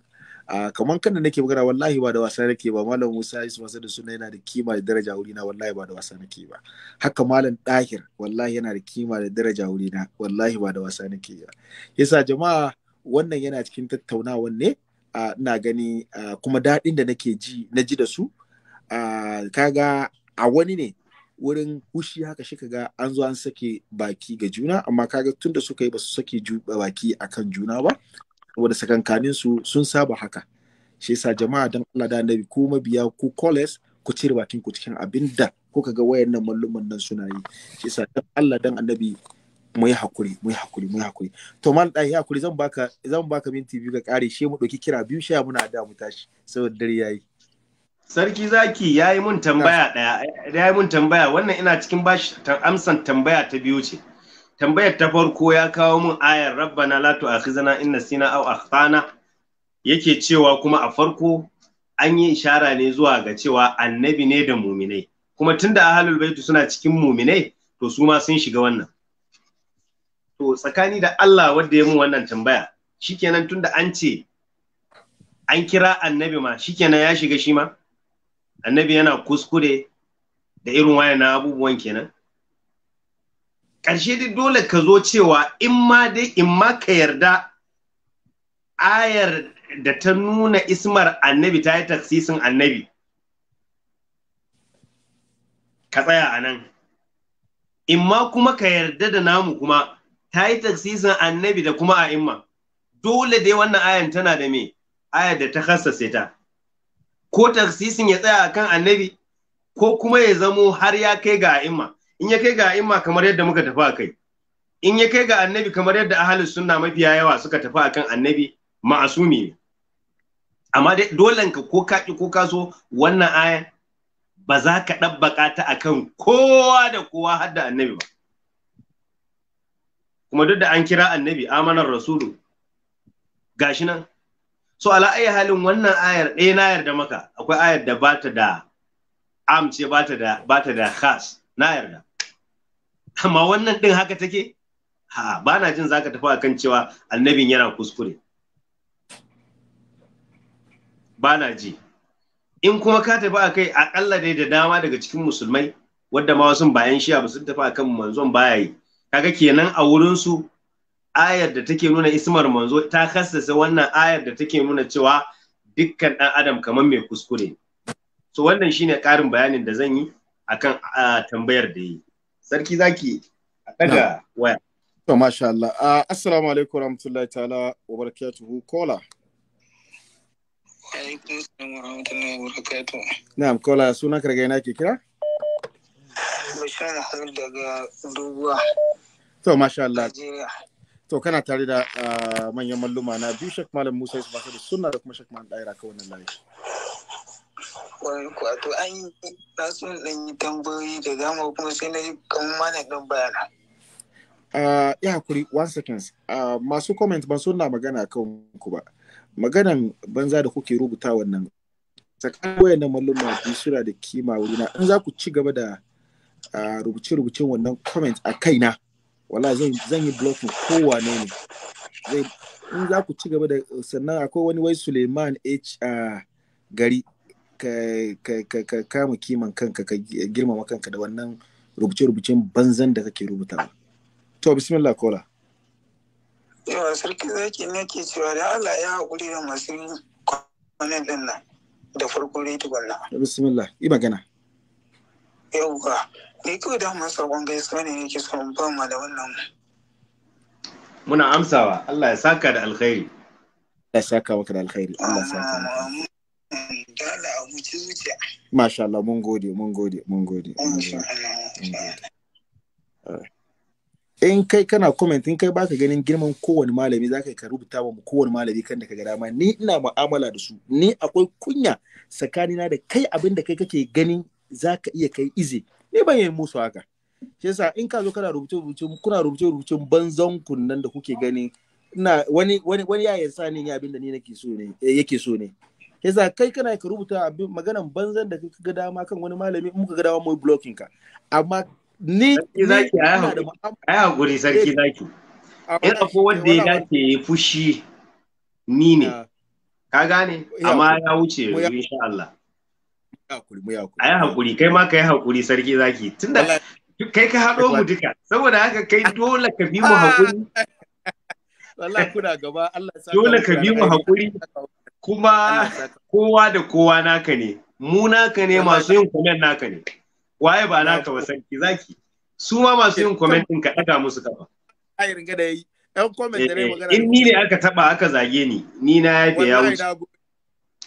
kamar kan da nake magana wallahi ba da wasa nake ba malam Musa wasa da suna yana da kima da daraja wuri na wallahi ba da wasa nake ba haka malam Dahir wallahi yana da kima da daraja wuri na wallahi ba da wasa nake ba yasa jama'a wannan yana cikin tattaunawan ne ina gani kuma daɗin da nake ji na ji da su kaga a wani ne wurin hushi haka shi ga an zo an sake baki ga juna amma kaga tunda suka yi ba su sake baki akan juna ba saboda sakankanin su sun saba haka shi yasa jama'a dan Allah da annabi ko mabiya ko college ku cire bakin ku cikin abinda kuka ga wayannan malluman nan suna yi shi yasa dan Allah dan annabi mu yi hakuri mu yi hakuri mu yi hakuri to man dai ya hakuri zan baka zan baka minti biyu ga kare shi mu dauki kira biyu sha muna da mu tashi saboda dare yayi sarki zaki yayi mun tambaya daya yayi mun tambaya wannan ina cikin bashi amsan tambaya ta biyu ce tambayar ta farko ya kawo mun ayar rabbana la tu'akhizna in nasina aw akhtana yake cewa kuma a farko an yi ishara ne zuwa ga cewa annabi ne da muminai kuma tunda ahlul bait suna cikin muminai to su ma sun shiga wannan to tsakani da Allah wanda ya mun wannan tambaya shikenan tunda an ce an kira annabi ma shikenan ya shiga shi ma annabi yana kuskure da irin wayannan abubuwan kenan ƙarshe dai dole ka zo cewa in ma dai in ma ka yarda ayar da ta nuna ismar annabi ta yi taksisin annabi ka tsaya a nan in ma kuma ka yarda da namu kuma ta yi taksisin annabi da kuma a imma dole dai wannan ayan tana da me ayar da ta hassase ta ko taksisin ya tsaya a kan annabi ko kuma ya zamo har ya kai ga a imma. in ya kai ga imma kamar yadda muka tafi a kai in ya kai ga annabi kamar yadda ahalus suna mafiya yawa suka tafi akan annabi ma'asumi ne amma dai dole ka ko ka ko ka so wannan aya ba za ka ɗabbaka ta akan kowa da kowa har annabi ba kuma duk da an kira annabi amanar rasulu gashi nan so ala ayi halin wannan ayar ɗaya na yarda maka akwai ayar da bata da amce bata da bata da khas na yarda amma wannan din haka take ha ba na jin zaka tafi akan cewa annabin yana kuskure ba na ji in kuma ka tafi akai aƙalla dai da dama daga cikin musulmai wadda ma wasu bayan shiya ba sun tafi akan manzon baya yi kaga kenan a wurin su ayar da take nuna ismar manzo ta kassasa wannan ayar da take nuna cewa dukkan ɗan adam kamar mai kuskure so wannan shine ƙarin bayanin da zan yi akan tambayar da yi sarki zaki a daga waya to masha Allah ah, assalamu alaikum ta'ala wa barakatuhu kola wa na'am kola suna karga yana ke kira bashar har daga doguwa to masha Allah to kana tare da ah, manyan malluma na biyu shek musa Isma'il da da kuma shakmalin ɗaira ka wannan layi Ƙwarai kuwa to an yi nasu ɗan yi tambayoyi da dama kuma sai na yi kamar mana ɗan bayana. Ah, ya hakuri one seconds ah, masu comment ban suna magana kan ku ba maganan banza da kuke rubuta wannan tsakanin wayannan malluma biyu suna da kima na in za ku ci gaba da ah, rubuce-rubucen wannan comment a kaina wala zan yi blocking kowane ne ne in za ku ci gaba da sannan akwai wani wai suleiman h gari ka kama kiman kanka ka girmama kanka da wannan rubuce-rubucen banzan da kake rubutawa to bismillah kola yawa sarki zaki ne ke cewa da Allah ya haƙuri da masu kwanan din nan da farko dai tukunna bismillah yi magana yawa ne kawai da masu sabon gaisuwa ne ke son ban da wannan muna amsawa Allah ya saka da alkhairi Allah ya saka maka da alkhairi Allah ya saka maka a muci zuciya masha Allah mun gode mun gode mun gode in kai kana comment in kai ba ka ganin girman kowane malami za ka rubuta wa kowane malami kan da ka gada ma ni ina mu'amala da su ni akwai kunya tsakanina da kai abin da kai kake ganin za ka iya kai ize ni ban yi musu haka shi yasa in ka zo kana rubuce rubuce kuna rubuce rubuce banzan kunnan da kuke gani wani wani wani ya yasa abin da ni nake so ne eh, yake so ne yasa kai kana ka rubuta abin maganan banzan da ga dama kan wani malami in muka ga dama mai blocking ka amma ni zaki ai hakuri sarki eh. zaki in ko wanda ya dace ya fushi ni ne ah. ka gane amma ya wuce insha Allah a yi hakuri kai ma ka yi hakuri sarki zaki tunda kai ka haɗo mu duka saboda haka kai dole ka bi mu hakuri dole ka bi mu hakuri kuma kowa da kowa naka ne mu naka ne masu yin comment naka ne waye ba naka ba ki zaki su ma masu yin comment din ka daga musu kafa ai ringa da yi ɗan comment da eh, magana in ni ne aka taba aka zage ni ni na yafe ya wuce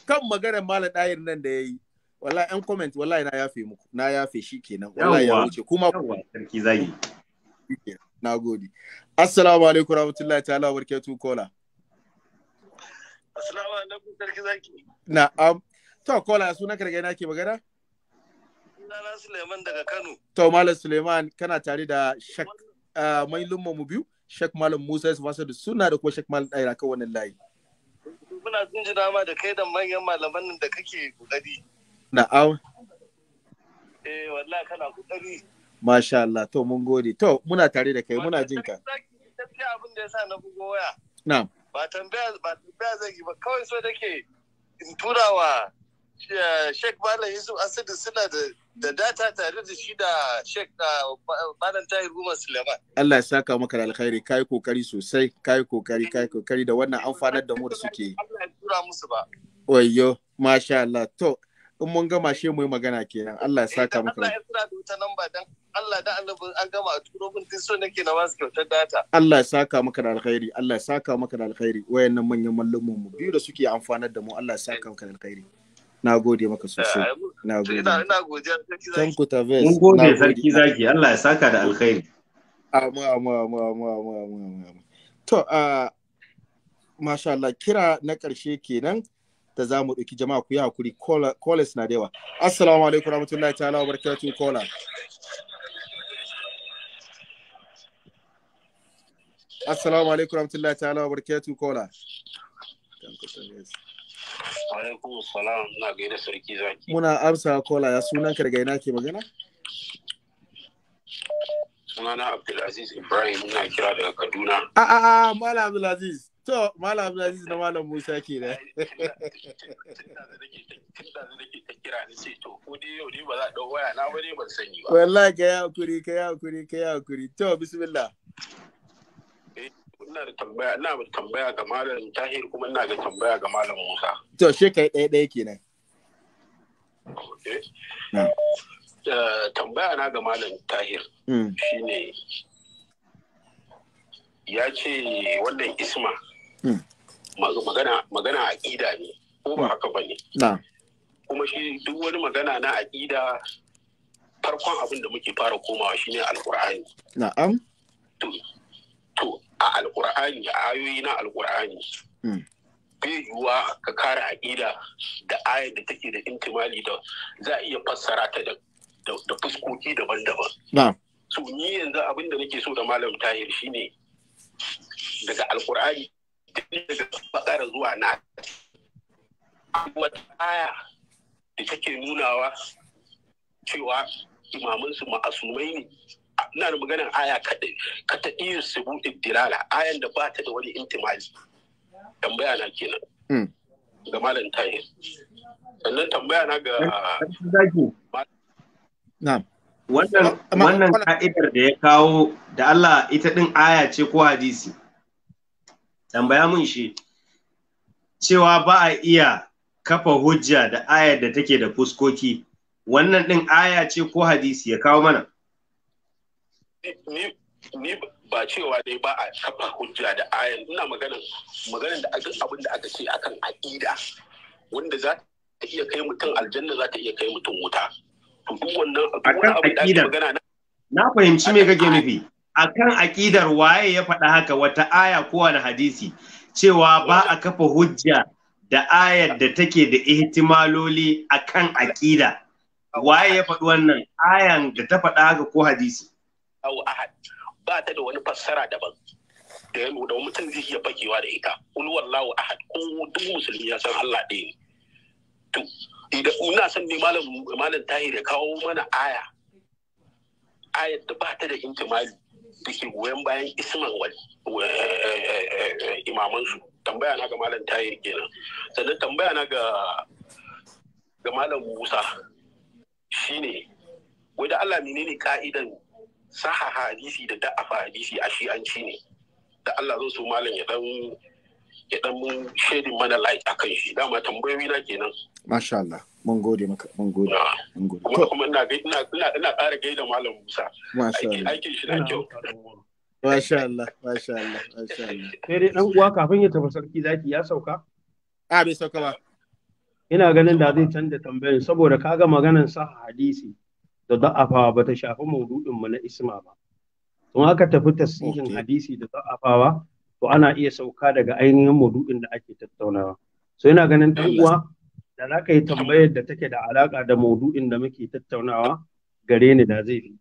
kan maganar malam ɗayar nan da yayi wallahi ɗan comment wallahi na yafe muku na yafe shi kenan wallahi ya wuce kuma sarki zagi nagode assalamu alaikum warahmatullahi ta'ala wa kola Assalamu alaikum sarki zaki. Na'am. To kola sunan karge na ke magana? Sunana Suleiman daga Kano. To Malam Suleiman kana tare da Shak ah, Mailun mu biyu, Shak Malam Musa Yusuf Asadu suna da kuma Shak Malam Daira kan wannan layi. Muna jin jina ma da kai da manyan malaman da kake kokari. Na'am. Eh wallahi kana kokari. Masha Allah, to mun gode. To muna tare da kai, muna jin ka. Gaskiya abin da ya sa na bugo waya. Na'am. ba tambaya ba tambaya zan yi ba kawai so ke in tura wa eh, Sheikh Malam Yusuf Asadi suna da da data tare da shi da Sheikh eh, Malam Tahir Umar Suleiman. Allah ya saka maka da alkhairi kai kokari sosai kai kokari kai kokari da wannan amfanar da mu da suke. Allah ya tura musu ba. wayyo masha Allah. To, in mun gama shi mu yi magana kenan Allah ya saka muku Allah ya tsira da wata namba dan Allah da annabi an gama a turo mun din nake na wasu su kyautar data Allah ya saka muku da alkhairi Allah ya saka muku da alkhairi wayannan manyan mallamun mu biyu da suke amfanar da mu Allah ya saka muku da alkhairi na gode maka sosai eh, na gode ina ina godiya sarki zaki tanku taves mun gode sarki zaki Allah ya saka da alkhairi amma amma amma amma amma amma to a ah, masha Allah kira na karshe kenan da za mu ɗauki jama'a ku yi hakuri callers na da yawa assalamu alaikum rahmatullahi ta'ala wa barakatuhu kola assalamu alaikum rahmatullahi ta'ala wa barakatuhu kola alaikum sarki zaki muna amsa kola ya sunan karga ina ke magana sunana abdulaziz ibrahim na kira daga kaduna A'a, mala abdulaziz To, Malam Abdulaziz na Malam Musa ke da. Wallahi ka yi hakuri, ka yi hakuri, ka yi hakuri. To, bismillah. Eh, ina da tambaya, ina da tambaya ga Malam Tahir kuma ina da tambaya ga Malam Musa. To, shi kai ɗaya ɗaya kenan. Eh, tambaya na ga Malam Tahir hmm. shi ne ya ce wannan isma Hmm. magana magana aƙida ne ko ba hmm. haka ba ne kuma shi duk wani magana na aƙida farkon abin da muke fara komawa shine alƙur'ani na'am to a alƙur'ani a ayoyi na alƙur'ani hmm. bai yiwuwa ka kare aƙida da ayar da take da intimali da za a iya fassara ta da fuskoki daban-daban so ni yanzu abin da nake so da malam tahir shine daga alƙur'ani bakara zuwa na wata aya da take nunawa cewa imamansu ma'asumai ne ina da maganar aya kaɗai ka ta iya subu dilala ayan da ba ta da wani intimaji tambaya na kenan hmm. ga malam tahir sannan tambaya na ga wannan ka'idar da ya kawo da Allah ita ɗin aya ce ko hadisi tambaya mun shi cewa ba a iya kafa hujja da ayar da take da fuskoki wannan din aya ce ko hadisi ya kawo mana ni ba cewa dai ba a kafa hujja da ayar ina magana maganan da abin da aka ce akan aƙida wanda za ta iya kai mutum aljanna za ta iya kai mutum wuta duk wannan abin na fahimci me kake nufi akan aƙidar waye ya faɗa haka wata aya ko wani hadisi cewa ba a kafa hujja da ayar da take da ihtimaloli akan aƙida waye ya faɗi wannan ayan da ta faɗa haka ko hadisi au ahad ba ta da wani fassara daban da ya da mutum zai iya bakewa da ita kul wallahu ahad ko duk musulmi ya san Allah ɗaya ne to idan ina son ne malam malam tahir ya kawo mana aya ayar da ba ta da ihtimali da ke goyon bayan isman eh, imamansu tambaya na ga malam tayir kenan sannan tambaya na ga ga malam musa shine wai da allah menene ka'idan saha hadisi da da'afa hadisi a shi'anci ne da allah zo su malam ya dan ya dan shedin mana light akan shi dama tambayoyi na kenan masha mun gode maka mun gode ah. mun gode kuma ina ina ina ƙara gaida malam Musa aikin shi da kyau Masha Allah, masha Allah, masha Allah. Sai dai dan uwa kafin ya tafi sarki zaki ya sauka? A ah, bai sauka ba. Ina ganin da zai canza tambayar saboda kaga maganar sa hadisi da da'afawa ba ta shafi maudu'in mu na isma ba. Don aka tafi tasirin hadisi da da'afawa to ana iya sauka daga ainihin maudu'in da ake tattaunawa. So ina ganin dan uwa da za ka yi tambayar da take da alaƙa da maudu'in da muke tattaunawa gare ni da zai fi.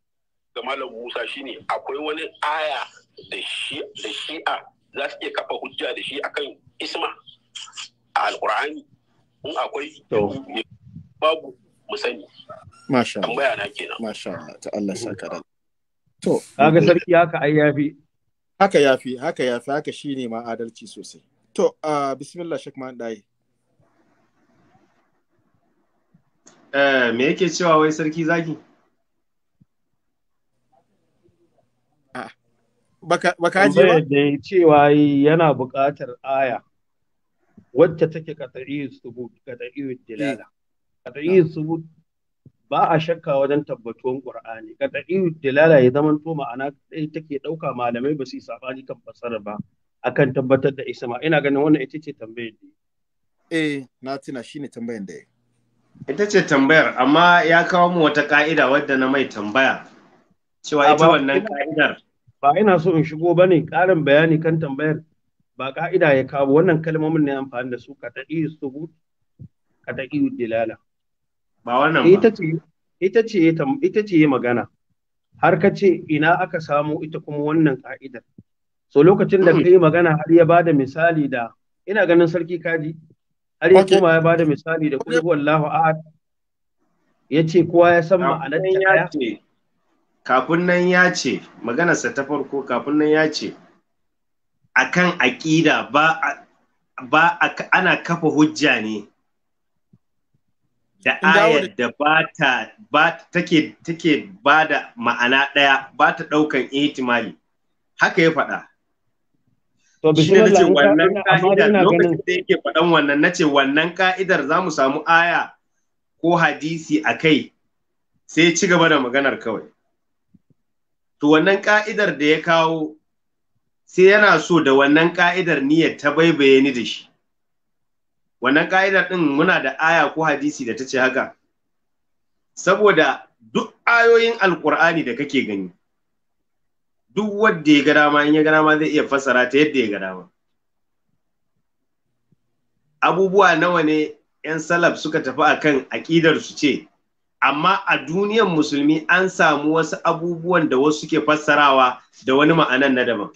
Malam Musa shi ne akwai wani aya da shi'a za su iya kafa hujja da shi akan isma a Alƙur'ani in akwai babu mu sani. Masha Tambaya na kenan. Masha Allah ta Allah saka da. To. Kaga sarki haka ai yafi. Haka yafi, haka yafi, haka shine ma adalci sosai. To, ah, bismillah Sheikh Mahmud Eh, me yake cewa wai sarki zaki? Ah, baka ji ba? Da cewa yana buƙatar aya wacce take katariyu subut, katariyu dilala. Katariyu hmm. subut ba a shakka wajen tabbatuwan Qur'ani. Katariyu dilala ya zama to ma'ana ɗaya take ɗauka malamai ba su yi saɓani kan fasara ba akan tabbatar da isma. Ina ganin wannan ita ce tambayar da Eh, na tuna shine tambayar da ya. ita ce tambayar amma ya kawo mu wata ka'ida wadda na mai tambaya cewa ita wannan ka'idar ba ina so in shigo ba ne ƙarin bayani kan tambayar ba ka'ida ya kawo wannan kalmomin ne amfani da su ka subut iya dilala ba wannan ba ita ce ita ce magana har ka ce ina aka samu ita kuma wannan ka'idar so lokacin da kai magana har ya bada misali da ina ganin sarki kaji har ya koma ya bada misali da kullu wallahu ahad yace kowa ya san ma'anar ta kafin nan ya ce maganarsa ta farko kafin nan ya ce akan aƙida ba ba ana kafa hujja ne da ayar da ba ta ba take take ba da ma'ana ɗaya ba ta ɗaukan ihtimali haka ya faɗa to bismillah wannan ka'idar lokacin da yake faɗan wannan nace wannan ka'idar za mu samu aya ko hadisi a kai sai ci gaba da maganar kawai to wannan ka'idar da ya kawo sai yana so da wannan ka'idar niyyar ta baibaye ni da shi wannan ka'idar din muna da aya ko hadisi da ta ce haka saboda duk ayoyin alkur'ani da kake gani duk wadda ya ga dama in ya ga dama zai iya fassara ta yadda ya ga dama abubuwa nawa ne 'yan salaf suka tafi akan aƙidar su ce amma a duniyar musulmi an samu wasu abubuwan da wasu suke fassarawa da wani ma'anan na daban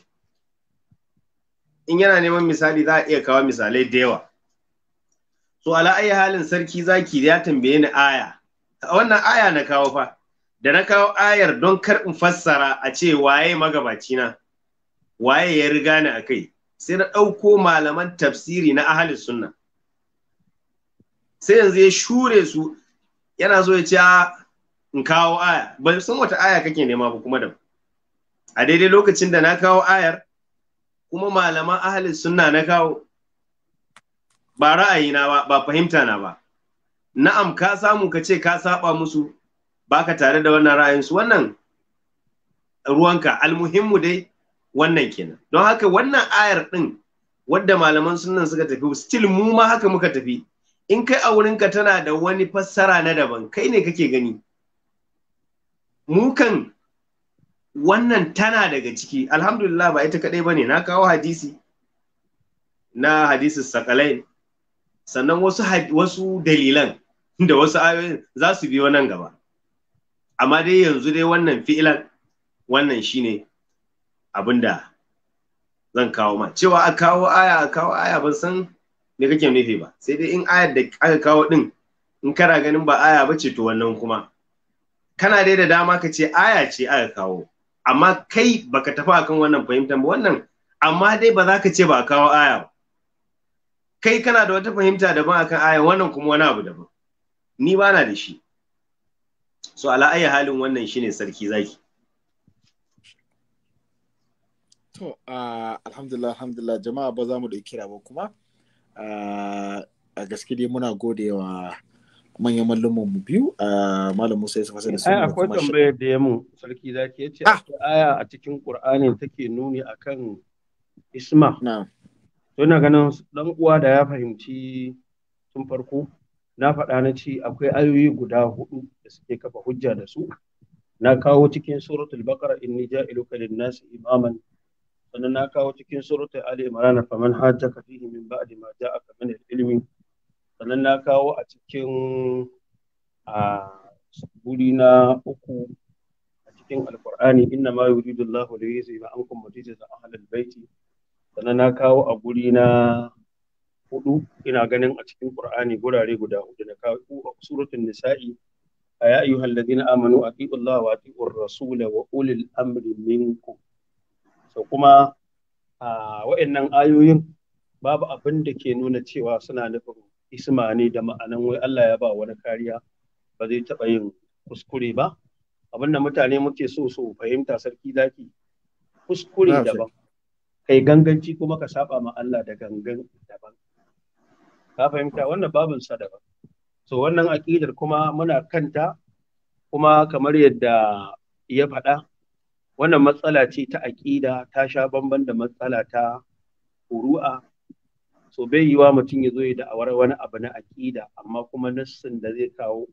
in yana neman misali za a iya kawo misalai da yawa to ala ayi halin sarki zaki ya tambaye ni aya wannan aya na kawo fa da na kawo ayar don kar in fassara a ce waye magabaci na waye ya riga ni a kai sai na ɗauko malaman tafsiri na ahali sunna sai yanzu ya shure su yana so ya ce in kawo aya ba san wata aya kake nema ba kuma da a daidai lokacin da na kawo ayar kuma malaman ahali sunna na kawo ba ra'ayina ba ba fahimta na ba na'am ka samu ka ce ka saba musu baka tare da wannan ra'ayin su wannan ruwanka almuhimmu dai wannan kenan don haka wannan ayar din wadda malaman sunan suka tafi still mu ma haka muka tafi in kai a wurinka tana da wani fassara na daban kai ne kake gani Mukan wannan tana daga ciki alhamdulillah ba ita kadai bane na kawo hadisi na hadisi sakalai sannan wasu wasu dalilan da wasu ayoyin za su biyo nan gaba amma dai yanzu dai wannan fi'ilan wannan shine abinda zan kawo ma cewa a kawo aya a kawo aya ban san me kake nufi ba sai dai in ayar da aka kawo din in kana ganin ba aya ba ce to wannan kuma kana dai da dama ka ce aya ce aka kawo amma kai baka tafi akan wannan fahimtar ba wannan amma dai ba za ka ce ba a kawo aya ba kai kana da wata fahimta daban akan aya wannan kuma wani abu daban ni ba na da shi so ala ayi halin wannan shine sarki zaki to alhamdulillah alhamdulillah jama'a ba za mu da kira ba kuma a gaske dai muna gode wa manyan mallumman mu biyu a malam Musa Yusuf fasa da sunan akwai tambayar da ya sarki zaki ya ce ah! aya a cikin Qur'ani take nuni akan isma na to ina ganin dan uwa da ya fahimci tun farko na faɗa na ce akwai ayoyi guda hudu da suke kafa hujja da su na kawo cikin suratul baqara inni ja'iluka lin-nasi imaman sannan na kawo cikin suratul ali imran faman hajjaka fihi min ba'di ma ja'aka min al-ilmi sannan na kawo a cikin a buri na uku a cikin alqur'ani inna ma yuridu Allahu li yuzhiba ankum rijza ahlal baiti sannan na kawo a guri na hudu ina ganin a cikin Qur'ani gurare guda hudu na ka suratul nisa'i ya ayyuhal ladina amanu atiullaha wa atiur rasula wa ulil amri minkum so kuma a wa'annan ayoyin babu abin da ke nuna cewa suna nufin isma da ma'anan wai Allah ya ba wani kariya ba zai taɓa yin kuskure ba abin da mutane muke so su fahimta sarki zaki kuskure daban kai ganganci kuma ka saba ma Allah da gangan daban ka fahimta wannan babin sa daban so wannan aƙidar kuma muna kanta kuma kamar yadda ya faɗa wannan matsala ce ta aƙida ta sha bamban da matsala ta furu'a so bai yiwa mutum ya zo ya da'awar wani abu na aƙida amma kuma nassin da zai kawo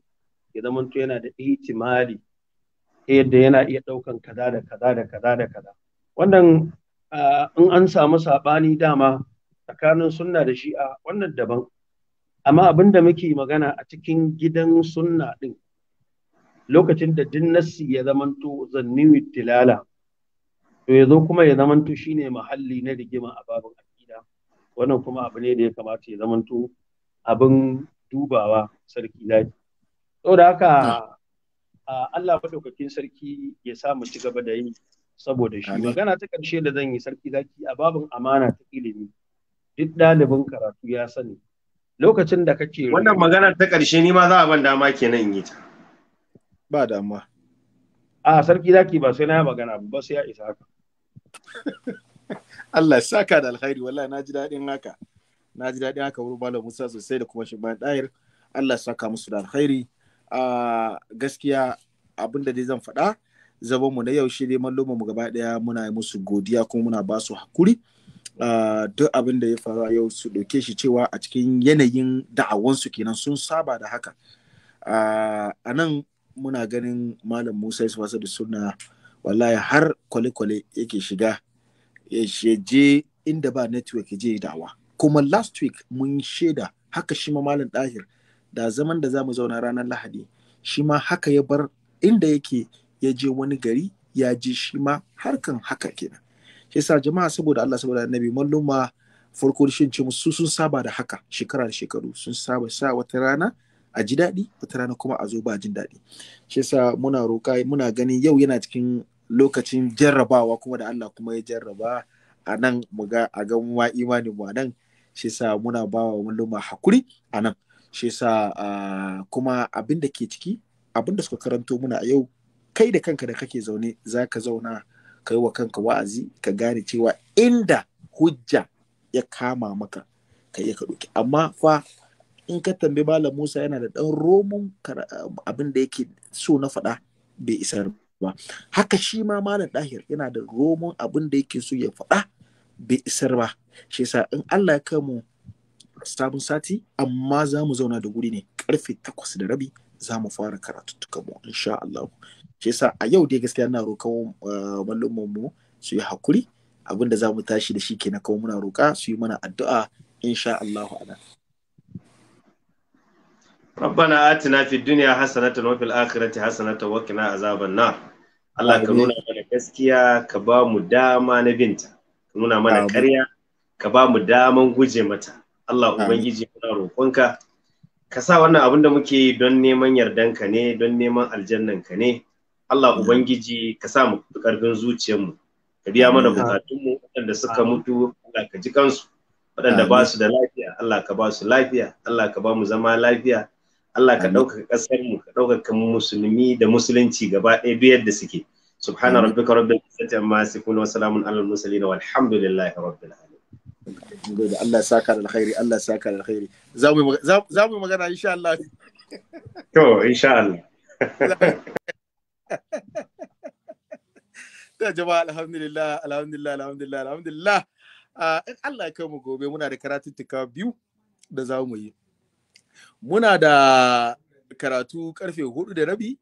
ya zama zamanto yana da ihtimali ta yadda yana iya ɗaukan kaza da kaza da kaza da kaza wannan ah, in an samu saɓani dama tsakanin sunna da shi'a wannan daban amma abin da muke magana a cikin gidan sunna ɗin lokacin da dinnasi ya zamanto zanniwi tilala to ya zo kuma ya zamanto shine mahalli na rigima a babin aƙida wannan kuma abu ne da ya kamata ya zamanto abin dubawa sarki lafi saboda haka Allah madaukakin sarki ya sa mu ci gaba da yi saboda shi magana ta ƙarshe da zan yi sarki zaki a babin amana ta ilimi duk ɗalibin karatu ya sani lokacin da kake wannan magana ta ƙarshe ni ma za a ban dama kenan in yi ta ba dama a sarki zaki ba sai na magana ba sai ya isa haka Allah saka da alkhairi wallahi na ji daɗin haka na ji daɗin haka wurin malam Musa sosai da kuma shi ɗayar Allah saka musu da alkhairi a gaskiya abin da dai zan faɗa zaban mu na yau shi dai mallomo mu gaba ɗaya muna musu godiya kuma muna ba su hakuri duk abin da ya faru a yau su ɗauke shi cewa a cikin yanayin da'awansu kenan sun saba da haka a nan muna ganin malam musa ya wasa da suna wallahi har kwale-kwale yake shiga ya je inda ba network ya je da'awa kuma last week mun shaida haka shi ma malam ɗahir da zaman da za mu zauna ranar lahadi shi ma haka ya bar inda yake ya je wani gari ya ji shi ma harkan haka kenan yasa jama'a saboda Allah saboda annabi malluma farko shin ce musu sun saba da haka shekara da shekaru sun saba sa wata rana a ji daɗi wata rana kuma a zo ba jin daɗi shi yasa muna roƙa muna ganin yau yana cikin lokacin jarrabawa kuma da Allah kuma ya jarraba a nan mu ga a ga mu imani mu a nan shi yasa muna ba wa malluma hakuri a nan shi yasa kuma abin da ke ciki abin da suka karanto muna a yau kai da kanka da kake zaune zaka zauna ka yi wa kanka wa'azi ka gane cewa inda hujja ya kama maka ka iya ka ɗauki amma fa in ka tambi malam musa yana da ɗan romun abin da yake so na faɗa bai isar ba haka shi ma malam ɗahir yana da romon abin da yake so ya faɗa bai isar ba shi yasa in allah ya kai mu sabon sati amma za mu zauna da wuri ne karfe takwas da rabi za mu fara karatu mu insha Allah shi yasa a yau dai gaskiya na roƙon eh, mallumman mu su yi hakuri abin da za mu tashi da shi ke na kawo muna roƙa su yi mana addu'a insha Allah ana ربنا آتنا في wa fil akhirati الآخرة wa qina azaban nar. Allah ka nuna mana gaskiya ka ba mu dama na binta ka nuna mana karya ka ba mu daman guje mata Allah ubangiji muna roƙonka ka sa wannan abin da muke yi don neman yardanka ne don neman aljannanka ne Allah Ubangiji ka sa mu karfin zuciyarmu ka biya mana bukatunmu waɗanda suka mutu Allah ka ji kansu waɗanda ba su da lafiya Allah ka ba su lafiya Allah ka ba mu zama lafiya Allah ka ɗaukaka ƙasarmu ka ɗaukaka musulmi da musulunci gaba ɗaya biyar da suke subhana rabbika rabbil izzati amma yasifun wa salamun alal mursalin walhamdulillahi rabbil alamin Allah ya saka alkhairi Allah ya saka alkhairi za mu yi magana insha Allah to insha Allah da jama'a alhamdulillah alhamdulillah alhamdulillah alhamdulillah ah, in Allah ya kai mu gobe muna da karatuttuka biyu da za mu yi muna da karatu karfe hudu da rabi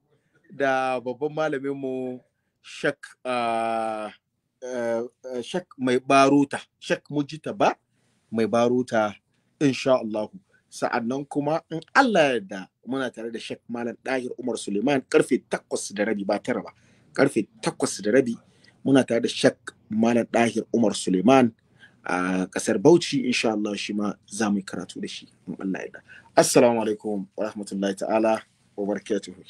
da babban malaminmu shak ah, eh, eh, shak mai baruta shak mujita ba mai baruta insha Allahu sa'annan kuma in Allah yarda muna tare da Sheikh Malam Dahir Umar Suleiman karfe 8 da rabi ba tara ba karfe 8 da rabi muna tare da Sheikh Malam Dahir Umar Suleiman a kasar Bauchi insha Allah shi ma za mu karatu da shi in Allah yarda assalamu alaikum wa rahmatullahi ta'ala wa barakatuhu